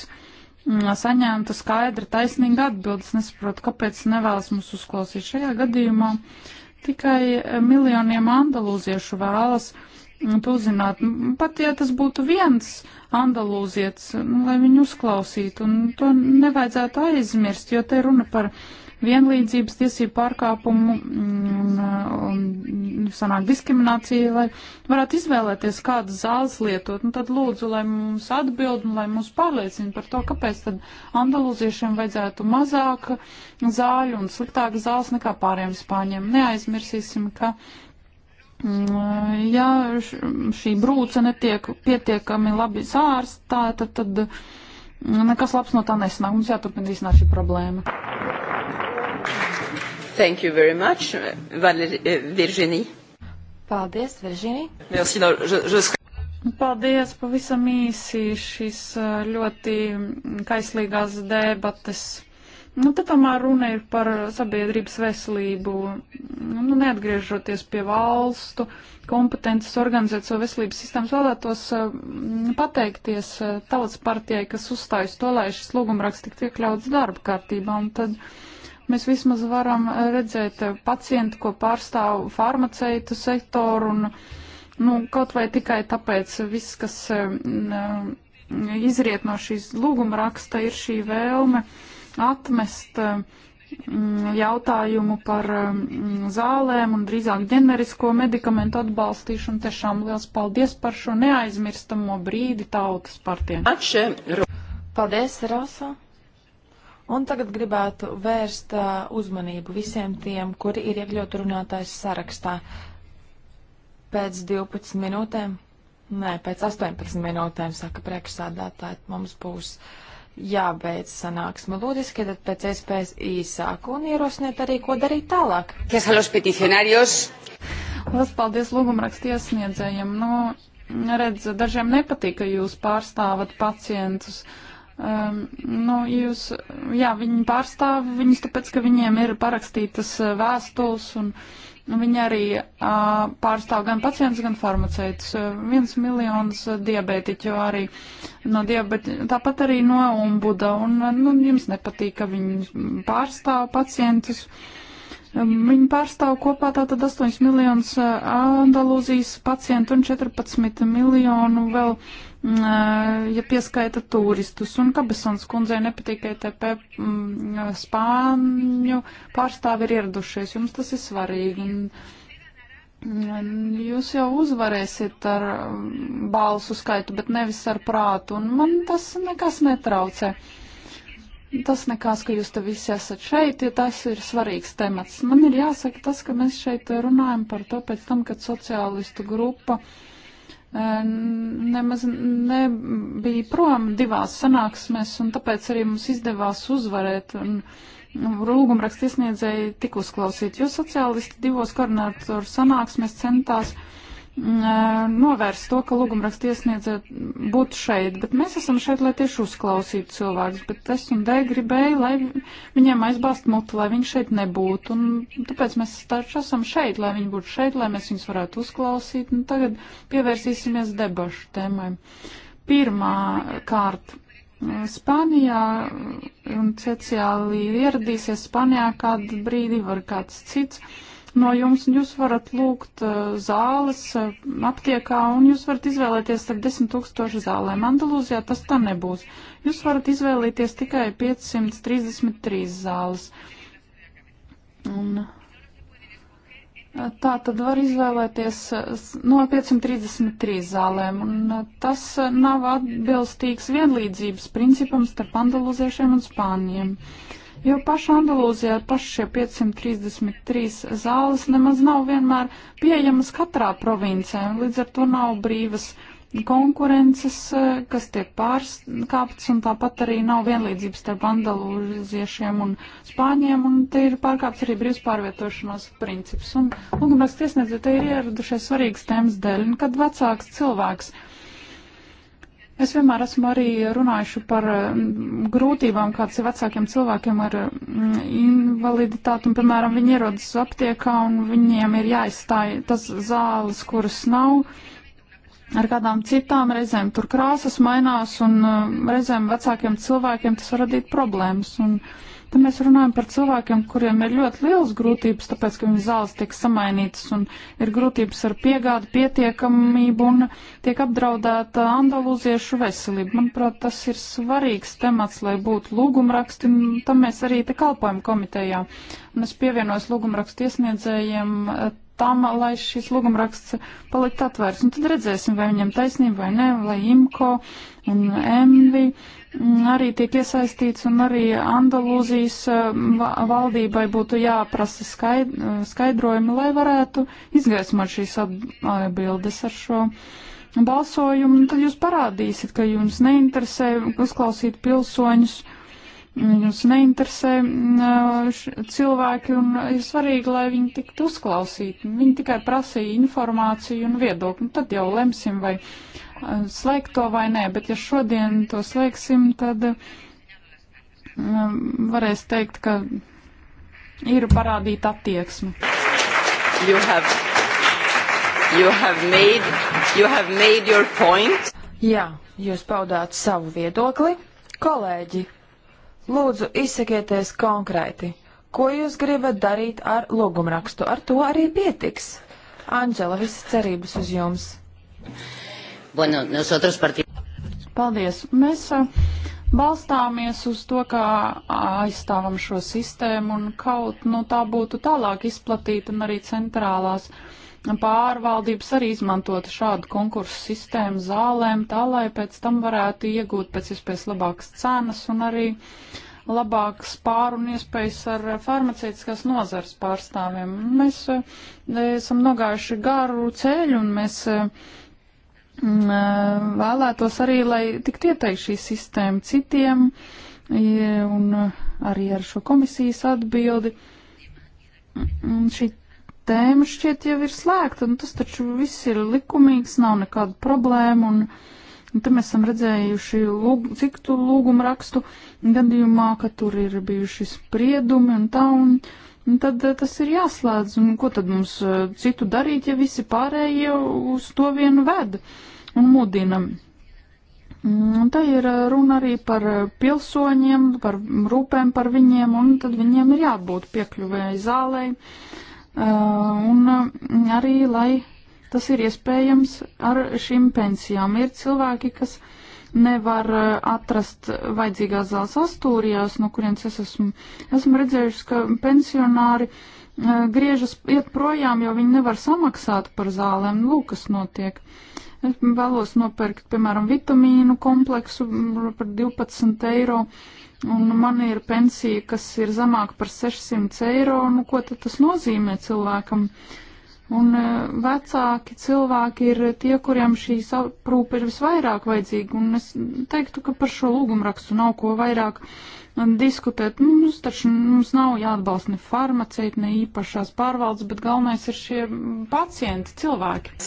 mm, saņēmta skaidra taisnīga atbildes. Nesaprotu, kāpēc nevēlas mums uzklausīt šajā gadījumā. Tikai uh, miljoniem andalūziešu vēlas uh, tuzināt, pat ja tas būtu viens andalūzietis, nu, lai viņu uzklausītu, un to nevajadzētu aizmirst, jo te runa par vienlīdzības tiesību pārkāpumu un, un sanāk diskrimināciju, lai varētu izvēlēties, kādas zāles lietot, un nu, tad lūdzu, lai mums atbild un lai mums pārliecina par to, kāpēc tad andalūziešiem vajadzētu mazāk zāļu un sliktāk zāles nekā pāriem spāņiem. Neaizmirsīsim, ka Mm, ja šī brūce netiek pietiekami labi sārstēta, tad mm, nekas labs no tā nesanāk. Mums jāturpina risināt šī problēma. Thank you very much, eh, Virginie. Paldies, Virginie. Merci, no, je, je... Paldies, pavisam īsi šīs eh, ļoti kaislīgās debates Nu, tad tomēr runa ir par sabiedrības veselību, nu, neatgriežoties pie valstu kompetences organizēt savu veselības sistēmu. Vēlētos mm, pateikties eh, tautas partijai, kas uzstājas to, lai šis lūgumraksts tiktu iekļauts darba kārtībā. Un tad mēs vismaz varam eh, redzēt eh, pacientu, ko pārstāv farmaceitu sektoru un, nu, kaut vai tikai tāpēc viss, kas mm, izriet no šīs lūgumraksta, ir šī vēlme. Uh, atmest eh, mm, jautājumu par eh, mm, zālēm un drīzāk ģenerisko medikamentu atbalstīšanu. Tiešām liels paldies par šo neaizmirstamo brīdi tautas partijai. Paldies, Rasa! Un tagad gribētu vērst eh, uzmanību visiem tiem, kuri ir iekļaut runātājs sarakstā. Pēc 12 minūtēm, nē, pēc 18 minūtēm, saka priekšsādātāji, mums būs uh, jābeidz sanāksme. Lūdzu, skatiet pēc iespējas īsāk un ierosiniet arī, ko darīt tālāk. Lielas paldies lūgumrakstu iesniedzējiem. Nu, redz, dažiem nepatīk, ka jūs pārstāvat pacientus. Um, nu, jūs, jā, viņi pārstāv viņus tāpēc, ka viņiem ir parakstītas eh, vēstules un. Uh, Nu, viņi arī uh, pārstāv gan pacientus, gan farmaceitus. Viens miljons diabētiķu arī no diabēta, tāpat arī no umbuda. Un, nu, jums nepatīk, ka viņi pārstāv pacientus. Uh, Viņi pārstāv kopā tātad 8 miljonus Andalūzijas pacientu un 14 miljonu vēl, ja pieskaita turistus. Un Kabesons kundzei nepatīk ETP spāņu pārstāvi ir ieradušies. Jums tas ir svarīgi. Un jūs jau uzvarēsiet ar balsu skaitu, bet nevis ar prātu. Un man tas nekas netraucē. Uh, tas nekās, ka jūs te visi esat šeit, ja tas ir svarīgs temats. Man ir jāsaka tas, ka mēs šeit runājam par to pēc tam, kad sociālistu grupa eh, nemaz nebija prom divās sanāksmēs, un tāpēc arī mums izdevās uzvarēt. Un, Rūgumraksta iesniedzēji tik uzklausīt, jo sociālisti divos koordinātoru sanāksmēs centās uh, Mm, novērst to, ka lūgumrakstu iesniedzēt būtu šeit, bet mēs esam šeit, lai tieši uzklausītu cilvēkus, bet es un Dēja gribēju, lai viņiem aizbāzt mutu, lai viņi šeit nebūtu, un tāpēc mēs taču esam šeit, lai viņi būtu šeit, lai mēs viņus varētu uzklausīt, un tagad pievērsīsimies debašu tēmai. Pirmā kārta. Spānijā un Cecilija ieradīsies Spānijā kādu brīdi, var kāds cits no jums, un jūs varat lūgt eh, zāles eh, aptiekā, un jūs varat izvēlēties ar 10 tūkstošu zālēm. Andalūzijā tas tā nebūs. Jūs varat izvēlēties tikai 533 zāles. Un eh, tā tad var izvēlēties no 533 zālēm, un tas nav atbilstīgs vienlīdzības principam starp andalūziešiem un spāņiem. Uh, Jo paša Andalūzijā pašie 533 zāles nemaz nav vienmēr pieejamas katrā provincē, un līdz ar to nav brīvas konkurences, eh, kas tiek pārkāptas, un tāpat arī nav vienlīdzības starp andalūziešiem un spāņiem, un te ir pārkāpts arī brīvs pārvietošanās princips. Un lūgumraks tiesniedzēji te ir ieradušies svarīgas tēmas dēļ, un kad vecāks cilvēks Es vienmēr esmu arī runājuši par mm, grūtībām, kādas ir vecākiem cilvēkiem ar mm, invaliditāti, un, piemēram, viņi ierodas aptiekā un viņiem ir jāizstāj tas zāles, kuras nav, ar kādām citām reizēm tur krāsas mainās, un mm, reizēm vecākiem cilvēkiem tas var radīt problēmas. Un, uh, Te mēs runājam par cilvēkiem, kuriem ir ļoti liels grūtības, tāpēc, ka viņu zāles tiek samainītas un ir grūtības ar piegādu, pietiekamību un tiek apdraudēta andalūziešu veselība. Manuprāt, tas ir svarīgs temats, lai būtu lūgumraksti, un tam mēs arī te kalpojam komitejā. Un es pievienos lūgumrakstu iesniedzējiem eh, tam, lai šis lūgumraksts palikt atvērts. Un tad redzēsim, vai viņam taisnība vai nē, vai IMCO un MVI Mm, arī tiek iesaistīts, un arī Andalūzijas eh, valdībai būtu jāprasa eh, skaidrojumi, lai varētu izgaismot šīs atbildes ar šo balsojumu. Tad jūs parādīsiet, ka jums neinteresē uzklausīt pilsoņus, jums neinteresē mm, eh, cilvēki, un ir svarīgi, lai viņi tiktu uzklausīti. Viņi tikai prasīja informāciju un viedokli, un tad jau lemsim, vai slēgt to vai nē, bet ja šodien to slēgsim, tad um, varēs teikt, ka ir parādīta attieksme. You have, you have made, you have made your point. Jā, jūs paudāt savu viedokli. Kolēģi, lūdzu, izsakieties konkrēti. Ko jūs gribat darīt ar lūgumrakstu? Ar to arī pietiks. Anģela, visas cerības uz jums. Bueno, nosotros partimos. Paldies. Mēs eh, balstāmies uz to, kā aizstāvam šo sistēmu un kaut nu, tā būtu tālāk izplatīta un arī centrālās pārvaldības arī izmantot šādu konkursu sistēmu zālēm, tā lai pēc tam varētu iegūt pēc iespējas labākas cenas un arī labākas pāru un iespējas ar farmaceitiskās nozares pārstāvjiem. Mēs eh, esam nogājuši garu ceļu un mēs. Uh, Mm, eh, vēlētos arī, lai tiktu ieteikt šī sistēma citiem eh, un arī ar šo komisijas atbildi. Un šī tēma šķiet jau ir slēgta, un tas taču viss ir likumīgs, nav nekādu problēmu, un, un te mēs esam redzējuši lūg, citu lūgumu rakstu gadījumā, ka tur ir bijuši spriedumi un tā, un tad eh, tas ir jāslēdz. Un ko tad mums eh, citu darīt, ja visi pārējie uz to vienu ved un mudina? Un te ir eh, runa arī par pilsoņiem, par rūpēm par viņiem, un tad viņiem ir jābūt piekļuvēji zālei, un arī, lai tas ir iespējams ar šīm pensijām. Ir cilvēki, kas nevar eh, atrast vajadzīgās zāles Astūrijās, no kurienes es esmu. Esmu redzējuši, ka pensionāri eh, griežas iet projām, jo viņi nevar samaksāt par zālēm. Lūk, kas notiek. Es vēlos nopirkt, piemēram, vitamīnu kompleksu par 12 eiro, un man ir pensija, kas ir zemāka par 600 eiro. Nu, ko tad tas nozīmē cilvēkam? Uh, Un e, vecāki cilvēki ir tie, kuriem šī aprūpe ir visvairāk vajadzīga, un es teiktu, ka par šo lūgumrakstu nav ko vairāk e, diskutēt. Nu, mums taču mums nav jāatbalsta ne farmaceiti, ne īpašās pārvaldes, bet galvenais ir šie pacienti, cilvēki.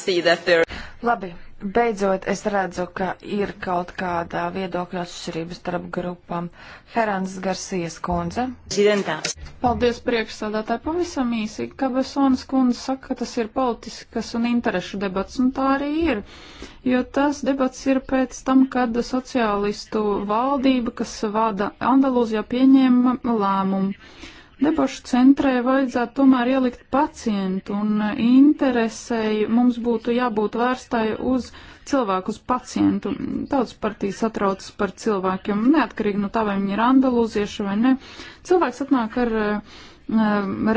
Labi, Beidzot, es redzu, ka ir kaut kāda viedokļa atšķirības starp grupām. Herans Garcijas kundze. Presidentās. Paldies priekšsādātāji. Pavisam īsi, ka Besonas kundze saka, ka tas ir politiskas un interešu debats, un tā arī ir. Jo tas debats ir pēc tam, kad sociālistu valdība, kas vada Andalūzijā, pieņēma lēmumu Debašu centrē vajadzētu tomēr ielikt pacientu un e, interesei mums būtu jābūt vērstai uz cilvēku, uz pacientu. Tautas partija satraucas par cilvēkiem, neatkarīgi no tā, vai viņi ir andalūzieši vai ne. Cilvēks atnāk ar e, e,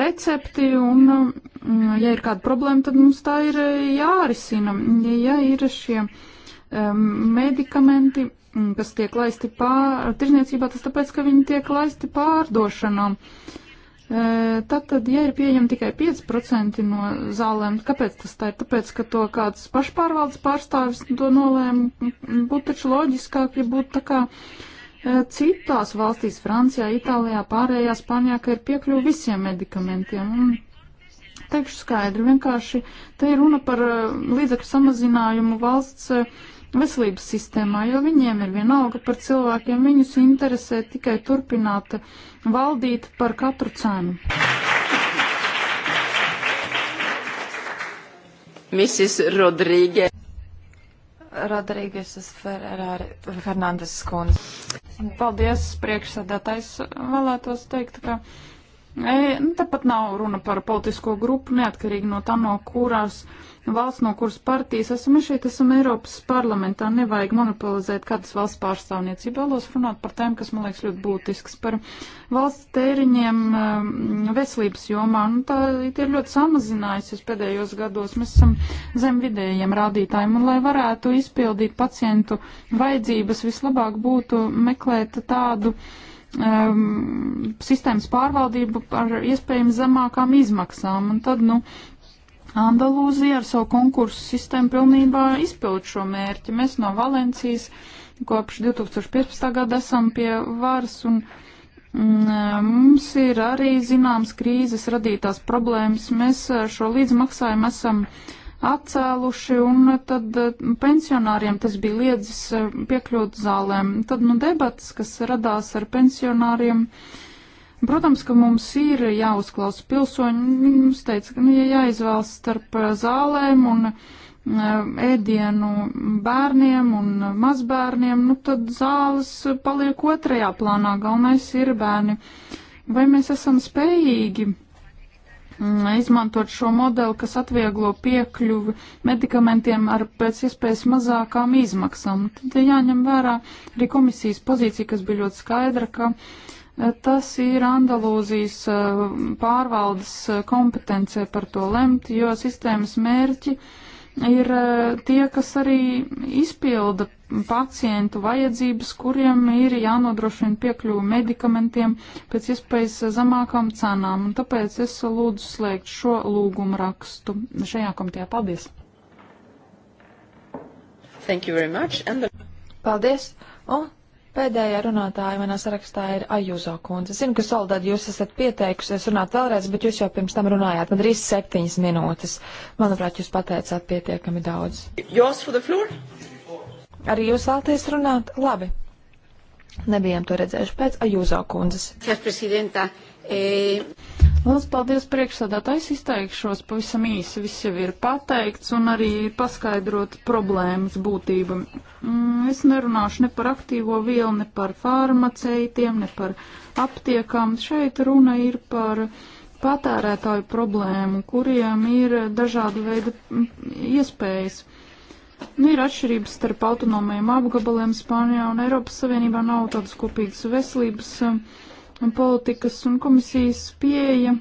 recepti, un, mm, ja ir kāda problēma, tad mums tā ir jārisina. Ja ir šie medikamenti, mm, kas tiek laisti pār, tirzniecībā, tas tāpēc, ka viņi tiek laisti pārdošanām. Uh, Tad, tad, ja ir pieņemta tikai 5% no zālēm, kāpēc tas tā ir? Tāpēc, ka to kāds pašpārvaldes pārstāvis to nolēma, būtu taču loģiskāk, ja būtu tā kā citās valstīs, Francijā, Itālijā, pārējā Spānijā, ka ir piekļuva visiem medikamentiem. Un teikšu skaidri, vienkārši te ir runa par līdzekļu samazinājumu valsts veselības sistēmā, jo viņiem ir vienalga par cilvēkiem, viņus interesē tikai turpināt valdīt par katru cenu. Mrs. Rodrīge. Rodrīgas Fernandes skundze. Paldies, priekšsēdētājs. Vēlētos teikt, ka E, nu, tepat nav runa par politisko grupu, neatkarīgi no tā, no kurās valsts, no kuras partijas esam. Mēs šeit esam Eiropas parlamentā, nevajag monopolizēt kādas valsts pārstāvniecību. Vēlos runāt par tēmu, kas man liekas ļoti būtisks, par valsts tēriņiem e, veselības jomā. Nu, tā ir ļoti samazinājusies pēdējos gados. Mēs esam zem vidējiem rādītājiem, un lai varētu izpildīt pacientu vajadzības, vislabāk būtu meklēt tādu. Uh, um, sistēmas pārvaldību ar iespējami zemākām izmaksām. Un tad, nu, Andalūzija ar savu konkursu sistēmu pilnībā izpild šo mērķi. Mēs no Valencijas kopš 2015. gada esam pie varas un mm, mums ir arī zināms krīzes radītās problēmas. Mēs uh, šo līdzmaksājumu esam uh, atcēluši, un tad eh, pensionāriem tas bija liedzis eh, piekļūt zālēm. Tad, nu, debats, kas radās ar pensionāriem, protams, ka mums ir jāuzklausa pilsoņi, mums teica, ka nu, ja jāizvēlas starp eh, zālēm un ēdienu bērniem un mazbērniem, nu, tad zāles paliek otrajā plānā, galvenais ir bērni. Vai mēs esam spējīgi izmantot šo modeli, kas atvieglo piekļuvi medikamentiem ar pēc iespējas mazākām izmaksām. Tad jāņem vērā arī komisijas pozīcija, kas bija ļoti skaidra, ka eh, tas ir Andalūzijas eh, pārvaldes eh, kompetencija par to lemt, jo sistēmas mērķi ir ir e, tie, kas arī izpilda pacientu vajadzības, kuriem ir jānodrošina piekļuvi medikamentiem pēc iespējas zemākām cenām. Un tāpēc es lūdzu slēgt šo lūgumu rakstu šajā komitejā. Paldies! Thank you very much. And the... Paldies! Un Pēdējā runātāja manā sarakstā ir Ajūzo kundze. Zinu, ka Soldad jūs esat pieteikusies runāt vēlreiz, bet jūs jau pirms tam runājāt man drīz septiņas minūtes. Manuprāt, jūs pateicāt pietiekami daudz. Jūs for the floor? Arī jūs vēlties runāt? Labi. Nebijām to redzējuši pēc Ajūzo kundzes. Yes, Lielas paldies priekšsādātājs izteikšos pavisam īsi, viss jau ir pateikts un arī paskaidrot problēmas būtību. Mm, es nerunāšu ne par aktīvo vielu, ne par farmaceitiem, ne par aptiekām. Šeit runa ir par patērētāju problēmu, kuriem ir dažāda veida mm, iespējas. Nu, ir atšķirības starp autonomajiem apgabaliem Spānijā un Eiropas Savienībā nav tādas kopīgas veselības. Uh, politikas un komisijas pieeja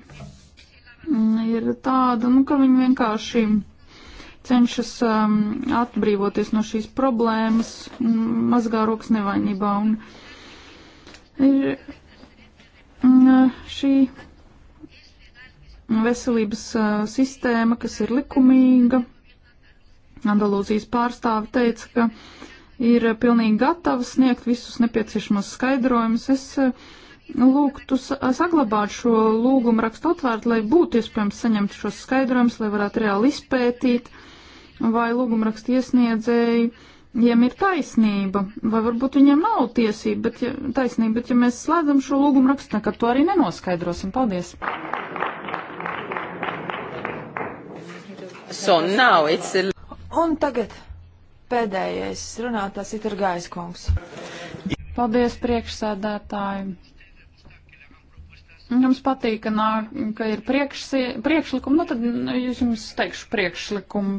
mm, ir tāda, nu, ka viņi vienkārši cenšas um, atbrīvoties no šīs problēmas, mazgā rokas nevainībā. Un ir um, šī veselības uh, sistēma, kas ir likumīga. Andalūzijas pārstāve teica, ka ir pilnīgi gatava sniegt visus nepieciešamos skaidrojumus. Es uh, lūgtu saglabāt šo lūgumu rakstu atvērt, lai būtu iespējams saņemt šos skaidrojumus, lai varētu reāli izpētīt, vai lūgumu rakstu iesniedzēji, jiem ir taisnība, vai varbūt viņiem nav tiesība, bet ja, taisnība, bet ja mēs slēdzam šo lūgumu rakstu, nekad to arī nenoskaidrosim. Paldies! So now it's a... Un tagad pēdējais runātājs ir Gais kungs. Paldies priekšsēdētāji! jums patīk, ka, nā, ka ir priekš, priekšlikumi, nu tad nu, es jums teikšu priekšlikumu.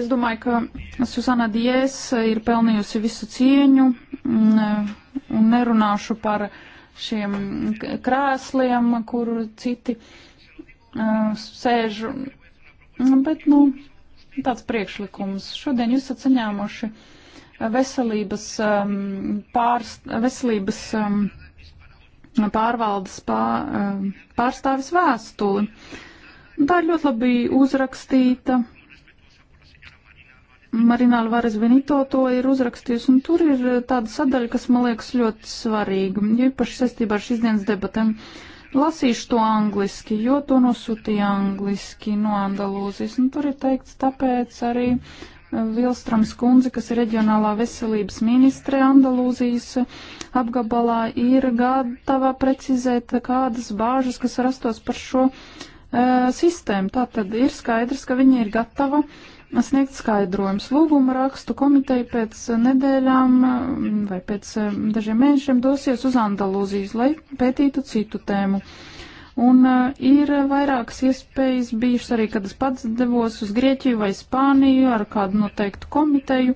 Es domāju, ka Susana Dies ir pelnījusi visu cieņu un nerunāšu par šiem krēsliem, kur citi uh, sēž. Bet, nu, tāds priekšlikums. Šodien jūs esat saņēmuši uh, veselības, um, pārs, veselības um, pārvaldes pār, um, pārstāvis vēstuli. Tā ir ļoti labi uzrakstīta. Marina Alvarez Benito to ir uzrakstījusi, un tur ir uh, tāda sadaļa, kas man liekas ļoti svarīga, jo īpaši saistībā ar šīs dienas debatēm. Lasīšu to angliski, jo to nosūtīja angliski no Andalūzijas, un tur ir teikts, tāpēc arī uh, Vilstrams kundze, kas ir reģionālā veselības ministre Andalūzijas apgabalā, ir gatava precizēt kādas bāžas, kas rastos par šo e, sistēmu. Tā tad ir skaidrs, ka viņa ir gatava sniegt skaidrojums. Lūguma rakstu komiteja pēc nedēļām vai pēc e, dažiem mēnešiem dosies uz Andalūzijas, lai pētītu citu tēmu. Un uh, ir vairākas iespējas bijušas arī, kad es pats devos uz Grieķiju vai Spāniju ar kādu noteiktu komiteju,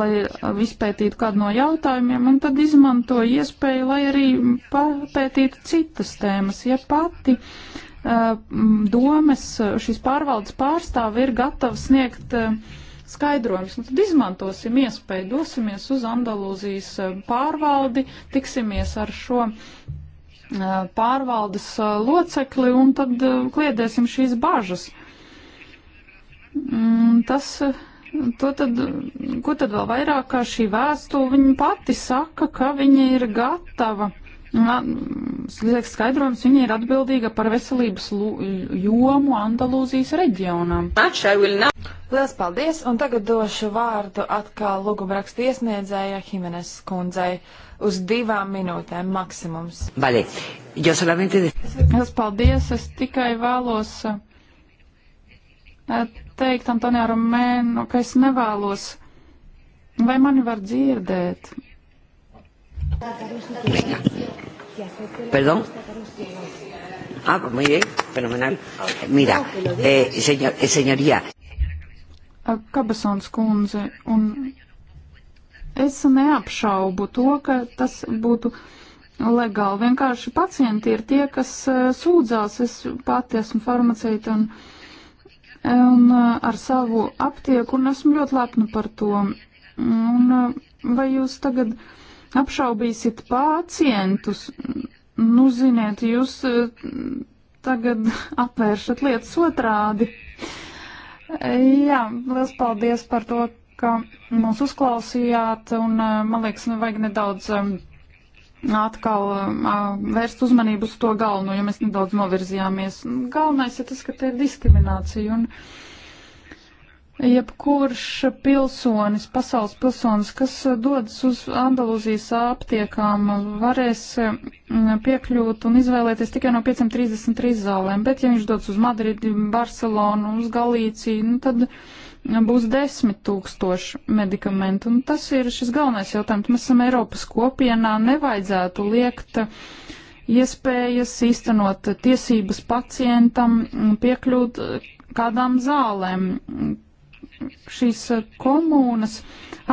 lai uh, izpētītu kādu no jautājumiem, un tad izmantoju iespēju, lai arī papētītu citas tēmas. Ja pati uh, domes uh, šīs pārvaldes pārstāve ir gatava sniegt uh, skaidrojums. Un nu, tad izmantosim iespēju, dosimies uz Andalūzijas uh, pārvaldi, tiksimies ar šo pārvaldes locekli un tad kliedēsim šīs bažas. Mm, tas, to tad, ko tad vēl vairāk kā šī vēstule, viņa pati saka, ka viņa ir gatava Slieks skaidrojums, viņa ir atbildīga par veselības jomu Andalūzijas reģionā. Lielas paldies, un tagad došu vārdu atkal lūguma rakstu iesniedzēja Himenes kundzei uz divām minūtēm maksimums. Vale. Jo solamente... Lielas paldies, es tikai vēlos eh, teikt Antonijā Romēnu, ka es nevēlos, vai mani var dzirdēt. Venga. ¿Perdón? Ah, pues muy bien, fenomenal. Mira, eh, señor, eh, señoría. Kabasons kundze, un es neapšaubu to, ka tas būtu legāli. Vienkārši pacienti ir tie, kas eh, sūdzās. Es pati esmu farmaceita un, un eh, ar savu aptieku un esmu ļoti lepna par to. Un eh, vai jūs tagad. Uh, apšaubīsit pacientus, nu, ziniet, jūs eh, tagad apvēršat lietas otrādi. Jā, liels paldies par to, ka mūs uzklausījāt, un eh, man liekas, nu, vajag nedaudz eh, atkal vērst uzmanību uz to galveno, jo mēs nedaudz novirzījāmies. Galvenais ir tas, ka te ir diskriminācija. Un, uh, jebkurš pilsonis, pasaules pilsonis, kas dodas uz Andalūzijas aptiekām, varēs mm, piekļūt un izvēlēties tikai no 533 zālēm, bet ja viņš dodas uz Madridi, Barcelonu, uz Galīciju, nu, tad būs desmit tūkstoši medikamentu. Un tas ir šis galvenais jautājums. Mēs esam Eiropas kopienā, nevajadzētu liekt iespējas īstenot tiesības pacientam piekļūt kādām zālēm, šīs eh, komunas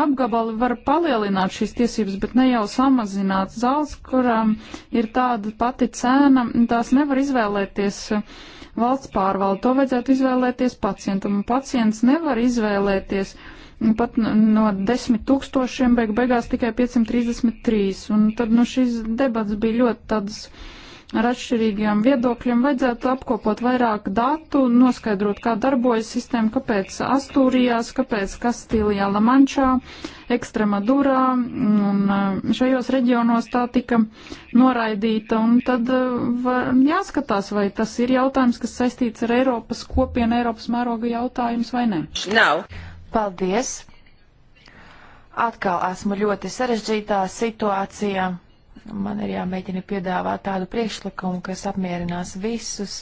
apgabali var palielināt šīs tiesības, bet ne jau samazināt zāles, kurām ir tāda pati cena, tās nevar izvēlēties eh, valsts pārvalde, to vajadzētu izvēlēties pacientam, un pacients nevar izvēlēties pat no desmit tūkstošiem, beig beigās tikai 533, un tad, nu, šīs debats bija ļoti tādas ar atšķirīgiem viedokļiem. Vajadzētu apkopot vairāk datu, noskaidrot, kā darbojas sistēma, kāpēc Astūrijās, kāpēc Kastīlijā, Lamančā, Ekstremadurā un eh, šajos reģionos tā tika noraidīta. Un tad eh, var, jāskatās, vai tas ir jautājums, kas saistīts ar Eiropas kopienu, Eiropas mēroga jautājums vai ne. Nav. Paldies! Atkal esmu ļoti sarežģītā situācijā. Man ir jāmēģina piedāvāt tādu priekšlikumu, kas apmierinās visus.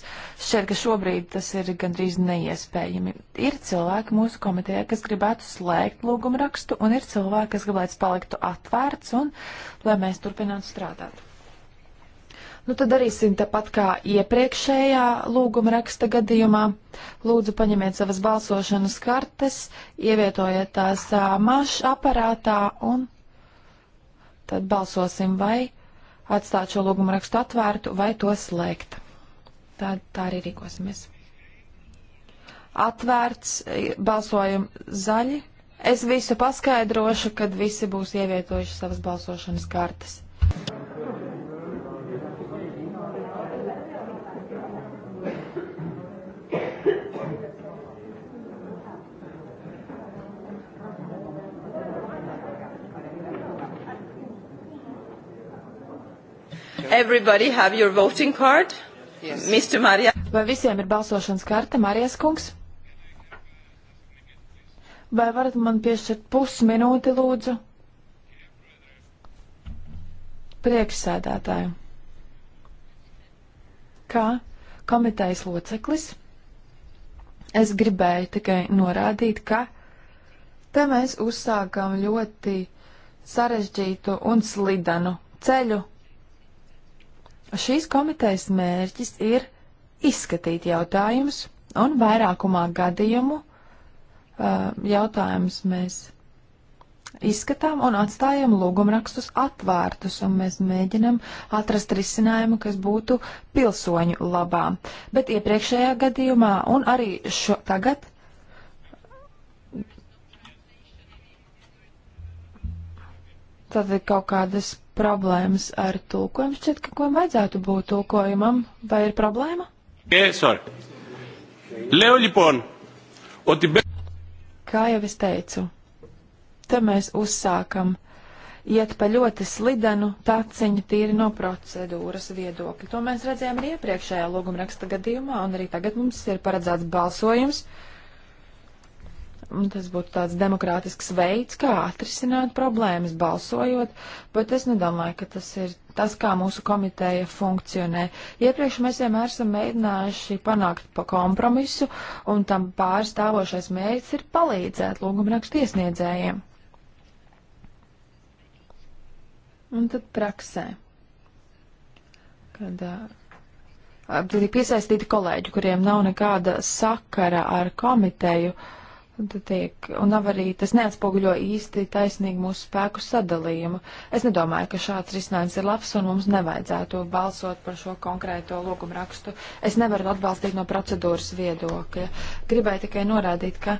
Šķiet, ka šobrīd tas ir gandrīz neiespējami. Ir cilvēki mūsu komitejā, kas gribētu slēgt lūgumu rakstu, un ir cilvēki, kas gribētu paliktu atvērts, un lai mēs turpinātu strādāt. Nu, tad darīsim tāpat kā iepriekšējā lūguma raksta gadījumā. Lūdzu, paņemiet savas balsošanas kartes, ievietojiet tās mašs aparātā un tad balsosim, vai atstāt šo lūgumu rakstu atvērtu vai to slēgt. Tā, tā arī rīkosimies. Atvērts, e, balsojam zaļi. Es visu paskaidrošu, kad visi būs ievietojuši savas balsošanas kartes. Everybody have your voting card? Yes. Mr. Marija. Vai visiem ir balsošanas karte, Marijas kungs? Vai varat man piešķirt pusminūti, lūdzu? Priekšsēdētāju. Kā komitejas loceklis, es gribēju tikai norādīt, ka te mēs uzsākam ļoti sarežģītu un slidenu ceļu Šīs komitejas mērķis ir izskatīt jautājumus, un vairākumā gadījumu uh, jautājumus mēs izskatām un atstājam lūgumrakstus atvērtus, un mēs mēģinam atrast risinājumu, kas būtu pilsoņu labā. Bet iepriekšējā gadījumā un arī šo tagad. Tad ir kaut kādas problēmas ar tulkojumu. Šķiet, ka ko vajadzētu būt tulkojumam, vai ir problēma? Kā jau es teicu, te mēs uzsākam iet pa ļoti slidenu taciņu tīri no procedūras viedokļa. To mēs redzējām arī iepriekšējā lūgumraksta gadījumā, un arī tagad mums ir paredzēts balsojums. Uh, Un tas būtu tāds demokrātisks veids, kā atrisināt problēmas balsojot, bet es nedomāju, ka tas ir tas, kā mūsu komiteja funkcionē. Iepriekš mēs vienmēr esam mēģinājuši panākt pa kompromisu, un tam pārstāvošais mērķis ir palīdzēt lūgumrakstu iesniedzējiem. Un tad praksē. Kad, Tad ir piesaistīti kolēģi, kuriem nav nekāda sakara ar komiteju, uh, tiek, un nav arī tas neatspoguļo īsti taisnīgi mūsu spēku sadalījumu. Es nedomāju, ka šāds risinājums ir labs, un mums nevajadzētu balsot par šo konkrēto lūgumu rakstu. Es nevaru atbalstīt no procedūras viedokļa. Gribēju tikai norādīt, ka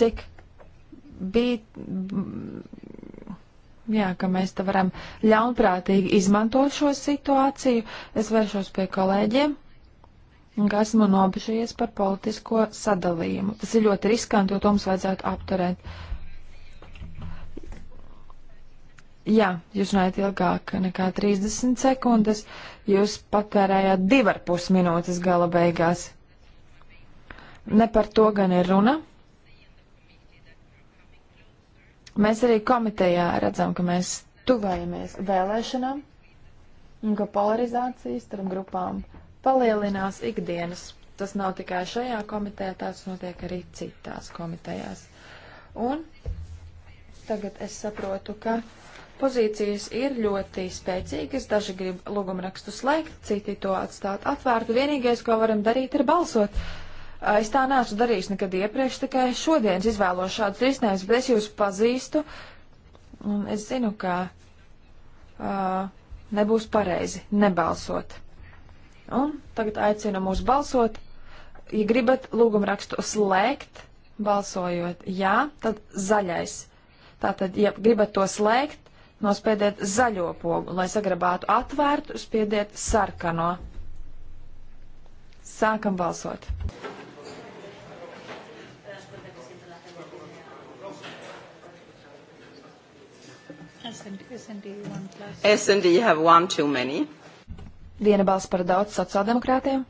cik bija, jā, ka mēs te varam ļaunprātīgi izmantot šo situāciju. Es vēršos pie kolēģiem un ka esmu nobežījies par politisko sadalījumu. Tas ir ļoti riskanti, jo to mums vajadzētu apturēt. Jā, jūs runājat ilgāk nekā 30 sekundes, jūs patērējāt divar pus minūtes gala beigās. Ne par to gan ir runa. Mēs arī komitejā redzam, ka mēs tuvējamies vēlēšanām un ka polarizācija starp grupām palielinās ikdienas. Tas nav tikai šajā komitejā, tāds notiek arī citās komitejās. Un tagad es saprotu, ka pozīcijas ir ļoti spēcīgas, daži grib lūgumrakstu slēgt, citi to atstāt atvērtu. Vienīgais, ko varam darīt, ir balsot. Es tā neesmu darījis nekad iepriekš, tikai šodien es izvēlos šādus risinājumus, bet es jūs pazīstu, un es zinu, ka uh, nebūs pareizi nebalsot. Un tagad aicinu mūs balsot. Ja gribat lūgumu rakstu slēgt, balsojot jā, tad zaļais. Tātad, ja gribat to slēgt, nospiediet zaļo pogu, lai sagrabātu atvērtu, spiediet sarkano. Sākam balsot. S&D have one too many. Viena balss par daudz sociāldemokrātiem.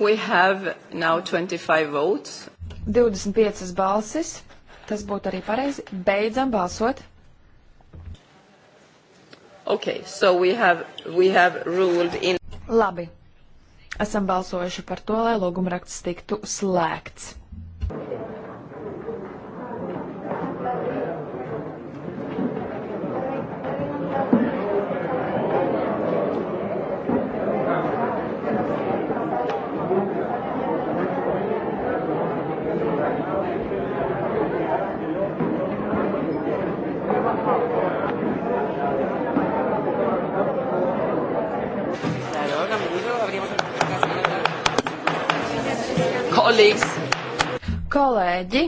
We have now 25 votes. 25 balsis. Tas būtu arī pareizi. Beidzam balsot. Okay, so we have, we have ruled in. Labi. Esam balsojuši par to, lai lūgumraksts tiktu slēgts colleagues. Kolēģi!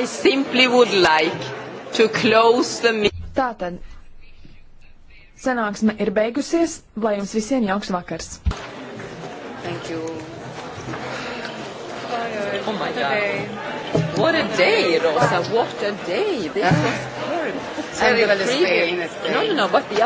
I simply would like to close the meeting. Tātad, sanāksme ir beigusies, lai jums visiem jauks vakars. Thank you. Oh my god. What a day, Rosa. What a day. This was ah. terrible. And the previous, no, no, no, but the other